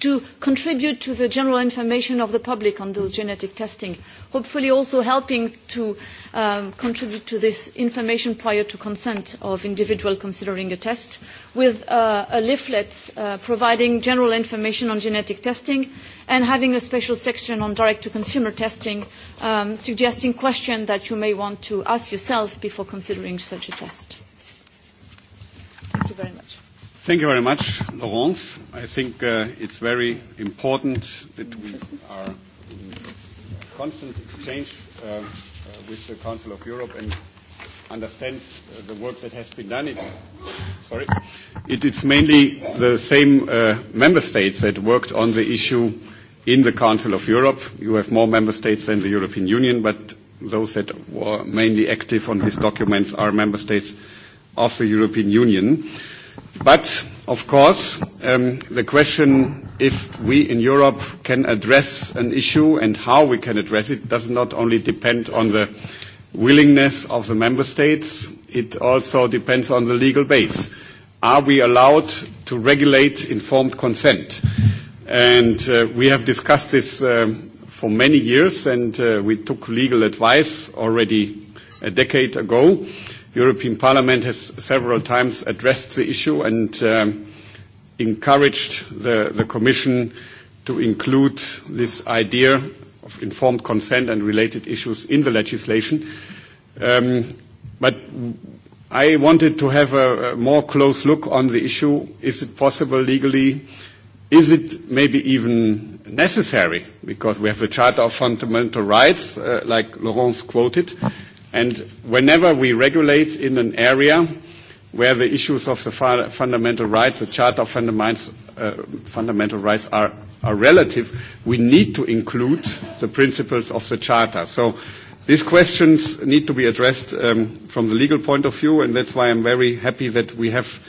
to contribute to the general information of the public on those genetic testing, hopefully also helping to contribute to this information prior to consent of individual considering a test, with a leaflet providing general information on genetic testing and having a special section on direct-to-consumer testing, suggesting questions that you may want to ask yourself before considering such a test. Thank you very much. Thank you very much, Laurence. I think it's very important that we are in constant exchange with the Council of Europe and understand the work that has been done. Sorry. It's mainly the same member states that worked on the issue in the Council of Europe. You have more member states than the European Union, but those that were mainly active on these documents are member states of the European Union. But, of course, the question if we in Europe can address an issue and how we can address it does not only depend on the willingness of the member states, it also depends on the legal base. Are we allowed to regulate informed consent? And we have discussed this for many years, and we took legal advice already a decade ago. European Parliament has several times addressed the issue and encouraged the Commission to include this idea of informed consent and related issues in the legislation. But I wanted to have a more close look on the issue. Is it possible legally? Is it maybe even necessary? Because we have the Charter of Fundamental Rights, like Laurence quoted. And whenever we regulate in an area where the issues of the fundamental rights, the Charter of Fundamental Rights are relative, we need to include the principles of the Charter. So these questions need to be addressed from the legal point of view, and that's why I'm very happy that we have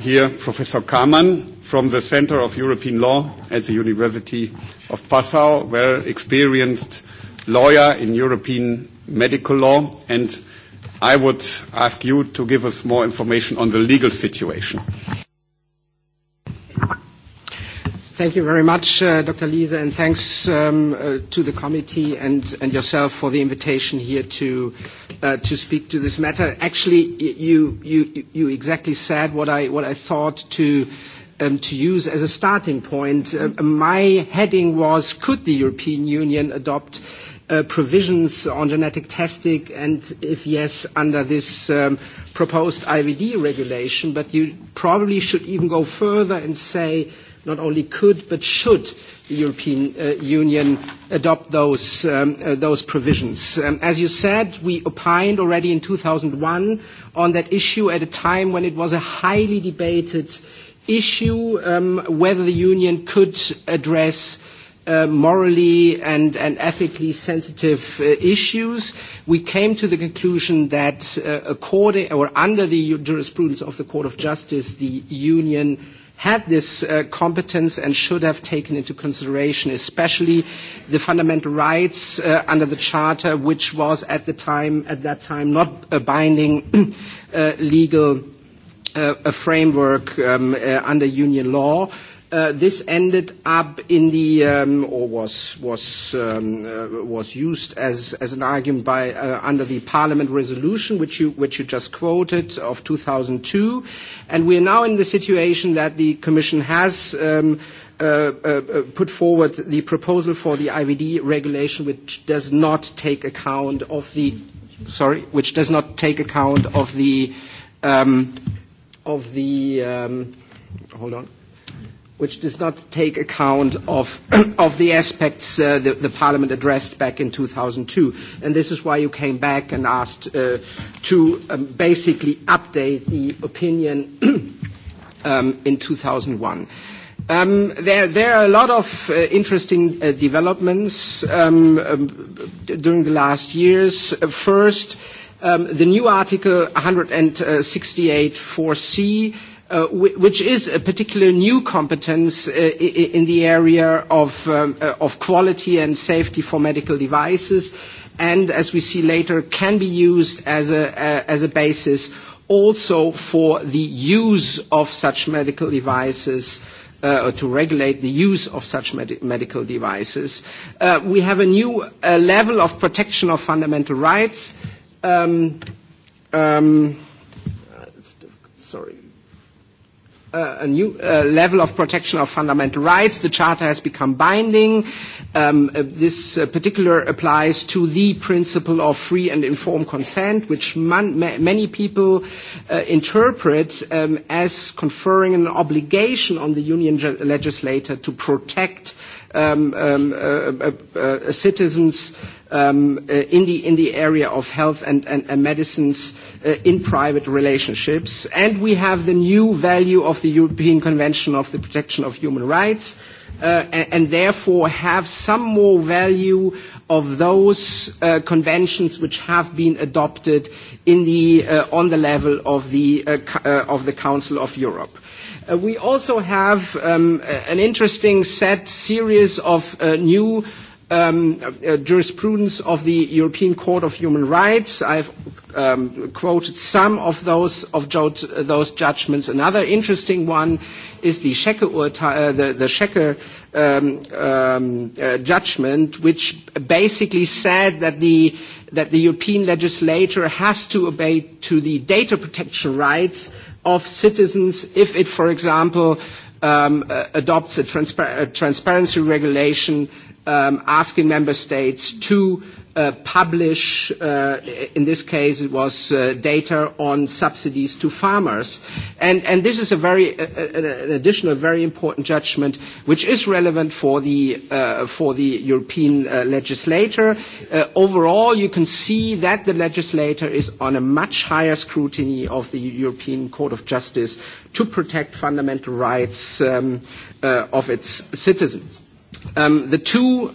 here Professor Kaman from the Center of European Law at the University of Passau, well-experienced lawyer in European medical law, and I would ask you to give us more information on the legal situation. Thank you very much, Dr. Liese, and thanks to the committee and yourself for the invitation here to speak to this matter. Actually, you exactly said what I thought to use as a starting point. My heading was, could the European Union adopt provisions on genetic testing, and if yes, under this proposed IVD regulation. But you probably should even go further and say not only could but should the European Union adopt those provisions. As you said, we opined already in 2001 on that issue at a time when it was a highly debated issue whether the Union could address morally and ethically sensitive issues, we came to the conclusion that according or under the jurisprudence of the Court of Justice, the Union had this competence and should have taken into consideration, especially the fundamental rights under the Charter, which was at the time at that time not a binding legal framework under Union law This ended up in the or was was was used as as an argument by under the Parliament resolution which you which you just quoted of 2002, and we are now in the situation that the Commission has put forward the proposal for the IVD regulation which does not take account of the sorry which does not take account of the of the hold on which does not take account of the aspects the Parliament addressed back in 2002. And this is why you came back and asked to basically update the opinion in 2001. There are a lot of interesting developments during the last years. First, the new Article 168 4C which is a particular new competence in the area of quality and safety for medical devices and, as we see later, can be used as a basis also for the use of such medical devices to regulate the use of such medical devices. We have a new level of protection of fundamental rights. Sorry a new level of protection of fundamental rights. The Charter has become binding. This particular applies to the principle of free and informed consent, which many people interpret as conferring an obligation on the Union legislator to protect citizens' in the area of health and medicines in private relationships. And we have the new value of the European Convention of the Protection of Human Rights and therefore have some more value of those conventions which have been adopted on the level of the Council of Europe. We also have an interesting set series of new jurisprudence of the European Court of Human Rights. I've quoted some of those of those judgments. Another interesting one is the Schecker judgment, which basically said that the that the European legislator has to obey to the data protection rights of citizens if it, for example, adopts a transparency regulation asking member states to publish, in this case it was data on subsidies to farmers. And this is a very, an additional very important judgment which is relevant for the, for the European legislator. Overall you can see that the legislator is on a much higher scrutiny of the European Court of Justice to protect fundamental rights of its citizens. The two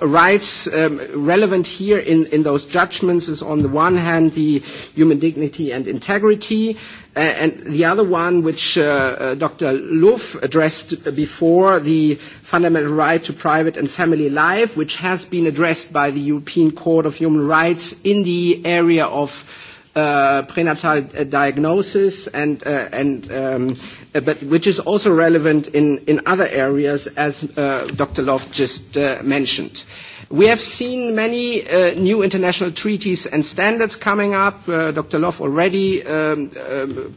rights relevant here in those judgments is on the one hand the human dignity and integrity, and the other one, which Dr. Luff addressed before, the fundamental right to private and family life, which has been addressed by the European Court of Human Rights in the area of prenatal diagnosis and and but which is also relevant in in other areas as Dr. Love just mentioned. We have seen many new international treaties and standards coming up. Dr. Love already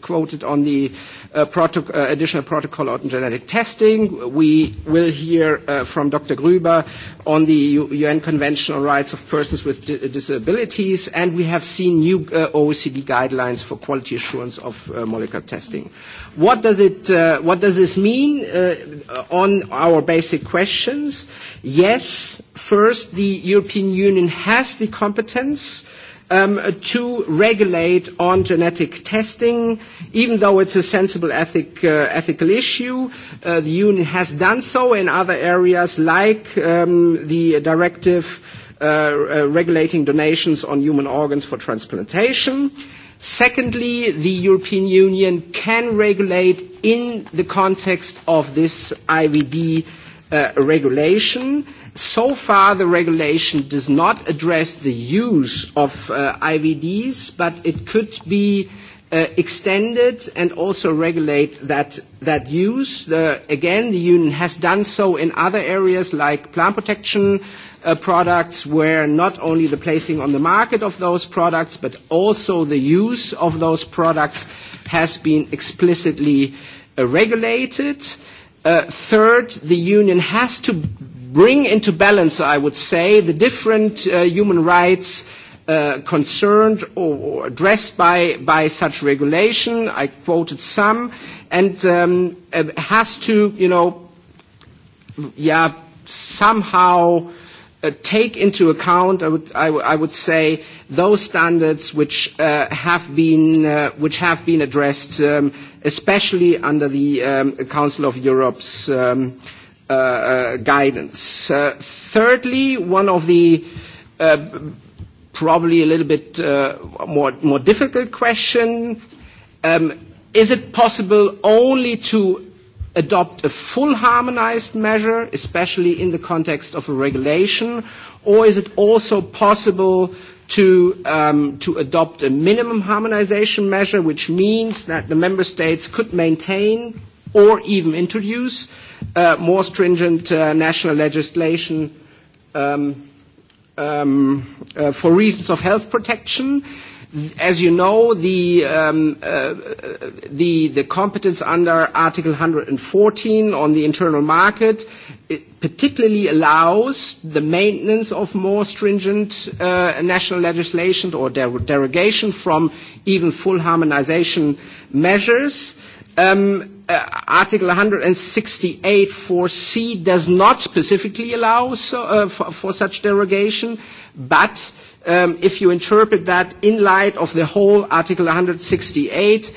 quoted on the additional protocol on genetic testing. We will hear from Dr. Gruber on the UN Convention on Rights of Persons with Disabilities, and we have seen new OECD guidelines for quality assurance of molecular testing. What does it what does this mean on our basic questions? Yes, first the European Union has the competence to regulate on genetic testing, even though it's a sensible ethical issue. The Union has done so in other areas like the directive regulating donations on human organs for transplantation. Secondly, the European Union can regulate in the context of this IVD regulation. So far, the regulation does not address the use of IVDs, but it could be extended and also regulate that use. Again, the Union has done so in other areas like plant protection products where not only the placing on the market of those products, but also the use of those products has been explicitly regulated. Third, the Union has to bring into balance, I would say, the different human rights concerned or addressed by such regulation. I quoted some. And has to, you know, somehow take into account, I would say, those standards which have been addressed, especially under the Council of Europe's guidance. Thirdly, one of the probably a little bit more difficult question, is it possible only to adopt a full harmonized measure, especially in the context of a regulation, or is it also possible to adopt a minimum harmonization measure, which means that the member states could maintain or even introduce more stringent national legislation for reasons of health protection? As you know, the competence under Article 114 on the internal market particularly allows the maintenance of more stringent national legislation or derogation from even full harmonization measures Article 168 4C does not specifically allow for such derogation, but if you interpret that in light of the whole Article 168,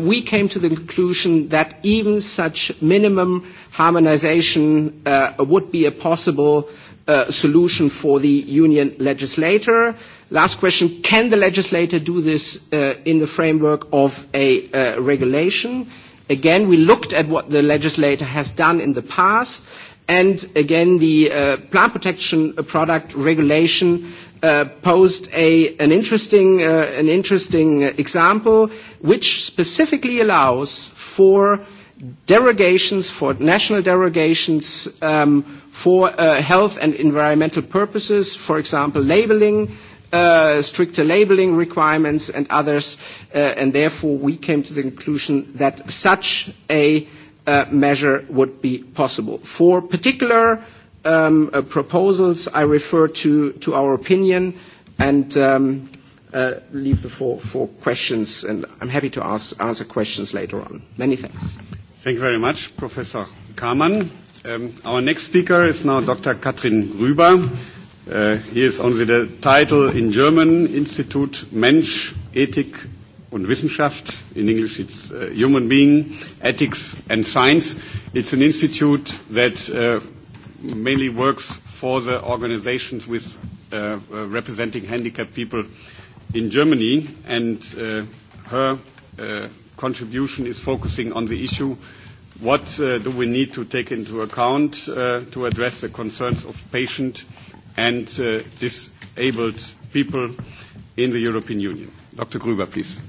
we came to the conclusion that even such minimum harmonization would be a possible solution for the union legislator. Last question, can the legislator do this in the framework of a regulation? Again, we looked at what the legislator has done in the past, and again, the plant protection product regulation posed an interesting example, which specifically allows for derogations, for national derogations for health and environmental purposes, for example, labeling stricter labeling requirements and others, and therefore we came to the conclusion that such a measure would be possible. For particular proposals, I refer to our opinion and leave the floor for questions, and I'm happy to answer questions later on. Many thanks. Thank you very much, Professor Kamann. Our next speaker is now Dr. Katrin Gruber Hier ist only the title in German, Institut Mensch, Ethik und Wissenschaft. In English it's Human Being, Ethics and Science. It's an institute that mainly works for the organizations with representing handicapped people in Germany. And her contribution is focusing on the issue what do we need to take into account to address the concerns of patients and disabled people in the European Union. Dr. Gruber, please.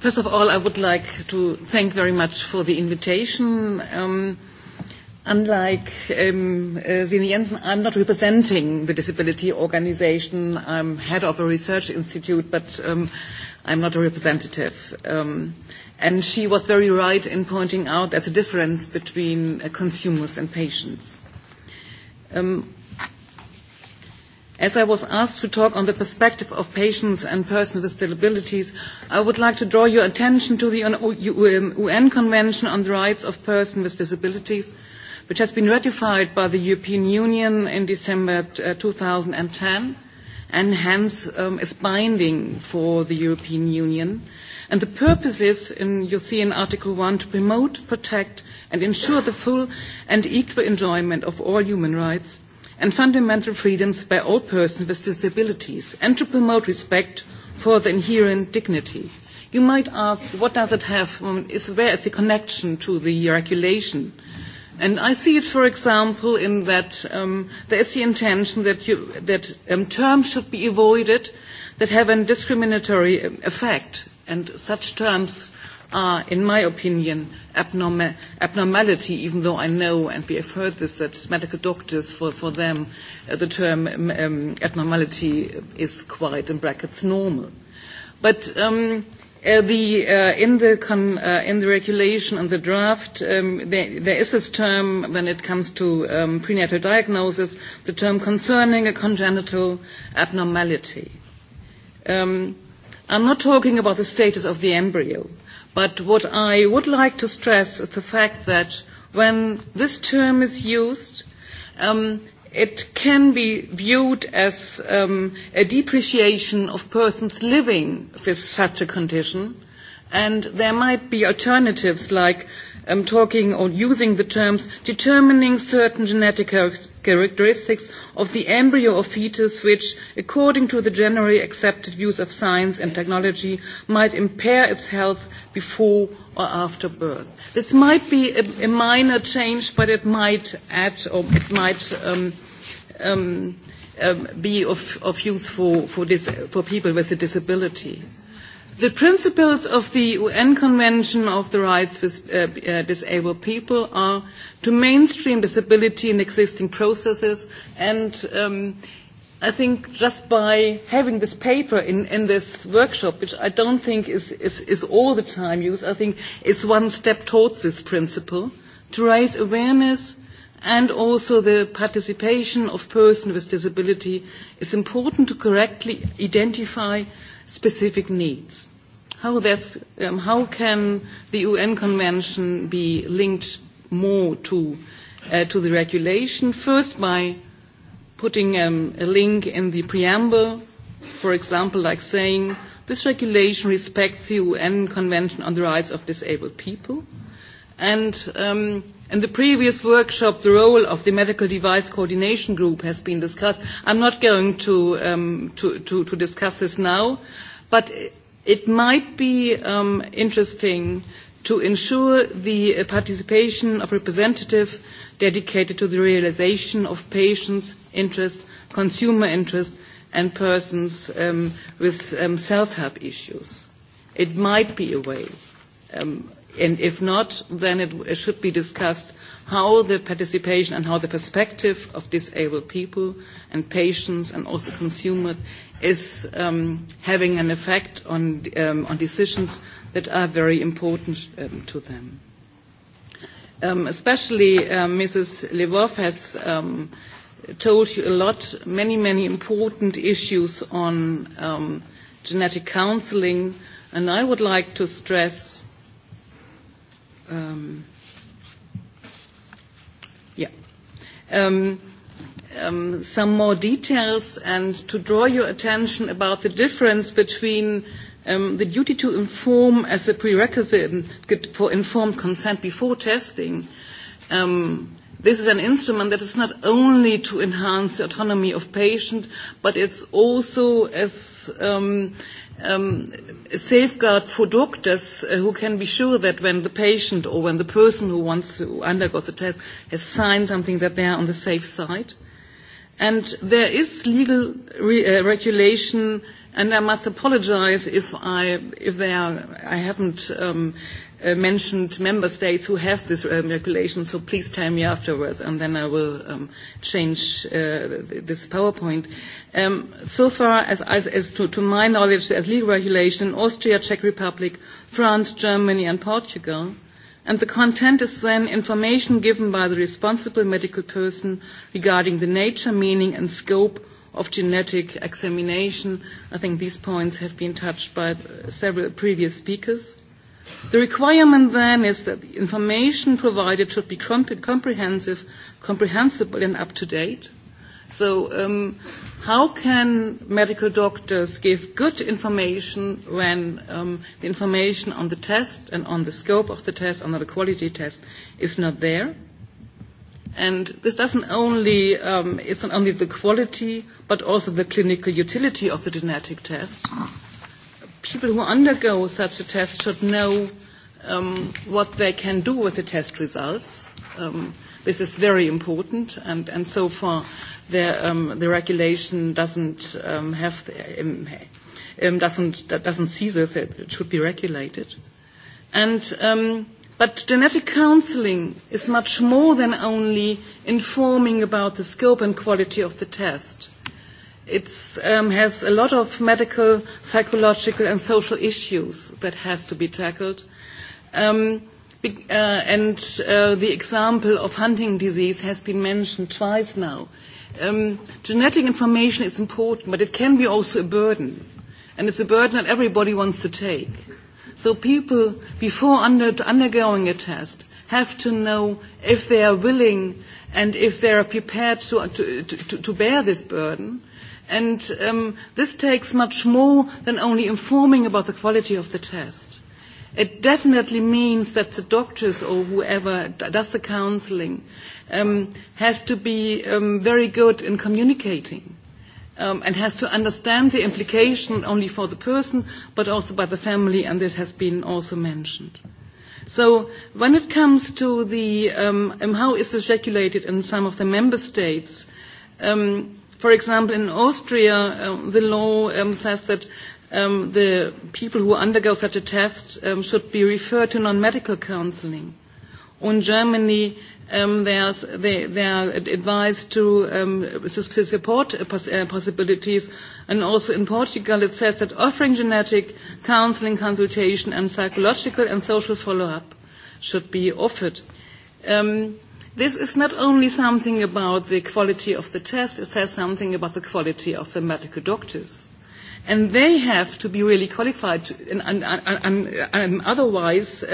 First of all, I would like to thank very much for the invitation. Unlike Zini Jensen, I'm not representing the disability organization. I'm head of a research institute, but I'm not a representative. And she was very right in pointing out there's a difference between consumers and patients. As I was asked to talk on the perspective of patients and persons with disabilities, I would like to draw your attention to the UN Convention on the Rights of Persons with Disabilities, which has been ratified by the European Union in December 2010 and hence is binding for the European Union. And the purpose is, you see in Article 1, to promote, protect and ensure the full and equal enjoyment of all human rights and fundamental freedoms by all persons with disabilities and to promote respect for the inherent dignity. You might ask, what does it have, where is the connection to the regulation? And I see it, for example, in that there is the intention that terms should be avoided that have a discriminatory effect. And such terms are, in my opinion, abnormality, even though I know, and we have heard this, that medical doctors, for them, the term abnormality is quite, in brackets, normal. But in the regulation and the draft, there is this term, when it comes to prenatal diagnosis, the term concerning a congenital abnormality. I'm not talking about the status of the embryo. But what I would like to stress is the fact that when this term is used, it can be viewed as a depreciation of persons living with such a condition, and there might be alternatives like talking or using the terms determining certain genetic characteristics of the embryo or fetus which, according to the generally accepted views of science and technology, might impair its health before or after birth. This might be a minor change, but it might add or it might be of use for people with a disability. The principles of the UN Convention of the Rights of Disabled People are to mainstream disability in existing processes, and I think just by having this paper in this workshop, which I don't think is all the time used, I think is one step towards this principle, to raise awareness and also the participation of persons with disability is important to correctly identify specific needs. How can the UN Convention be linked more to the regulation? First, by putting a link in the preamble, for example, like saying this regulation respects the UN Convention on the Rights of Disabled People, and In the previous workshop, the role of the medical device coordination group has been discussed. I'm not going to discuss this now, but it might be interesting to ensure the participation of representatives dedicated to the realization of patients' interests, consumer interests and persons with self-help issues. It might be a way And if not, then it should be discussed how the participation and how the perspective of disabled people and patients and also consumers is having an effect on decisions that are very important to them. Especially Mrs. LeVov has told you a lot, many, many important issues on genetic counseling, and I would like to stress Yeah. Some more details and to draw your attention about the difference between the duty to inform as a prerequisite for informed consent before testing. Um This is an instrument that is not only to enhance the autonomy of patient, but it's also as a safeguard for doctors who can be sure that when the patient or when the person who wants to undergo the test has signed something that they are on the safe side. And there is legal regulation, and I must apologize if I if they I haven't mentioned member states who have this regulation, so please tell me afterwards, and then I will change this PowerPoint. So far, as to my knowledge, there's legal regulation in Austria, Czech Republic, France, Germany, and Portugal, and the content is then information given by the responsible medical person regarding the nature, meaning, and scope of genetic examination. I think these points have been touched by several previous speakers. The requirement then is that the information provided should be comprehensive, comprehensible and up to date. So how can medical doctors give good information when the information on the test and on the scope of the test, on the quality test, is not there? And this doesn't only, it's not only the quality, but also the clinical utility of the genetic test people who undergo such a test should know what they can do with the test results. This is very important, and so far the regulation doesn't have doesn't doesn't see this. It should be regulated. And but genetic counselling is much more than only informing about the scope and quality of the test. It has a lot of medical, psychological and social issues that has to be tackled. And the example of hunting disease has been mentioned twice now. Genetic information is important, but it can be also a burden. And it's a burden that everybody wants to take. So people, before undergoing a test, have to know if they are willing and if they are prepared to bear this burden And this takes much more than only informing about the quality of the test. It definitely means that the doctors or whoever does the counseling has to be very good in communicating and has to understand the implication only for the person but also by the family, and this has been also mentioned. So when it comes to the how is this regulated in some of the member states, um For example, in Austria, the law says that the people who undergo such a test should be referred to non-medical counseling. In Germany, they are advised to support possibilities. And also in Portugal, it says that offering genetic counseling, consultation, and psychological and social follow-up should be offered. This is not only something about the quality of the test, it says something about the quality of the medical doctors. And they have to be really qualified, and otherwise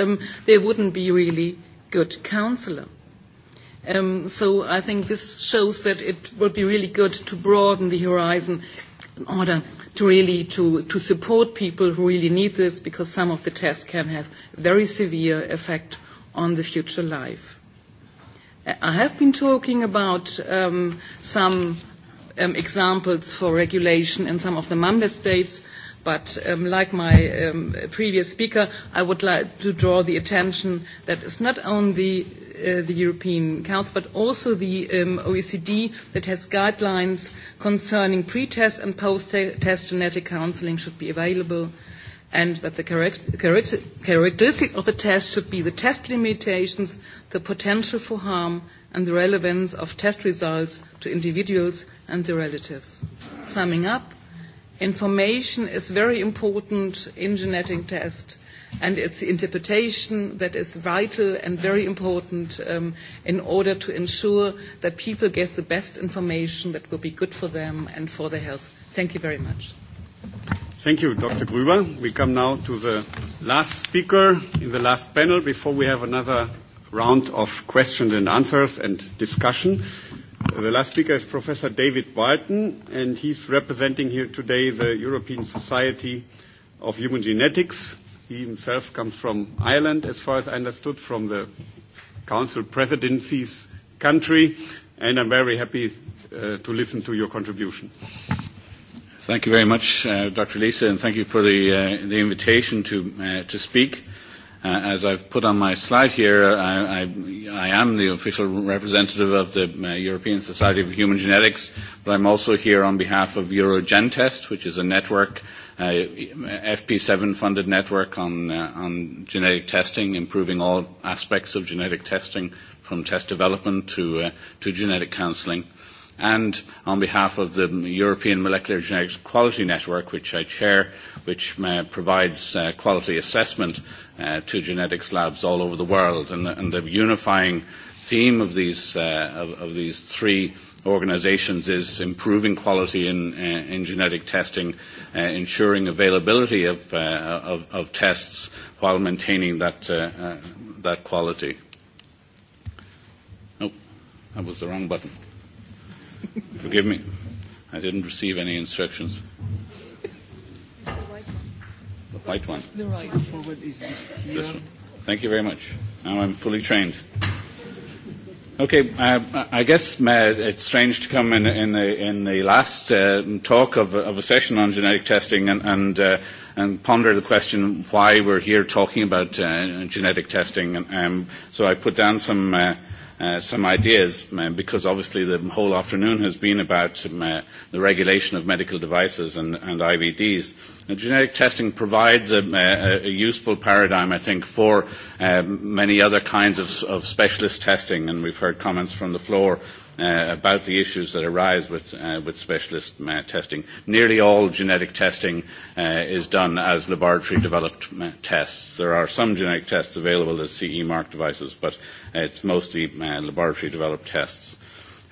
they wouldn't be really good counsellor. So I think this shows that it would be really good to broaden the horizon in order to really to support people who really need this, because some of the tests can have very severe effect on the future life. I have been talking about some examples for regulation in some of the member states, but like my previous speaker, I would like to draw the attention that it's not only the European Council, but also the OECD that has guidelines concerning pre-test and post-test genetic counselling should be available and that the characteristic of the test should be the test limitations, the potential for harm, and the relevance of test results to individuals and their relatives. Summing up, information is very important in genetic tests, and its interpretation that is vital and very important in order to ensure that people get the best information that will be good for them and for their health. Thank you very much. Thank you, Dr. Gruber. We come now to the last speaker in the last panel before we have another round of questions and answers and discussion. The last speaker is Professor David Barton, and he's representing here today the European Society of Human Genetics. He himself comes from Ireland, as far as I understood, from the Council Presidency's country, and I'm very happy to listen to your contribution. Thank you very much, Dr. Lisa, and thank you for the the invitation to to speak. As I've put on my slide here, I am the official representative of the European Society of Human Genetics, but I'm also here on behalf of EuroGenTest, which is a network, FP7-funded network on genetic testing, improving all aspects of genetic testing, from test development to genetic counselling and on behalf of the European Molecular Genetics Quality Network, which I chair, which provides quality assessment to genetics labs all over the world. And the unifying theme of these three organisations is improving quality in genetic testing, ensuring availability of tests while maintaining that quality. Oh, that was the wrong button. Forgive me. I didn't receive any instructions. The white one. The right forward is this one. Thank you very much. Now I'm fully trained. Okay, I guess it's strange to come in in the in the last talk of of a session on genetic testing and and and ponder the question why we're here talking about genetic testing. and So I put down some some ideas because obviously the whole afternoon has been about the regulation of medical devices and IVDs Genetic testing provides a useful paradigm, I think, for many other kinds of specialist testing, and we've heard comments from the floor about the issues that arise with with specialist testing. Nearly all genetic testing is done as laboratory-developed tests. There are some genetic tests available as CE mark devices, but it's mostly laboratory-developed tests.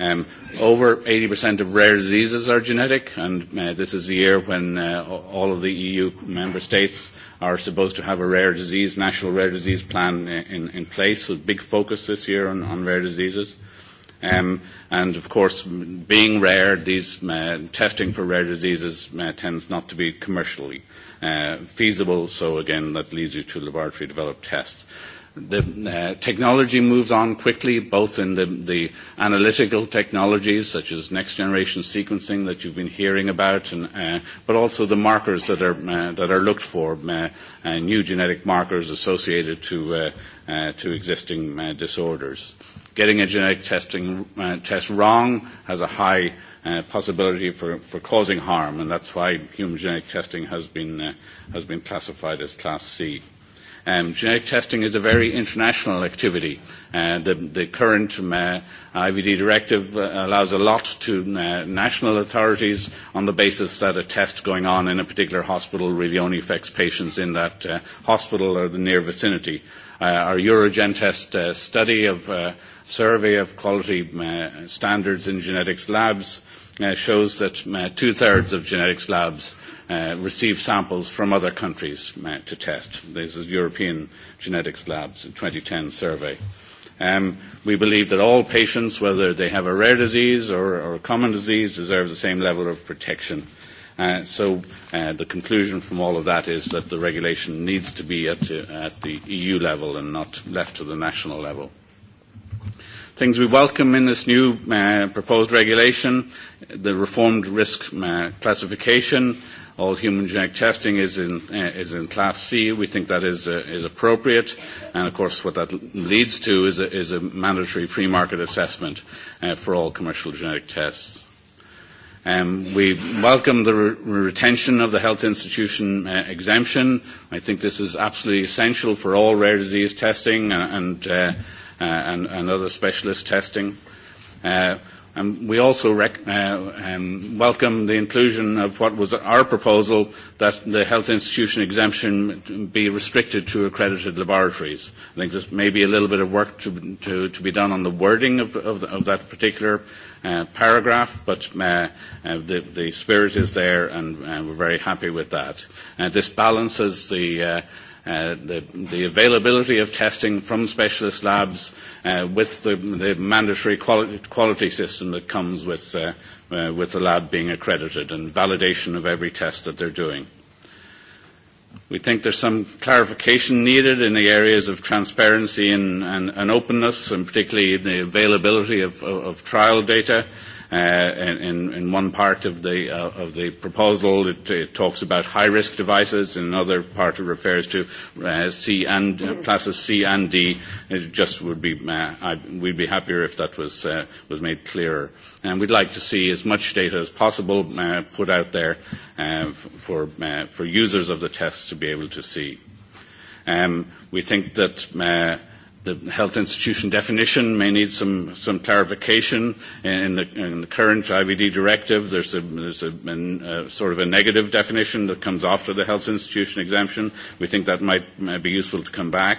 Over 80% of rare diseases are genetic, and this is the year when all of the EU member states are supposed to have a rare disease, national rare disease plan in place, with big focus this year on rare diseases. And, of course, being rare, these testing for rare diseases tends not to be commercially feasible, so, again, that leads you to laboratory-developed tests. The technology moves on quickly, both in the analytical technologies such as next-generation sequencing that you've been hearing about, but also the markers that are looked for, new genetic markers associated to existing disorders. Getting a genetic testing test wrong has a high possibility for causing harm, and that's why human genetic testing has been classified as Class C. Genetic testing is a very international activity. The current IVD directive allows a lot to national authorities on the basis that a test going on in a particular hospital really only affects patients in that hospital or the near vicinity. Our Eurogen test study of survey of quality standards in genetics labs shows that two-thirds of genetics labs receive samples from other countries to test. This is European Genetics Labs 2010 survey. We believe that all patients, whether they have a rare disease or a common disease, deserve the same level of protection. So the conclusion from all of that is that the regulation needs to be at the EU level and not left to the national level. Things we welcome in this new proposed regulation, the reformed risk classification, all human genetic testing is in Class C. We think that is appropriate, and of course what that leads to is a mandatory pre-market assessment for all commercial genetic tests. We welcome the retention of the health institution exemption. I think this is absolutely essential for all rare disease testing and other specialist testing. We also welcome the inclusion of what was our proposal that the health institution exemption be restricted to accredited laboratories. I think there's maybe a little bit of work to be done on the wording of that particular paragraph, but the spirit is there and we're very happy with that. This balances the the availability of testing from specialist labs with the mandatory quality system that comes with the lab being accredited and validation of every test that they're doing. We think there's some clarification needed in the areas of transparency and openness, and particularly the availability of trial data In one part of the proposal, it talks about high-risk devices. In another part, it refers to C and classes C and D. It just would be, we'd be happier if that was made clearer. And we'd like to see as much data as possible put out there for for users of the tests to be able to see. We think that the health institution definition may need some some clarification in the in the current IVD directive there's a there's a sort of a negative definition that comes after the health institution exemption we think that might be useful to come back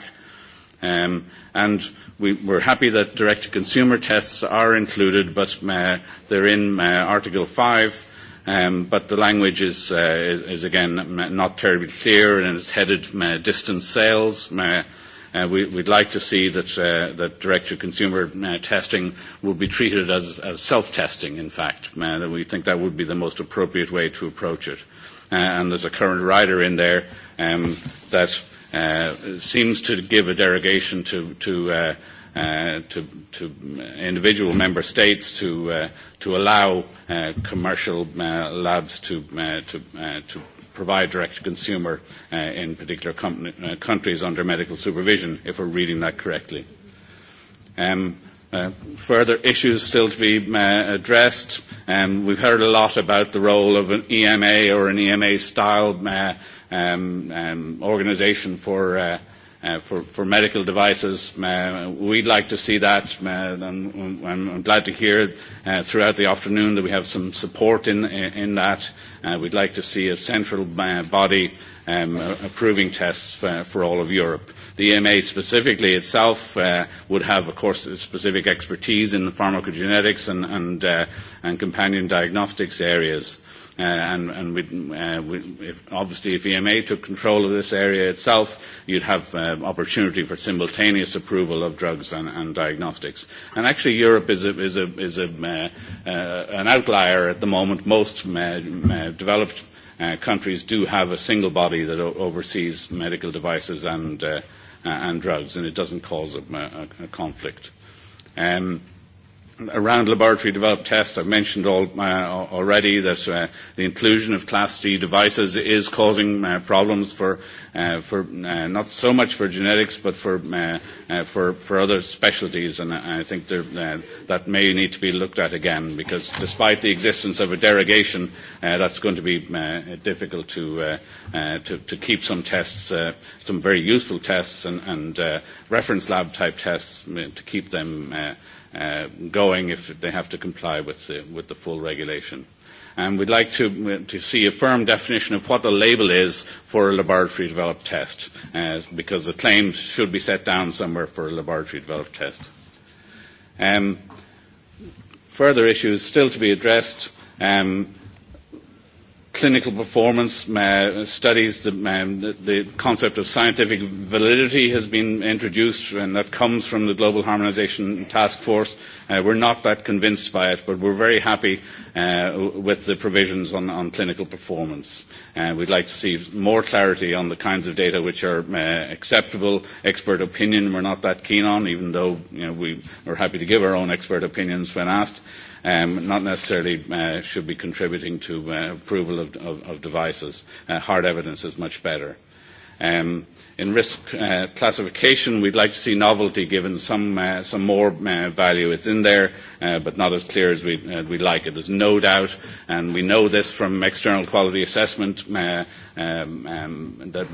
um and we we're happy that direct to consumer tests are included but they're in article 5 um but the language is is again not terribly clear and it's headed distance sales We we'd like to see that direct-to-consumer testing will be treated as self-testing, in fact. We think that would be the most appropriate way to approach it. And there's a current rider in there that seems to give a derogation to individual member states to allow commercial labs to provide direct to consumer in particular countries under medical supervision, if we're reading that correctly. Further issues still to be addressed. We've heard a lot about the role of an EMA or an EMA-style organisation for for medical devices. We'd like to see that. I'm glad to hear throughout the afternoon that we have some support in that. We'd like to see a central body approving tests for all of Europe. The EMA specifically itself would have, of course, specific expertise in the pharmacogenetics and companion diagnostics areas and obviously if EMA took control of this area itself, you'd have opportunity for simultaneous approval of drugs and diagnostics. And actually Europe is an outlier at the moment. Most developed countries do have a single body that oversees medical devices and drugs, and it doesn't cause a conflict around laboratory developed tests, I've mentioned already that the inclusion of Class D devices is causing problems for for not so much for genetics but for for for other specialties and I think that may need to be looked at again because despite the existence of a derogation that's going to be difficult to keep some tests, some very useful tests and reference lab type tests to keep them going if they have to comply with the full regulation. And we'd like to see a firm definition of what the label is for a laboratory-developed test, because the claims should be set down somewhere for a laboratory-developed test. Further issues still to be addressed. Um clinical performance studies, the concept of scientific validity has been introduced, and that comes from the Global Harmonisation Task Force. We're not that convinced by it, but we're very happy with the provisions on clinical performance. We'd like to see more clarity on the kinds of data which are acceptable. Expert opinion we're not that keen on, even though we are happy to give our own expert opinions when asked not necessarily should be contributing to approval of devices. Hard evidence is much better. In risk classification, we'd like to see novelty given some some more value. It's in there, but not as clear as we'd like it. There's no doubt, and we know this from external quality assessment that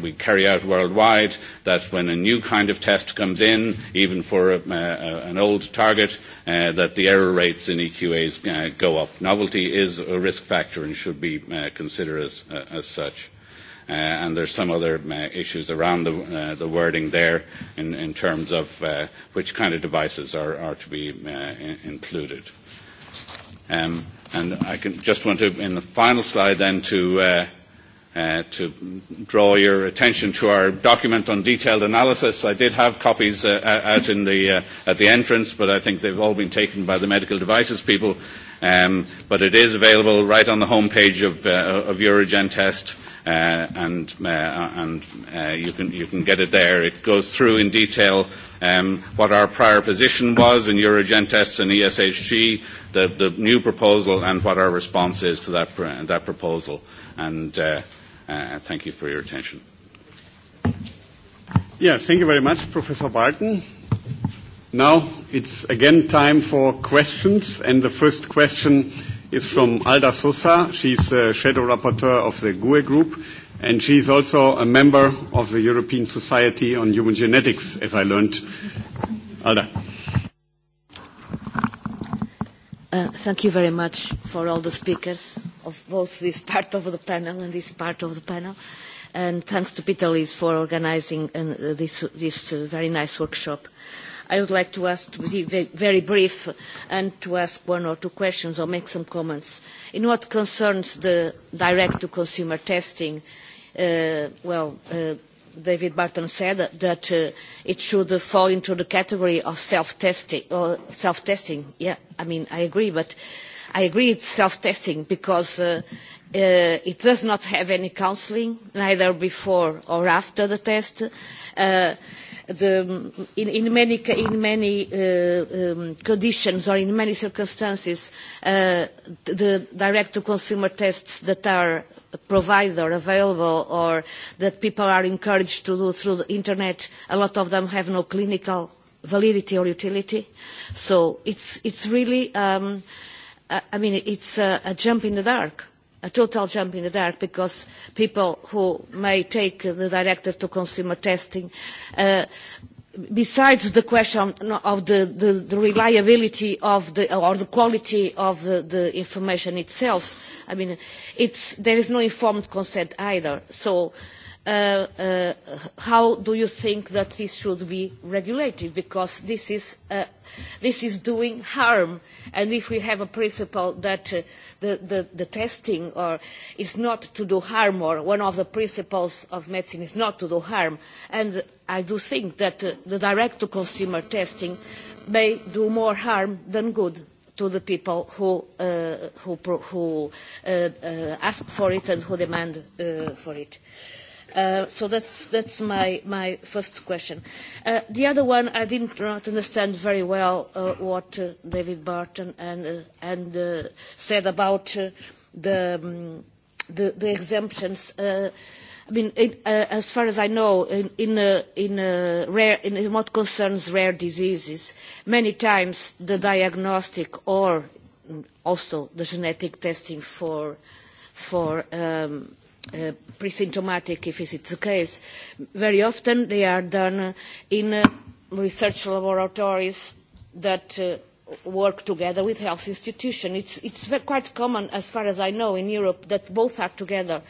we carry out worldwide, that when a new kind of test comes in, even for an old target, that the error rates in EQAs go up. Novelty is a risk factor and should be considered as such and there's some other issues around the wording there in terms of which kind of devices are to be included. And I just want to, in the final slide then, to to draw your attention to our document on detailed analysis. I did have copies out in the at the entrance, but I think they've all been taken by the medical devices people. But it is available right on the homepage of Eurogen Test and you can get it there. It goes through in detail what our prior position was in Eurogentest and ESHG, the new proposal, and what our response is to that proposal. And thank you for your attention. Yeah, thank you very much, Professor Barton. Now it's again time for questions, and the first question is from Alda Sosa. She's a shadow rapporteur of the GUE group, and she's also a member of the European Society on Human Genetics, as I learned. Alda. Thank you very much for all the speakers of both this part of the panel and this part of the panel. And thanks to Peter Lees for organizing this very nice workshop. I would like to ask to be very brief and to ask one or two questions or make some comments. In what concerns the direct-to-consumer testing, well, David Barton said that it should fall into the category of self-testing. Self-testing, yeah, I mean, I agree, but I agree it's self-testing because it does not have any counselling, neither before or after the test in many conditions or in many circumstances the direct to consumer tests that are provided or available or that people are encouraged to do through the internet a lot of them have no clinical validity or utility so it's really i mean it's a jump in the dark a total jump in the dark because people who may take the directive to consumer testing besides the question of the reliability of the or the quality of the information itself i mean there is no informed consent either so how do you think that this should be regulated? Because this is doing harm, and if we have a principle that the testing is not to do harm, or one of the principles of medicine is not to do harm, and I do think that the direct-to-consumer testing may do more harm than good to the people who ask for it and who demand for it. So that's that's my first question. The other one, I did not understand very well what David Barton and said about the exemptions. I mean, as far as I know, in what concerns rare diseases, many times the diagnostic or also the genetic testing for pre-symptomatic if it is the case. Very often they are done in research laboratories that work together with health institutions. It's quite common, as far as I know, in Europe that both are together.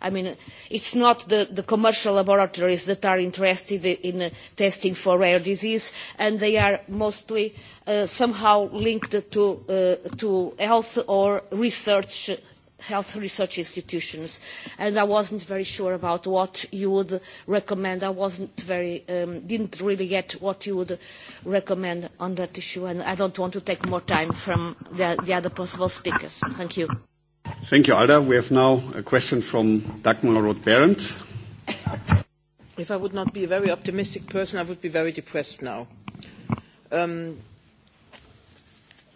I mean, it's not the commercial laboratories that are interested in testing for rare disease, and they are mostly somehow linked to health or research health research institutions and i wasn't very sure about what you would recommend i wasn't very didn't really get what you would recommend on that issue and i don't want to take more time from the other possible speakers thank you thank you alda we have now a question from dagmar roth if i would not be a very optimistic person i would be very depressed now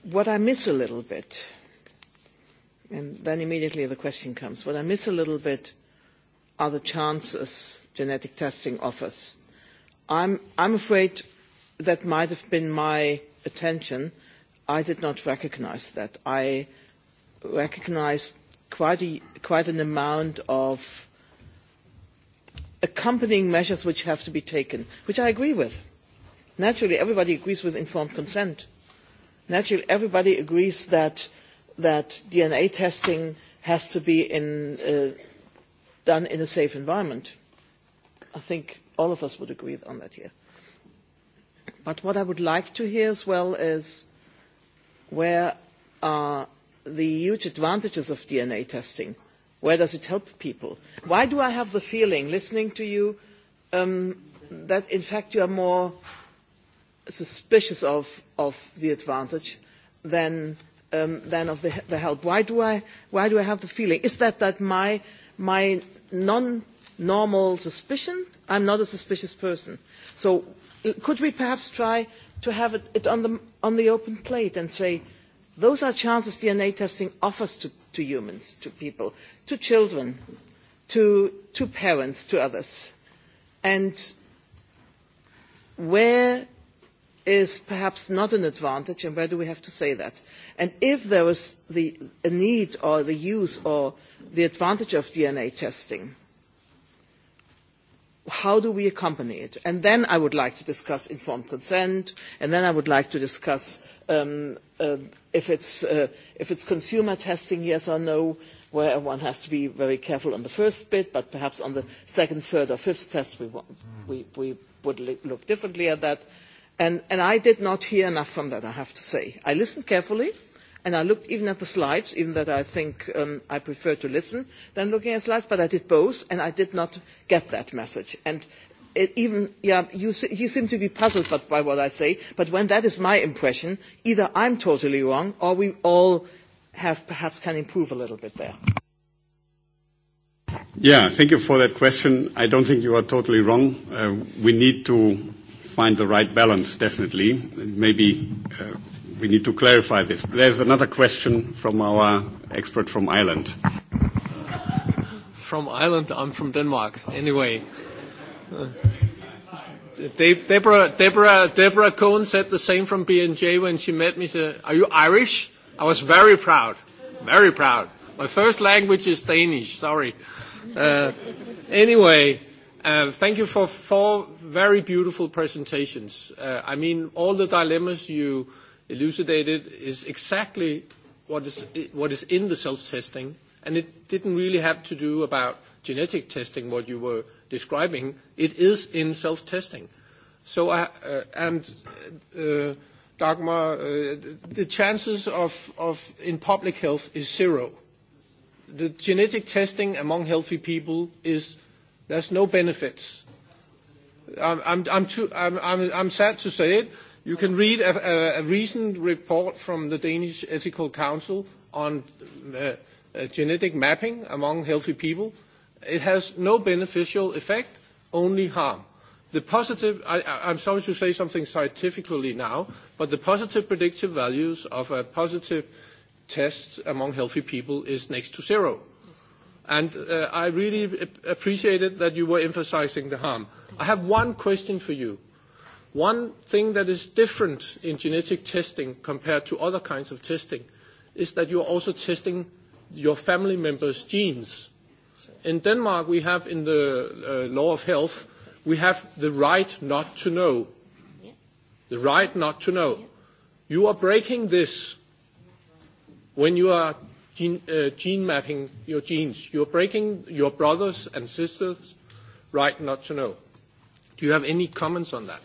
what i miss a little bit And then immediately the question comes, what I miss a little bit are the chances genetic testing offers. I'm afraid that might have been my attention. I did not recognise that. I recognised quite an amount of accompanying measures which have to be taken, which I agree with. Naturally, everybody agrees with informed consent. Naturally, everybody agrees that that DNA testing has to be done in a safe environment. I think all of us would agree on that here. But what I would like to hear as well is where are the huge advantages of DNA testing? Where does it help people? Why do I have the feeling, listening to you, that in fact you are more suspicious of the advantage than than of the help. Why do I have the feeling? Is that that my non-normal suspicion? I'm not a suspicious person. So could we perhaps try to have it on the open plate and say, those are chances DNA testing offers to humans, to people, to children, to parents, to others. And where is perhaps not an advantage and where do we have to say that? and if there is the need or the use or the advantage of dna testing how do we accompany it and then i would like to discuss informed consent and then i would like to discuss if it's consumer testing yes or no where one has to be very careful on the first bit but perhaps on the second third or fifth test we would look differently at that and i did not hear enough from that i have to say i listened carefully and I looked even at the slides, even that I think I prefer to listen than looking at slides, but I did both, and I did not get that message. And even, yeah, you seem to be puzzled by what I say, but when that is my impression, either I'm totally wrong, or we all have perhaps can improve a little bit there. Yeah, thank you for that question. I don't think you are totally wrong. We need to find the right balance, definitely. Maybe we need to clarify this. There's another question from our expert from Ireland. From Ireland, I'm from Denmark. Anyway, Deborah Deborah Deborah Cohen said the same from B&J when she met me. Said, "Are you Irish?" I was very proud, very proud. My first language is Danish. Sorry. Anyway. Thank you for four very beautiful presentations. I mean, all the dilemmas you elucidated is exactly what is in the self-testing, and it didn't really have to do about genetic testing, what you were describing. It is in self-testing. So, I and Dagmar, the chances of of in public health is zero. The genetic testing among healthy people is there's no benefits. I'm I'm I'm I'm too I'm sad to say it You can read a recent report from the Danish Ethical Council on genetic mapping among healthy people. It has no beneficial effect, only harm. The positive, I'm sorry to say something scientifically now, but the positive predictive values of a positive test among healthy people is next to zero. And I really appreciated that you were emphasizing the harm. I have one question for you. One thing that is different in genetic testing compared to other kinds of testing is that you are also testing your family members' genes. In Denmark, we have in the law of health, we have the right not to know. The right not to know. You are breaking this when you are gene mapping your genes. You are breaking your brothers and sisters' right not to know. Do you have any comments on that?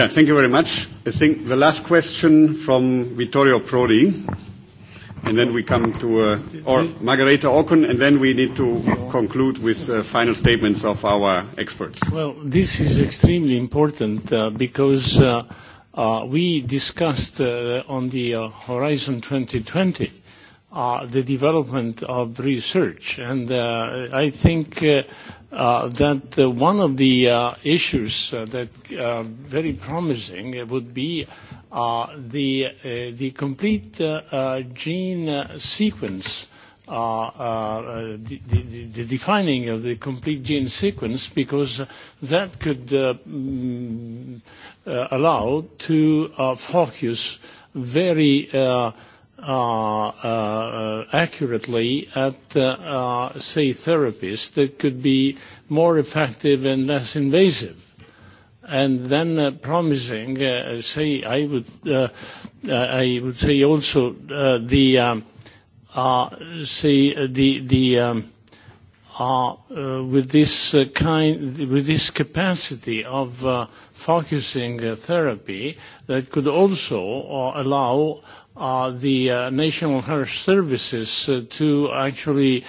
Yeah, thank you very much. I think the last question from Vittorio Prodi, and then we come to or Margareta Ocon and then we need to conclude with final statements of our experts. Well, this is extremely important because we discussed on the Horizon 2020 the development of research, and I think that one of the issues that are very promising would be the complete gene sequence, the defining of the complete gene sequence, because that could allow to focus very accurately at, say, therapies that could be more effective and less invasive. And then promising, say, I would, I would say also the, say, the, the, with this kind, with this capacity of focusing therapy that could also allow the National Health Services to actually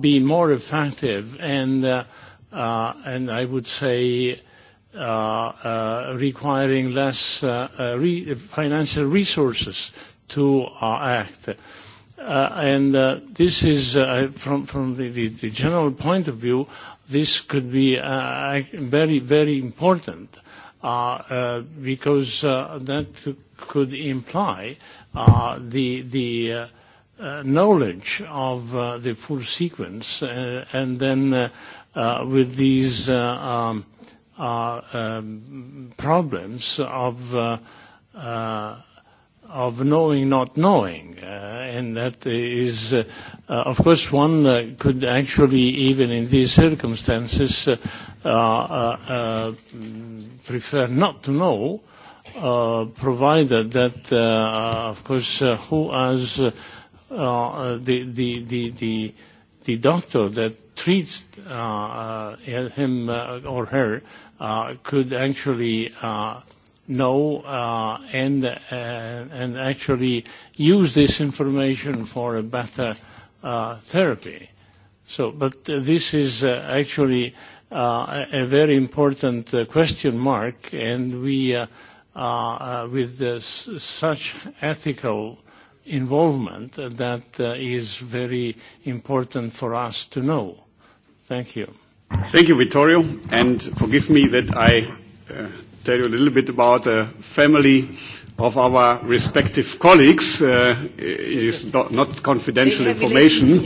be more effective and, and I would say, requiring less financial resources to act. And this is, from from the general point of view, this could be very, very important because that could imply the knowledge of the full sequence and then with these problems of of knowing not knowing and that is of course one could actually even in these circumstances prefer not to know provided that, of course, who as the the the the the doctor that treats him or her could actually know and and actually use this information for a better therapy. So, but this is actually a very important question mark, and we with such ethical involvement that is very important for us to know. Thank you. Thank you, Vittorio, and forgive me that I tell you a little bit about the family of our respective colleagues. It is not confidential information.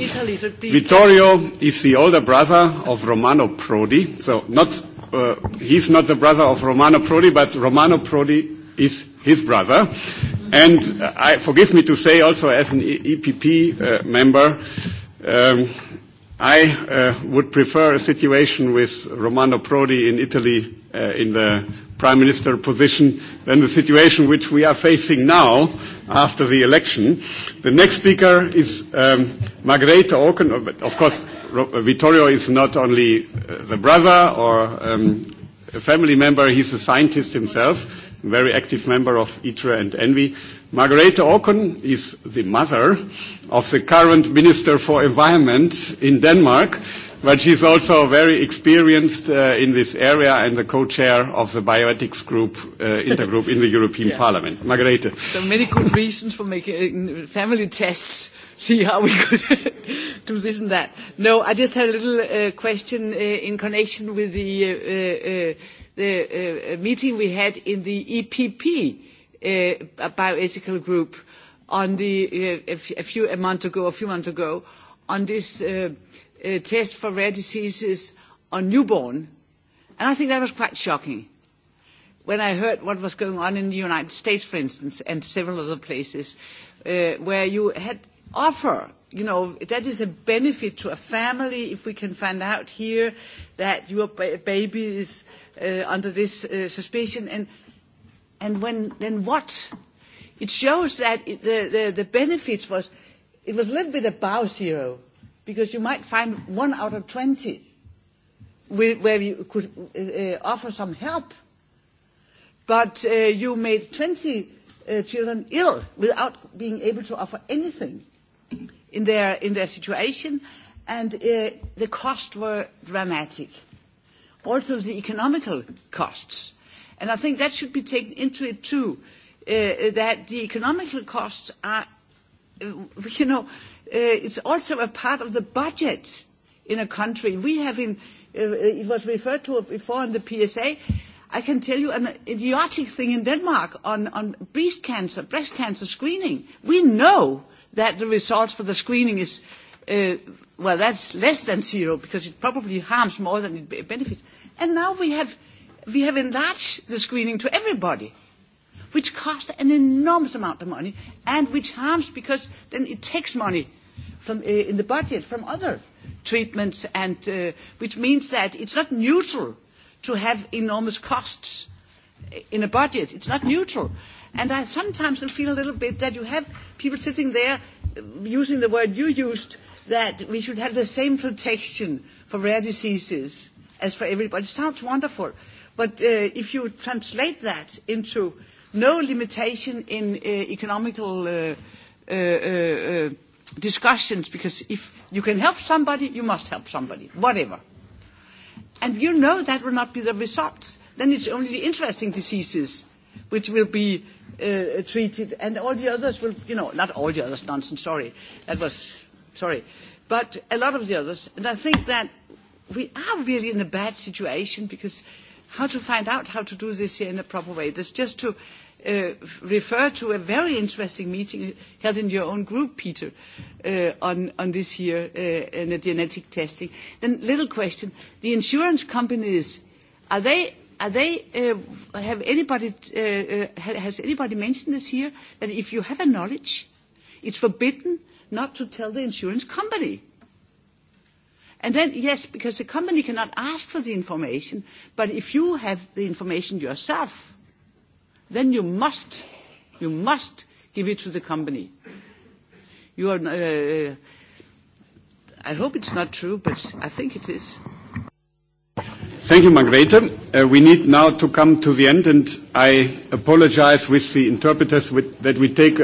Vittorio is the older brother of Romano Prodi, so not he's not the brother of Romano Prodi, but Romano Prodi is his brother. And I forgive me to say also as an EPP member, I would prefer a situation with Romano Prodi in Italy in the prime minister position than the situation which we are facing now after the election. The next speaker is Margrethe Auken. Of course, Vittorio is not only the brother or a family member, he's a scientist himself very active member of ITRE and ENVI. Margarete Auken is the mother of the current Minister for Environment in Denmark, but she's also very experienced in this area and the co-chair of the Bioethics Group, Intergroup in the European Parliament. Margarete. So many good reasons for making family tests, see how we could do this and that. No, I just had a little question in connection with the the meeting we had in the EPP bioethical group a few a ago, a few months ago, on this test for rare diseases on newborn, and I think that was quite shocking. When I heard what was going on in the United States, for instance, and several other places, where you had offer, you know, that is a benefit to a family if we can find out here that your baby is under this suspicion. And and when then what? It shows that the the benefits was it was a little bit above zero, because you might find one out of 20 where you could offer some help, but you made 20 children ill without being able to offer anything in their in their situation, and the costs were dramatic also the economical costs. And I think that should be taken into it too, that the economical costs are, you know, it's also a part of the budget in a country. We have in, it was referred to before in the PSA, I can tell you an idiotic thing in Denmark on breast cancer, breast cancer screening. We know that the results for the screening is well, that's less than zero because it probably harms more than it benefits. And now we have we have enlarged the screening to everybody, which costs an enormous amount of money and which harms because then it takes money from in the budget from other treatments and which means that it's not neutral to have enormous costs in a budget. It's not neutral. And I sometimes feel a little bit that you have people sitting there using the word you used that we should have the same protection for rare diseases as for everybody. Sounds wonderful, but if you translate that into no limitation in economical discussions, because if you can help somebody, you must help somebody, whatever. And you know that will not be the result. Then it's only the interesting diseases which will be treated, and all the others will, you know, not all the others, nonsense, sorry. That was sorry, but a lot of the others. And I think that we are really in a bad situation because how to find out how to do this here in a proper way. That's just to refer to a very interesting meeting held in your own group, Peter, on this year and the genetic testing. Then, little question: the insurance companies, are they? Are they? Have anybody? Has anybody mentioned this here that if you have a knowledge, it's forbidden not to tell the insurance company. And then, yes, because the company cannot ask for the information, but if you have the information yourself, then you must, you must give it to the company. I hope it's not true, but I think it is. Thank you, Margrethe. We need now to come to the end, and I apologize with the interpreters that we take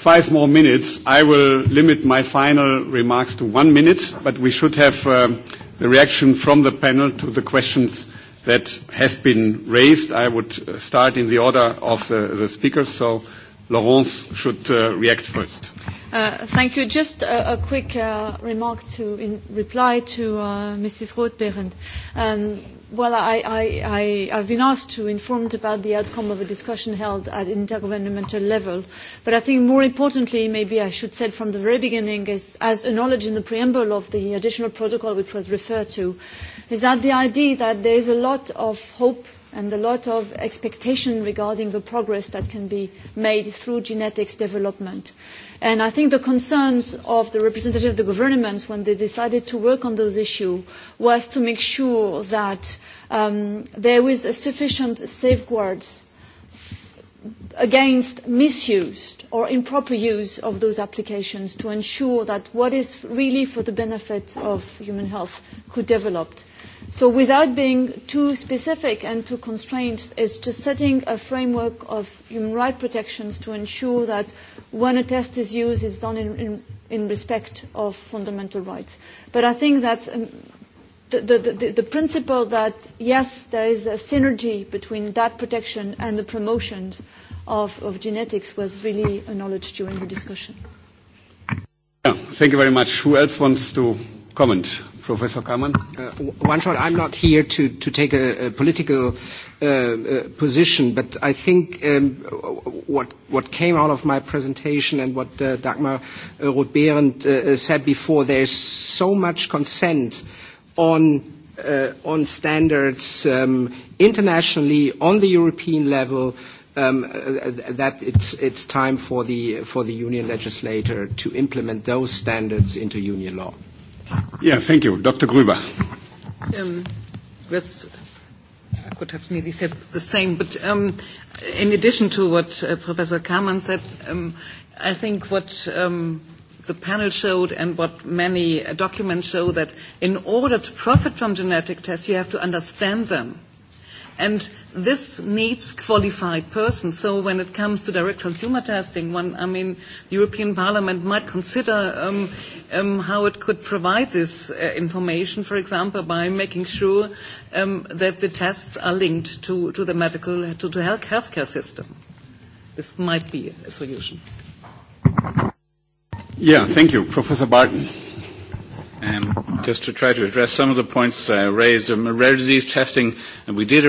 five more minutes. I will limit my final remarks to one minute, but we should have the reaction from the panel to the questions that have been raised. I would start in the order of the speakers, so Laurence should react first. Thank you. Just a quick remark to in reply to Mrs. Roth-Behrendt. Well, I've been asked to inform about the outcome of a discussion held at intergovernmental level. But I think more importantly, maybe I should say from the very beginning, as acknowledged in the preamble of the additional protocol which was referred to, is that the idea that there is a lot of hope and a lot of expectation regarding the progress that can be made through genetics development. And I think the concerns of the representatives of the governments when they decided to work on those issues was to make sure that there was sufficient safeguards against misuse or improper use of those applications to ensure that what is really for the benefit of human health could develop. So without being too specific and too constrained, it's just setting a framework of human rights protections to ensure that when a test is used, it's done in in respect of fundamental rights. But I think that the principle that, yes, there is a synergy between that protection and the promotion of genetics was really acknowledged during the discussion. Thank you very much. Who else wants to comment, Professor Kaman? One shot. I'm not here to to take a political position, but I think what what came out of my presentation and what Dagmar Roth-Behrendt said before, there is so much consent on on standards internationally, on the European level, that it's time for the union legislator to implement those standards into union law. Yeah, thank you. Dr. Gruber. Um, I could have nearly said the same, but um, in addition to what Professor Kaman said, I think what the panel showed and what many documents show that in order to profit from genetic tests, you have to understand them And this needs qualified persons. So when it comes to direct consumer testing, one, I mean, the European Parliament might consider how it could provide this information, for example, by making sure that the tests are linked to the medical, to the healthcare system. This might be a solution. Yeah, thank you. Professor Barton. Just to try to address some of the points raised, rare disease testing, and we did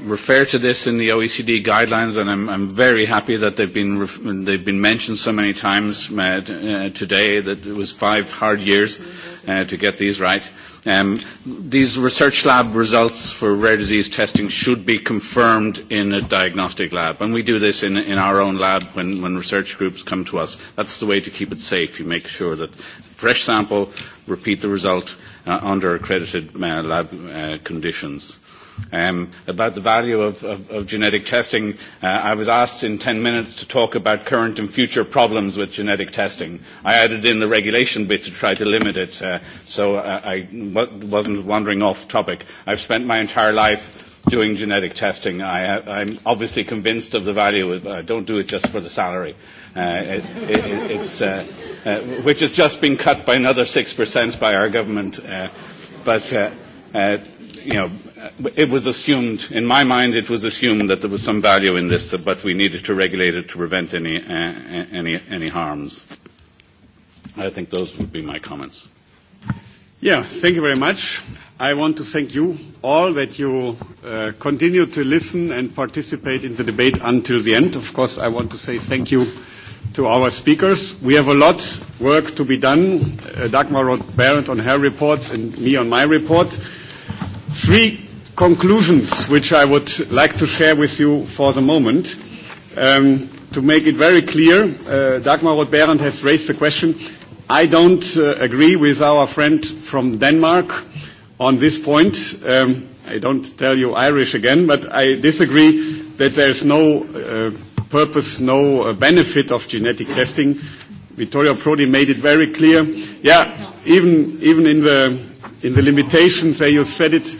refer to this in the OECD guidelines, and I'm very happy that they've been they've been mentioned so many times today. That it was five hard years to get these right. These research lab results for rare disease testing should be confirmed in a diagnostic lab, and we do this in our own lab when research groups come to us. That's the way to keep it safe. You make sure that fresh sample, repeat the result under accredited lab conditions. About the value of genetic testing, I was asked in 10 minutes to talk about current and future problems with genetic testing. I added in the regulation bit to try to limit it, so I wasn't wandering off topic. I've spent my entire life doing genetic testing. I, I'm obviously convinced of the value. Of, I don't do it just for the salary, it's, which has just been cut by another 6% by our government. but you know, it was assumed, in my mind, it was assumed that there was some value in this, but we needed to regulate it to prevent any, any, any harms. I think those would be my comments. Yeah, thank you very much. I want to thank you all that you continue to listen and participate in the debate until the end. Of course, I want to say thank you to our speakers. We have a lot of work to be done. Dagmar Roth-Berendt on her report and me on my report. Three conclusions which I would like to share with you for the moment. To make it very clear, Dagmar Roth-Berendt has raised the question. I don't agree with our friend from Denmark on this point. I don't tell you Irish again, but I disagree that there is no purpose, no benefit of genetic testing. Vittorio Prodi made it very clear. Yeah, even even in the in the limitations where you said it,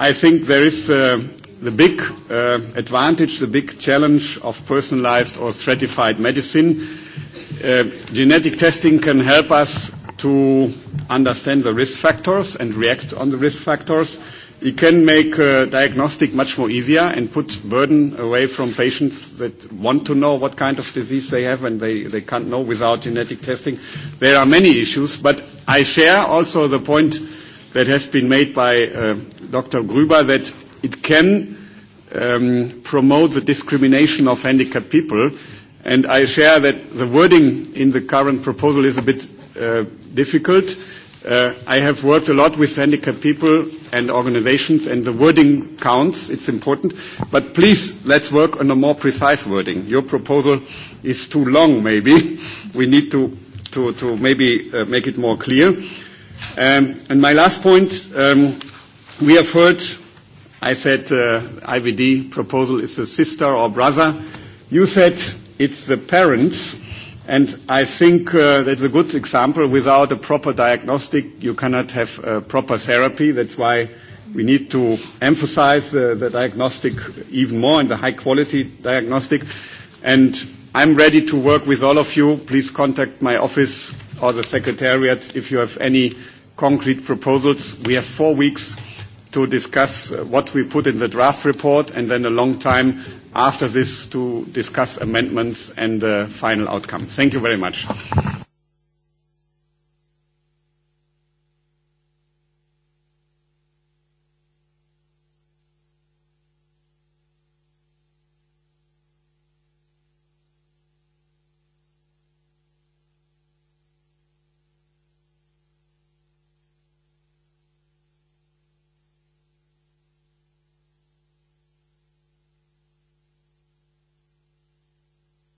I think there is the big advantage, the big challenge of personalized or stratified medicine. Genetic testing can help us to understand the risk factors and react on the risk factors. It can make diagnostic much more easier and put burden away from patients that want to know what kind of disease they have and they they can't know without genetic testing. There are many issues, but I share also the point that has been made by Dr. Gruber that it can promote the discrimination of handicapped people, and I share that the wording in the current proposal is a bit difficult. I have worked a lot with handicapped people and organizations, and the wording counts. It's important. But please, let's work on a more precise wording. Your proposal is too long, maybe. We need to to maybe make it more clear. And my last point, we have heard, I said IVD proposal is a sister or brother. You said it's the parents And I think that's a good example. Without a proper diagnostic, you cannot have proper therapy. That's why we need to emphasize the diagnostic even more and the high-quality diagnostic. And I'm ready to work with all of you. Please contact my office or the Secretariat if you have any concrete proposals. We have four weeks to discuss what we put in the draft report and then a long time after this to discuss amendments and the final outcome. Thank you very much.